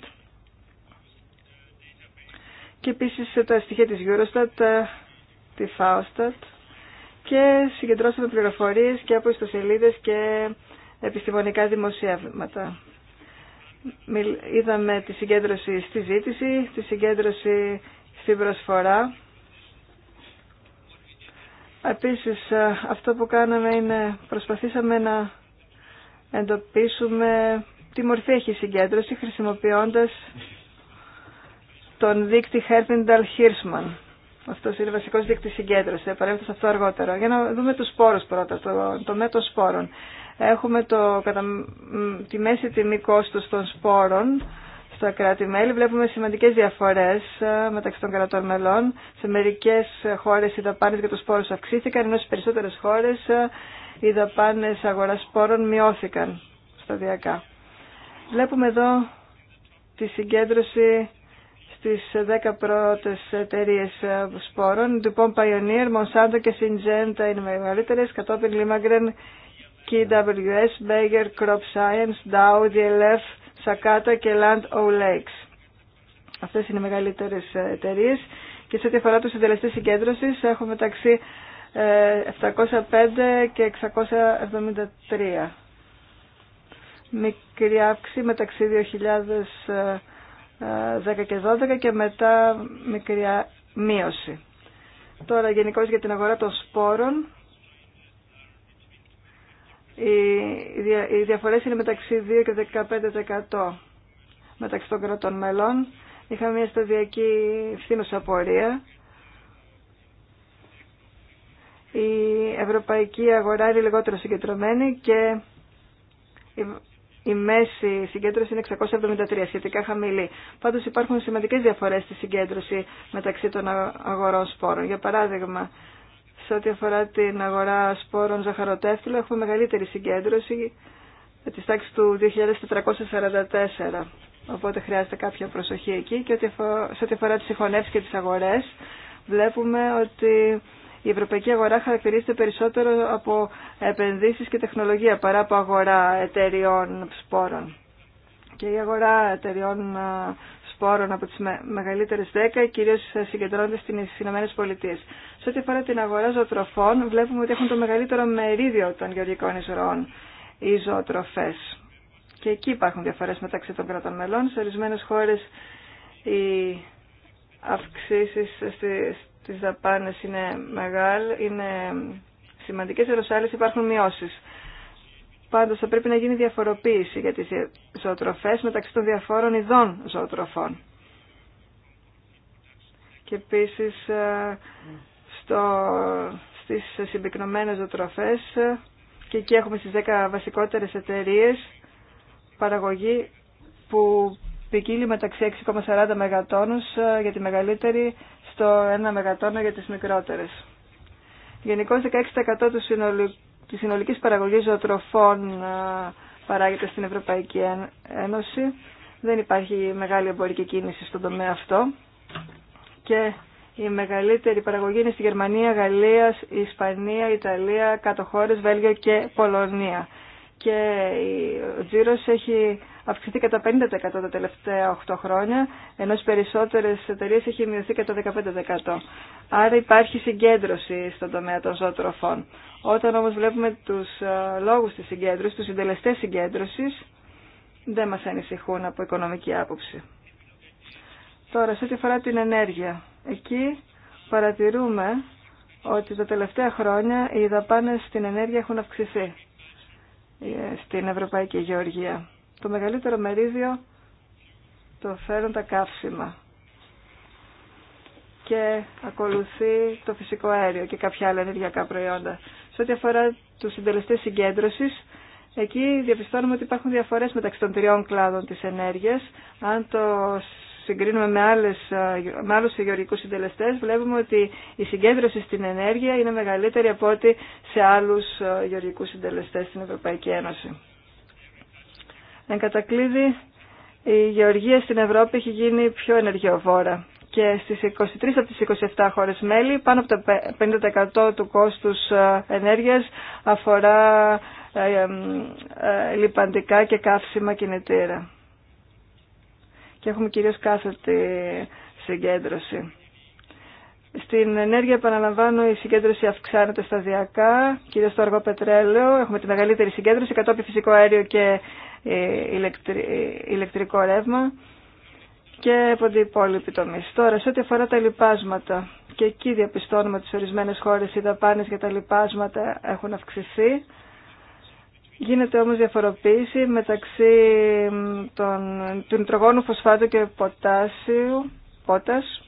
Και επίσης τα στοιχεία της Eurostat ε, τη Φάουστατ και συγκεντρώσαμε πληροφορίες και από ιστοσελίδες και επιστημονικά δημοσιεύματα. Είδαμε τη συγκέντρωση στη ζήτηση, τη συγκέντρωση στην προσφορά. Επίση αυτό που κάναμε είναι προσπαθήσαμε να εντοπίσουμε τι μορφή έχει η συγκέντρωση χρησιμοποιώντας τον δείκτη Herpindal-Hirschman. Αυτό είναι βασικό δείκτη συγκέντρωση. Θα ε, σε αυτό αργότερα. Για να δούμε του σπόρου πρώτα, το, το μέτρο σπόρων. Έχουμε το, κατα, τη μέση τιμή κόστου των σπόρων στα κράτη-μέλη. Βλέπουμε σημαντικέ διαφορέ ε, μεταξύ των κρατών μελών. Σε μερικέ χώρε οι δαπάνε για του σπόρου αυξήθηκαν, ενώ σε περισσότερε χώρε ε, οι δαπάνε αγορά σπόρων μειώθηκαν σταδιακά. Βλέπουμε εδώ τη συγκέντρωση στις 10 πρώτες εταιρείες ε, σπόρων. DuPont Pioneer, Monsanto και Syngenta είναι μεγαλύτερες, κατόπιν Limagren, KWS, Baker, Crop Science, Dow, DLF, Sakata και Land O Lakes. Αυτές είναι οι μεγαλύτερες ε, εταιρείες. Και σε ό,τι αφορά τους συντελεστές συγκέντρωσης έχουμε μεταξύ 705 ε, και 673. Μικρή αύξηση μεταξύ 2000 10 και 12 και μετά μικρή μείωση. Τώρα γενικώ για την αγορά των σπόρων. Οι διαφορές είναι μεταξύ 2 και 15% μεταξύ των κρατών μελών. Είχαμε μια σταδιακή φθήνουσα πορεία. Η ευρωπαϊκή αγορά είναι λιγότερο συγκεντρωμένη και η μέση συγκέντρωση είναι 673, σχετικά χαμηλή. Πάντως υπάρχουν σημαντικές διαφορές στη συγκέντρωση μεταξύ των αγορών σπόρων. Για παράδειγμα, σε ό,τι αφορά την αγορά σπόρων ζαχαροτέφυλλου έχουμε μεγαλύτερη συγκέντρωση της τάξης του 2444. Οπότε χρειάζεται κάποια προσοχή εκεί και σε ό,τι αφορά τις συγχωνεύσεις και τις αγορές βλέπουμε ότι η ευρωπαϊκή αγορά χαρακτηρίζεται περισσότερο από επενδύσεις και τεχνολογία παρά από αγορά εταιριών σπόρων. Και η αγορά εταιριών σπόρων από τις μεγαλύτερες 10 κυρίως συγκεντρώνεται στις ΗΠΑ. Σε ό,τι αφορά την αγορά ζωοτροφών βλέπουμε ότι έχουν το μεγαλύτερο μερίδιο των γεωργικών εισρωών οι ζωοτροφές. Και εκεί υπάρχουν διαφορές μεταξύ των κρατών μελών. Σε ορισμένες χώρες οι αυξήσεις τις δαπάνες είναι μεγάλη, είναι σημαντικές, ενώ σε υπάρχουν μειώσεις. Πάντως θα πρέπει να γίνει διαφοροποίηση για τις ζωοτροφές μεταξύ των διαφόρων ειδών ζωοτροφών. Και επίσης ε, στο, στις συμπυκνωμένες ζωοτροφές και εκεί έχουμε στις 10 βασικότερες εταιρείε παραγωγή που ποικίλει μεταξύ 6,40 μεγατόνους ε, για τη μεγαλύτερη το 1 μεγατόνο για τις μικρότερες. Γενικώ 16% του συνολου... της συνολικής παραγωγής ζωοτροφών ε, παράγεται στην Ευρωπαϊκή Ένωση. Δεν υπάρχει μεγάλη εμπορική κίνηση στον τομέα αυτό. Και η μεγαλύτερη παραγωγή είναι στη Γερμανία, Γαλλία, Ισπανία, Ιταλία, κάτω χώρες, Βέλγιο και Πολωνία. Και ο τζίρος έχει αυξηθεί κατά 50% τα τελευταία 8 χρόνια, ενώ στις περισσότερες εταιρείες έχει μειωθεί κατά 15%. Άρα υπάρχει συγκέντρωση στον τομέα των ζωοτροφών. Όταν όμως βλέπουμε τους ε, λόγους της συγκέντρωσης, τους συντελεστές συγκέντρωσης, δεν μας ανησυχούν από οικονομική άποψη. Τώρα, σε ό,τι αφορά την ενέργεια, εκεί παρατηρούμε ότι τα τελευταία χρόνια οι δαπάνες στην ενέργεια έχουν αυξηθεί ε, στην Ευρωπαϊκή Γεωργία. Το μεγαλύτερο μερίδιο το φέρουν τα καύσιμα και ακολουθεί το φυσικό αέριο και κάποια άλλα ενεργειακά προϊόντα. Σε ό,τι αφορά τους συντελεστές συγκέντρωσης, εκεί διαπιστώνουμε ότι υπάρχουν διαφορές μεταξύ των τριών κλάδων της ενέργειας. Αν το συγκρίνουμε με, άλλες, με άλλους γεωργικούς συντελεστές, βλέπουμε ότι η συγκέντρωση στην ενέργεια είναι μεγαλύτερη από ό,τι σε άλλους γεωργικούς συντελεστές στην Ευρωπαϊκή Ένωση. Εν κατακλείδη, η γεωργία στην Ευρώπη έχει γίνει πιο ενεργειοβόρα και στις 23 από τις 27 χώρες μέλη πάνω από το 50% του κόστους ε, ενέργειας αφορά ε, ε, λιπαντικά και καύσιμα κινητήρα. Και έχουμε κυρίως κάθετη συγκέντρωση. Στην ενέργεια, επαναλαμβάνω, η συγκέντρωση αυξάνεται σταδιακά, κυρίως στο αργό πετρέλαιο. Έχουμε τη μεγαλύτερη συγκέντρωση, κατόπιν φυσικό αέριο και ηλεκτρικό ρεύμα και από την υπόλοιπη τομή. Τώρα, σε ό,τι αφορά τα λοιπάσματα, και εκεί διαπιστώνουμε ότι σε ορισμένε χώρε οι δαπάνε για τα λοιπάσματα έχουν αυξηθεί. Γίνεται όμως διαφοροποίηση μεταξύ των, του νητρογόνου φωσφάτου και ποτάσιου, πότας.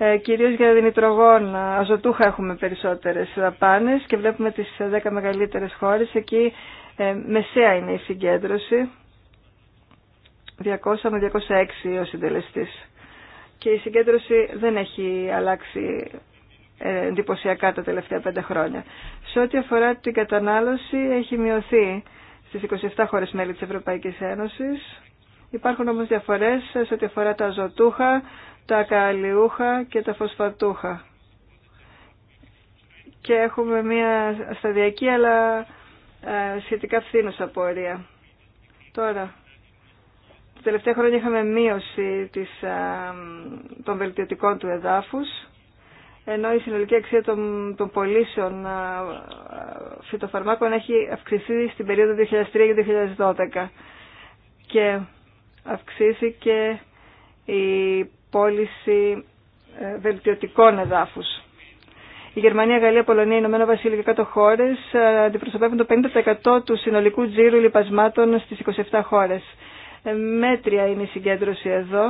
Ε, κυρίως για νητρογόνα, ε, αζωτούχα έχουμε περισσότερες δαπάνες και βλέπουμε τις 10 μεγαλύτερες χώρες. Εκεί ε, μεσαία είναι η συγκέντρωση, 200 με 206 ο συντελεστής. Και η συγκέντρωση δεν έχει αλλάξει ε, εντυπωσιακά τα τελευταία πέντε χρόνια. Σε ό,τι αφορά την κατανάλωση έχει μειωθεί στις 27 χώρες μέλη της Ευρωπαϊκής Ένωσης. Υπάρχουν όμως διαφορές σε ό,τι αφορά τα ζωτούχα, τα καλλιούχα και τα φωσφατούχα. Και έχουμε μια σταδιακή αλλά ε, σχετικά φθήνουσα πορεία. Τώρα, τα τελευταία χρόνια είχαμε μείωση της, ε, των βελτιωτικών του εδάφους, ενώ η συνολική αξία των, των πωλήσεων ε, φυτοφαρμάκων έχει αυξηθεί στην περίοδο 2003-2012 και αυξήθηκε η πώληση βελτιωτικών εδάφους. Η Γερμανία, Γαλλία, Πολωνία, Ηνωμένα Βασίλειο και κάτω χώρε ε, αντιπροσωπεύουν το 50% του συνολικού τζίρου λοιπασμάτων στι 27 χώρε. Μέτρια είναι η συγκέντρωση εδώ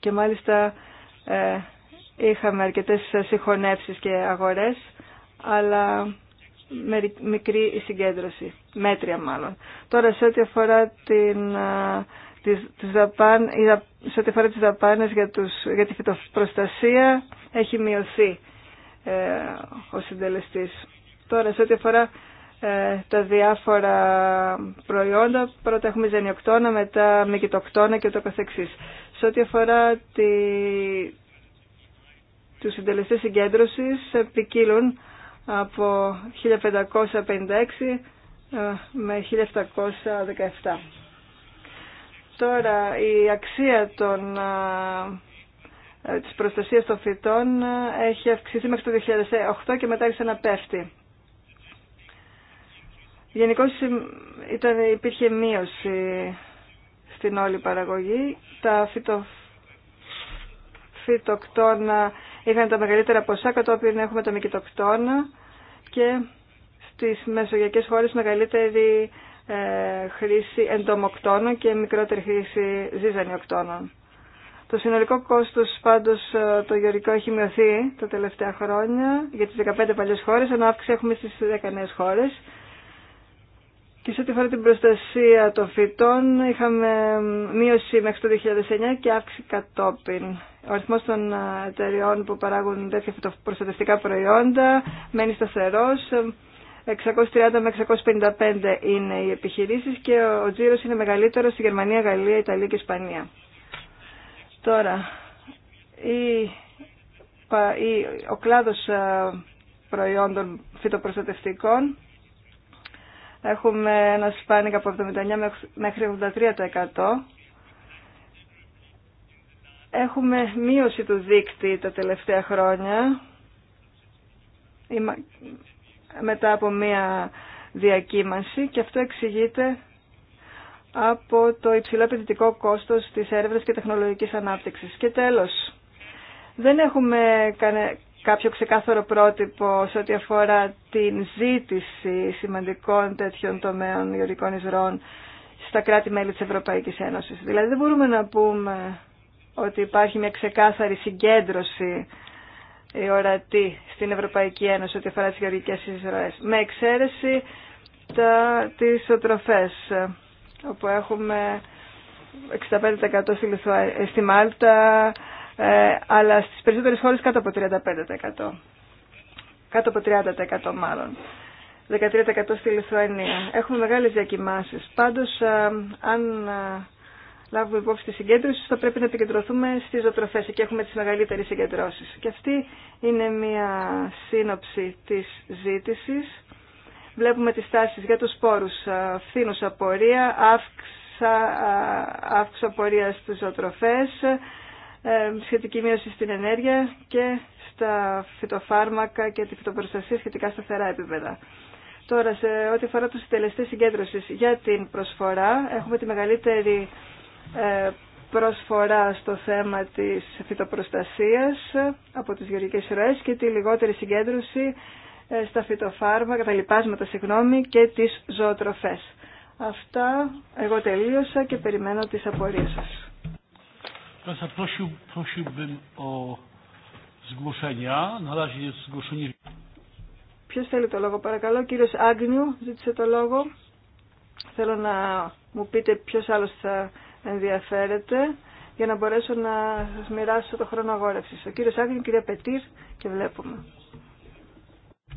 και μάλιστα ε, είχαμε αρκετέ συγχωνεύσει και αγορέ, αλλά μικρή η συγκέντρωση, μέτρια μάλλον. Τώρα σε ό,τι αφορά την, ε, τις, σε ό,τι δαπάνες για, για τη φυτοπροστασία έχει μειωθεί ε, ο συντελεστής. Τώρα, σε ό,τι αφορά ε, τα διάφορα προϊόντα, πρώτα έχουμε ζενιοκτώνα, μετά Μεγιτοκτώνα και το καθεξής. Σε ό,τι αφορά τη, τους συντελεστές συγκέντρωσης, επικύλουν από 1556 ε, με 1717. Τώρα, η αξία των ε, της προστασίας των φυτών ε, έχει αυξηθεί μέχρι το 2008 και μετά άρχισε να πέφτει. Γενικώ υπήρχε μείωση στην όλη παραγωγή. Τα φυτο, φυτοκτόνα είχαν τα μεγαλύτερα ποσά, κατόπιν έχουμε τα μικητοκτόνα και στις μεσογειακές χώρες μεγαλύτερη ε, χρήση εντομοκτόνων και μικρότερη χρήση ζύζανιοκτόνων. Το συνολικό κόστος πάντως ε, το γεωρικό έχει μειωθεί τα τελευταία χρόνια για τις 15 παλιές χώρες, ενώ αύξηση έχουμε στις 10 νέες χώρες. Και σε ό,τι αφορά την προστασία των φυτών, είχαμε μείωση μέχρι το 2009 και αύξηση κατόπιν. Ο αριθμό των ε, εταιριών που παράγουν τέτοια φυτοπροστατευτικά προϊόντα μένει σταθερό. 630 με 655 είναι οι επιχειρήσεις και ο τζίρο είναι μεγαλύτερο στη Γερμανία, Γαλλία, Ιταλία και Ισπανία. Τώρα, ο κλάδος ε, προϊόντων φυτοπροστατευτικών έχουμε ένα σπάνικ από 79 μέχρι 83% Έχουμε μείωση του δίκτυ τα τελευταία χρόνια μετά από μία διακύμανση και αυτό εξηγείται από το υψηλό επενδυτικό κόστος της έρευνας και τεχνολογικής ανάπτυξης. Και τέλος, δεν έχουμε κάποιο ξεκάθαρο πρότυπο σε ό,τι αφορά την ζήτηση σημαντικών τέτοιων τομέων γεωργικών εισρώων στα κράτη-μέλη της Ευρωπαϊκής Ένωσης. Δηλαδή δεν μπορούμε να πούμε ότι υπάρχει μια ξεκάθαρη συγκέντρωση η ορατή στην Ευρωπαϊκή Ένωση ό,τι αφορά τις γεωργικές εισρωές. Με εξαίρεση τα, τις οτροφές όπου έχουμε 65% στη, ε, στη Μάλτα, ε, αλλά στις περισσότερες χώρες κάτω από 35%. Κάτω από 30% μάλλον. 13% στη Λιθουανία. Έχουμε μεγάλες διακοιμάσεις. Πάντως, ε, αν λάβουμε υπόψη τη συγκέντρωση, θα πρέπει να επικεντρωθούμε στις ζωτροφές. και έχουμε τις μεγαλύτερες συγκεντρώσεις. Και αυτή είναι μια σύνοψη της ζήτησης βλέπουμε τις τάσεις για τους σπόρους. Φθήνουσα απορία, αύξα, απορία πορεία στους ζωοτροφές, ε, σχετική μείωση στην ενέργεια και στα φυτοφάρμακα και τη φυτοπροστασία σχετικά σταθερά επίπεδα. Τώρα, σε ό,τι αφορά τους συντελεστές συγκέντρωσης για την προσφορά, έχουμε τη μεγαλύτερη ε, προσφορά στο θέμα της φυτοπροστασίας από τις γεωργικές ροές και τη λιγότερη συγκέντρωση ε, στα φυτοφάρμακα, τα λοιπάσματα, συγγνώμη, και τις ζωοτροφές. Αυτά εγώ τελείωσα και περιμένω τις απορίες σας. Ποιο θέλει το λόγο, παρακαλώ. κύριος Άγνιου ζήτησε το λόγο. Θέλω να μου πείτε ποιος άλλος θα ενδιαφέρεται για να μπορέσω να σας μοιράσω το χρόνο αγόρευσης. Ο κύριος Άγνιου, κυρία Πετήρ και βλέπουμε.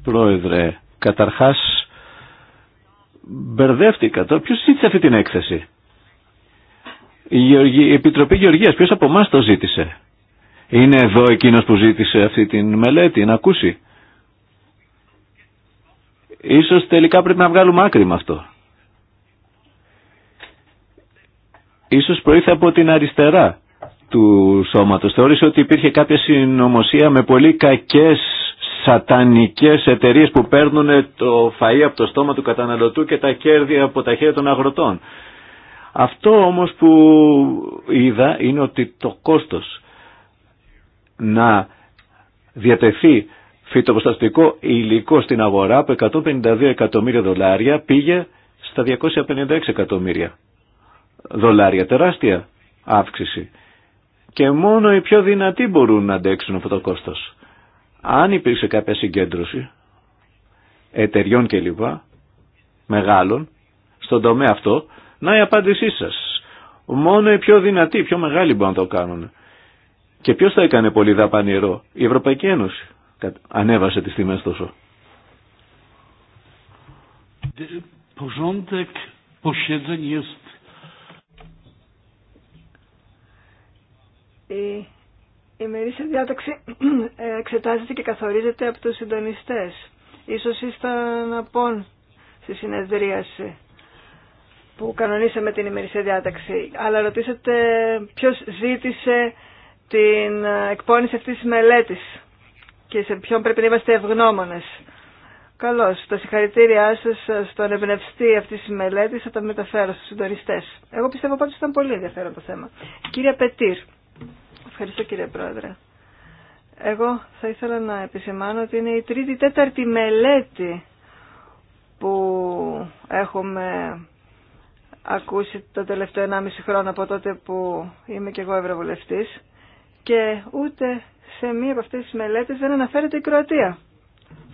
Πρόεδρε, καταρχάς μπερδεύτηκα το Ποιος ζήτησε αυτή την έκθεση. Η Επιτροπή Γεωργίας, ποιος από εμά το ζήτησε. Είναι εδώ εκείνος που ζήτησε αυτή την μελέτη, να ακούσει. Ίσως τελικά πρέπει να βγάλουμε άκρη με αυτό. Ίσως προήλθε από την αριστερά του σώματος. Θεώρησε ότι υπήρχε κάποια συνωμοσία με πολύ κακές σατανικές εταιρείε που παίρνουν το φαΐ από το στόμα του καταναλωτού και τα κέρδη από τα χέρια των αγροτών. Αυτό όμως που είδα είναι ότι το κόστος να διατεθεί φυτοποσταστικό υλικό στην αγορά από 152 εκατομμύρια δολάρια πήγε στα 256 εκατομμύρια δολάρια. Τεράστια αύξηση. Και μόνο οι πιο δυνατοί μπορούν να αντέξουν αυτό το κόστος. Αν υπήρξε κάποια συγκέντρωση εταιριών λοιπά, μεγάλων στον τομέα αυτό, να η απάντησή σας. Μόνο οι πιο δυνατοί, οι πιο μεγάλοι μπορούν να το κάνουν. Και ποιος θα έκανε πολύ δαπανηρό, η Ευρωπαϊκή Ένωση ανέβασε τις τιμές τόσο. Η η μερίσια διάταξη ε, εξετάζεται και καθορίζεται από τους συντονιστές. Ίσως ήσταν απόν στη συνεδρίαση που κανονίσαμε την ημερησία διάταξη. Αλλά ρωτήσατε ποιος ζήτησε την ε, εκπόνηση αυτής της μελέτης και σε ποιον πρέπει να είμαστε ευγνώμονες. Καλώς. Τα συγχαρητήριά σας ε, στον εμπνευστή αυτής της μελέτης θα τα μεταφέρω στους συντονιστές. Εγώ πιστεύω πάντως ήταν πολύ ενδιαφέρον το θέμα. Κύριε Πετήρ. Ευχαριστώ κύριε Πρόεδρε. Εγώ θα ήθελα να επισημάνω ότι είναι η τρίτη τέταρτη μελέτη που έχουμε ακούσει το τελευταίο 1,5 χρόνο από τότε που είμαι και εγώ ευρωβουλευτής και ούτε σε μία από αυτές τις μελέτες δεν αναφέρεται η Κροατία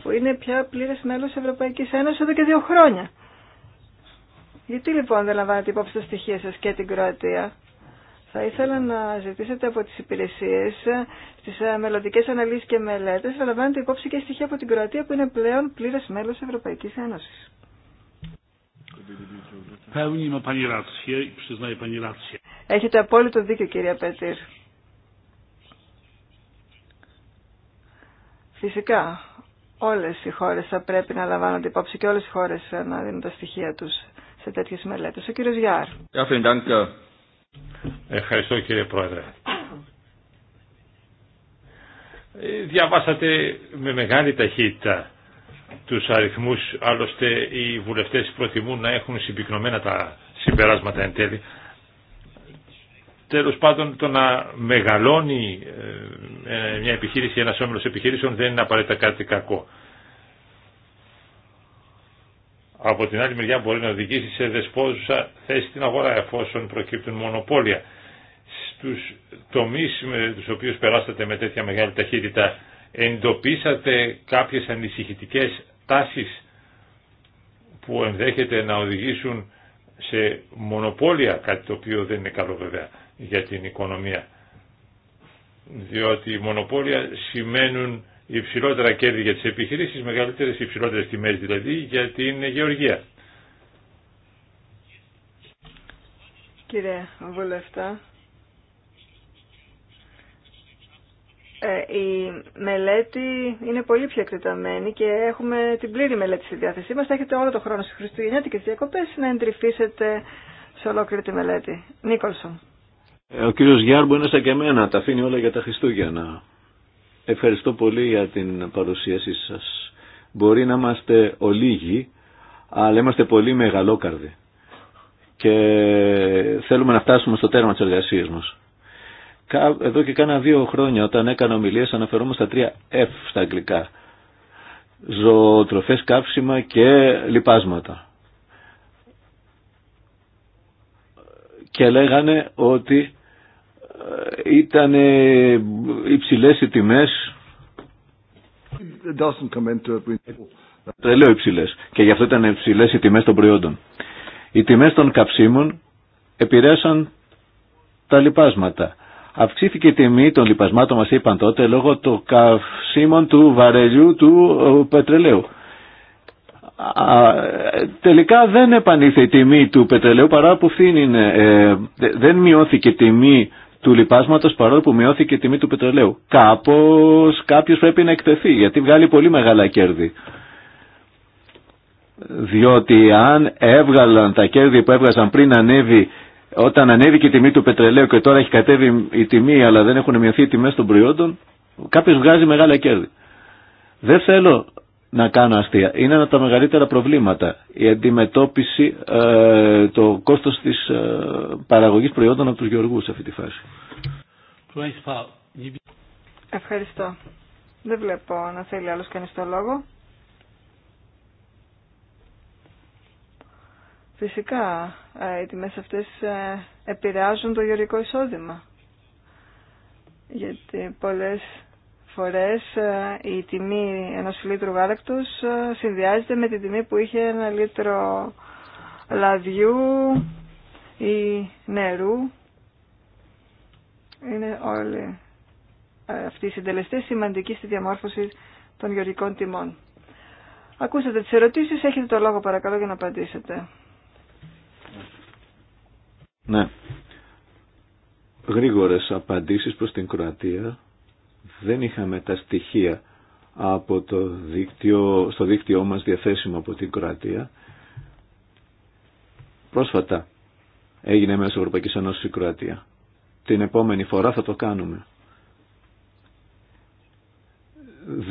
που είναι πια πλήρες μέλος Ευρωπαϊκής Ένωσης εδώ και δύο χρόνια. Γιατί λοιπόν δεν λαμβάνετε υπόψη τα στοιχεία σας και την Κροατία θα ήθελα να ζητήσετε από τις υπηρεσίες, στις ε, μελλοντικές αναλύσεις και μελέτες, να λαμβάνετε υπόψη και στοιχεία από την Κροατία που είναι πλέον πλήρες μέλος Ευρωπαϊκής Ένωσης. Έχετε απόλυτο δίκιο κυρία Πέτυρ. Φυσικά, όλες οι χώρες θα πρέπει να λαμβάνονται υπόψη και όλες οι χώρες να δίνουν τα στοιχεία τους σε τέτοιες μελέτες. Ο κύριος Γιάρ. Ευχαριστώ κύριε Πρόεδρε. Διαβάσατε με μεγάλη ταχύτητα τους αριθμούς, άλλωστε οι βουλευτές προτιμούν να έχουν συμπυκνωμένα τα συμπεράσματα εν τέλει. Τέλος πάντων το να μεγαλώνει ε, μια επιχείρηση, ένας όμιλος επιχείρησεων δεν είναι απαραίτητα κάτι κακό από την άλλη μεριά μπορεί να οδηγήσει σε δεσπόζουσα θέση στην αγορά εφόσον προκύπτουν μονοπόλια. Στους τομείς με τους οποίους περάσατε με τέτοια μεγάλη ταχύτητα εντοπίσατε κάποιες ανησυχητικές τάσεις που ενδέχεται να οδηγήσουν σε μονοπόλια, κάτι το οποίο δεν είναι καλό βέβαια για την οικονομία. Διότι οι μονοπόλια σημαίνουν υψηλότερα κέρδη για τις επιχειρήσεις, μεγαλύτερες υψηλότερες τιμές δηλαδή για την γεωργία. Κύριε Βουλευτά, ε, η μελέτη είναι πολύ πιο εκτεταμένη και έχουμε την πλήρη μελέτη στη διάθεσή μας. Θα έχετε όλο το χρόνο στις διακοπές να εντρυφήσετε σε ολόκληρη τη μελέτη. Νίκολσον. Ε, ο κύριος Γιάρμπου είναι σαν και εμένα, τα αφήνει όλα για τα Χριστούγεννα. Ευχαριστώ πολύ για την παρουσίασή σας. Μπορεί να είμαστε ολίγοι, αλλά είμαστε πολύ μεγαλόκαρδοι. Και θέλουμε να φτάσουμε στο τέρμα της εργασίας μας. Εδώ και κάνα δύο χρόνια όταν έκανα ομιλίες αναφερόμαστε στα τρία F στα αγγλικά. Ζωοτροφές, κάψιμα και λιπάσματα. Και λέγανε ότι ήταν υψηλές οι τιμές το και γι' αυτό ήταν υψηλές οι τιμές των προϊόντων οι τιμές των καψίμων επηρέασαν τα λιπάσματα. αυξήθηκε η τιμή των λιπασμάτων, μας είπαν τότε λόγω των καυσίμων του βαρελιού του ε, πετρελαίου τελικά δεν επανήλθε η τιμή του πετρελαίου παρά που ε, δεν μειώθηκε η τιμή του λιπάσματος παρόλο που μειώθηκε η τιμή του πετρελαίου. Κάπως κάποιος πρέπει να εκτεθεί γιατί βγάλει πολύ μεγάλα κέρδη. Διότι αν έβγαλαν τα κέρδη που έβγαζαν πριν ανέβει όταν ανέβηκε η τιμή του πετρελαίου και τώρα έχει κατέβει η τιμή αλλά δεν έχουν μειωθεί οι τιμές των προϊόντων, κάποιος βγάζει μεγάλα κέρδη. Δεν θέλω να κάνω αστεία. Είναι ένα από τα μεγαλύτερα προβλήματα. Η αντιμετώπιση, ε, το κόστος της ε, παραγωγής προϊόντων από τους γεωργούς σε αυτή τη φάση. Ευχαριστώ. Δεν βλέπω να θέλει άλλος κανείς το λόγο. Φυσικά, ε, οι τιμές αυτές ε, επηρεάζουν το γεωργικό εισόδημα. Γιατί πολλές φορές ε, η τιμή ενός λίτρου γάλακτος ε, συνδυάζεται με την τιμή που είχε ένα λίτρο λαδιού ή νερού. Είναι όλοι ε, αυτοί οι συντελεστές σημαντικοί στη διαμόρφωση των γεωργικών τιμών. Ακούσατε τις ερωτήσεις, έχετε το λόγο παρακαλώ για να απαντήσετε. Ναι. Γρήγορες απαντήσεις προς την Κροατία δεν είχαμε τα στοιχεία από το δίκτυο, στο δίκτυό μας διαθέσιμο από την Κροατία. Πρόσφατα έγινε μέσα Ευρωπαϊκή Ευρωπαϊκής Ένωσης η Κροατία. Την επόμενη φορά θα το κάνουμε.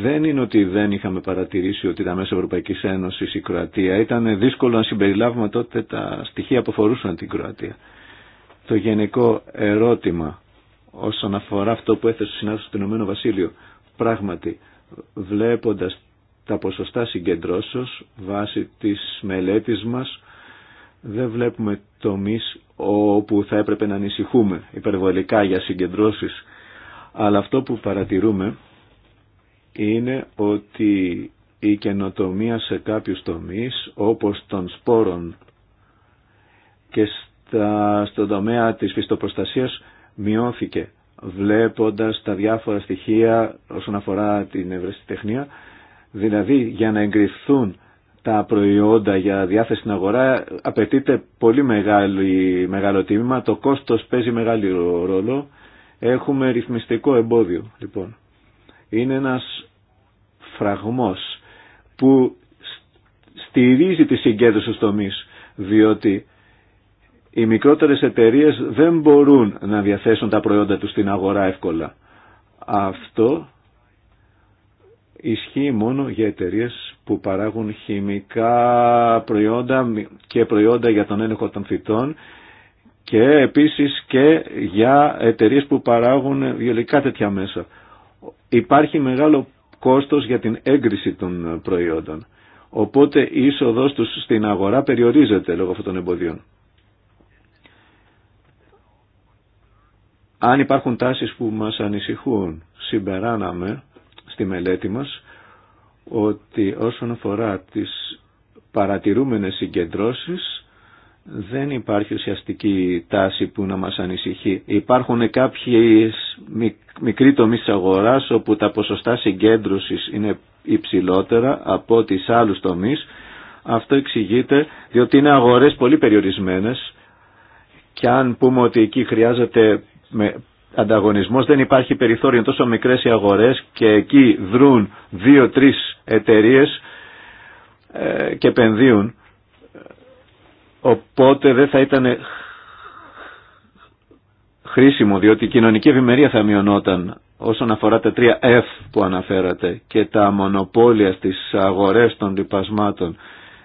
Δεν είναι ότι δεν είχαμε παρατηρήσει ότι τα μέσα Ευρωπαϊκή Ένωση η Κροατία ήταν δύσκολο να συμπεριλάβουμε τότε τα στοιχεία που αφορούσαν την Κροατία. Το γενικό ερώτημα όσον αφορά αυτό που έθεσε ο συνάδελφος του Ηνωμένου Βασίλειο. Πράγματι, βλέποντας τα ποσοστά συγκεντρώσεως βάσει της μελέτης μας, δεν βλέπουμε τομείς όπου θα έπρεπε να ανησυχούμε υπερβολικά για συγκεντρώσεις. Αλλά αυτό που παρατηρούμε είναι ότι η καινοτομία σε κάποιους τομείς όπως των σπόρων και στα, στον τομέα της πιστοπροστασίας μειώθηκε βλέποντας τα διάφορα στοιχεία όσον αφορά την ευρεσιτεχνία. Δηλαδή για να εγκριθούν τα προϊόντα για διάθεση στην αγορά απαιτείται πολύ μεγάλη, μεγάλο τίμημα, το κόστος παίζει μεγάλο ρόλο, έχουμε ρυθμιστικό εμπόδιο λοιπόν. Είναι ένας φραγμός που στηρίζει τη συγκέντρωση στους τομείς, διότι οι μικρότερες εταιρείες δεν μπορούν να διαθέσουν τα προϊόντα τους στην αγορά εύκολα. Αυτό ισχύει μόνο για εταιρείες που παράγουν χημικά προϊόντα και προϊόντα για τον έλεγχο των φυτών και επίσης και για εταιρείες που παράγουν βιολικά τέτοια μέσα. Υπάρχει μεγάλο κόστος για την έγκριση των προϊόντων. Οπότε η είσοδος τους στην αγορά περιορίζεται λόγω αυτών των εμποδίων. Αν υπάρχουν τάσεις που μας ανησυχούν, συμπεράναμε στη μελέτη μας ότι όσον αφορά τις παρατηρούμενες συγκεντρώσεις δεν υπάρχει ουσιαστική τάση που να μας ανησυχεί. Υπάρχουν κάποιοι μικροί τομείς της αγοράς όπου τα ποσοστά συγκέντρωσης είναι υψηλότερα από τις άλλους τομείς. Αυτό εξηγείται διότι είναι αγορές πολύ περιορισμένες και αν πούμε ότι εκεί χρειάζεται με ανταγωνισμός δεν υπάρχει περιθώριο τόσο μικρές οι αγορές και εκεί δρούν δύο-τρεις εταιρείες ε, και επενδύουν οπότε δεν θα ήταν χρήσιμο διότι η κοινωνική ευημερία θα μειωνόταν όσον αφορά τα τρία F που αναφέρατε και τα μονοπόλια στις αγορές των λοιπασμάτων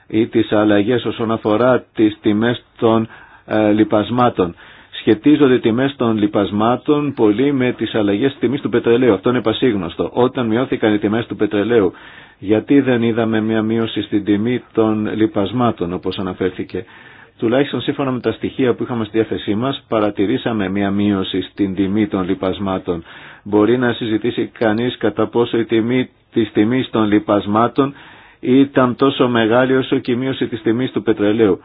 ή τις αλλαγές όσον αφορά τις τιμές των ε, λοιπασμάτων σχετίζονται οι τιμέ των λιπασμάτων πολύ με τι αλλαγέ τη τιμή του πετρελαίου. Αυτό είναι πασίγνωστο. Όταν μειώθηκαν οι τιμέ του πετρελαίου, γιατί δεν είδαμε μια μείωση στην τιμή των λιπασμάτων, όπω αναφέρθηκε. Τουλάχιστον σύμφωνα με τα στοιχεία που είχαμε στη διάθεσή μα, παρατηρήσαμε μια μείωση στην τιμή των λιπασμάτων. Μπορεί να συζητήσει κανεί κατά πόσο η τιμή τη τιμή των λιπασμάτων ήταν τόσο μεγάλη όσο και η μείωση τη τιμή του πετρελαίου.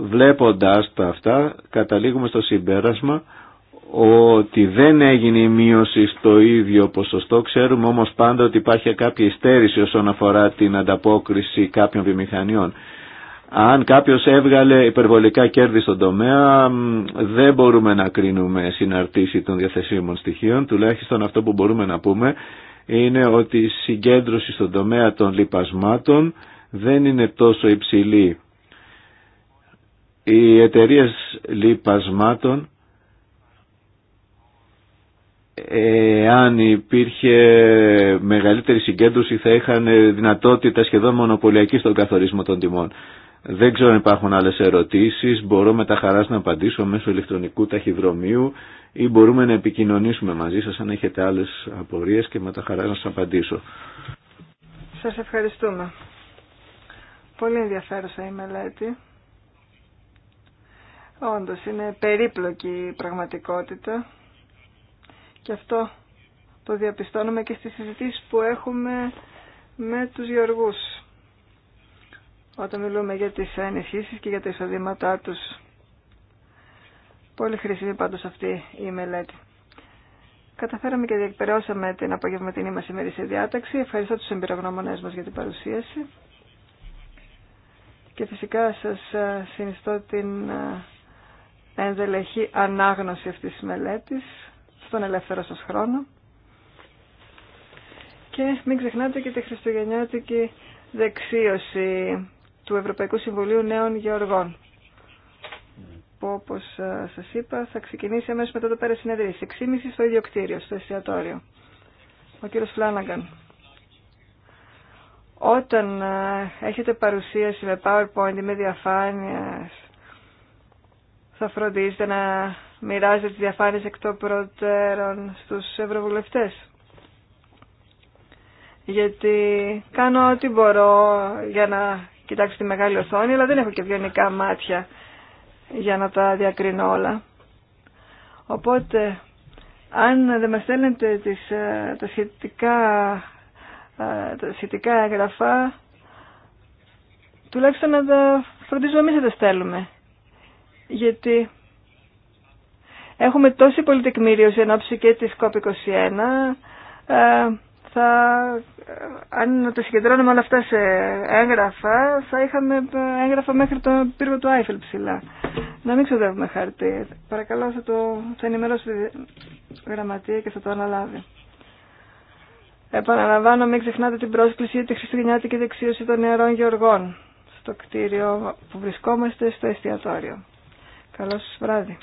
Βλέποντας τα αυτά καταλήγουμε στο συμπέρασμα ότι δεν έγινε η μείωση στο ίδιο ποσοστό. Ξέρουμε όμως πάντα ότι υπάρχει κάποια υστέρηση όσον αφορά την ανταπόκριση κάποιων βιομηχανιών. Αν κάποιος έβγαλε υπερβολικά κέρδη στον τομέα, δεν μπορούμε να κρίνουμε συναρτήσει των διαθεσίμων στοιχείων. Τουλάχιστον αυτό που μπορούμε να πούμε είναι ότι η συγκέντρωση στον τομέα των λοιπασμάτων δεν είναι τόσο υψηλή οι εταιρείε λοιπασμάτων, εάν υπήρχε μεγαλύτερη συγκέντρωση θα είχαν δυνατότητα σχεδόν μονοπωλιακή στον καθορισμό των τιμών. Δεν ξέρω αν υπάρχουν άλλες ερωτήσεις, μπορώ με τα χαρά να απαντήσω μέσω ηλεκτρονικού ταχυδρομείου ή μπορούμε να επικοινωνήσουμε μαζί σας αν έχετε άλλες απορίες και με τα χαρά να σας απαντήσω. Σας ευχαριστούμε. Πολύ ενδιαφέρουσα η μελέτη. Όντως είναι περίπλοκη η πραγματικότητα και αυτό το διαπιστώνουμε και στις συζητήσεις που έχουμε με τους γεωργούς. Όταν μιλούμε για τις ενισχύσει και για τα εισοδήματά τους. Πολύ χρήσιμη πάντως αυτή η μελέτη. Καταφέραμε και διεκπαιρεώσαμε την απογευματινή μας ημερήσια διάταξη. Ευχαριστώ τους εμπειρογνώμονές μας για την παρουσίαση. Και φυσικά σας συνιστώ την ενδελεχή ανάγνωση αυτής της μελέτης στον ελεύθερο σας χρόνο. Και μην ξεχνάτε και τη χριστουγεννιάτικη δεξίωση του Ευρωπαϊκού Συμβουλίου Νέων Γεωργών που όπως ε, σας είπα θα ξεκινήσει αμέσως μετά το πέρα συνεδρίες 6.30 στο ίδιο κτίριο, στο εστιατόριο ο κύριος Φλάναγκαν όταν ε, έχετε παρουσίαση με powerpoint ή με διαφάνειες θα φροντίζετε να μοιράζετε τις διαφάνειες εκ των προτέρων στους ευρωβουλευτές. Γιατί κάνω ό,τι μπορώ για να κοιτάξω τη μεγάλη οθόνη, αλλά δεν έχω και βιονικά μάτια για να τα διακρίνω όλα. Οπότε, αν δεν μας στέλνετε τις, ε, τα, σχετικά, ε, τα σχετικά έγγραφα, τουλάχιστον να τα φροντίζουμε εμείς να τα στέλνουμε γιατί έχουμε τόση πολύ τεκμήριωση και της COP21, ε, θα, ε, αν το συγκεντρώνουμε όλα αυτά σε έγγραφα, θα είχαμε ε, έγγραφα μέχρι τον πύργο του Άιφελ ψηλά. Να μην ξοδεύουμε χαρτί. Παρακαλώ θα, το, θα ενημερώσω τη γραμματεία και θα το αναλάβει. Επαναλαμβάνω, μην ξεχνάτε την πρόσκληση για τη χριστουγεννιάτικη δεξίωση των νεαρών γεωργών στο κτίριο που βρισκόμαστε στο εστιατόριο. Καλώς βράδυ.